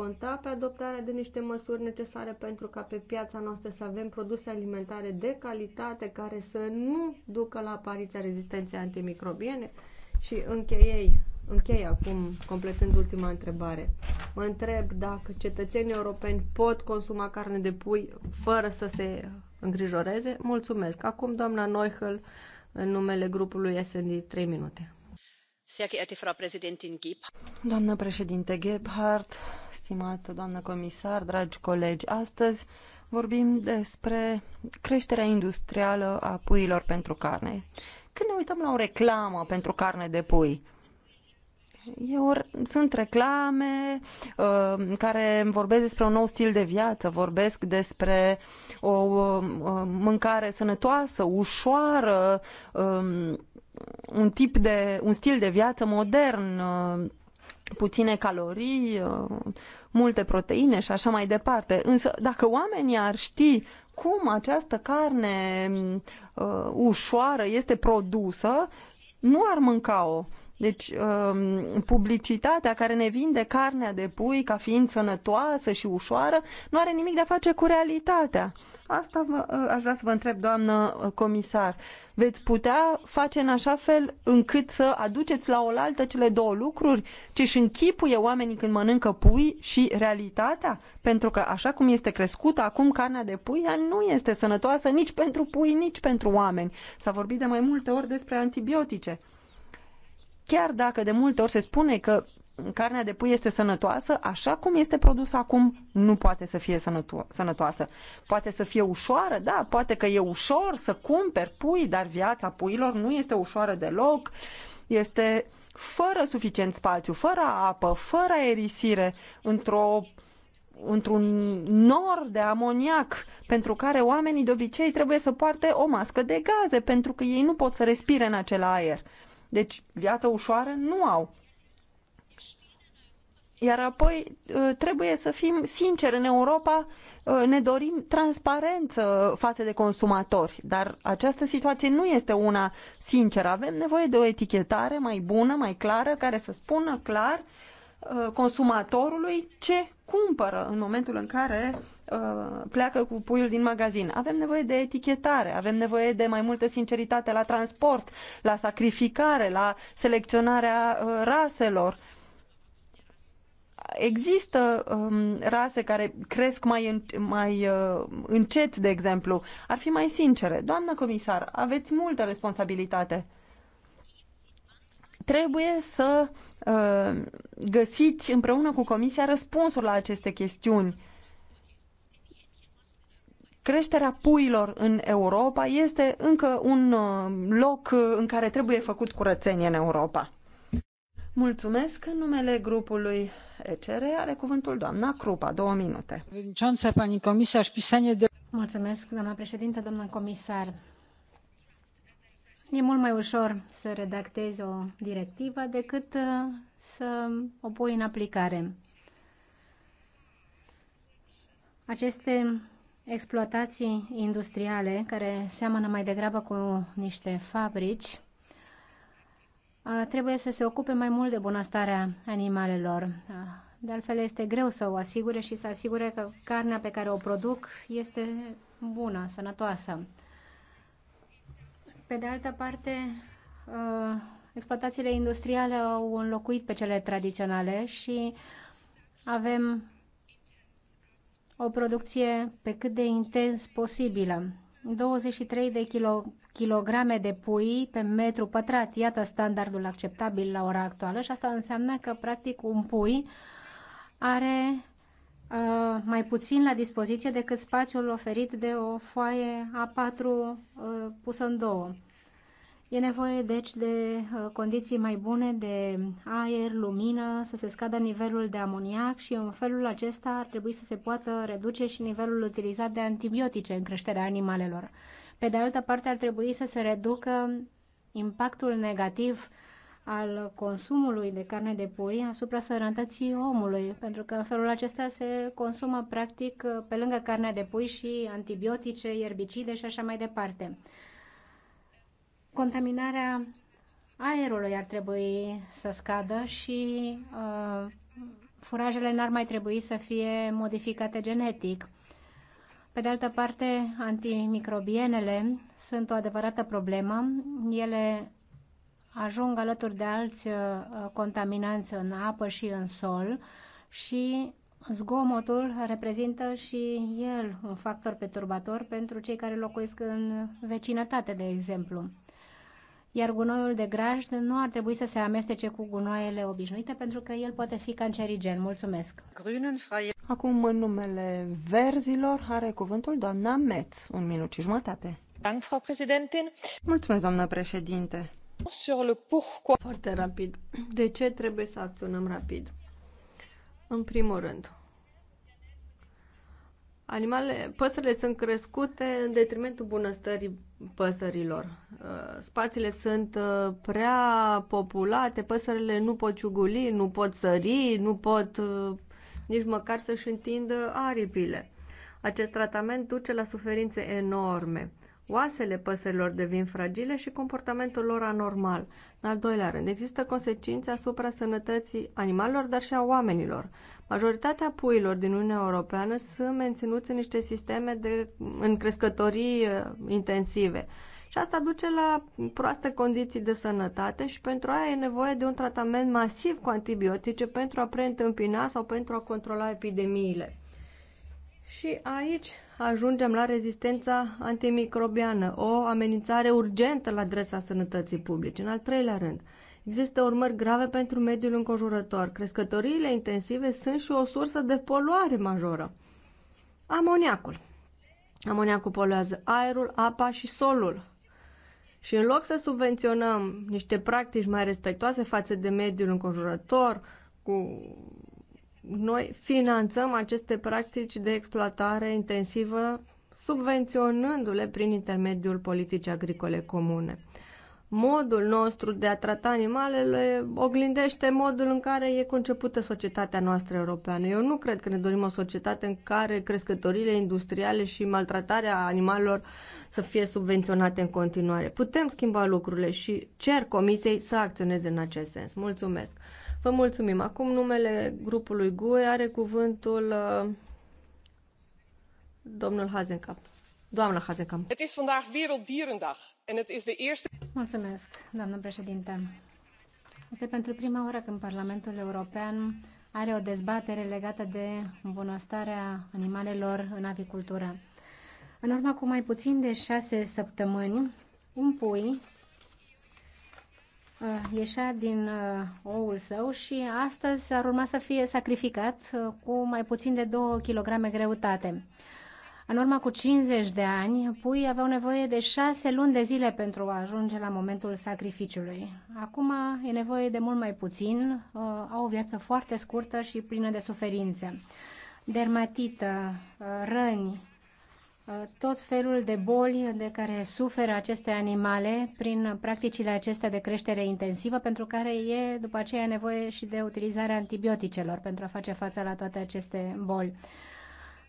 conta pe adoptarea de niște măsuri necesare pentru ca pe piața noastră să avem produse alimentare de calitate care să nu ducă la apariția rezistenței antimicrobiene? Și încheiei, închei acum, completând ultima întrebare. Mă întreb dacă cetățenii europeni pot consuma carne de pui fără să se îngrijoreze? Mulțumesc. Acum, doamna Neuchel, în numele grupului SND, 3 minute. Doamnă președintă Gebhardt, stimată doamnă comisar, dragi colegi, astăzi vorbim despre creșterea industrială a puiilor pentru carne. Când ne uităm la o reclamă pentru carne de pui, eu, sunt reclame uh, care vorbesc despre un nou stil de viață, vorbesc despre o uh, mâncare sănătoasă, ușoară, um, un tip de, un stil de viață modern, uh, puține calorii, uh, multe proteine și așa mai departe. Însă dacă oamenii ar ști cum această carne uh, ușoară este produsă, nu ar mânca-o. Deci, um, publicitatea care ne vinde carnea de pui ca fiind sănătoasă și ușoară nu are nimic de a face cu realitatea. Asta vă, ă, aș vrea să vă întreb, doamnă ă, comisar. Veți putea face în așa fel încât să aduceți la oaltă cele două lucruri, ce își închipuie oamenii când mănâncă pui și realitatea? Pentru că așa cum este crescută acum carnea de pui, ea nu este sănătoasă nici pentru pui, nici pentru oameni. S-a vorbit de mai multe ori despre antibiotice chiar dacă de multe ori se spune că carnea de pui este sănătoasă, așa cum este produsă acum, nu poate să fie sănăto sănătoasă. Poate să fie ușoară, da, poate că e ușor să cumperi pui, dar viața puilor nu este ușoară deloc. Este fără suficient spațiu, fără apă, fără aerisire, într-o într-un nor de amoniac pentru care oamenii de obicei trebuie să poarte o mască de gaze pentru că ei nu pot să respire în acel aer. Deci viața ușoară nu au. Iar apoi uh, trebuie să fim sinceri, în Europa uh, ne dorim transparență față de consumatori, dar această situație nu este una sinceră. Avem nevoie de o etichetare mai bună, mai clară, care să spună clar uh, consumatorului ce cumpără în momentul în care pleacă cu puiul din magazin. Avem nevoie de etichetare, avem nevoie de mai multă sinceritate la transport, la sacrificare, la selecționarea raselor există um, rase care cresc mai, în, mai uh, încet, de exemplu. Ar fi mai sincere. Doamnă comisar, aveți multă responsabilitate. Trebuie să uh, găsiți împreună cu Comisia răspunsuri la aceste chestiuni. Creșterea puilor în Europa este încă un uh, loc uh, în care trebuie făcut curățenie în Europa. Mulțumesc în numele grupului ECR are cuvântul doamna Crupa, două minute. Mulțumesc, doamna președinte, doamna comisar. E mult mai ușor să redactezi o directivă decât uh, să o pui în aplicare. Aceste exploatații industriale, care seamănă mai degrabă cu niște fabrici, trebuie să se ocupe mai mult de bunăstarea animalelor. De altfel, este greu să o asigure și să asigure că carnea pe care o produc este bună, sănătoasă. Pe de altă parte, exploatațiile industriale au înlocuit pe cele tradiționale și avem o producție pe cât de intens posibilă. 23 de kilo, kilograme de pui pe metru pătrat. Iată standardul acceptabil la ora actuală și asta înseamnă că, practic, un pui are uh, mai puțin la dispoziție decât spațiul oferit de o foaie A4 uh, pusă în două. E nevoie, deci, de uh, condiții mai bune de aer, lumină, să se scadă nivelul de amoniac și în felul acesta ar trebui să se poată reduce și nivelul utilizat de antibiotice în creșterea animalelor. Pe de altă parte, ar trebui să se reducă impactul negativ al consumului de carne de pui asupra sănătății omului, pentru că în felul acesta se consumă practic pe lângă carnea de pui și antibiotice, erbicide și așa mai departe. Contaminarea aerului ar trebui să scadă și uh, furajele n-ar mai trebui să fie modificate genetic. Pe de altă parte, antimicrobienele sunt o adevărată problemă. Ele ajung alături de alți uh, contaminanți în apă și în sol și zgomotul reprezintă și el un factor perturbator pentru cei care locuiesc în vecinătate, de exemplu. Iar gunoiul de grajd nu ar trebui să se amestece cu gunoaiele obișnuite pentru că el poate fi cancerigen. Mulțumesc! Acum, în numele verzilor, are cuvântul doamna Metz. Un minut și jumătate. Mulțumesc, doamnă președinte. Foarte rapid. De ce trebuie să acționăm rapid? În primul rând, Animale, păsările sunt crescute în detrimentul bunăstării păsărilor. Uh, spațiile sunt uh, prea populate, păsările nu pot ciuguli, nu pot sări, nu pot uh, nici măcar să-și întindă aripile. Acest tratament duce la suferințe enorme. Oasele păsărilor devin fragile și comportamentul lor anormal. În al doilea rând, există consecințe asupra sănătății animalelor, dar și a oamenilor. Majoritatea puilor din Uniunea Europeană sunt menținuți în niște sisteme de încrescătorii eh, intensive și asta duce la proaste condiții de sănătate și pentru aia e nevoie de un tratament masiv cu antibiotice pentru a preîntâmpina sau pentru a controla epidemiile. Și aici ajungem la rezistența antimicrobiană, o amenințare urgentă la adresa sănătății publice. În al treilea rând, există urmări grave pentru mediul înconjurător. Crescătoriile intensive sunt și o sursă de poluare majoră. Amoniacul. Amoniacul poluează aerul, apa și solul. Și în loc să subvenționăm niște practici mai respectoase față de mediul înconjurător, cu noi finanțăm aceste practici de exploatare intensivă subvenționându-le prin intermediul politicii agricole comune modul nostru de a trata animalele oglindește modul în care e concepută societatea noastră europeană. Eu nu cred că ne dorim o societate în care crescătorile industriale și maltratarea animalelor să fie subvenționate în continuare. Putem schimba lucrurile și cer comisiei să acționeze în acest sens. Mulțumesc! Vă mulțumim! Acum numele grupului GUE are cuvântul uh, domnul Hazencap. Doamna Hazekamp. Het is vandaag Werelddierendag en het is de eerste... Mulțumesc, doamnă președinte. Este pentru prima oară când Parlamentul European are o dezbatere legată de bunăstarea animalelor în avicultură. În urmă cu mai puțin de șase săptămâni, un pui uh, ieșea din uh, oul său și astăzi ar urma să fie sacrificat uh, cu mai puțin de 2 kg greutate. În urmă cu 50 de ani, puii aveau nevoie de 6 luni de zile pentru a ajunge la momentul sacrificiului. Acum e nevoie de mult mai puțin, uh, au o viață foarte scurtă și plină de suferințe. Dermatită, uh, răni, uh, tot felul de boli de care suferă aceste animale prin practicile acestea de creștere intensivă, pentru care e după aceea nevoie și de utilizarea antibioticelor pentru a face față la toate aceste boli.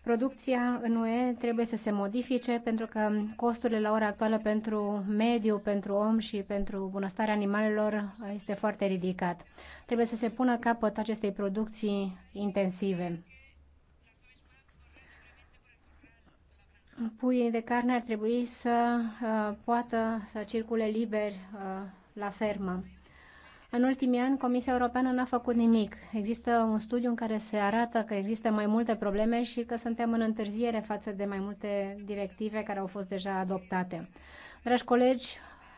Producția în UE trebuie să se modifice pentru că costurile la ora actuală pentru mediu, pentru om și pentru bunăstarea animalelor este foarte ridicat. Trebuie să se pună capăt acestei producții intensive. Puii de carne ar trebui să uh, poată să circule liber uh, la fermă. În ultimii ani, Comisia Europeană n-a făcut nimic. Există un studiu în care se arată că există mai multe probleme și că suntem în întârziere față de mai multe directive care au fost deja adoptate. Dragi colegi,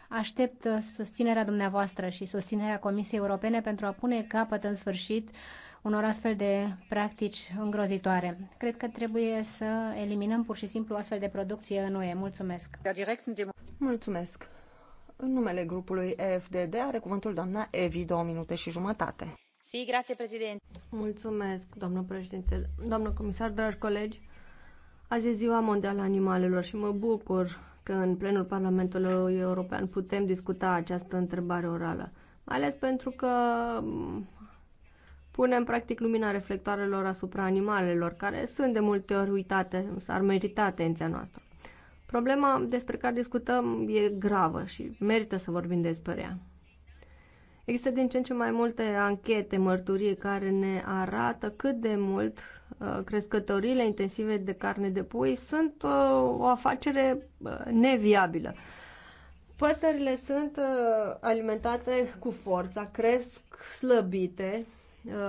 aștept susținerea dumneavoastră și susținerea Comisiei Europene pentru a pune capăt în sfârșit unor astfel de practici îngrozitoare. Cred că trebuie să eliminăm pur și simplu astfel de producție în UE. Mulțumesc! Mulțumesc! În numele grupului EFDD are cuvântul doamna Evi, două minute și jumătate. Si, grație, președinte. Mulțumesc, doamnă președinte. Doamnă comisar, dragi colegi, azi e Ziua Mondială a Animalelor și mă bucur că în plenul Parlamentului European putem discuta această întrebare orală. Mai ales pentru că mm, punem practic lumina reflectoarelor asupra animalelor, care sunt de multe ori uitate, însă ar merita atenția noastră. Problema despre care discutăm e gravă și merită să vorbim despre ea. Există din ce în ce mai multe anchete, mărturie care ne arată cât de mult uh, crescătorile intensive de carne de pui sunt uh, o afacere uh, neviabilă. Păsările sunt alimentate cu forța, cresc slăbite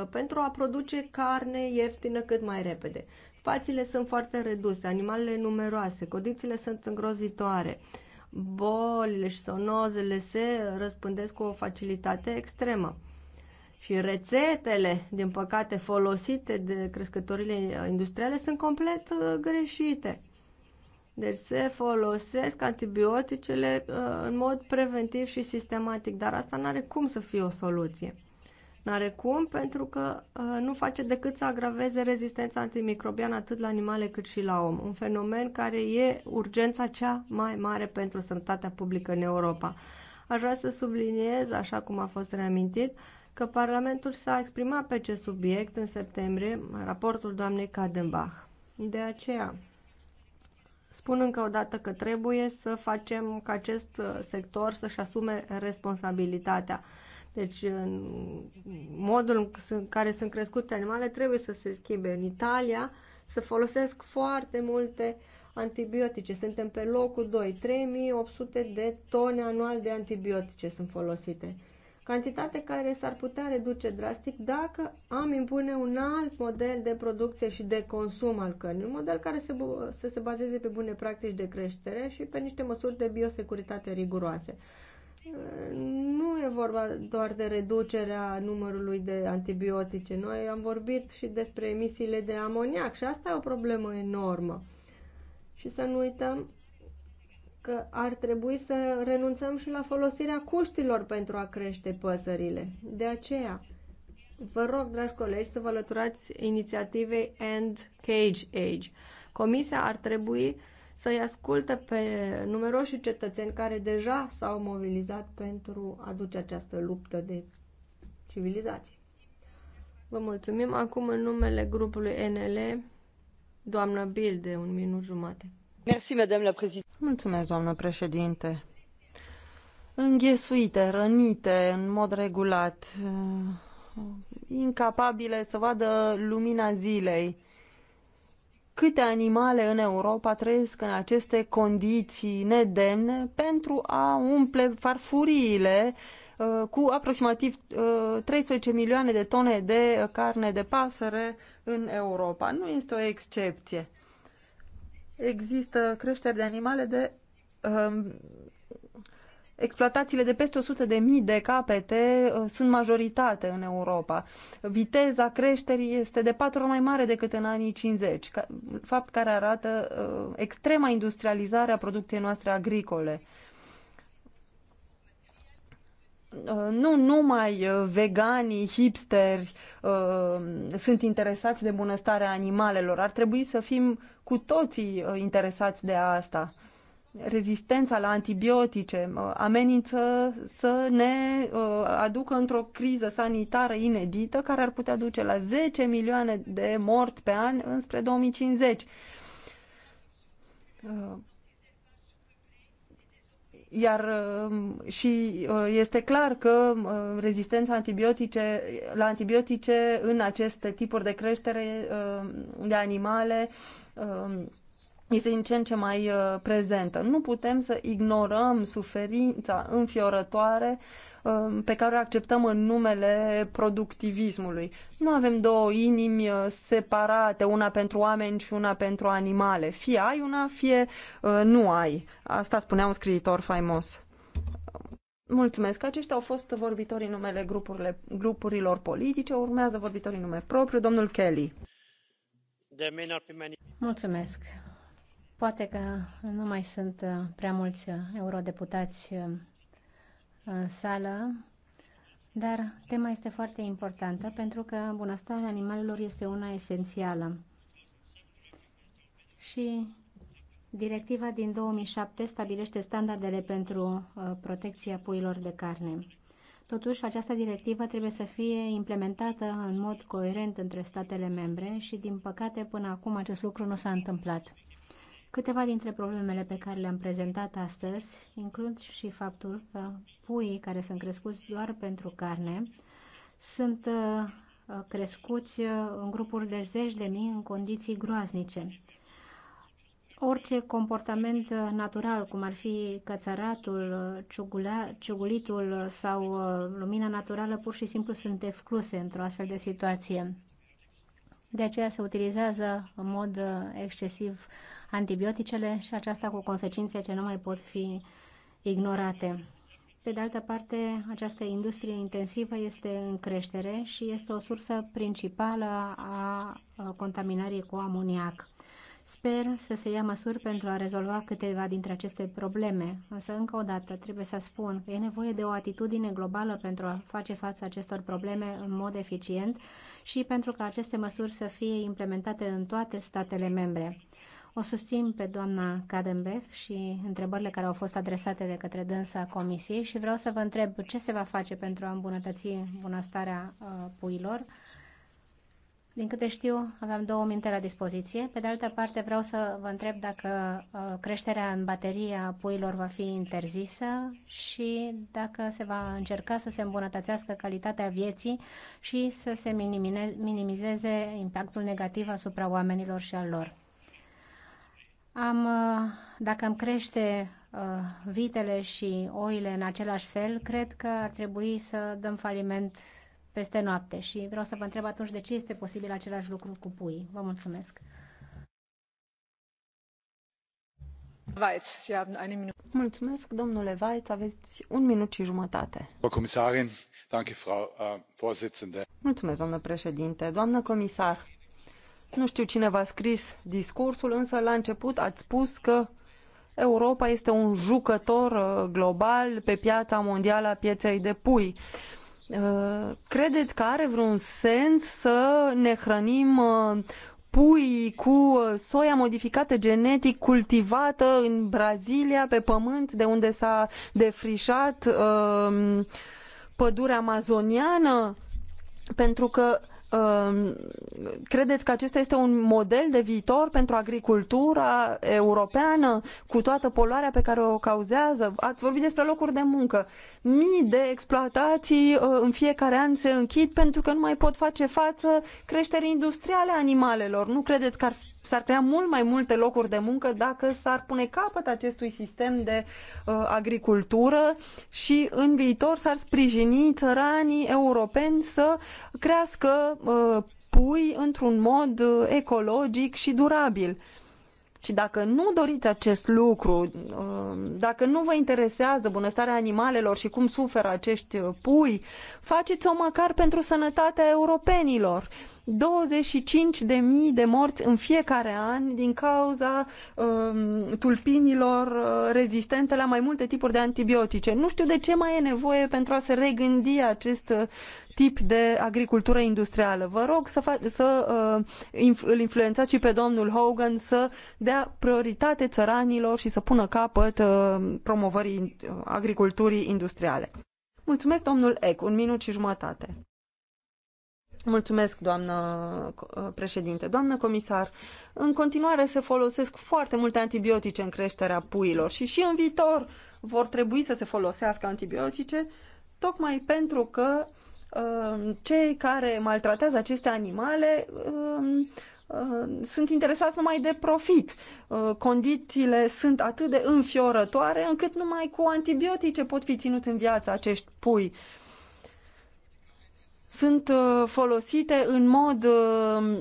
pentru a produce carne ieftină cât mai repede spațiile sunt foarte reduse, animalele numeroase, condițiile sunt îngrozitoare, bolile și sonozele se răspândesc cu o facilitate extremă. Și rețetele, din păcate, folosite de crescătorile industriale sunt complet uh, greșite. Deci se folosesc antibioticele uh, în mod preventiv și sistematic, dar asta nu are cum să fie o soluție. N-are cum, pentru că uh, nu face decât să agraveze rezistența antimicrobiană atât la animale cât și la om. Un fenomen care e urgența cea mai mare pentru sănătatea publică în Europa. Aș vrea să subliniez, așa cum a fost reamintit, că Parlamentul s-a exprimat pe acest subiect în septembrie, în raportul doamnei Kadenbach. De aceea, spun încă o dată că trebuie să facem ca acest uh, sector să-și asume responsabilitatea deci, în modul în care sunt crescute animale trebuie să se schimbe. În Italia se folosesc foarte multe antibiotice. Suntem pe locul 2. 3800 de tone anual de antibiotice sunt folosite. Cantitate care s-ar putea reduce drastic dacă am impune un alt model de producție și de consum al cărnii. Un model care se, să se bazeze pe bune practici de creștere și pe niște măsuri de biosecuritate riguroase nu e vorba doar de reducerea numărului de antibiotice. Noi am vorbit și despre emisiile de amoniac și asta e o problemă enormă. Și să nu uităm că ar trebui să renunțăm și la folosirea cuștilor pentru a crește păsările. De aceea, vă rog, dragi colegi, să vă alăturați inițiativei End Cage Age. Comisia ar trebui să-i asculte pe numeroși cetățeni care deja s-au mobilizat pentru a duce această luptă de civilizație. Vă mulțumim acum în numele grupului NL, doamna de un minut jumate. Merci, madame la președinte. Mulțumesc, doamnă președinte. Înghesuite, rănite, în mod regulat, incapabile să vadă lumina zilei câte animale în Europa trăiesc în aceste condiții nedemne pentru a umple farfuriile uh, cu aproximativ 13 uh, milioane de tone de carne de pasăre în Europa. Nu este o excepție. Există creșteri de animale de um, exploatațiile de peste 100 de mii de capete uh, sunt majoritate în Europa. Viteza creșterii este de patru ori mai mare decât în anii 50, fapt care arată uh, extrema industrializare a producției noastre agricole. Uh, nu numai veganii, hipsteri sunt interesați de bunăstarea animalelor, ar trebui să fim cu toții interesați de asta rezistența la antibiotice amenință să ne uh, aducă într-o criză sanitară inedită care ar putea duce la 10 milioane de morți pe an înspre 2050. Uh, iar um, și uh, este clar că rezistența antibiotice, la antibiotice în aceste tipuri de creștere de animale um, este din ce în ce mai uh, prezentă. Nu putem să ignorăm suferința înfiorătoare um, pe care o acceptăm în numele productivismului. Nu avem două inimi uh, separate, una pentru oameni și una pentru animale. Fie ai una, fie uh, nu ai. Asta spunea un scriitor faimos. Mulțumesc. Aceștia au fost vorbitorii numele grupurile, grupurilor politice. Urmează vorbitorii nume propriu, domnul Kelly. Mulțumesc. Poate că nu mai sunt uh, prea mulți uh, eurodeputați uh, în sală, dar tema este foarte importantă pentru că bunăstarea animalelor este una esențială. Și directiva din 2007 stabilește standardele pentru protecția puilor de carne. Totuși, această directivă trebuie să fie implementată în mod coerent între statele membre și, din păcate, până acum acest lucru nu s-a întâmplat. Câteva dintre problemele pe care le-am prezentat astăzi includ și faptul că puii care sunt crescuți doar pentru carne sunt uh, crescuți uh, în grupuri de zeci de mii în condiții groaznice. Orice comportament uh, natural, cum ar fi cățăratul, ciugulitul sau lumina naturală, pur și simplu sunt excluse într-o astfel de situație. De aceea se utilizează în mod excesiv uh, antibioticele și aceasta cu consecințe ce nu mai pot fi ignorate. Pe de altă parte, această industrie intensivă este în creștere și este o sursă principală a contaminării cu amoniac. Sper să se ia măsuri pentru a rezolva câteva dintre aceste probleme, însă încă o dată trebuie să spun că e nevoie de o atitudine globală pentru a face față acestor probleme în mod eficient și pentru ca aceste măsuri să fie implementate în toate statele membre. O susțin pe doamna Cadenbeck și întrebările care au fost adresate de către dânsa comisiei și vreau să vă întreb ce se va face pentru a îmbunătăți bunăstarea uh, puilor. Din câte știu, aveam două minte la dispoziție. Pe de altă parte, vreau să vă întreb dacă uh, creșterea în baterie a puilor va fi interzisă și dacă se va încerca să se îmbunătățească calitatea vieții și să se minimizeze impactul negativ asupra oamenilor și al lor am, uh, dacă am crește uh, vitele și oile în același fel, cred că ar trebui să dăm faliment peste noapte și vreau să vă întreb atunci de ce este posibil același lucru cu pui. Vă mulțumesc. Mulțumesc, domnule Weiz, aveți un minut și jumătate. Äh, mulțumesc, domnule președinte. Doamnă comisar, nu știu cine v-a scris discursul, însă la început ați spus că Europa este un jucător uh, global pe piața mondială a pieței de pui. Uh, credeți că are vreun sens să ne hrănim uh, pui cu soia modificată genetic cultivată în Brazilia, pe pământ, de unde s-a defrișat pădurea amazoniană? Pentru că Um, credeți că acesta este un model de viitor pentru agricultura europeană cu toată poluarea pe care o cauzează? Ați vorbit despre locuri de muncă. Mii de exploatații uh, în fiecare an se închid pentru că nu mai pot face față creșterii industriale a animalelor. Nu credeți că ar s-ar crea mult mai multe locuri de muncă dacă s-ar pune capăt acestui sistem de uh, agricultură și în viitor s-ar sprijini țăranii europeni să crească uh, pui într-un mod uh, ecologic și durabil. Și dacă nu doriți acest lucru, uh, dacă nu vă interesează bunăstarea animalelor și cum suferă acești uh, pui, faceți-o măcar pentru sănătatea europenilor 25.000 de morți în fiecare an din cauza um, tulpinilor uh, rezistente la mai multe tipuri de antibiotice. Nu știu de ce mai e nevoie pentru a se regândi acest uh, tip de agricultură industrială. Vă rog să, să uh, inf- îl influențați și pe domnul Hogan să dea prioritate țăranilor și să pună capăt uh, promovării uh, agriculturii industriale. Mulțumesc, domnul Eck. Un minut și jumătate. Mulțumesc, doamnă uh, președinte. Doamnă comisar, în continuare se folosesc foarte multe antibiotice în creșterea puilor și și în viitor vor trebui să se folosească antibiotice tocmai pentru că uh, cei care maltratează aceste animale um, uh, sunt interesați numai de profit. Condițiile sunt atât de înfiorătoare încât numai cu antibiotice pot fi ținuți în viață acești pui. Uh, sunt uh, folosite în mod uh,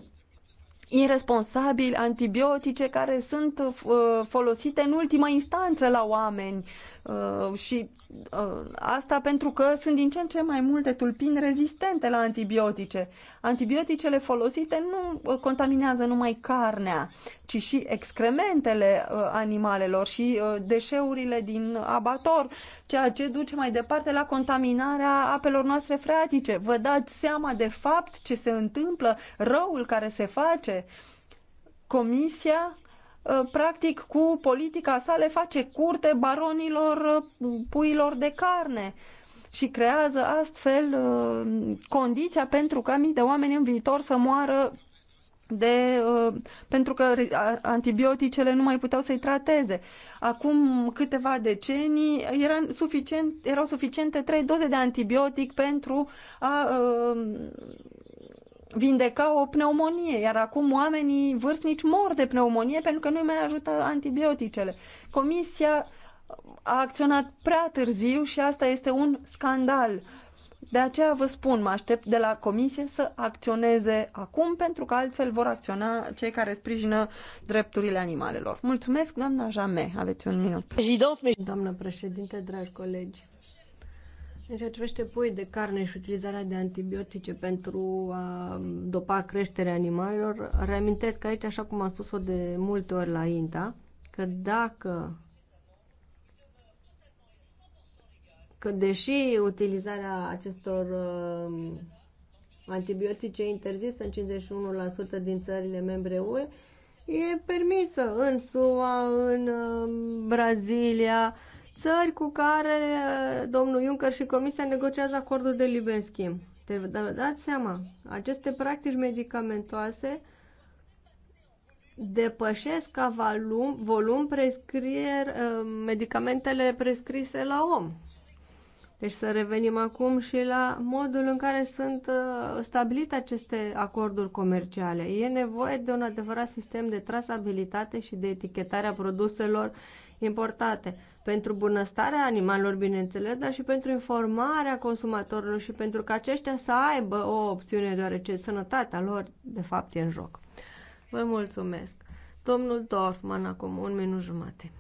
irresponsabil antibiotice care sunt uh, folosite în ultimă instanță la oameni Uh, și uh, asta pentru că sunt din ce în ce mai multe tulpini rezistente la antibiotice. Antibioticele folosite nu uh, contaminează numai carnea, ci și excrementele uh, animalelor și uh, deșeurile din abator, ceea ce duce mai departe la contaminarea apelor noastre freatice. Vă dați seama de fapt ce se întâmplă, răul care se face. Comisia Uh, practic cu politica sa le face curte baronilor uh, puilor de carne și creează astfel uh, condiția pentru ca mii de oameni în viitor să moară de, pentru că antibioticele nu mai puteau să-i trateze. Acum câteva decenii era suficient, erau suficiente trei doze de antibiotic pentru a vindeca o pneumonie, iar acum oamenii vârstnici mor de pneumonie pentru că nu i mai ajută antibioticele. Comisia a acționat prea târziu și asta este un scandal. De aceea vă spun, mă aștept de la comisie să acționeze acum, pentru că altfel vor acționa cei care sprijină drepturile animalelor. Mulțumesc, doamna Jame. Aveți un minut. Doamnă președinte, dragi colegi, în ceea ce privește pui de carne și utilizarea de antibiotice pentru a dopa creșterea animalelor, reamintesc aici, așa cum am spus-o de multe ori la INTA, că dacă că deși utilizarea acestor uh, antibiotice interzisă în 51% din țările membre UE, e permisă în SUA, în uh, Brazilia, uh, țări cu care uh, domnul Juncker și Comisia negociază acordul de liber schimb. Te da- dați seama, aceste practici medicamentoase depășesc ca volum, volum prescrier, uh, medicamentele prescrise la om. Deci să revenim acum și la modul în care sunt uh, stabilite aceste acorduri comerciale. E nevoie de un adevărat sistem de trasabilitate și de etichetare a produselor importate pentru bunăstarea animalelor, bineînțeles, dar și pentru informarea consumatorilor și pentru că aceștia să aibă o opțiune, deoarece sănătatea lor, de fapt, e în joc. Vă mulțumesc. Domnul Dorfman, acum un minut jumate.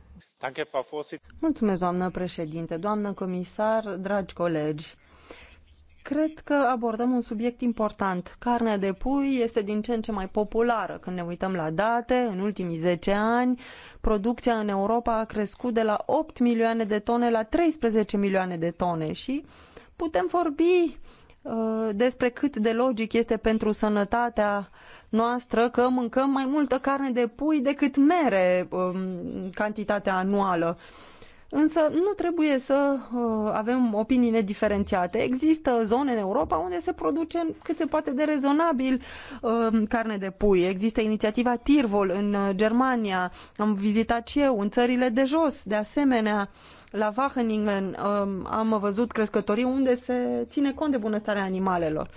Mulțumesc, doamnă președinte, doamnă comisar, dragi colegi. Cred că abordăm un subiect important. Carnea de pui este din ce în ce mai populară. Când ne uităm la date, în ultimii 10 ani, producția în Europa a crescut de la 8 milioane de tone la 13 milioane de tone și putem vorbi uh, despre cât de logic este pentru sănătatea noastră că mâncăm mai multă carne de pui decât mere uh, cantitatea anuală. Uh, Însă nu trebuie să uh, avem opinii nediferențiate. Există zone în Europa unde se produce cât se poate de rezonabil uh, carne de pui. Există inițiativa Tirvol în uh, Germania, am vizitat și eu, în țările de jos, de asemenea. La Wacheningen uh, am văzut crescătorii unde se ține cont de bunăstarea animalelor.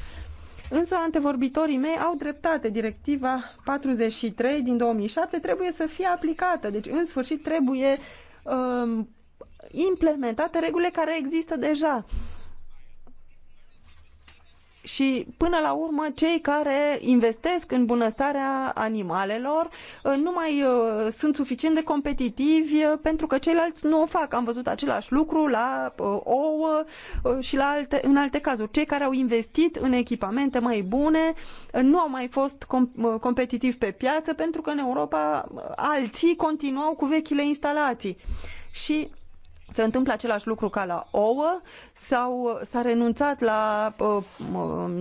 Însă antevorbitorii mei au dreptate. Directiva 43 din 2007 trebuie să fie aplicată. Deci, în sfârșit, trebuie uh, implementate regulile care există deja. Și până la urmă, cei care investesc în bunăstarea animalelor uh, nu mai uh, sunt suficient de competitivi uh, pentru că ceilalți nu o fac. Am văzut același lucru la uh, ouă uh, și la alte, în alte cazuri. Cei care au investit în echipamente mai bune uh, nu au mai fost com competitivi pe piață pentru că în Europa alții continuau cu vechile instalații. Și se întâmplă același lucru ca la ouă sau s-a renunțat la uh, um,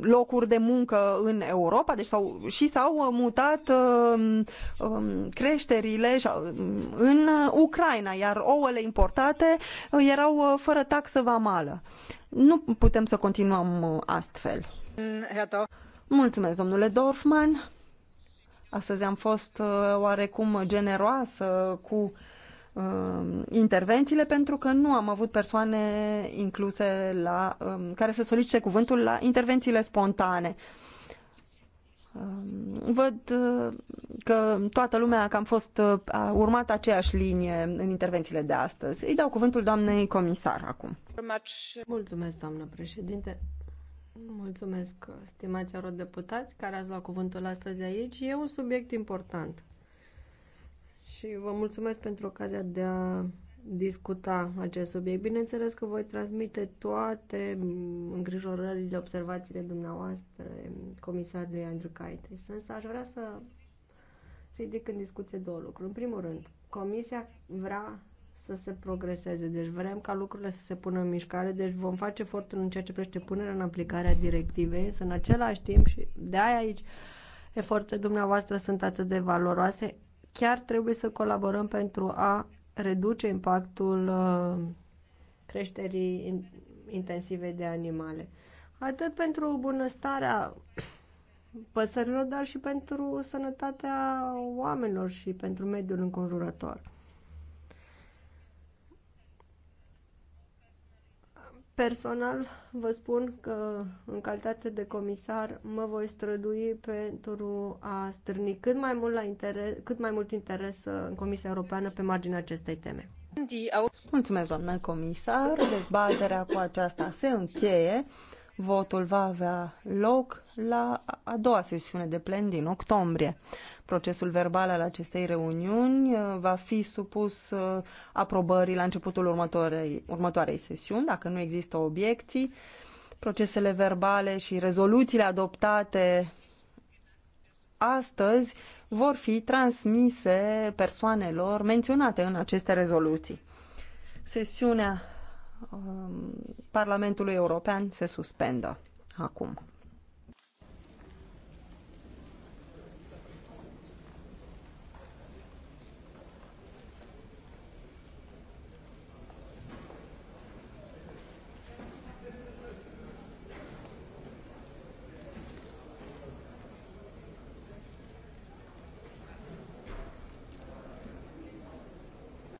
locuri de muncă în Europa deci s-au, și s-au mutat um, um, creșterile în Ucraina, iar ouăle importate uh, erau uh, fără taxă vamală. Nu putem să continuăm astfel. Mulțumesc, domnule Dorfman. Astăzi am fost oarecum generoasă cu uh, intervențiile pentru că nu am avut persoane incluse la, um, care să solicite cuvântul la intervențiile spontane. Um, văd uh, că toată lumea că am fost, uh, a urmat aceeași linie în intervențiile de astăzi. Îi dau cuvântul doamnei comisar acum. Mulțumesc, doamnă președinte. Mulțumesc, stimați eurodeputați care ați luat cuvântul astăzi aici. E un subiect important și vă mulțumesc pentru ocazia de a discuta acest subiect. Bineînțeles că voi transmite toate îngrijorările, observațiile dumneavoastră, comisarului Andrew Caites. Însă aș vrea să ridic în discuție două lucruri. În primul rând, comisia vrea să se progreseze, deci vrem ca lucrurile să se pună în mișcare, deci vom face efortul în ceea ce prește punerea în aplicare a directivei, însă în același timp și de aia aici eforturile dumneavoastră sunt atât de valoroase, Chiar trebuie să colaborăm pentru a reduce impactul uh, creșterii intensive de animale. Atât pentru bunăstarea păsărilor, dar și pentru sănătatea oamenilor și pentru mediul înconjurător. Personal vă spun că în calitate de comisar mă voi strădui pentru a strâni cât mai mult, la interes, cât mai mult interes uh, în Comisia Europeană pe marginea acestei teme. Mulțumesc, doamnă comisar. Dezbaterea cu aceasta se încheie. Votul va avea loc la a doua sesiune de plen din octombrie. Procesul verbal al acestei reuniuni uh, va fi supus uh, aprobării la începutul următoarei, următoarei sesiuni, dacă nu există obiecții. Procesele verbale și rezoluțiile adoptate astăzi vor fi transmise persoanelor menționate în aceste rezoluții. Sesiunea um, Parlamentului European se suspendă acum.